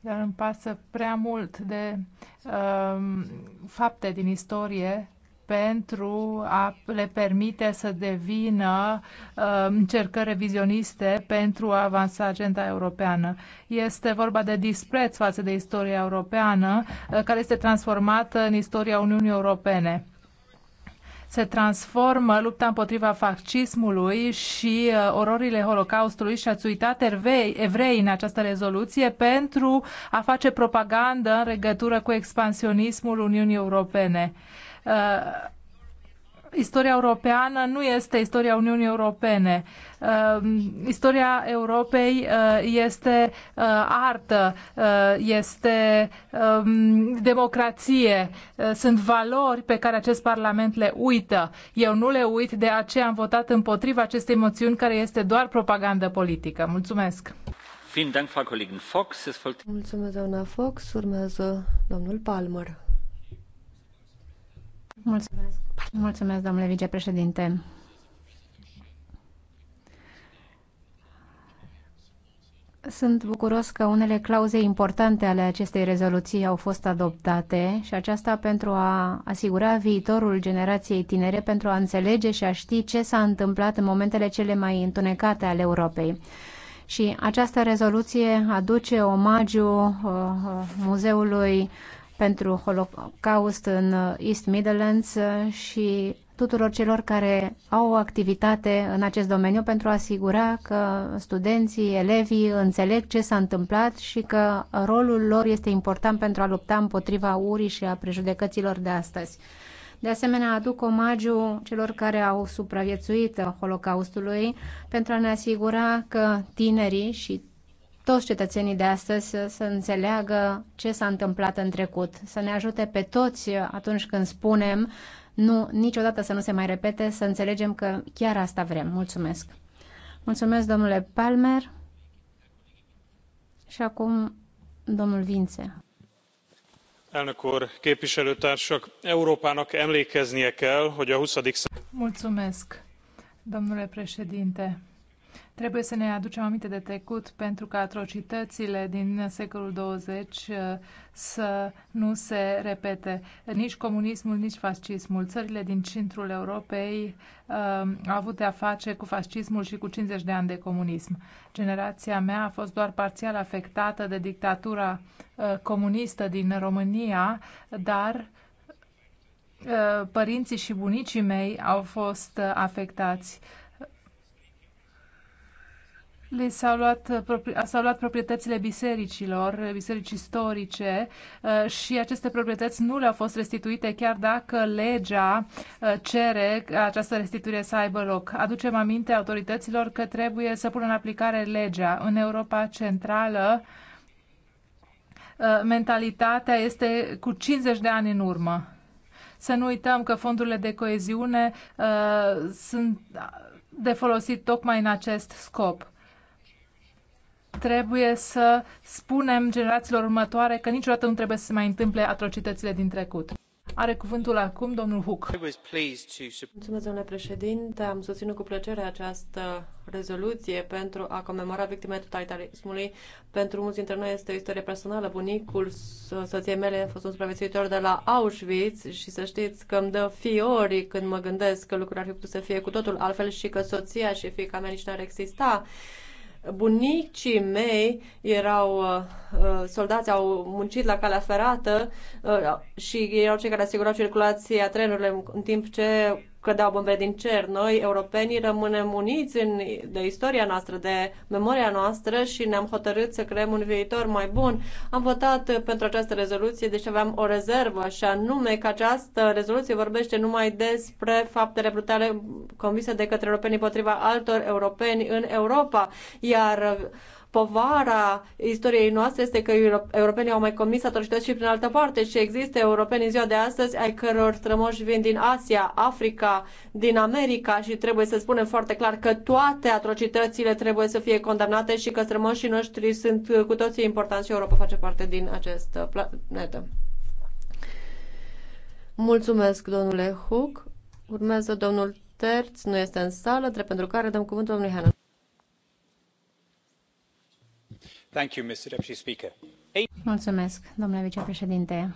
dar îmi pasă prea mult de um, uh, fapte din istorie pentru a le permite să devină uh, încercări revizioniste pentru a avansa agenda europeană. Este vorba de dispreț față de istoria europeană, uh, care este transformată în istoria Uniunii Europene se transformă lupta împotriva fascismului și uh, ororile Holocaustului și ați uitat ervei, evrei în această rezoluție pentru a face propagandă în legătură cu expansionismul Uniunii Europene. Uh, istoria europeană nu este istoria Uniunii Europene. Uh, istoria Europei uh, este uh, artă, este um, democrație, sunt valori pe care acest Parlament le uită. Eu nu le uit, de aceea am votat împotriva acestei moțiuni care este doar propagandă politică. Mulțumesc! Mulțumesc, doamna Fox. Urmează domnul Palmer. Mulțumesc. Mulțumesc, domnule vicepreședinte. Sunt bucuros că unele clauze importante ale acestei rezoluții au fost adoptate și aceasta pentru a asigura viitorul generației tinere pentru a înțelege și a ști ce s-a întâmplat în momentele cele mai întunecate ale Europei. Și această rezoluție aduce omagiu uh, uh muzeului uh, pentru Holocaust în East Midlands și tuturor celor care au o activitate în acest domeniu pentru a asigura că studenții, elevii înțeleg ce s-a întâmplat și că rolul lor este important pentru a lupta împotriva urii și a prejudecăților de astăzi. De asemenea, aduc omagiu celor care au supraviețuit Holocaustului pentru a ne asigura că tinerii și toți cetățenii de astăzi să, să înțeleagă ce s-a întâmplat în trecut, să ne ajute pe toți atunci când spunem nu, niciodată să nu se mai repete, să înțelegem că chiar asta vrem. Mulțumesc! Mulțumesc, domnule Palmer. Și acum, domnul Vințe. Elnök úr, képviselőtársak, Európának emlékeznie kell, hogy a 20. Mulțumesc, domnule președinte. Trebuie să ne aducem aminte de trecut pentru ca atrocitățile din secolul 20 uh, să nu se repete. Nici comunismul, nici fascismul. Țările din centrul Europei uh, au avut de-a face cu fascismul și cu 50 de ani de comunism. Generația mea a fost doar parțial afectată de dictatura uh, comunistă din România, dar uh, părinții și bunicii mei au fost uh, afectați. Le s-au luat, uh, s-au luat proprietățile bisericilor, uh, biserici istorice uh, și aceste proprietăți nu le-au fost restituite chiar dacă legea cere această restituire să aibă loc. Aducem aminte autorităților că trebuie să pună în aplicare legea. În Europa Centrală mentalitatea este cu 50 de ani în urmă. Să nu uităm că fondurile de coeziune uh, sunt de folosit tocmai în acest scop trebuie să spunem generațiilor următoare că niciodată nu trebuie să se mai întâmple atrocitățile din trecut. Are cuvântul acum domnul Huc. Mulțumesc, domnule președinte. Am susținut cu plăcere această rezoluție pentru a comemora victimele totalitarismului. Pentru mulți dintre noi este o istorie personală. Bunicul soției mele a fost un supraviețuitor de la Auschwitz și să știți că îmi dă fiori când mă gândesc că lucrurile ar fi putut să fie cu totul altfel și că soția și fiica mea nici n-ar exista Bunicii mei erau uh, uh soldați, au muncit la calea ferată uh, și erau cei care asigurau circulația trenurilor în timp ce cădeau bombe din cer. Noi, europenii, rămânem uniți în, de istoria noastră, de memoria noastră și ne-am hotărât să creăm un viitor mai bun. Am votat pentru această rezoluție, deși aveam o rezervă și anume că această rezoluție vorbește numai despre faptele brutale convise de către europenii împotriva altor europeni în Europa, iar povara istoriei noastre este că europenii au mai comis atrocități și prin altă parte și există europeni în ziua de astăzi ai căror strămoși vin din Asia, Africa, din America și trebuie să spunem foarte clar că toate atrocitățile trebuie să fie condamnate și că strămoșii noștri sunt cu toții importanți și Europa face parte din această uh, planetă. Mulțumesc, domnule Huc. Urmează domnul Terț, nu este în sală, drept pentru care dăm cuvântul domnului Hanan. domnule vicepreședinte.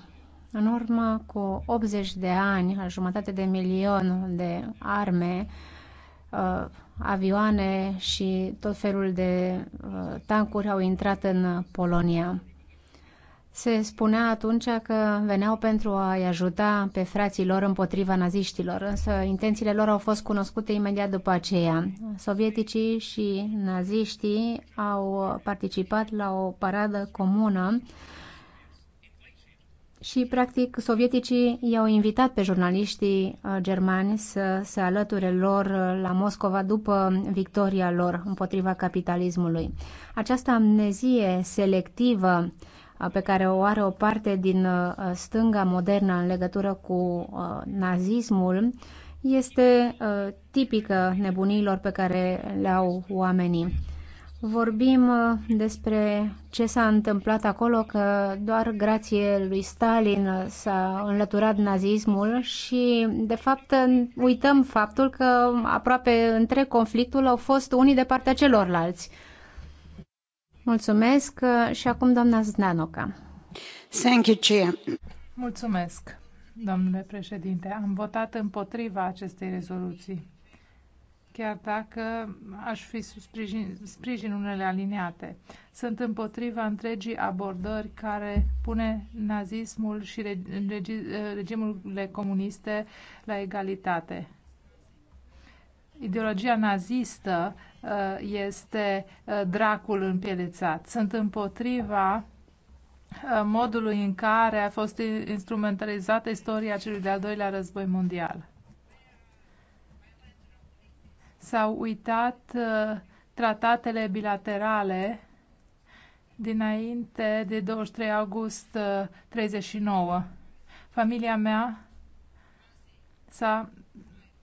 În urmă cu 80 de ani, jumătate de milion de arme, uh, avioane și tot felul de uh, tancuri au intrat în Polonia. Se spunea atunci că veneau pentru a-i ajuta pe frații lor împotriva naziștilor, însă intențiile lor au fost cunoscute imediat după aceea. Sovieticii și naziștii au participat la o paradă comună și, practic, sovieticii i-au invitat pe jurnaliștii uh, germani să se alăture lor la Moscova după victoria lor împotriva capitalismului. Această amnezie selectivă pe care o are o parte din uh, stânga modernă în legătură cu uh, nazismul este uh, tipică nebunilor pe care le au oamenii. Vorbim despre ce s-a întâmplat acolo, că doar grație lui Stalin s-a înlăturat nazismul și, de fapt, uităm faptul că aproape între conflictul au fost unii de partea celorlalți. Mulțumesc și acum doamna Zdanoca. Thank you, Chair. Mulțumesc, domnule președinte. Am votat împotriva acestei rezoluții, chiar dacă aș fi sprijin, sprijin unele alineate. Sunt împotriva întregii abordări care pune nazismul și regi, regimurile comuniste la egalitate Ideologia nazistă uh, este uh, dracul împielețat. Sunt împotriva uh, modului în care a fost instrumentalizată istoria celui de-al doilea război mondial. S-au uitat tratatele bilaterale dinainte de 23 august 39. Familia mea s-a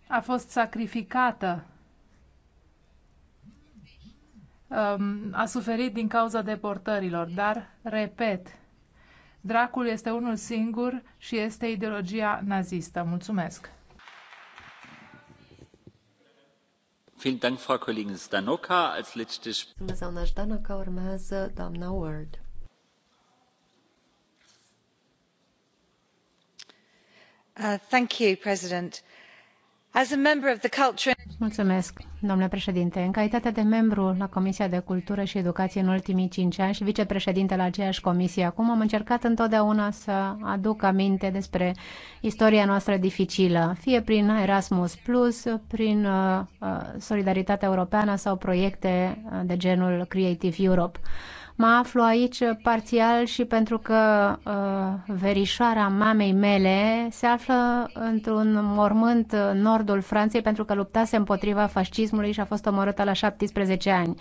a fost sacrificată, um, a suferit din cauza deportărilor, dar, repet, dracul este unul singur și este ideologia nazistă. Mulțumesc! Mulțumesc, doamna Zdanoka. Urmează doamna Ward. Uh, thank you, President. Mulțumesc, domnule președinte. În calitate de membru la Comisia de Cultură și Educație în ultimii cinci ani și vicepreședinte la aceeași comisie acum, am încercat întotdeauna să aduc aminte despre istoria noastră dificilă, fie prin Erasmus Plus, prin uh, uh, Solidaritatea Europeană sau proiecte uh, de genul Creative Europe. Mă aflu aici parțial și pentru că uh, verișoara mamei mele se află într-un mormânt în nordul Franței pentru că luptase împotriva fascismului și a fost omorâtă la 17 ani.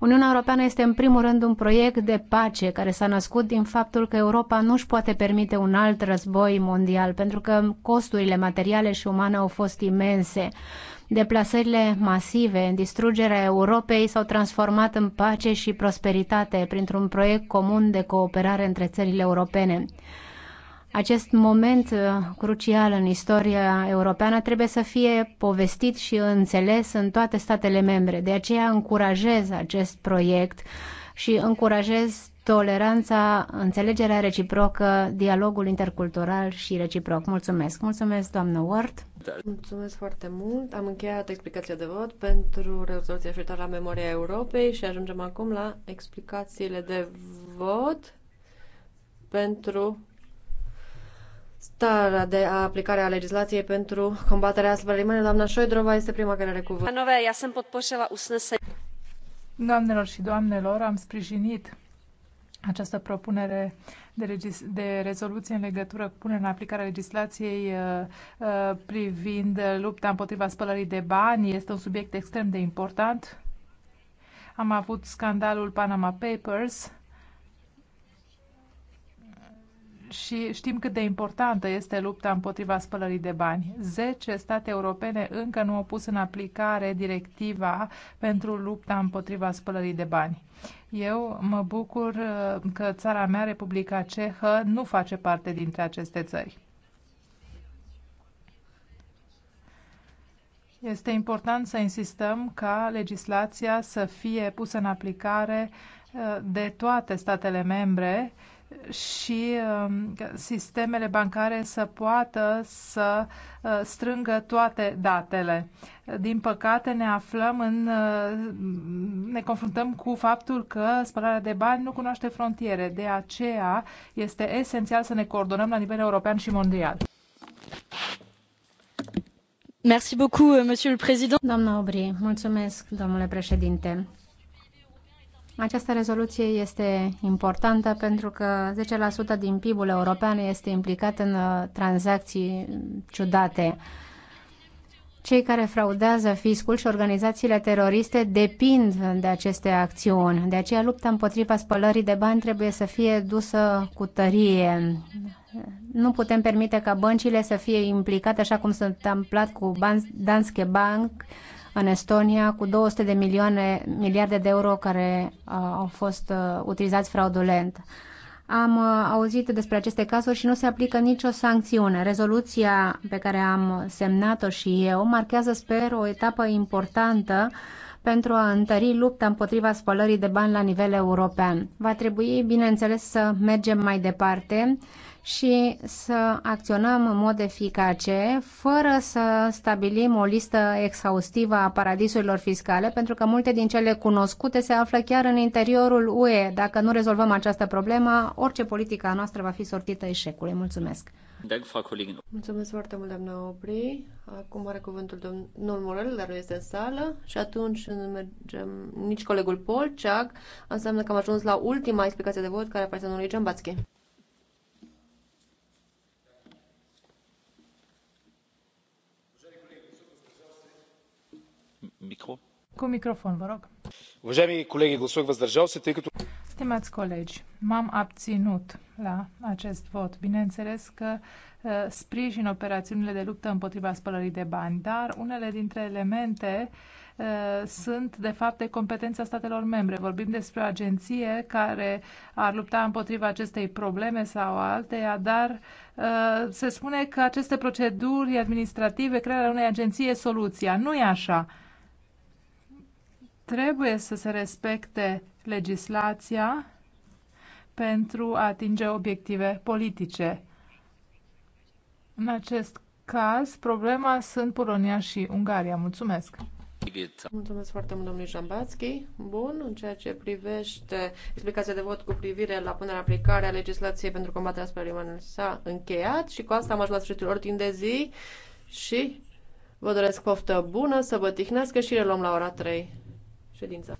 Uniunea Europeană este în primul rând un proiect de pace care s-a născut din faptul că Europa nu își poate permite un alt război mondial pentru că costurile materiale și umane au fost imense. Uh, Deplasările masive, distrugerea Europei s-au transformat în pace și prosperitate printr-un proiect comun de cooperare între țările europene. Acest moment uh, crucial în istoria europeană trebuie să fie povestit și înțeles în toate statele membre. De aceea încurajez acest proiect și încurajez toleranța, înțelegerea reciprocă, dialogul intercultural și reciproc. Mulțumesc! Mulțumesc, doamnă Ward! Mulțumesc foarte mult! Am încheiat explicația de vot pentru rezoluția referitoare la memoria Europei și ajungem acum la explicațiile de vot pentru starea de aplicare a legislației pentru combaterea spălării Doamna Șoidrova este prima care are cuvânt. Doamnelor și doamnelor, am sprijinit această propunere de, de rezoluție în legătură cu punerea în aplicare a legislației uh, uh, privind lupta împotriva spălării de bani este un subiect extrem de important. Am avut scandalul Panama Papers și știm cât de importantă este lupta împotriva spălării de bani. Zece state europene încă nu au pus în aplicare directiva pentru lupta împotriva spălării de bani. Eu mă bucur uh, că țara mea, Republica Cehă, nu face parte dintre aceste țări. Este important să insistăm ca legislația să fie pusă în aplicare uh, de toate statele membre și um, sistemele bancare să poată să uh, strângă toate datele. Din păcate ne aflăm în, uh, ne confruntăm cu faptul că spălarea de bani nu cunoaște frontiere. De aceea este esențial să ne coordonăm la nivel european și mondial. Merci beaucoup, euh, Monsieur le Président. Doamna Obri, mulțumesc, domnule președinte. Această rezoluție este importantă pentru că 10% din PIB-ul european este implicat în uh, tranzacții ciudate. Cei care fraudează fiscul și organizațiile teroriste depind de aceste acțiuni. De aceea lupta împotriva spălării de bani trebuie să fie dusă cu tărie. Nu putem permite ca băncile să fie implicate așa cum s-a întâmplat cu Danske Bank, în Estonia cu 200 de milioane, miliarde de euro care uh, au fost uh, utilizați fraudulent. Am uh, auzit despre aceste cazuri și nu se aplică nicio sancțiune. Rezoluția pe care am semnat-o și eu marchează, sper, o etapă importantă pentru a întări lupta împotriva spălării de bani la nivel european. Va trebui, bineînțeles, să mergem mai departe și să acționăm în mod eficace, fără să stabilim o listă exhaustivă a paradisurilor fiscale, pentru că multe din cele cunoscute se află chiar în interiorul UE. Dacă nu rezolvăm această problemă, orice politică a noastră va fi sortită eșecului. Mulțumesc! Mulțumesc foarte mult, doamna Opri. Acum are cuvântul domnul Morel, dar nu este în sală și atunci nu mergem nici colegul Polciac. Înseamnă că am ajuns la ultima explicație de vot care aparține domnului Giambatski. Cu microfon, vă rog. Stimați colegi, m-am abținut la acest vot. Bineînțeles că uh, sprijin operațiunile de luptă împotriva spălării de bani, dar unele dintre elemente uh, sunt, de fapt, de competența statelor membre. Vorbim despre o agenție care ar lupta împotriva acestei probleme sau alteia, dar uh, se spune că aceste proceduri administrative, crearea unei agenții e soluția. Nu e așa Trebuie să se respecte legislația pentru a atinge obiective politice. În acest caz, problema sunt Polonia și Ungaria. Mulțumesc! Mulțumesc foarte mult, domnului Jambatski. Bun, în ceea ce privește explicația de vot cu privire la punerea aplicare a legislației pentru combaterea spălării s-a încheiat și cu asta am ajuns la sfârșitul ordinii de zi și vă doresc poftă bună, să vă tihnească și reluăm la ora 3 ședință.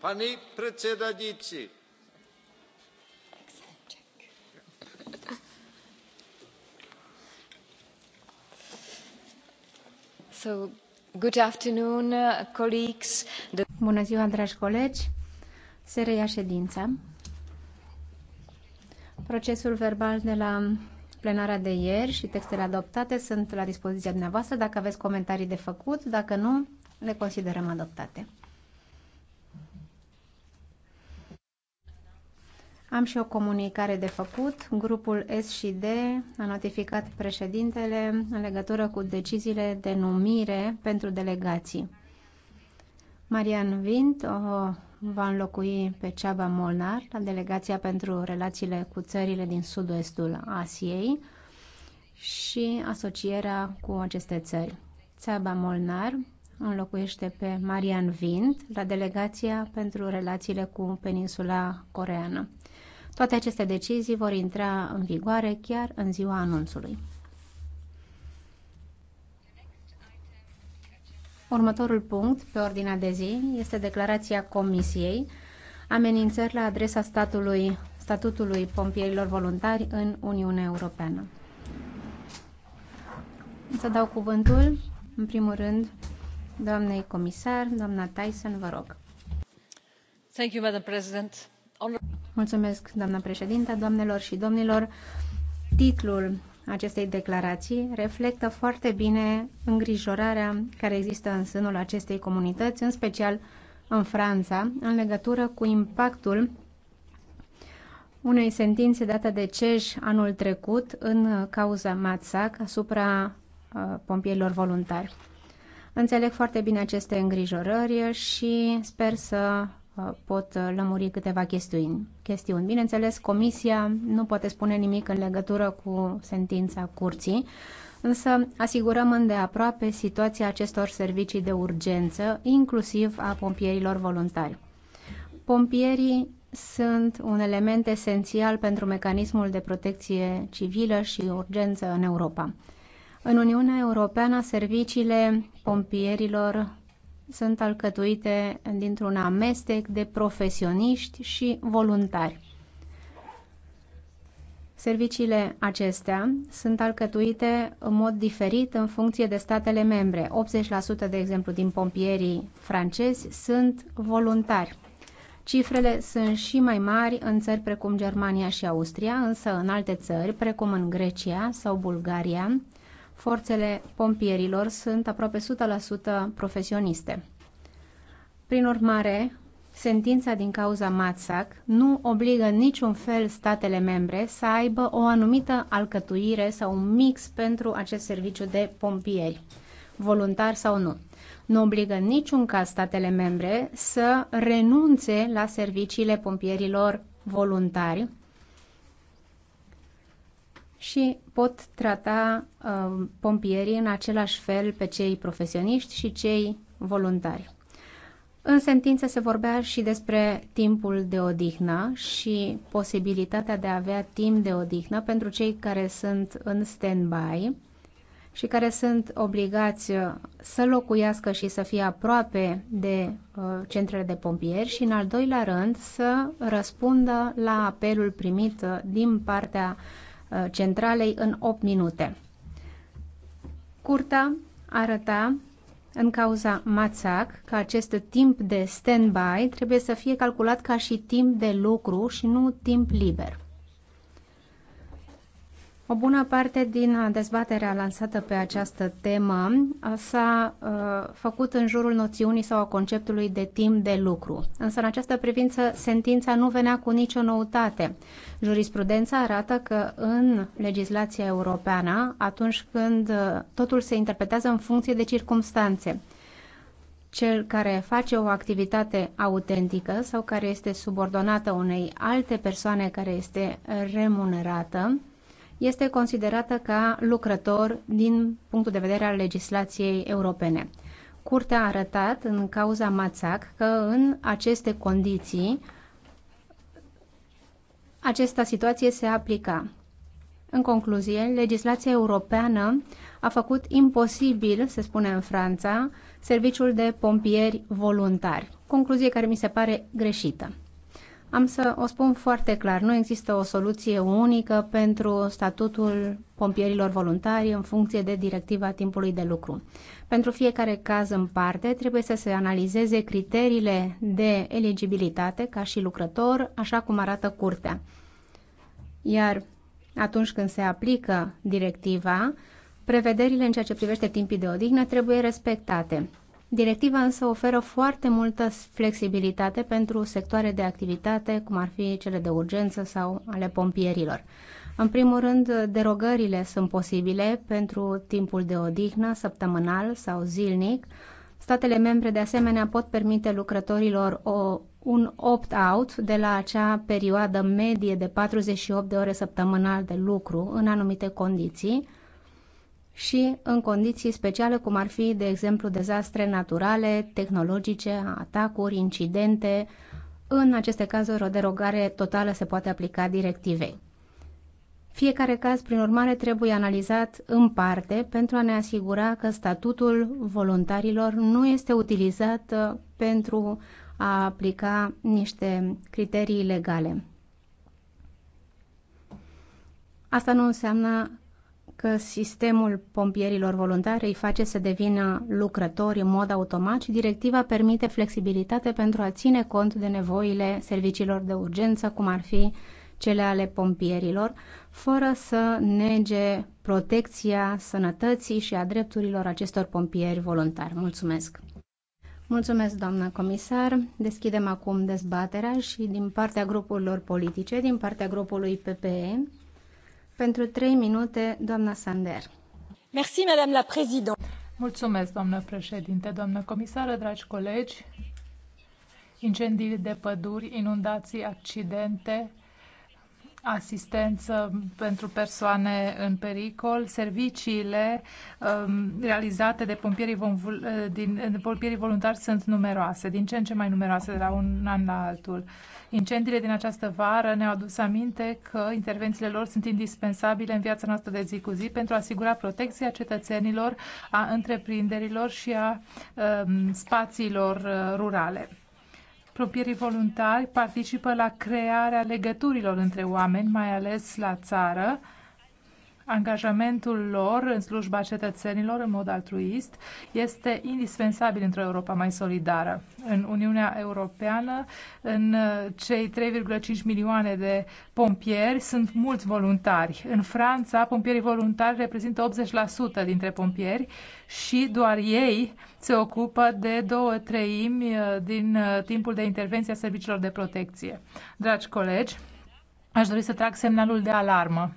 Pani predsedajúci. So, good afternoon, uh, colleagues. Bună ziua, dragi colegi. Se reia ședința. Procesul verbal de la plenara de ieri și textele adoptate sunt la dispoziția dumneavoastră dacă aveți comentarii de făcut, dacă nu, le considerăm adoptate. Am și o comunicare de făcut. Grupul S și D a notificat președintele în legătură cu deciziile de numire pentru delegații. Marian Vint o va înlocui pe Ceaba Molnar la delegația pentru relațiile cu țările din sud-estul Asiei și asocierea cu aceste țări. Ceaba Molnar înlocuiește pe Marian Vint la delegația pentru relațiile cu peninsula coreeană. Toate aceste decizii vor intra în vigoare chiar în ziua anunțului. Următorul punct pe ordinea de zi este declarația Comisiei amenințări la adresa statului, statutului pompierilor voluntari în Uniunea Europeană. Să dau cuvântul, în primul rând, doamnei comisar, doamna Tyson, vă rog. Thank you, Madam President. Mulțumesc, doamna președintă, doamnelor și domnilor. Titlul acestei declarații reflectă foarte bine îngrijorarea care există în sânul acestei comunități, în special în Franța, în legătură cu impactul unei sentințe date de CEJ anul trecut în cauza Matsac asupra uh, pompierilor voluntari. Înțeleg foarte bine aceste îngrijorări și sper să pot lămuri câteva chestiuni. chestiuni. Bineînțeles, Comisia nu poate spune nimic în legătură cu sentința curții, însă asigurăm îndeaproape situația acestor servicii de urgență, inclusiv a pompierilor voluntari. Pompierii sunt un element esențial pentru mecanismul de protecție civilă și urgență în Europa. În Uniunea Europeană, serviciile pompierilor sunt alcătuite dintr-un amestec de profesioniști și voluntari. Serviciile acestea sunt alcătuite în mod diferit în funcție de statele membre. 80% de exemplu din pompierii francezi sunt voluntari. Cifrele sunt și mai mari în țări precum Germania și Austria, însă în alte țări, precum în Grecia sau Bulgaria, forțele pompierilor sunt aproape 100% profesioniste. Prin urmare, sentința din cauza Matsac nu obligă niciun fel statele membre să aibă o anumită alcătuire sau un mix pentru acest serviciu de pompieri, voluntar sau nu. Nu obligă niciun caz statele membre să renunțe la serviciile pompierilor voluntari și pot trata uh, pompierii în același fel pe cei profesioniști și cei voluntari. În sentință se vorbea și despre timpul de odihnă și posibilitatea de a avea timp de odihnă pentru cei care sunt în stand-by și care sunt obligați să locuiască și să fie aproape de uh, centrele de pompieri și, în al doilea rând, să răspundă la apelul primit uh, din partea uh, Uh, centralei în 8 minute. Curta arăta în cauza Mațac că acest timp de stand-by trebuie să fie calculat ca și timp de lucru și nu timp liber. O bună parte din dezbaterea lansată pe această temă s-a uh, făcut în jurul noțiunii sau a conceptului de timp de lucru. Însă, în această privință, sentința nu venea cu nicio noutate. Jurisprudența arată că în legislația europeană, atunci când uh, totul se interpretează în funcție de circumstanțe, cel care face o activitate autentică sau care este subordonată unei alte persoane care este remunerată, este considerată ca lucrător din punctul de vedere al legislației europene. Curtea a arătat în cauza Mațac că în aceste condiții această situație se aplica. În concluzie, legislația europeană a făcut imposibil, se spune în Franța, serviciul de pompieri voluntari. Concluzie care mi se pare greșită. Am să o spun foarte clar, nu există o soluție unică pentru statutul pompierilor voluntari în funcție de directiva timpului de lucru. Pentru fiecare caz în parte trebuie să se analizeze criteriile de eligibilitate ca și lucrător, așa cum arată curtea. Iar atunci când se aplică directiva, prevederile în ceea ce privește timpii de odihnă trebuie respectate. Directiva însă oferă foarte multă flexibilitate pentru sectoare de activitate, cum ar fi cele de urgență sau ale pompierilor. În primul rând, derogările sunt posibile pentru timpul de odihnă săptămânal sau zilnic. Statele membre, de asemenea, pot permite lucrătorilor o, un opt-out de la acea perioadă medie de 48 de ore săptămânal de lucru în anumite condiții, și în condiții speciale, cum ar fi, de exemplu, dezastre naturale, tehnologice, atacuri, incidente. În aceste cazuri, o derogare totală se poate aplica directivei. Fiecare caz, prin urmare, trebuie analizat în parte pentru a ne asigura că statutul voluntarilor nu este utilizat uh, pentru a aplica niște criterii legale. Asta nu înseamnă că sistemul pompierilor voluntari îi face să devină lucrători în mod automat și directiva permite flexibilitate pentru a ține cont de nevoile serviciilor de urgență, cum ar fi cele ale pompierilor, fără să nege protecția sănătății și a drepturilor acestor pompieri voluntari. Mulțumesc! Mulțumesc, doamnă comisar. Deschidem acum dezbaterea și din partea grupurilor politice, din partea grupului PPE, pentru 3 minute, doamna Sander. Merci, madame la présidente. Mulțumesc, doamnă președinte, doamnă comisară, dragi colegi. Incendii de păduri, inundații, accidente, asistență pentru persoane în pericol, serviciile um, realizate de pompierii, vom, din, de pompierii voluntari sunt numeroase, din ce în ce mai numeroase de la un an la altul. Incendiile din această vară ne-au adus aminte că intervențiile lor sunt indispensabile în viața noastră de zi cu zi pentru a asigura protecția cetățenilor, a întreprinderilor și a um, spațiilor uh, rurale. Apropierii voluntari participă la crearea legăturilor între oameni, mai ales la țară, angajamentul lor în slujba cetățenilor în mod altruist este indispensabil într-o Europa mai solidară. În Uniunea Europeană, în cei 3,5 milioane de pompieri, sunt mulți voluntari. În Franța, pompierii voluntari reprezintă 80% dintre pompieri și doar ei se ocupă de două treimi uh, din uh, timpul de intervenție a serviciilor de protecție. Dragi colegi, aș dori să trag semnalul de alarmă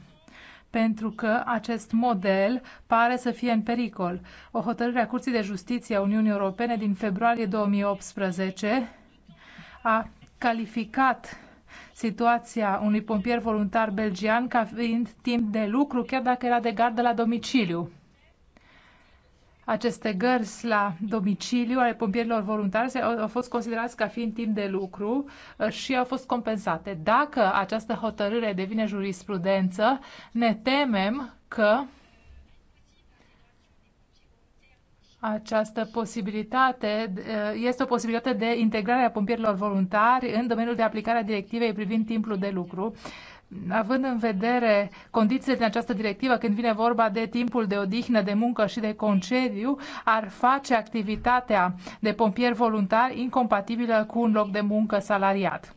pentru că acest model pare să fie în pericol. O hotărâre a Curții de Justiție a Uniunii Europene din februarie 2018 a calificat situația unui pompier voluntar belgian ca fiind timp de lucru, chiar dacă era de gardă la domiciliu. Aceste gărzi la domiciliu ale pompierilor voluntari au fost considerați ca fiind timp de lucru uh, și au fost compensate. Dacă această hotărâre devine jurisprudență, ne temem că această posibilitate uh, este o posibilitate de integrare a pompierilor voluntari în domeniul de aplicare a directivei privind timpul de lucru având în vedere condițiile din această directivă, când vine vorba de timpul de odihnă, de muncă și de concediu, ar face activitatea de pompier voluntar incompatibilă cu un loc de muncă salariat.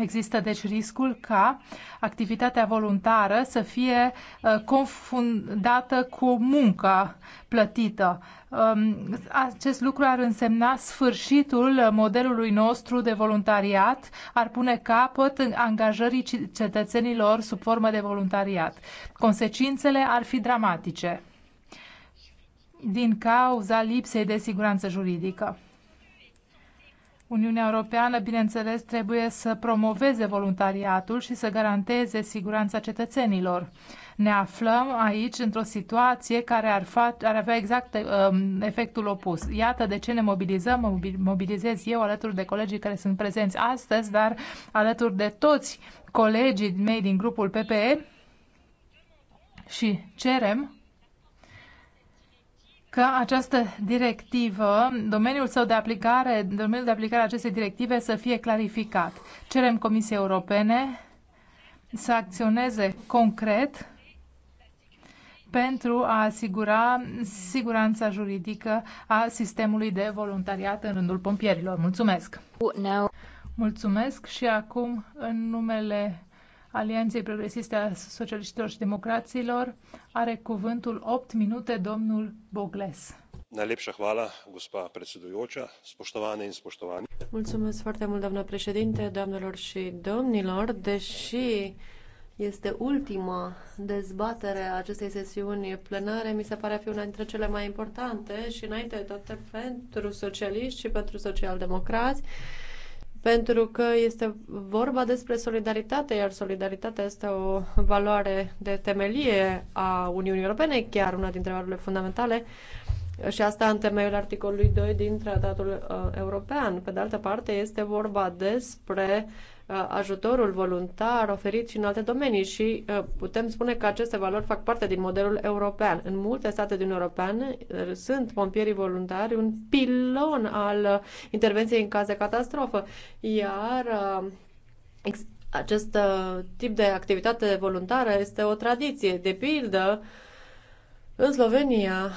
Există deci riscul ca activitatea voluntară să fie uh, confundată cu munca plătită Um, acest lucru ar însemna sfârșitul modelului nostru de voluntariat, ar pune capăt angajării cetățenilor sub formă de voluntariat. Consecințele ar fi dramatice din cauza lipsei de siguranță juridică. Uniunea Europeană, bineînțeles, trebuie să promoveze voluntariatul și să garanteze siguranța cetățenilor. Ne aflăm aici într-o situație care ar, face, ar avea exact um, efectul opus. Iată de ce ne mobilizăm, mă mobilizez eu alături de colegii care sunt prezenți astăzi, dar alături de toți colegii mei din grupul PPE și cerem că această directivă, domeniul său de aplicare, domeniul de aplicare a acestei directive să fie clarificat. Cerem Comisiei Europene să acționeze concret pentru a asigura siguranța juridică a sistemului de voluntariat în rândul pompierilor. Mulțumesc! Now. Mulțumesc și acum, în numele Alianței Progresiste a Socialiștilor și Democraților, are cuvântul 8 minute domnul Bogles. Najlepša hvala, gospa predsedujoča, spoštovane in spoštovani. Mulțumesc foarte mult, doamnă președinte, doamnelor și domnilor, deși este ultima dezbatere a acestei sesiuni plenare. Mi se pare a fi una dintre cele mai importante și înainte de toate pentru socialiști și pentru socialdemocrați pentru că este vorba despre solidaritate, iar solidaritatea este o valoare de temelie a Uniunii Europene, chiar una dintre valorile fundamentale, și asta în temeiul articolului 2 din Tratatul uh, European. Pe de altă parte, este vorba despre uh, Uh, ajutorul voluntar oferit și în alte domenii și uh, putem spune că aceste valori fac parte din modelul european. În multe state din European uh, sunt pompierii voluntari un pilon al intervenției în caz de catastrofă, iar acest tip de activitate voluntară este o tradiție. De pildă, în Slovenia,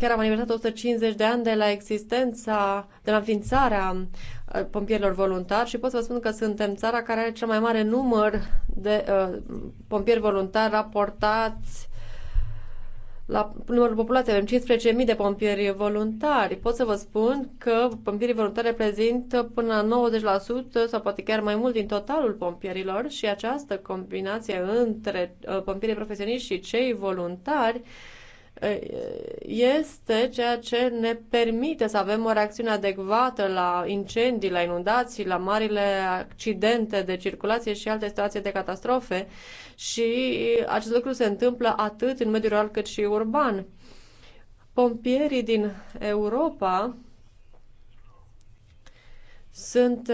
chiar am aniversat 150 de ani de la existența, de la înființarea pompierilor voluntari și pot să vă spun că suntem țara care are cel mai mare număr de uh, pompieri voluntari raportați la numărul populației. Avem 15.000 de pompieri voluntari. Pot să vă spun că pompierii voluntari reprezintă până la 90% sau poate chiar mai mult din totalul pompierilor și această combinație între uh, pompierii profesioniști și cei voluntari uh, este ceea ce ne permite să avem o reacțiune adecvată la incendii, la inundații, la marile accidente de circulație și alte situații de catastrofe și acest lucru se întâmplă atât în mediul rural cât și urban. Pompierii din Europa sunt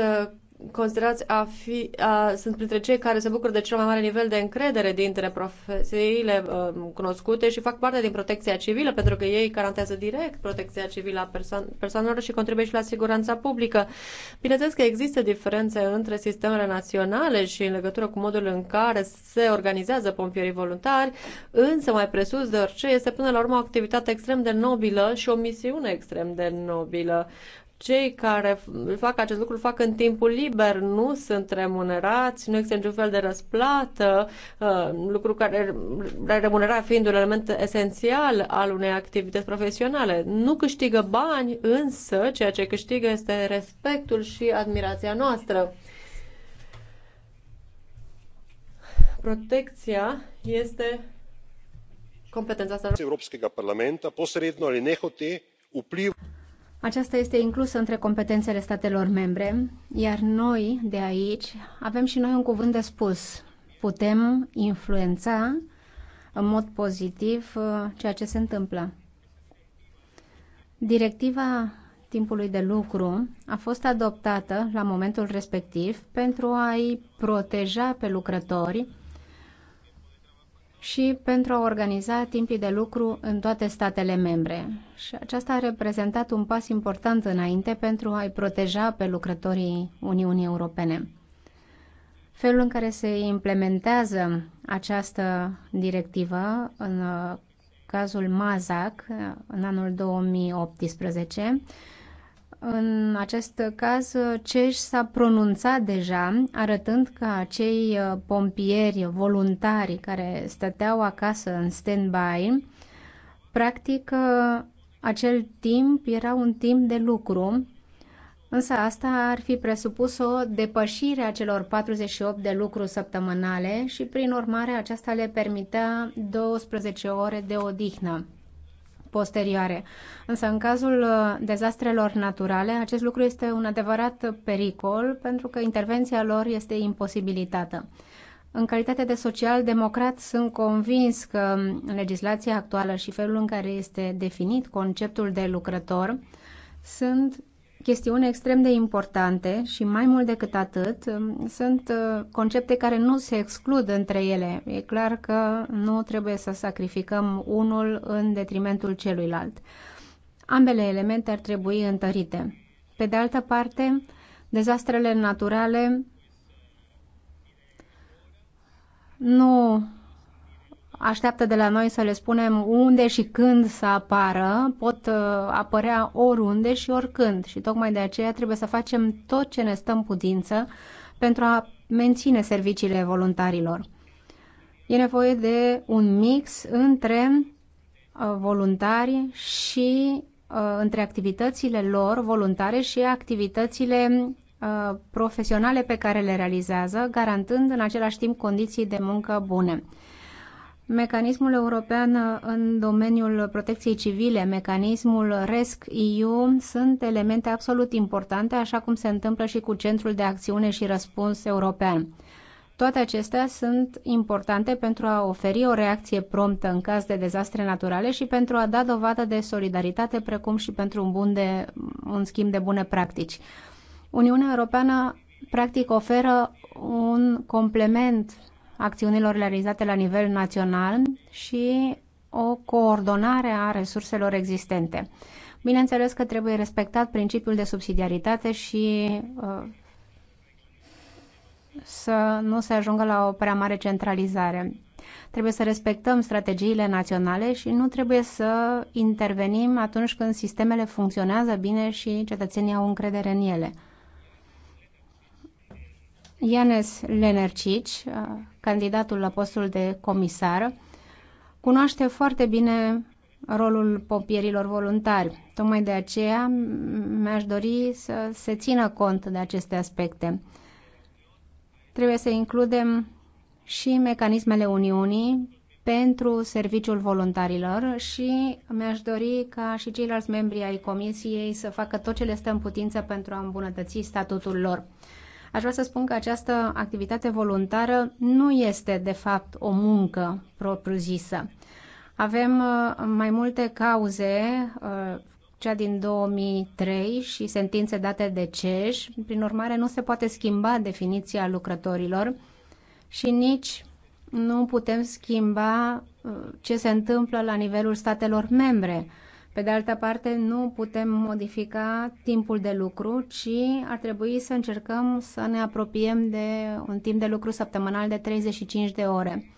considerați a fi, a, sunt printre cei care se bucură de cel mai mare nivel de încredere dintre profesiile a, uh, cunoscute și fac parte din protecția civilă, pentru că ei garantează direct protecția civilă a perso- persoanelor și contribuie și la siguranța publică. Bineînțeles că există diferențe între sistemele naționale și în legătură cu modul în care se organizează pompierii voluntari, însă mai presus de orice este până la urmă o activitate extrem de nobilă și o misiune extrem de nobilă cei care fac acest lucru fac în timpul liber, nu sunt remunerați, nu există niciun fel de răsplată, uh, lucru care remunerarea fiind un element esențial al unei activități profesionale. Nu câștigă bani, însă ceea ce câștigă este respectul și admirația noastră. Protecția este competența asta. Europskega parlamenta posredno ali nehote upliv. Aceasta este inclusă între competențele statelor membre, iar noi de aici avem și noi un cuvânt de spus. Putem influența în mod pozitiv uh, ceea ce se întâmplă. Directiva timpului de lucru a fost adoptată la momentul respectiv pentru a-i proteja pe lucrători și pentru a organiza timpii de lucru în toate statele membre. Și aceasta a reprezentat un pas important înainte pentru a-i proteja pe lucrătorii Uniunii Europene. Felul în care se implementează această directivă în cazul Mazac în anul 2018 în acest caz, CEJ s-a pronunțat deja, arătând că acei uh, pompieri voluntari care stăteau acasă în stand-by, practic uh, acel timp era un timp de lucru, însă asta ar fi presupus o depășire a celor 48 de lucru săptămânale și, prin urmare, aceasta le permitea 12 ore de odihnă posterioare. Însă în cazul uh, dezastrelor naturale, acest lucru este un adevărat pericol pentru că intervenția lor este imposibilitată. În calitate de social-democrat sunt convins că um, legislația actuală și felul în care este definit conceptul de lucrător sunt chestiuni extrem de importante și mai mult decât atât sunt uh, concepte care nu se exclud între ele. E clar că nu trebuie să sacrificăm unul în detrimentul celuilalt. Ambele elemente ar trebui întărite. Pe de altă parte, dezastrele naturale nu așteaptă de la noi să le spunem unde și când să apară, pot uh, apărea oriunde și oricând și tocmai de aceea trebuie să facem tot ce ne stă în putință pentru a menține serviciile voluntarilor. E nevoie de un mix între uh, voluntari și uh, între activitățile lor voluntare și activitățile profesionale pe care le realizează, garantând în același timp condiții de muncă bune. Mecanismul european în domeniul protecției civile, mecanismul RESC-EU sunt elemente absolut importante, așa cum se întâmplă și cu Centrul de Acțiune și Răspuns European. Toate acestea sunt importante pentru a oferi o reacție promptă în caz de dezastre naturale și pentru a da dovadă de solidaritate, precum și pentru un, bun de, un schimb de bune practici. Uniunea Europeană practic oferă un complement acțiunilor realizate la nivel național și o coordonare a resurselor existente. Bineînțeles că trebuie respectat principiul de subsidiaritate și uh, să nu se ajungă la o prea mare centralizare. Trebuie să respectăm strategiile naționale și nu trebuie să intervenim atunci când sistemele funcționează bine și cetățenii au încredere în ele. Ianes Lenercici, uh, candidatul la postul de comisar, cunoaște foarte bine rolul pompierilor voluntari. Tocmai de aceea mi-aș dori să se țină cont de aceste aspecte. Trebuie să includem și mecanismele Uniunii pentru serviciul voluntarilor și mi-aș dori ca și ceilalți membri ai Comisiei să facă tot ce le stă în putință pentru a îmbunătăți statutul lor. Aș vrea să spun că această activitate voluntară nu este, de fapt, o muncă propriu-zisă. Avem uh, mai multe cauze, uh, cea din 2003 și sentințe date de CEJ, prin urmare nu se poate schimba definiția lucrătorilor și nici nu putem schimba uh, ce se întâmplă la nivelul statelor membre pe de altă parte, nu putem modifica timpul de lucru, ci ar trebui să încercăm să ne apropiem de un timp de lucru săptămânal de 35 de ore.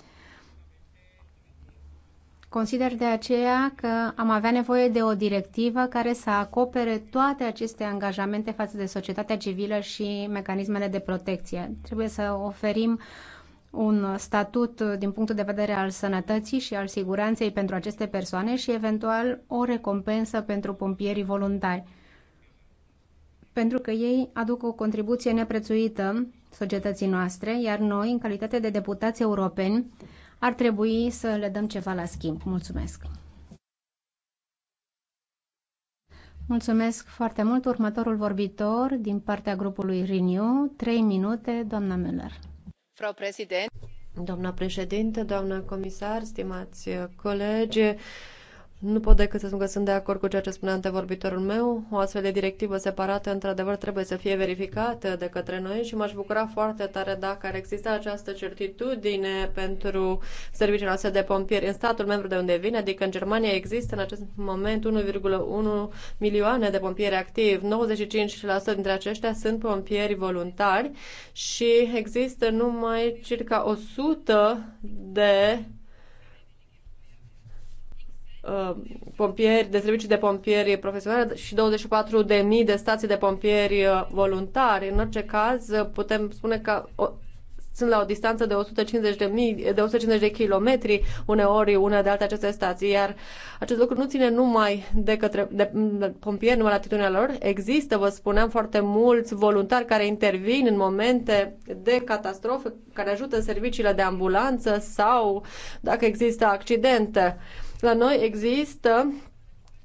Consider de aceea că am avea nevoie de o directivă care să acopere toate aceste angajamente față de societatea civilă și mecanismele de protecție. Trebuie să oferim un statut din punctul de vedere al sănătății și al siguranței pentru aceste persoane și eventual o recompensă pentru pompierii voluntari. Pentru că ei aduc o contribuție neprețuită societății noastre, iar noi, în calitate de deputați europeni, ar trebui să le dăm ceva la schimb. Mulțumesc! Mulțumesc foarte mult. Următorul vorbitor din partea grupului Renew, 3 minute, doamna Müller. Frau Präsident. Doamna președinte, doamna comisar, stimați colegi, nu pot decât să spun că sunt de acord cu ceea ce spunea antevorbitorul meu. O astfel de directivă separată, într-adevăr, trebuie să fie verificată de către noi și m-aș bucura foarte tare dacă ar exista această certitudine pentru serviciul astea de pompieri în statul membru de unde vine, adică în Germania există în acest moment 1,1 milioane de pompieri activi. 95% dintre aceștia sunt pompieri voluntari și există numai circa 100 de Uh, pompieri, de servicii de pompieri profesionale și 24.000 de stații de pompieri uh, voluntari. În orice caz, uh, putem spune că o, sunt la o distanță de 150 de, mii, de 150 de kilometri, uneori una de alta aceste stații, iar acest lucru nu ține numai de, către, de pompieri, numai la atitudinea lor. Există, vă spuneam, foarte mulți voluntari care intervin în momente de catastrofă, care ajută serviciile de ambulanță sau dacă există accidente. Uh, la noi există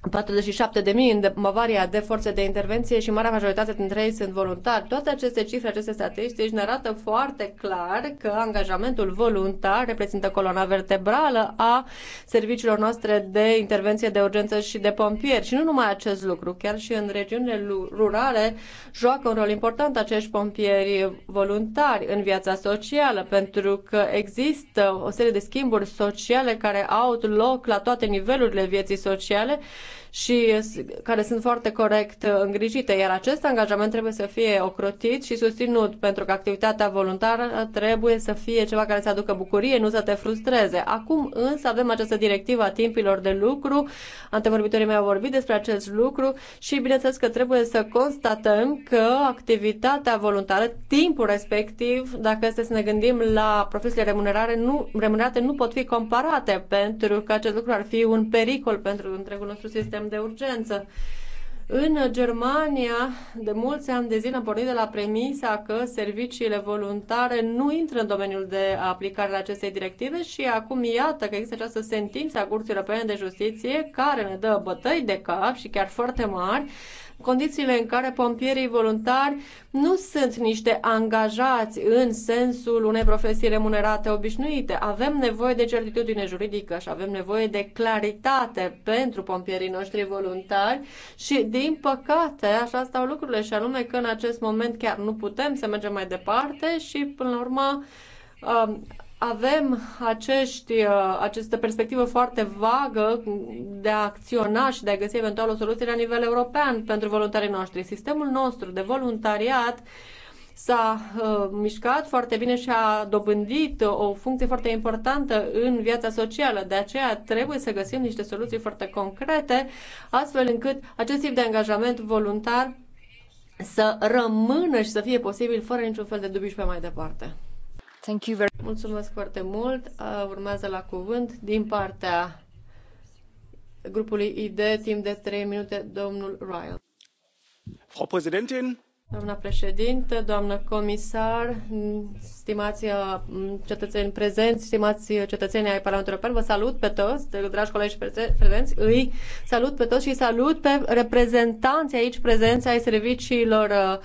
47.000 în Bavaria de forțe de intervenție și marea majoritate dintre ei sunt voluntari. Toate aceste cifre, aceste statistici ne arată foarte clar că angajamentul voluntar reprezintă coloana vertebrală a serviciilor noastre de intervenție de urgență și de pompieri. Și nu numai acest lucru, chiar și în regiunile rurale joacă un rol important acești pompieri voluntari în viața socială, pentru că există o serie de schimburi sociale care au loc la toate nivelurile vieții sociale și care sunt foarte corect îngrijite, iar acest angajament trebuie să fie ocrotit și susținut pentru că activitatea voluntară trebuie să fie ceva care să aducă bucurie, nu să te frustreze. Acum însă avem această directivă a timpilor de lucru, antevorbitorii mei au vorbit despre acest lucru și bineînțeles că trebuie să constatăm că activitatea voluntară, timpul respectiv, dacă este să ne gândim la profesiile remunerare, nu, remunerate, nu pot fi comparate pentru că acest lucru ar fi un pericol pentru întregul nostru sistem sistem de urgență. În Germania, de mulți ani de zile, am pornit de la premisa că serviciile voluntare nu intră în domeniul de aplicare a acestei directive și acum iată că există această sentință a Curții Europene de Justiție care ne dă bătăi de cap și chiar foarte mari condițiile în care pompierii voluntari nu sunt niște angajați în sensul unei profesii remunerate obișnuite. Avem nevoie de certitudine juridică și avem nevoie de claritate pentru pompierii noștri voluntari și, din păcate, așa stau lucrurile și anume că în acest moment chiar nu putem să mergem mai departe și, până la urmă, um, avem acești, uh, această perspectivă foarte vagă de a acționa și de a găsi eventual o soluție la nivel european pentru voluntarii noștri. Sistemul nostru de voluntariat s-a uh, mișcat foarte bine și a dobândit o funcție foarte importantă în viața socială. De aceea trebuie să găsim niște soluții foarte concrete, astfel încât acest tip de angajament voluntar să rămână și să fie posibil fără niciun fel de dubii și pe mai departe. Thank you very Mulțumesc foarte mult. Urmează la cuvânt din partea grupului ID timp de 3 minute domnul Ryle. Frau Präsidentin, Doamna președintă, doamnă comisar, stimați cetățeni prezenți, stimați cetățeni ai Parlamentului European, vă salut pe toți, dragi colegi prezenți, îi salut pe toți și salut pe reprezentanții aici prezenți ai serviciilor uh,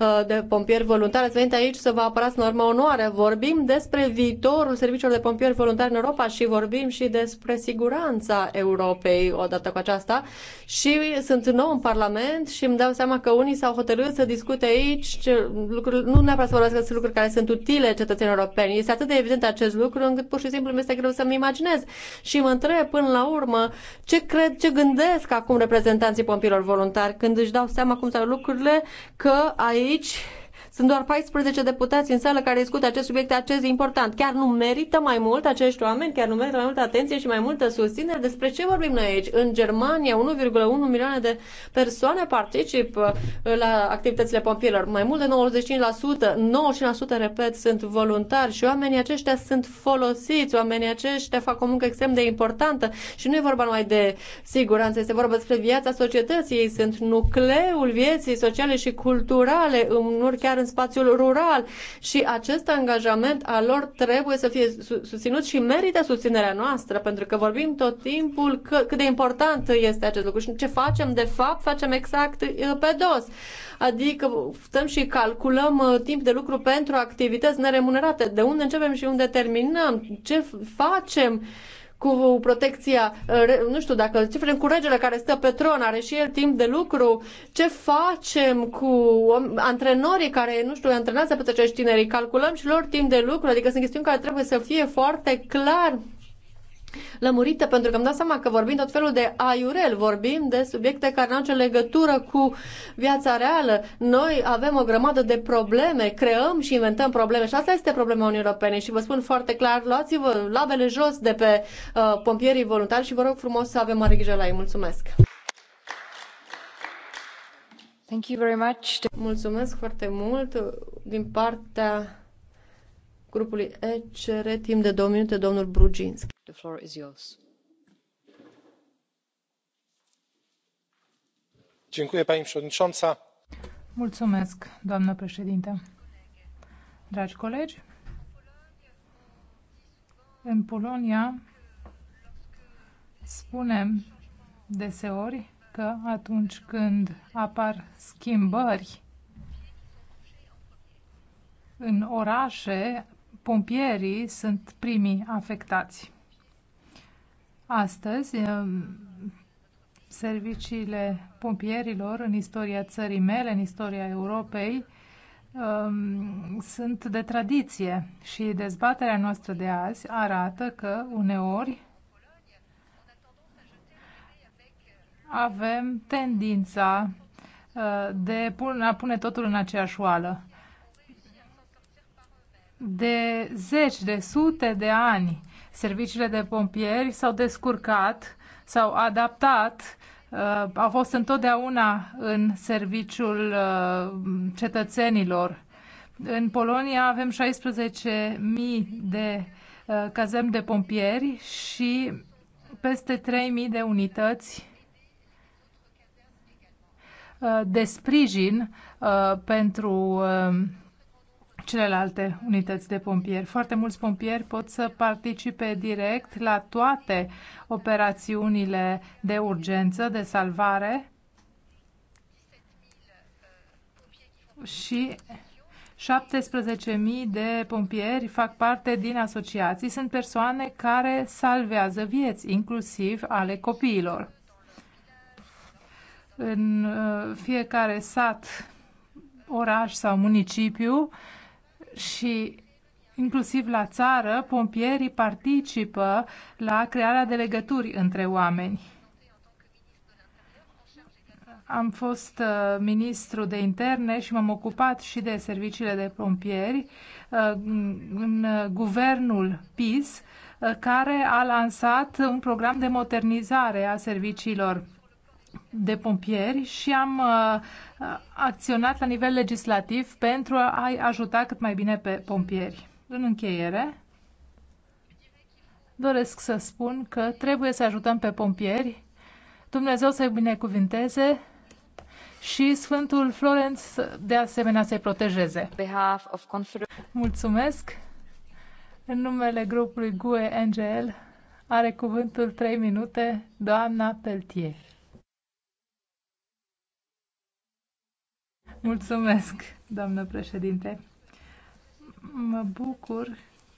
Uh, de pompieri voluntari. Ați venit aici să vă apărați în urmă onoare. Vorbim despre viitorul serviciilor de pompieri voluntari în Europa și vorbim și despre siguranța Europei odată cu aceasta. Și sunt nou în Parlament și îmi dau seama că unii s-au hotărât să discute aici lucruri, nu neapărat să vorbesc despre lucruri care sunt utile cetățenilor europeni. Este atât de evident acest lucru încât pur și simplu mi este greu să-mi imaginez. Și mă întreb până la urmă ce cred, ce gândesc acum reprezentanții pompierilor voluntari când își dau seama cum stau lucrurile că aici aici sunt doar 14 deputați în sală care discută acest subiect acest important. Chiar nu merită mai mult acești oameni, chiar nu merită mai multă atenție și mai multă susținere. Despre ce vorbim noi aici? În Germania, 1,1 milioane de persoane participă uh, la activitățile pompierilor. Mai mult de 95%, 95% repet, sunt voluntari și oamenii aceștia sunt folosiți. Oamenii aceștia fac o muncă extrem de importantă și nu e vorba numai de siguranță, este vorba despre viața societății. Ei sunt nucleul vieții sociale și culturale, în chiar în spațiul rural și acest angajament al lor trebuie să fie susținut și merită susținerea noastră, pentru că vorbim tot timpul că, cât de important este acest lucru și ce facem, de fapt, facem exact pe dos. Adică stăm și calculăm uh, timp de lucru pentru activități neremunerate, de unde începem și unde terminăm, ce facem cu protecția, uh, nu știu dacă ce facem cu regele care stă pe tron, are și el timp de lucru, ce facem cu antrenorii care, nu știu, antrenează pe acești tineri, calculăm și lor timp de lucru, adică sunt chestiuni care trebuie să fie foarte clar lămurite, pentru că îmi dau seama că vorbim tot felul de aiurel, vorbim de subiecte care nu au nicio legătură cu viața reală. Noi avem o grămadă de probleme, creăm și inventăm probleme și asta este problema Uniunii Europene și vă spun foarte clar, luați-vă labele jos de pe uh, pompierii voluntari și vă rog frumos să avem mare grijă la ei. Mulțumesc! Thank you very much. Mulțumesc foarte mult din partea grupului ECR, timp de două minute, domnul Bruginski. The floor is yours. Dziękuję, pani przewodnicząca. Mulțumesc, doamnă președinte. Dragi colegi, în Polonia spunem deseori că atunci când apar schimbări în orașe, pompierii sunt primii afectați. Astăzi, um, serviciile pompierilor în istoria țării mele, în istoria Europei, um, sunt de tradiție și dezbaterea noastră de azi arată că uneori avem tendința uh, de a pune totul în aceeași oală de zeci, de sute de ani, serviciile de pompieri s-au descurcat, s-au adaptat, uh, au fost întotdeauna în serviciul uh, cetățenilor. În Polonia avem 16.000 de uh, cazem de pompieri și peste 3.000 de unități uh, de sprijin uh, pentru uh, celelalte unități de pompieri. Foarte mulți pompieri pot să participe direct la toate operațiunile de urgență, de salvare și 17.000 de pompieri fac parte din asociații. Sunt persoane care salvează vieți, inclusiv ale copiilor. În uh, fiecare sat, oraș sau municipiu și inclusiv la țară, pompierii participă la crearea de legături între oameni. Am fost uh, ministru de interne și m-am ocupat și de serviciile de pompieri uh, în uh, guvernul PIS, uh, care a lansat un program de modernizare a serviciilor de pompieri și am uh, acționat la nivel legislativ pentru a-i ajuta cât mai bine pe pompieri. În încheiere, doresc să spun că trebuie să ajutăm pe pompieri. Dumnezeu să-i binecuvinteze și Sfântul Florenț de asemenea să-i protejeze. Mulțumesc! În numele grupului GUE-NGL are cuvântul 3 minute doamna Peltier. Mulțumesc, doamnă președinte. Mă bucur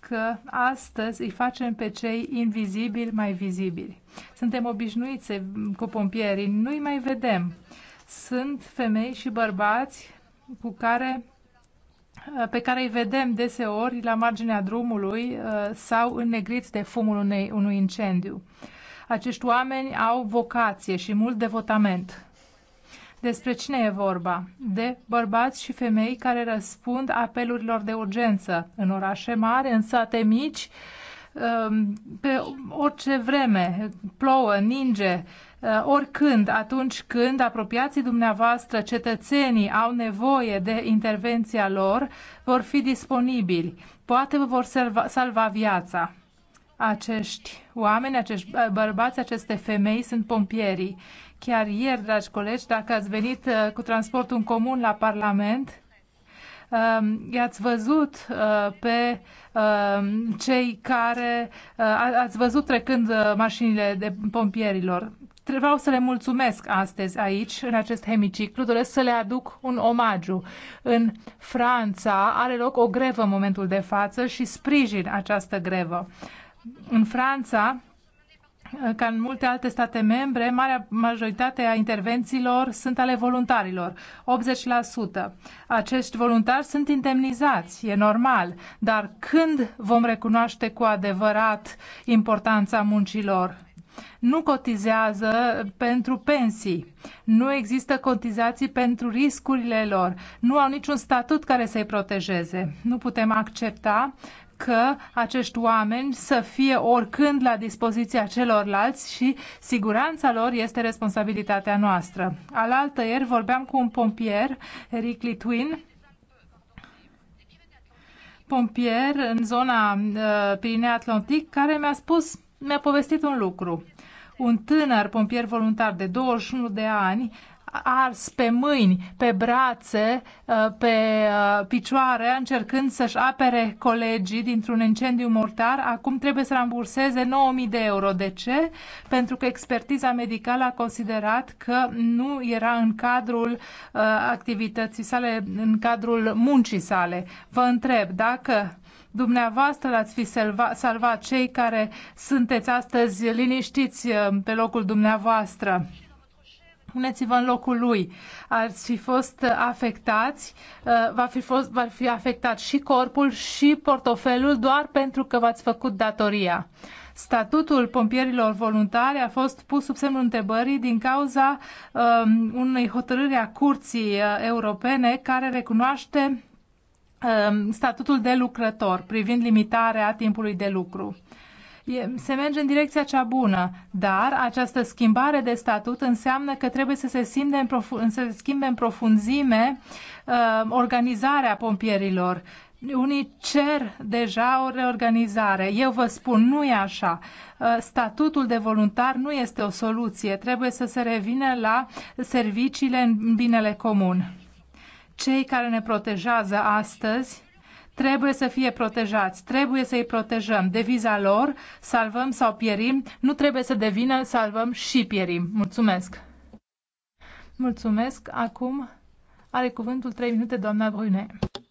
că astăzi îi facem pe cei invizibili mai vizibili. Suntem obișnuiți cu pompierii, nu-i mai vedem. Sunt femei și bărbați cu care, pe care îi vedem deseori la marginea drumului uh, sau înnegriți de fumul unei, unui incendiu. Acești oameni au vocație și mult devotament. Despre cine e vorba? De bărbați și femei care răspund apelurilor de urgență în orașe mari, în sate mici, um, pe orice vreme, plouă, ninge, uh, oricând, atunci când apropiații dumneavoastră, cetățenii, au nevoie de intervenția lor, vor fi disponibili. Poate vă vor salva, viața. Acești oameni, acești bărbați, aceste femei sunt pompierii chiar ieri, dragi colegi, dacă ați venit uh, cu transportul în comun la Parlament, um, i-ați văzut uh, pe um, cei care uh, ați văzut trecând mașinile de pompierilor. Vreau să le mulțumesc astăzi aici, în acest hemiciclu, doresc să le aduc un omagiu. În Franța are loc o grevă în momentul de față și sprijin această grevă. În Franța, ca în multe alte state membre, marea majoritate a intervențiilor sunt ale voluntarilor, 80%. Acești voluntari sunt indemnizați, e normal, dar când vom recunoaște cu adevărat importanța muncilor? Nu cotizează pentru pensii, nu există cotizații pentru riscurile lor, nu au niciun statut care să-i protejeze. Nu putem accepta că acești oameni să fie oricând la dispoziția celorlalți și siguranța lor este responsabilitatea noastră. Alaltă ieri vorbeam cu un pompier, Eric Litwin, pompier în zona uh, Pirinei Atlantic, care mi-a spus, mi-a povestit un lucru. Un tânăr pompier voluntar de 21 de ani ars pe mâini, pe brațe, uh, pe uh, picioare, încercând să-și apere colegii dintr-un incendiu mortar, acum trebuie să ramburseze 9.000 de euro. De ce? Pentru că expertiza medicală a considerat că nu era în cadrul uh, activității sale, în cadrul muncii sale. Vă întreb dacă dumneavoastră l-ați fi salva, salvat cei care sunteți astăzi liniștiți pe locul dumneavoastră. Puneți-vă în locul lui. Ați fi fost afectați, uh, va fi, fost, va fi afectat și corpul și portofelul doar pentru că v-ați făcut datoria. Statutul pompierilor voluntari a fost pus sub semnul întrebării din cauza um, unei hotărâri a Curții uh, Europene care recunoaște um, statutul de lucrător privind limitarea timpului de lucru. E, se merge în direcția cea bună, dar această schimbare de statut înseamnă că trebuie să se, simde în profu- să se schimbe în profunzime uh, organizarea pompierilor. Unii cer deja o reorganizare. Eu vă spun, nu e așa. Uh, statutul de voluntar nu este o soluție. Trebuie să se revină la serviciile în binele comun. Cei care ne protejează astăzi trebuie să fie protejați, trebuie să îi protejăm. Deviza lor, salvăm sau pierim, nu trebuie să devină salvăm și pierim. Mulțumesc! Mulțumesc! Acum are cuvântul 3 minute doamna Brune.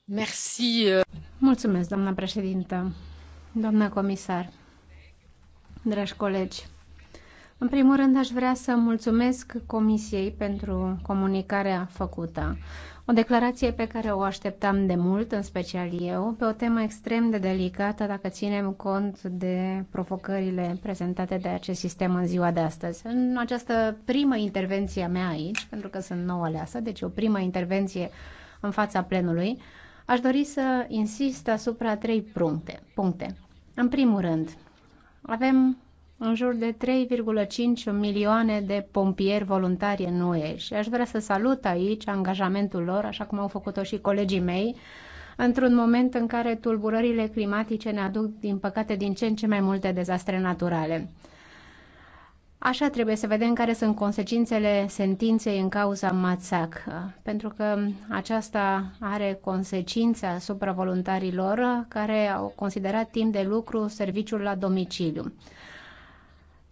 Merci! Mulțumesc, doamna președintă, doamna comisar, dragi colegi. În primul rând, aș vrea să mulțumesc Comisiei pentru comunicarea făcută. O declarație pe care o așteptam de mult, în special eu, pe o temă extrem de delicată dacă ținem cont de provocările prezentate de acest sistem în ziua de astăzi. În această primă intervenție a mea aici, pentru că sunt nouă aleasă, deci o primă intervenție în fața plenului, aș dori să insist asupra trei puncte. puncte. În primul rând, avem în jur de 3,5 milioane de pompieri voluntari în UE și aș vrea să salut aici angajamentul lor, așa cum au făcut-o și colegii mei, într-un moment în care tulburările climatice ne aduc, din păcate, din ce în ce mai multe dezastre naturale. Așa trebuie să vedem care sunt consecințele sentinței în cauza Mațac, pentru că aceasta are consecințe asupra voluntarilor care au considerat timp de lucru serviciul la domiciliu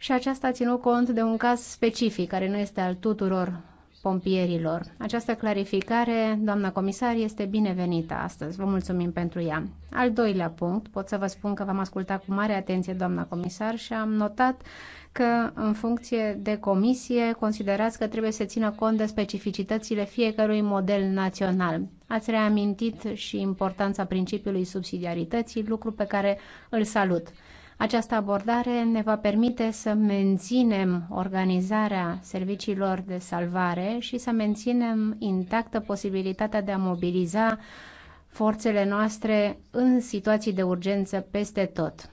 și aceasta a ținut cont de un caz specific, care nu este al tuturor pompierilor. Această clarificare, doamna comisar, este binevenită astăzi. Vă mulțumim pentru ea. Al doilea punct, pot să vă spun că v-am ascultat cu mare atenție, doamna comisar, și am notat că, în funcție de comisie, considerați că trebuie să țină cont de specificitățile fiecărui model național. Ați reamintit și importanța principiului subsidiarității, lucru pe care îl salut. Această abordare ne va permite să menținem organizarea serviciilor de salvare și să menținem intactă posibilitatea de a mobiliza forțele noastre în situații de urgență peste tot.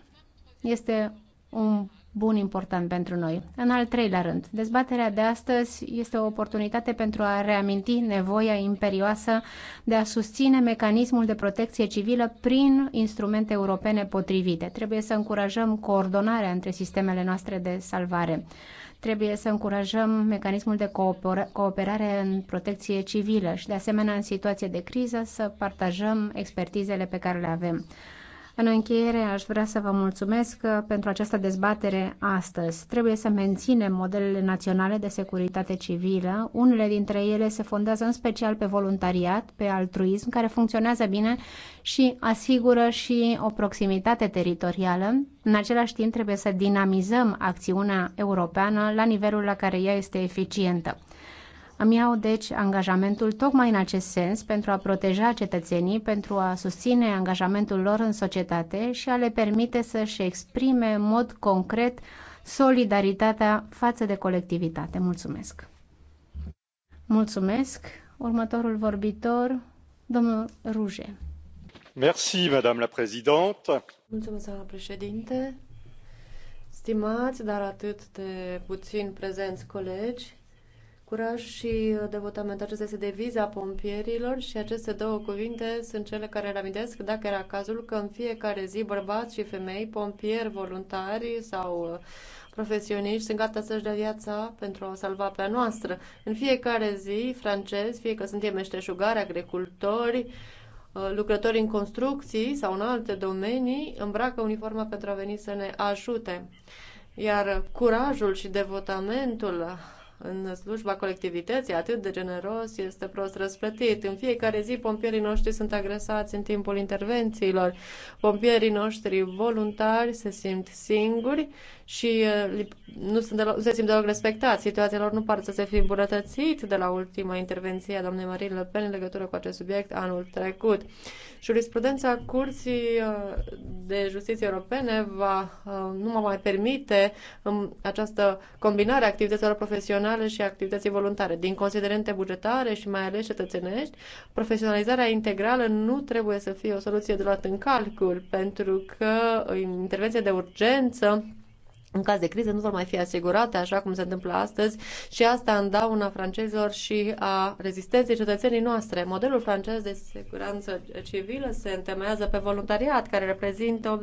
Este un bun important pentru noi. În al treilea rând, dezbaterea de astăzi este o oportunitate pentru a reaminti nevoia imperioasă de a susține mecanismul de protecție civilă prin instrumente europene potrivite. Trebuie să încurajăm coordonarea între sistemele noastre de salvare trebuie să încurajăm mecanismul de cooperare în protecție civilă și, de asemenea, în situație de criză, să partajăm expertizele pe care le avem. În încheiere, aș vrea să vă mulțumesc uh, pentru această dezbatere astăzi. Trebuie să menținem modelele naționale de securitate civilă. Unele dintre ele se fondează în special pe voluntariat, pe altruism, care funcționează bine și asigură și o proximitate teritorială. În același timp, trebuie să dinamizăm acțiunea europeană la nivelul la care ea este eficientă. Îmi iau, deci, angajamentul tocmai în acest sens pentru a proteja cetățenii, pentru a susține angajamentul lor în societate și a le permite să-și exprime în mod concret solidaritatea față de colectivitate. Mulțumesc! Mulțumesc! Următorul vorbitor, domnul Ruge. Merci, madame la présidente. Mulțumesc, doamna președinte. Stimați, dar atât de puțin prezenți colegi, Curaj și devotament. Acesta este deviza pompierilor și aceste două cuvinte sunt cele care reamintesc, dacă era cazul, că în fiecare zi bărbați și femei, pompieri, voluntari sau uh, profesioniști sunt gata să-și dea viața pentru a o salva pe a noastră. În fiecare zi, francezi, fie că suntem meșteșugari, agricultori, uh, lucrători în construcții sau în alte domenii, îmbracă uniforma pentru a veni să ne ajute. Iar curajul și devotamentul în slujba colectivității, atât de generos, este prost răsplătit. În fiecare zi pompierii noștri sunt agresați în timpul intervențiilor. Pompierii noștri voluntari se simt singuri și uh, nu, sunt deloc, nu se simt deloc respectați. Situația lor nu pare să se fi îmbunătățit de la ultima intervenție a doamnei Marine Le Pen în legătură cu acest subiect anul trecut. Jurisprudența Curții uh, de Justiție Europene va, uh, nu mă mai permite um, această combinare a activităților profesionale și activității voluntare. Din considerente bugetare și mai ales cetățenești, profesionalizarea integrală nu trebuie să fie o soluție de luat în calcul, pentru că intervenția de urgență în caz de criză nu vor mai fi asigurate, așa cum se întâmplă astăzi, și asta în dauna francezilor și a rezistenței cetățenii noastre. Modelul francez de siguranță civilă se întemeiază pe voluntariat, care reprezintă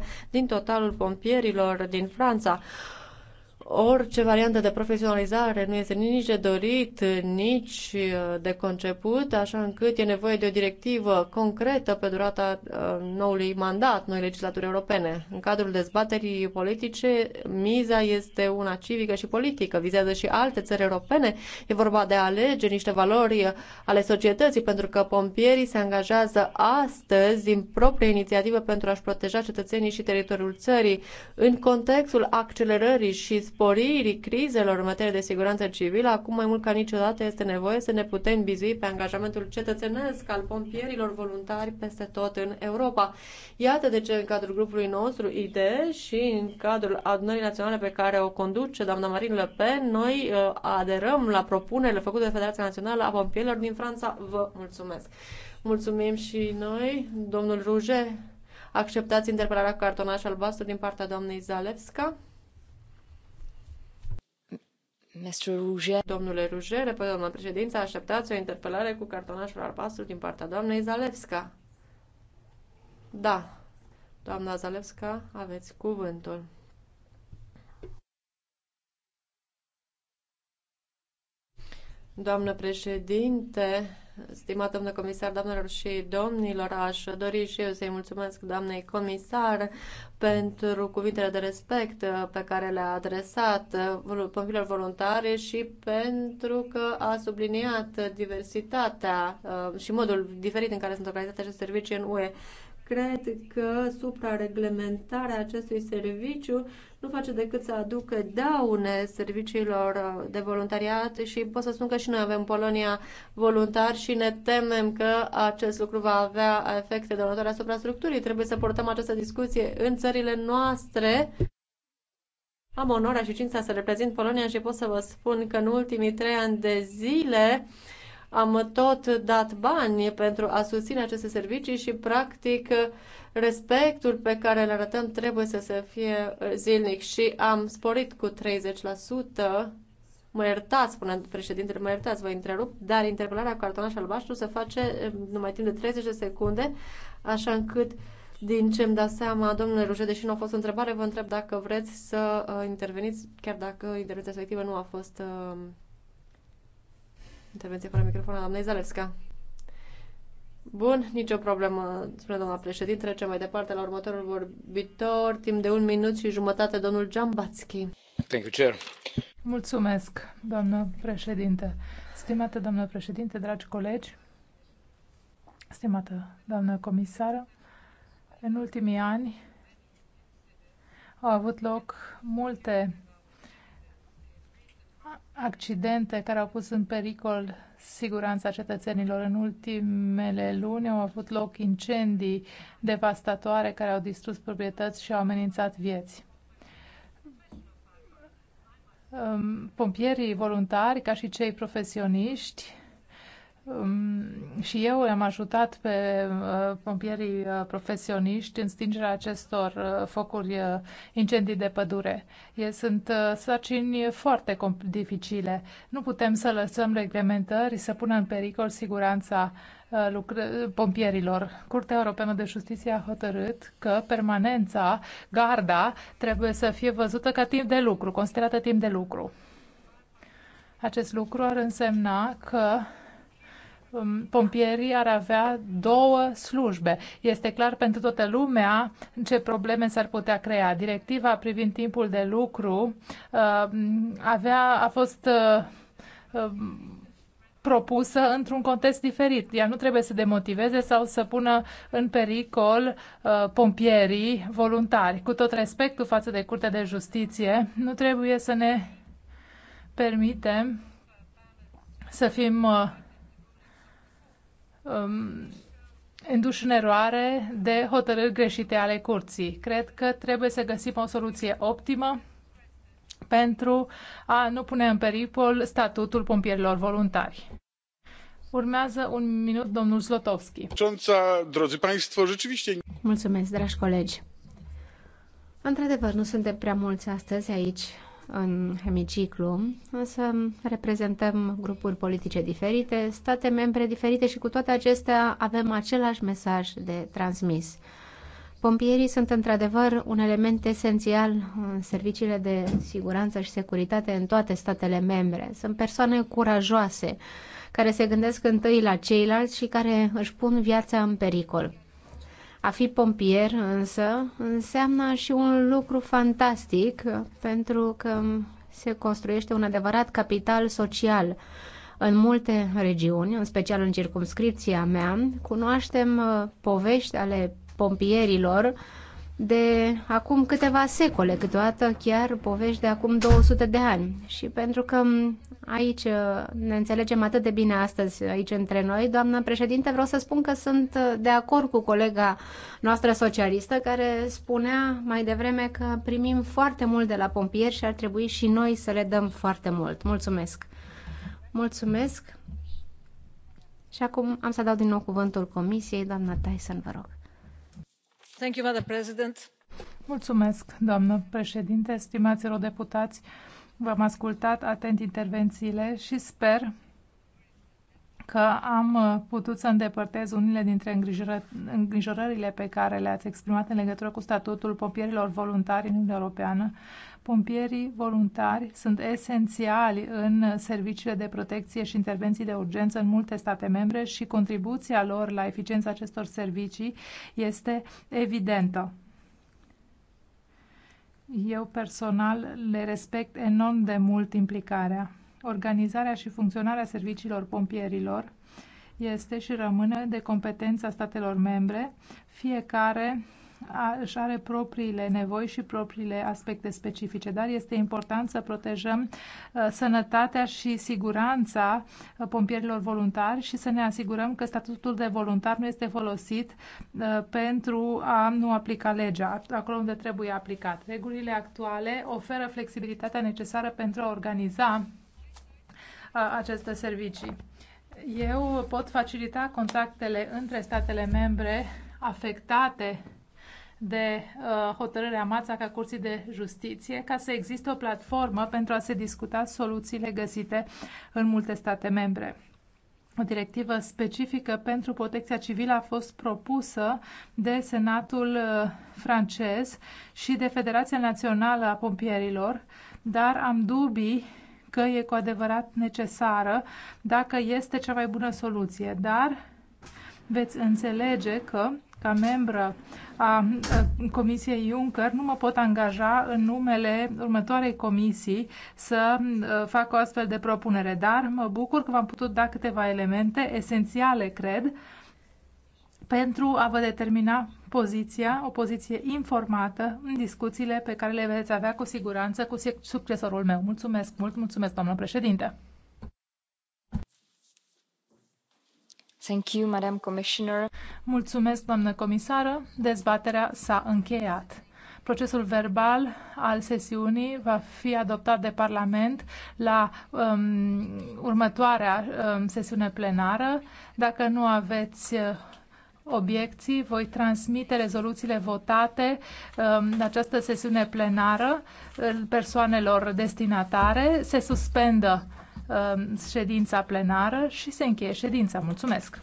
80% din totalul pompierilor din Franța. Orice variantă de profesionalizare nu este nici de dorit, nici uh, de conceput, așa încât e nevoie de o directivă concretă pe durata uh, noului mandat, noi legislaturi europene. În cadrul dezbaterii politice, miza este una civică și politică, vizează și alte țări europene. E vorba de a alege niște valori uh, ale societății, pentru că pompierii se angajează astăzi din proprie inițiativă pentru a-și proteja cetățenii și teritoriul țării. În contextul accelerării și sporirii crizelor în materie de siguranță civilă, acum mai mult ca niciodată este nevoie să ne putem bizui pe angajamentul cetățenesc al pompierilor voluntari peste tot în Europa. Iată de ce în cadrul grupului nostru IDE și în cadrul adunării naționale pe care o conduce doamna Marine Le Pen, noi uh, aderăm la propunerile făcute de Federația Națională a Pompierilor din Franța. Vă mulțumesc! Mulțumim și noi, domnul Ruge. Acceptați interpelarea cu cartonaș albastru din partea doamnei Zalewska. Domnule Ruge, repede, doamna președinte, așteptați o interpelare cu cartonașul albastru din partea doamnei Zalewska. Da, doamna Zalewska, aveți cuvântul. Doamnă președinte, stimată doamnă comisar, doamnelor și domnilor, aș dori și eu să-i mulțumesc doamnei comisar pentru cuvintele de respect pe care le-a adresat pompilor voluntare și pentru că a subliniat diversitatea uh, și modul diferit în care sunt organizate aceste servicii în UE. Cred că suprareglementarea acestui serviciu nu face decât să aducă daune serviciilor uh, de voluntariat și pot să spun că și noi avem Polonia voluntari și ne temem că acest lucru va avea efecte dăunătoare asupra structurii. Trebuie să portăm această discuție în țările noastre. Am onoarea și cința să reprezint Polonia și pot să vă spun că în ultimii trei ani de zile am tot dat bani pentru a susține aceste servicii și, practic, respectul pe care îl arătăm trebuie să se fie zilnic și am sporit cu 30%. Mă iertați, spune președintele, mă iertați, vă întrerup, dar interpelarea cu cartonaș albastru se face numai timp de 30 de secunde, așa încât din ce îmi da seama, domnule Ruge, deși nu a fost o întrebare, vă întreb dacă vreți să uh, interveniți, chiar dacă intervenția respectivă nu a fost uh, Intervenție fără microfon a doamnei Bun, nicio problemă, spune doamna președinte. Trecem mai departe la următorul vorbitor, timp de un minut și jumătate, domnul Giambatski. Thank you, Chair. Mulțumesc, doamnă președinte. Stimată doamnă președinte, dragi colegi, stimată doamnă comisară, în ultimii ani au avut loc multe accidente care au pus în pericol siguranța cetățenilor. În ultimele luni au avut loc incendii devastatoare care au distrus proprietăți și au amenințat vieți. Pompierii voluntari, ca și cei profesioniști, Um, și eu am ajutat pe uh, pompierii uh, profesioniști în stingerea acestor uh, focuri incendii de pădure. E, sunt sarcini foarte dificile. Nu putem să lăsăm reglementări să pună în pericol siguranța pompierilor. Curtea Europeană de Justiție a hotărât că permanența, garda, trebuie să fie văzută ca timp de lucru, considerată timp de lucru. Acest lucru ar însemna că Um, pompierii ar avea două slujbe. Este clar pentru toată lumea ce probleme s-ar putea crea. Directiva privind timpul de lucru um, avea, a fost uh, um, propusă într-un context diferit. Ea nu trebuie să demotiveze sau să pună în pericol uh, pompierii voluntari. Cu tot respectul față de Curtea de Justiție, nu trebuie să ne permitem să fim uh, um, induși în eroare de hotărâri greșite ale curții. Cred că trebuie să găsim o soluție optimă pentru a nu pune în pericol statutul pompierilor voluntari. Urmează un minut domnul Zlotowski. Mulțumesc, dragi colegi. Într-adevăr, nu suntem prea mulți astăzi aici în hemiciclu, însă reprezentăm grupuri politice diferite, state membre diferite și cu toate acestea avem același mesaj de transmis. Pompierii sunt într-adevăr un element esențial în serviciile de siguranță și securitate în toate statele membre. Sunt persoane curajoase care se gândesc întâi la ceilalți și care își pun viața în pericol. A fi pompier însă înseamnă și un lucru fantastic pentru că se construiește un adevărat capital social. În multe regiuni, în special în circumscripția mea, cunoaștem uh, povești ale pompierilor de acum câteva secole, câteodată chiar povești de acum 200 de ani. Și pentru că Aici uh, ne înțelegem atât de bine astăzi uh, aici între noi. Doamna președinte, vreau să spun că sunt uh, de acord cu colega noastră socialistă care spunea mai devreme că primim foarte mult de la pompieri și ar trebui și noi să le dăm foarte mult. Mulțumesc! Mulțumesc! Și acum am să dau din nou cuvântul Comisiei. Doamna Tyson, vă rog. Thank you, Madam President. Mulțumesc, doamnă președinte, stimați deputați. V-am ascultat atent intervențiile și sper că am uh, putut să îndepărtez unele dintre îngrijorările pe care le-ați exprimat în legătură cu statutul pompierilor voluntari în Uniunea Europeană. Pompierii voluntari sunt esențiali în serviciile de protecție și intervenții de urgență în multe state membre și contribuția lor la eficiența acestor servicii este evidentă. Eu personal le respect enorm de mult implicarea. Organizarea și funcționarea serviciilor pompierilor este și rămâne de competența statelor membre, fiecare își are propriile nevoi și propriile aspecte specifice, dar este important să protejăm uh, sănătatea și siguranța uh, pompierilor voluntari și să ne asigurăm că statutul de voluntar nu este folosit uh, pentru a nu aplica legea acolo unde trebuie aplicat. Regulile actuale oferă flexibilitatea necesară pentru a organiza aceste servicii. Eu pot facilita contactele între statele membre afectate de uh, hotărârea ca Curții de Justiție ca să existe o platformă pentru a se discuta soluțiile găsite în multe state membre. O directivă specifică pentru protecția civilă a fost propusă de Senatul uh, francez și de Federația Națională a Pompierilor, dar am dubii că e cu adevărat necesară, dacă este cea mai bună soluție. Dar veți înțelege că ca membră a Comisiei Juncker, nu mă pot angaja în numele următoarei comisii să fac o astfel de propunere, dar mă bucur că v-am putut da câteva elemente esențiale, cred, pentru a vă determina poziția, o poziție informată în discuțiile pe care le veți avea cu siguranță cu succesorul meu. Mulțumesc mult, mulțumesc, doamnă președinte! Mulțumesc, doamnă comisară. Dezbaterea s-a încheiat. Procesul verbal al sesiunii va fi adoptat de Parlament la um, următoarea um, sesiune plenară. Dacă nu aveți uh, obiecții, voi transmite rezoluțiile votate um, în această sesiune plenară uh, persoanelor destinatare. Se suspendă Um, ședința plenară și se încheie ședința. Mulțumesc!